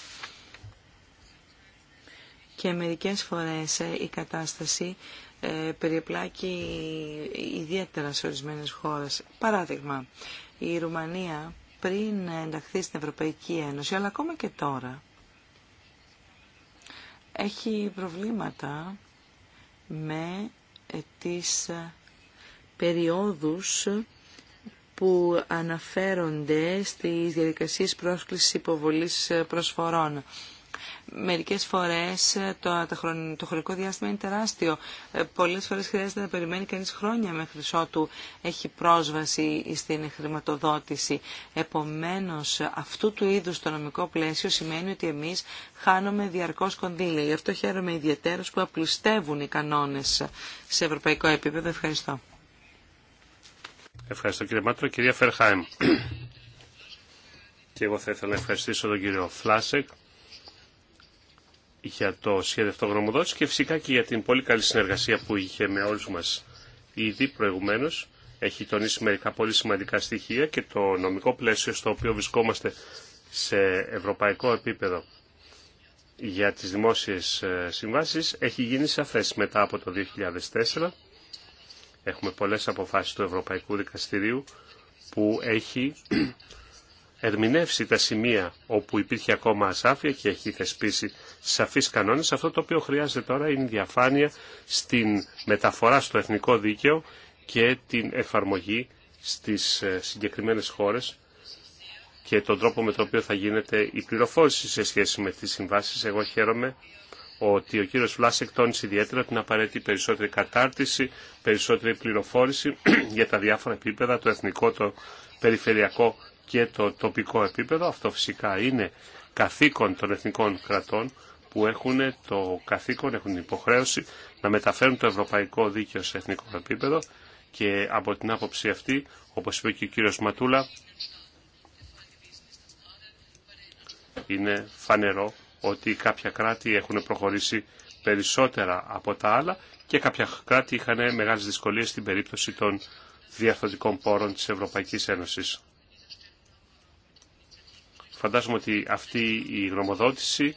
Και μερικές φορές ε, η κατάσταση ε, περιεπλάκει ιδιαίτερα σε ορισμένες χώρες. Παράδειγμα, η Ρουμανία πριν ενταχθεί στην Ευρωπαϊκή Ένωση, αλλά ακόμα και τώρα, έχει προβλήματα με ε, τις περιόδους που αναφέρονται στις διαδικασίες πρόσκλησης υποβολής προσφορών. Μερικές φορές το, το χρονικό διάστημα είναι τεράστιο. Ε, πολλές φορές χρειάζεται να περιμένει κανείς χρόνια μέχρι ότου έχει πρόσβαση στην χρηματοδότηση. Επομένως, αυτού του είδους το νομικό πλαίσιο σημαίνει ότι εμείς χάνουμε διαρκώς κονδύλια. Γι' αυτό χαίρομαι ιδιαίτερως που απλουστεύουν οι κανόνες σε ευρωπαϊκό επίπεδο. Ευχαριστώ. Ευχαριστώ κύριε Μάτρο. Κυρία Φερχάιμ. Και εγώ θα ήθελα να ευχαριστήσω τον κύριο Φλάσεκ για το σχέδιο αυτογνωμοδότηση και φυσικά και για την πολύ καλή συνεργασία που είχε με όλους μας ήδη προηγουμένως. Έχει τονίσει μερικά πολύ σημαντικά στοιχεία και το νομικό πλαίσιο στο οποίο βρισκόμαστε σε ευρωπαϊκό επίπεδο για τις δημόσιες ε, συμβάσεις έχει γίνει σαφές μετά από το 2004 Έχουμε πολλές αποφάσεις του Ευρωπαϊκού Δικαστηρίου που έχει ερμηνεύσει τα σημεία όπου υπήρχε ακόμα ασάφεια και έχει θεσπίσει σαφείς κανόνες. Αυτό το οποίο χρειάζεται τώρα είναι διαφάνεια στην μεταφορά στο εθνικό δίκαιο και την εφαρμογή στις ε, συγκεκριμένες χώρες και τον τρόπο με τον οποίο θα γίνεται η πληροφόρηση σε σχέση με τις συμβάσεις. Εγώ χαίρομαι ότι ο κύριος Βλάσεκ τόνισε ιδιαίτερα την απαραίτητη περισσότερη κατάρτιση, περισσότερη πληροφόρηση για τα διάφορα επίπεδα, το εθνικό, το περιφερειακό και το τοπικό επίπεδο. Αυτό φυσικά είναι καθήκον των εθνικών κρατών που έχουν το καθήκον, έχουν την υποχρέωση να μεταφέρουν το ευρωπαϊκό δίκαιο σε εθνικό επίπεδο και από την άποψη αυτή, όπως είπε και ο κύριος Ματούλα, είναι φανερό ότι κάποια κράτη έχουν προχωρήσει περισσότερα από τα άλλα και κάποια κράτη είχαν μεγάλες δυσκολίες στην περίπτωση των διαφθορτικών πόρων της Ευρωπαϊκής Ένωσης. Φαντάζομαι ότι αυτή η γνωμοδότηση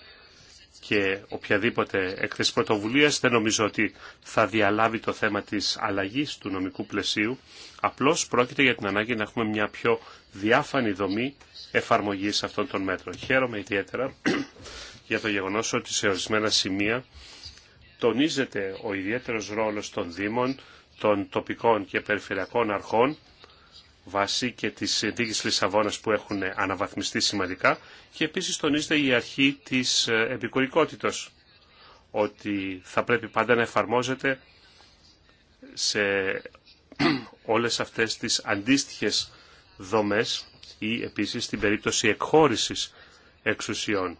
και οποιαδήποτε έκθεση πρωτοβουλίας δεν νομίζω ότι θα διαλάβει το θέμα της αλλαγής του νομικού πλαισίου. Απλώς πρόκειται για την ανάγκη να έχουμε μια πιο διάφανη δομή εφαρμογής αυτών των μέτρων. Χαίρομαι ιδιαίτερα για το γεγονός ότι σε ορισμένα σημεία τονίζεται ο ιδιαίτερος ρόλος των Δήμων, των τοπικών και περιφερειακών αρχών βάσει και της συνθήκης Λισαβόνας που έχουν αναβαθμιστεί σημαντικά και επίσης τονίζεται η αρχή της ε, επικουρικότητα, ότι θα πρέπει πάντα να εφαρμόζεται σε όλες αυτές τις αντίστοιχες δομές ή επίσης στην περίπτωση εκχώρησης εξουσιών.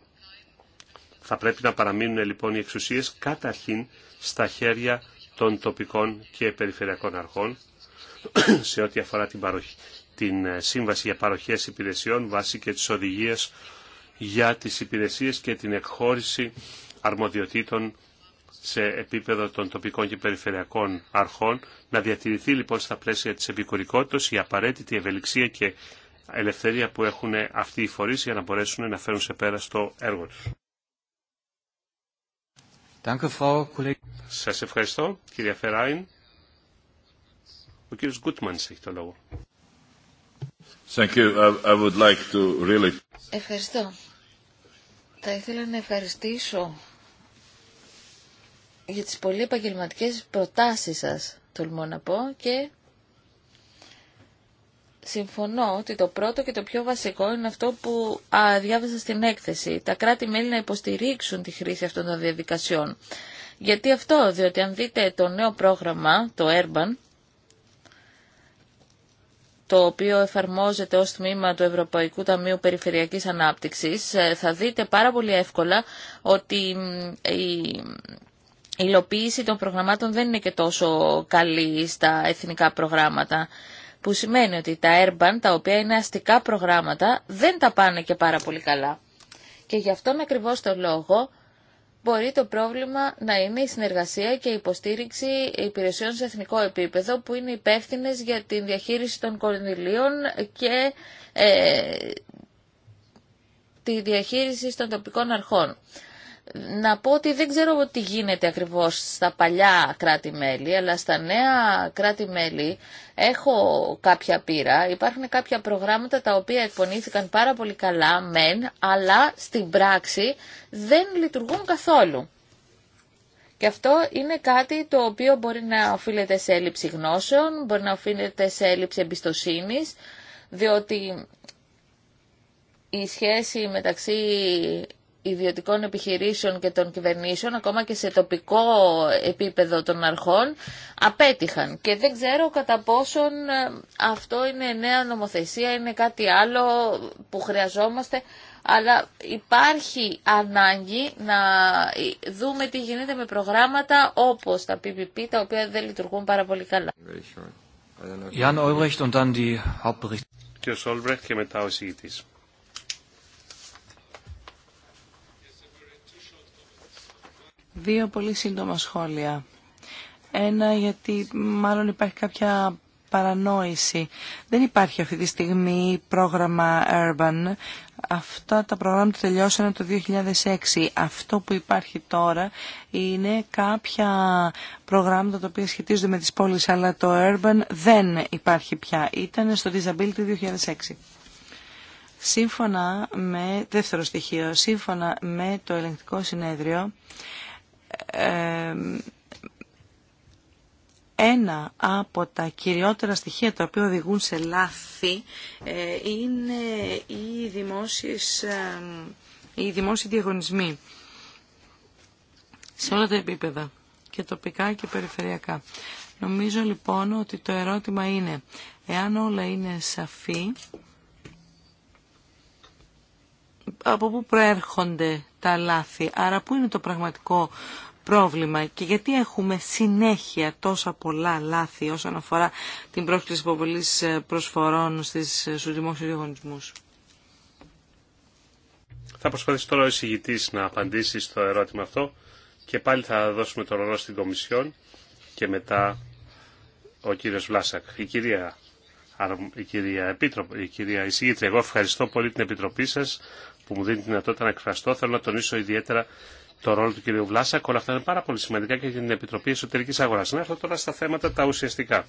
Θα πρέπει να παραμείνουν λοιπόν οι εξουσίες καταρχήν στα χέρια των τοπικών και περιφερειακών αρχών σε ό,τι αφορά την, ε, σύμβαση για παροχές υπηρεσιών βάσει και τις οδηγίες για τις υπηρεσίες και την εκχώρηση αρμοδιοτήτων σε επίπεδο των τοπικών και περιφερειακών αρχών, να διατηρηθεί λοιπόν στα πλαίσια της επικουρικότητας η απαραίτητη ευελιξία και ελευθερία που έχουν αυτοί οι φορείς για να μπορέσουν να φέρουν σε πέρα στο έργο τους. Σας ευχαριστώ, κύριε Φεράιν. Ο κύριος Γκουτμάν έχει το λόγο. Ευχαριστώ. Θα ήθελα να ευχαριστήσω για τις πολύ επαγγελματικέ προτάσεις σας, τολμώ να πω, και συμφωνώ ότι το πρώτο και το πιο βασικό είναι αυτό που α, διάβασα στην έκθεση. Τα κράτη-μέλη να υποστηρίξουν τη χρήση αυτών των διαδικασιών. Γιατί αυτό, διότι αν δείτε το νέο πρόγραμμα, το Urban, το οποίο εφαρμόζεται ως τμήμα του Ευρωπαϊκού Ταμείου Περιφερειακής Ανάπτυξης, ε, θα δείτε πάρα πολύ εύκολα ότι η υλοποίηση των προγραμμάτων δεν είναι και τόσο καλή στα εθνικά προγράμματα που σημαίνει ότι τα urban, τα οποία είναι αστικά προγράμματα, δεν τα πάνε και πάρα πολύ καλά. Και γι' αυτόν ακριβώς το λόγο μπορεί το πρόβλημα να είναι η συνεργασία και η υποστήριξη υπηρεσιών σε εθνικό επίπεδο που είναι υπεύθυνε για την διαχείριση των κονδυλίων και ε, τη διαχείριση των τοπικών αρχών να πω ότι δεν ξέρω τι γίνεται ακριβώς στα παλιά κράτη-μέλη, αλλά στα νέα κράτη-μέλη έχω κάποια πείρα. Υπάρχουν κάποια προγράμματα τα οποία εκπονήθηκαν πάρα πολύ καλά, μεν, αλλά στην πράξη δεν λειτουργούν καθόλου. Και αυτό είναι κάτι το οποίο μπορεί να οφείλεται σε έλλειψη γνώσεων, μπορεί να οφείλεται σε έλλειψη εμπιστοσύνης, διότι η σχέση μεταξύ ιδιωτικών επιχειρήσεων και των κυβερνήσεων, ακόμα και σε τοπικό επίπεδο των αρχών, απέτυχαν. Και δεν ξέρω κατά πόσον ε, αυτό είναι νέα νομοθεσία, είναι κάτι άλλο που χρειαζόμαστε, αλλά υπάρχει ανάγκη να δούμε τι γίνεται με προγράμματα όπως τα PPP, τα οποία δεν λειτουργούν πάρα πολύ καλά. Jan Olbrecht και μετά ο Δύο πολύ σύντομα σχόλια. Ένα γιατί μάλλον υπάρχει κάποια παρανόηση. Δεν υπάρχει αυτή τη στιγμή πρόγραμμα Urban. Αυτά τα προγράμματα τελειώσανε το 2006. Αυτό που υπάρχει τώρα είναι κάποια προγράμματα τα οποία σχετίζονται με τις πόλεις, αλλά το Urban δεν υπάρχει πια. Ήταν στο Disability 2006. Σύμφωνα με, δεύτερο στοιχείο, σύμφωνα με το ελεγκτικό συνέδριο, ε, ένα από τα κυριότερα στοιχεία τα οποία οδηγούν σε λάθη ε, είναι οι, δημόσιες, ε, οι δημόσιοι διαγωνισμοί σε όλα τα επίπεδα και τοπικά και περιφερειακά. Νομίζω λοιπόν ότι το ερώτημα είναι εάν όλα είναι σαφή από πού προέρχονται τα λάθη, άρα πού είναι το πραγματικό πρόβλημα και γιατί έχουμε συνέχεια τόσα πολλά λάθη όσον αφορά την πρόσκληση υποβολή ε, προσφορών στις, ε, στους δημόσιους Θα προσπαθήσει τώρα ο εισηγητή να απαντήσει στο ερώτημα αυτό και πάλι θα δώσουμε το ρόλο στην Κομισιόν και μετά ο κύριος Βλάσακ. Η κυρία, η κυρία, η κυρία εισηγήτρια, εγώ ευχαριστώ πολύ την Επιτροπή σας που μου δίνει τη δυνατότητα να εκφραστώ. Θέλω να τονίσω ιδιαίτερα το ρόλο του κ. Βλάσακ. Όλα αυτά είναι πάρα πολύ σημαντικά και για την Επιτροπή Εσωτερική Αγορά. Να έρθω τώρα στα θέματα τα ουσιαστικά.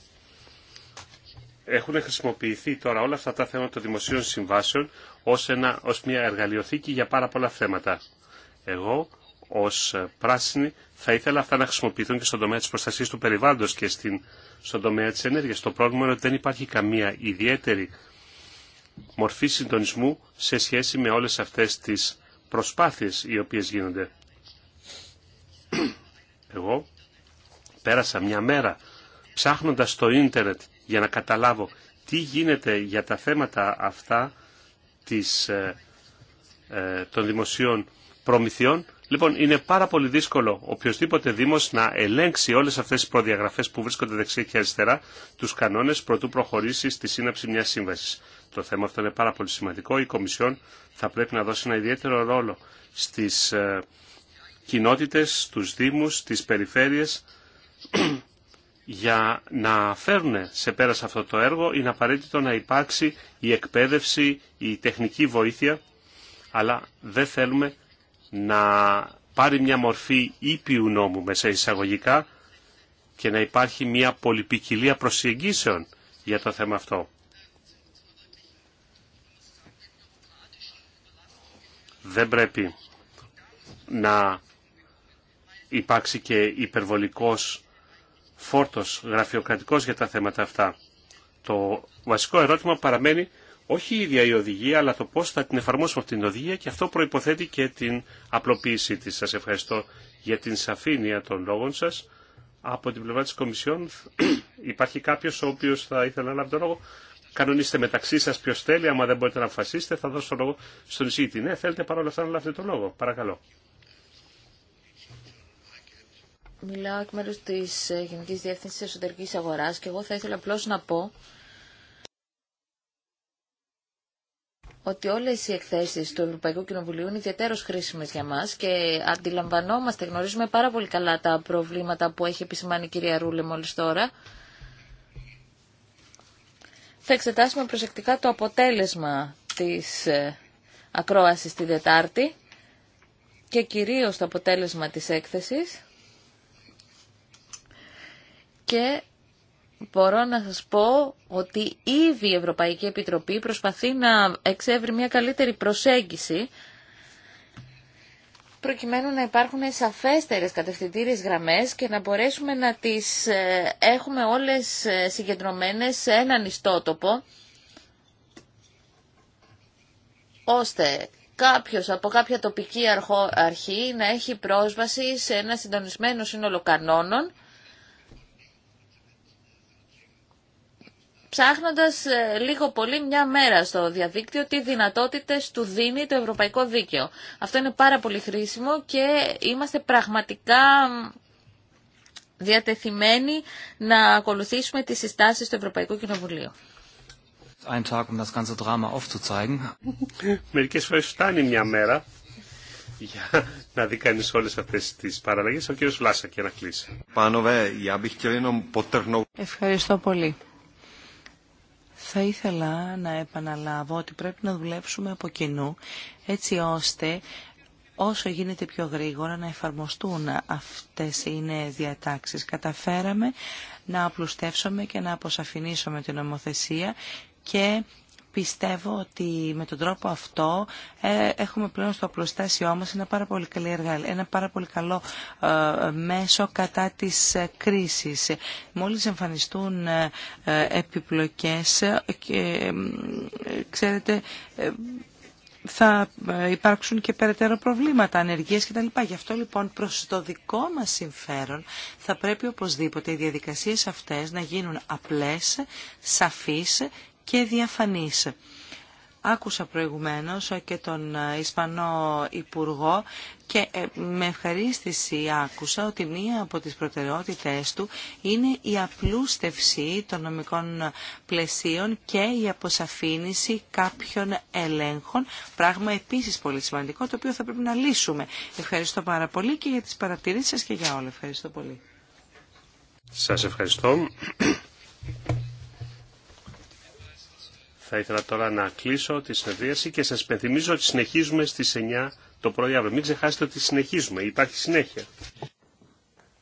Έχουν χρησιμοποιηθεί τώρα όλα αυτά τα θέματα των δημοσίων συμβάσεων ως, ως μια εργαλειοθήκη για πάρα πολλά θέματα. Εγώ ως πράσινη θα ήθελα αυτά να χρησιμοποιηθούν και στον τομέα της προστασίας του περιβάλλοντος και στην, στον τομέα της ενέργειας. Το πρόβλημα είναι ότι δεν υπάρχει καμία ιδιαίτερη μορφή συντονισμού σε σχέση με όλες αυτές τις προσπάθειες οι οποίε γίνονται. Εγώ πέρασα μια μέρα ψάχνοντας στο ίντερνετ για να καταλάβω τι γίνεται για τα θέματα αυτά της, ε, ε, των δημοσίων προμηθειών. Λοιπόν, είναι πάρα πολύ δύσκολο οποιοδήποτε Δήμος να ελέγξει όλες αυτές τις προδιαγραφές που βρίσκονται δεξιά και αριστερά, τους κανόνες προτού προχωρήσει στη σύναψη μιας σύμβασης. Το θέμα αυτό είναι πάρα πολύ σημαντικό. Η Κομισιόν θα πρέπει να δώσει ένα ιδιαίτερο ρόλο στις ε, κοινότητες, τους δήμους, τις περιφέρειες για να φέρουν σε πέρα σε αυτό το έργο είναι απαραίτητο να υπάρξει η εκπαίδευση, η τεχνική βοήθεια αλλά δεν θέλουμε να πάρει μια μορφή ήπιου νόμου μέσα εισαγωγικά και να υπάρχει μια πολυπικιλία προσεγγίσεων για το θέμα αυτό. Δεν πρέπει να υπάρξει και υπερβολικός φόρτος γραφειοκρατικός για τα θέματα αυτά. Το βασικό ερώτημα παραμένει όχι η ίδια η οδηγία, αλλά το πώς θα την εφαρμόσουμε από την οδηγία και αυτό προϋποθέτει και την απλοποίησή της. Σας ευχαριστώ για την σαφήνεια των λόγων σας. Από την πλευρά της Κομισιόν υπάρχει κάποιος ο οποίος θα ήθελε να λάβει τον λόγο. Κανονίστε μεταξύ σα ποιο θέλει, άμα δεν μπορείτε να αποφασίσετε θα δώσω λόγο στον εισηγητή. Ναι, θέλετε παρόλα αυτά να λάβετε τον λόγο. Παρακαλώ. Μιλάω εκ μέρους της ε, Γενικής Διεύθυνσης Εσωτερικής Αγοράς και εγώ θα ήθελα απλώ να πω ότι όλες οι εκθέσεις του Ευρωπαϊκού Κοινοβουλίου είναι ιδιαίτερως χρήσιμες για μας και αντιλαμβανόμαστε, γνωρίζουμε πάρα πολύ καλά τα προβλήματα που έχει επισημάνει η κυρία Ρούλε μόλις τώρα. Θα εξετάσουμε προσεκτικά το αποτέλεσμα της ε, ακρόασης τη Δετάρτη και κυρίως το αποτέλεσμα της έκθεσης και μπορώ να σας πω ότι ήδη η Ευρωπαϊκή Επιτροπή προσπαθεί να εξεύρει μια καλύτερη προσέγγιση προκειμένου να υπάρχουν σαφέστερες κατευθυντήριες γραμμές και να μπορέσουμε να τις ε, έχουμε όλες ε, συγκεντρωμένες σε έναν ιστότοπο ώστε κάποιος από κάποια τοπική αρχή να έχει πρόσβαση σε ένα συντονισμένο σύνολο κανόνων ψάχνοντας ε, λίγο πολύ μια μέρα στο διαδίκτυο τι δυνατότητες του δίνει το ευρωπαϊκό δίκαιο. Αυτό είναι πάρα πολύ χρήσιμο και είμαστε πραγματικά διατεθειμένοι να ακολουθήσουμε τις συστάσεις του Ευρωπαϊκού Κοινοβουλίου. Um Μερικές φορές φτάνει μια μέρα για να δει κανεί όλες αυτές τις παραλλαγές. Ο κύριο Λάσα και να κλείσει. Ευχαριστώ πολύ. Θα ήθελα να επαναλάβω ότι πρέπει να δουλέψουμε από κοινού έτσι ώστε όσο γίνεται πιο γρήγορα να εφαρμοστούν αυτές οι νέες διατάξεις. Καταφέραμε να απλουστεύσουμε και να αποσαφηνίσουμε την νομοθεσία και Πιστεύω ότι με τον τρόπο αυτό ε, έχουμε πλέον στο απλοστάσιό μας ένα πάρα πολύ ένα καλό ε, μέσο κατά της ε, κρίσης. Μόλις εμφανιστούν επιπλοκές, ξέρετε, θα υπάρξουν και περαιτέρω προβλήματα, ανεργίες κτλ. Γι' αυτό λοιπόν προς το δικό μας συμφέρον θα πρέπει οπωσδήποτε οι διαδικασίες αυτές να γίνουν απλές, σαφείς και διαφανής. Άκουσα προηγουμένως και τον ε, Ισπανό Υπουργό και ε, με ευχαρίστηση άκουσα ότι μία από τις προτεραιότητες του είναι η απλούστευση των νομικών πλαισίων και η αποσαφήνιση κάποιων ελέγχων, πράγμα επίσης πολύ σημαντικό το οποίο θα πρέπει να λύσουμε. Ευχαριστώ πάρα πολύ και για τις παρατηρήσεις σας και για όλα. Ευχαριστώ πολύ. Σας ευχαριστώ. Θα ήθελα τώρα να κλείσω τη συνεδρίαση και σας πενθυμίζω ότι συνεχίζουμε στις 9 το πρωί αύριο. Μην ξεχάσετε ότι συνεχίζουμε, υπάρχει συνέχεια.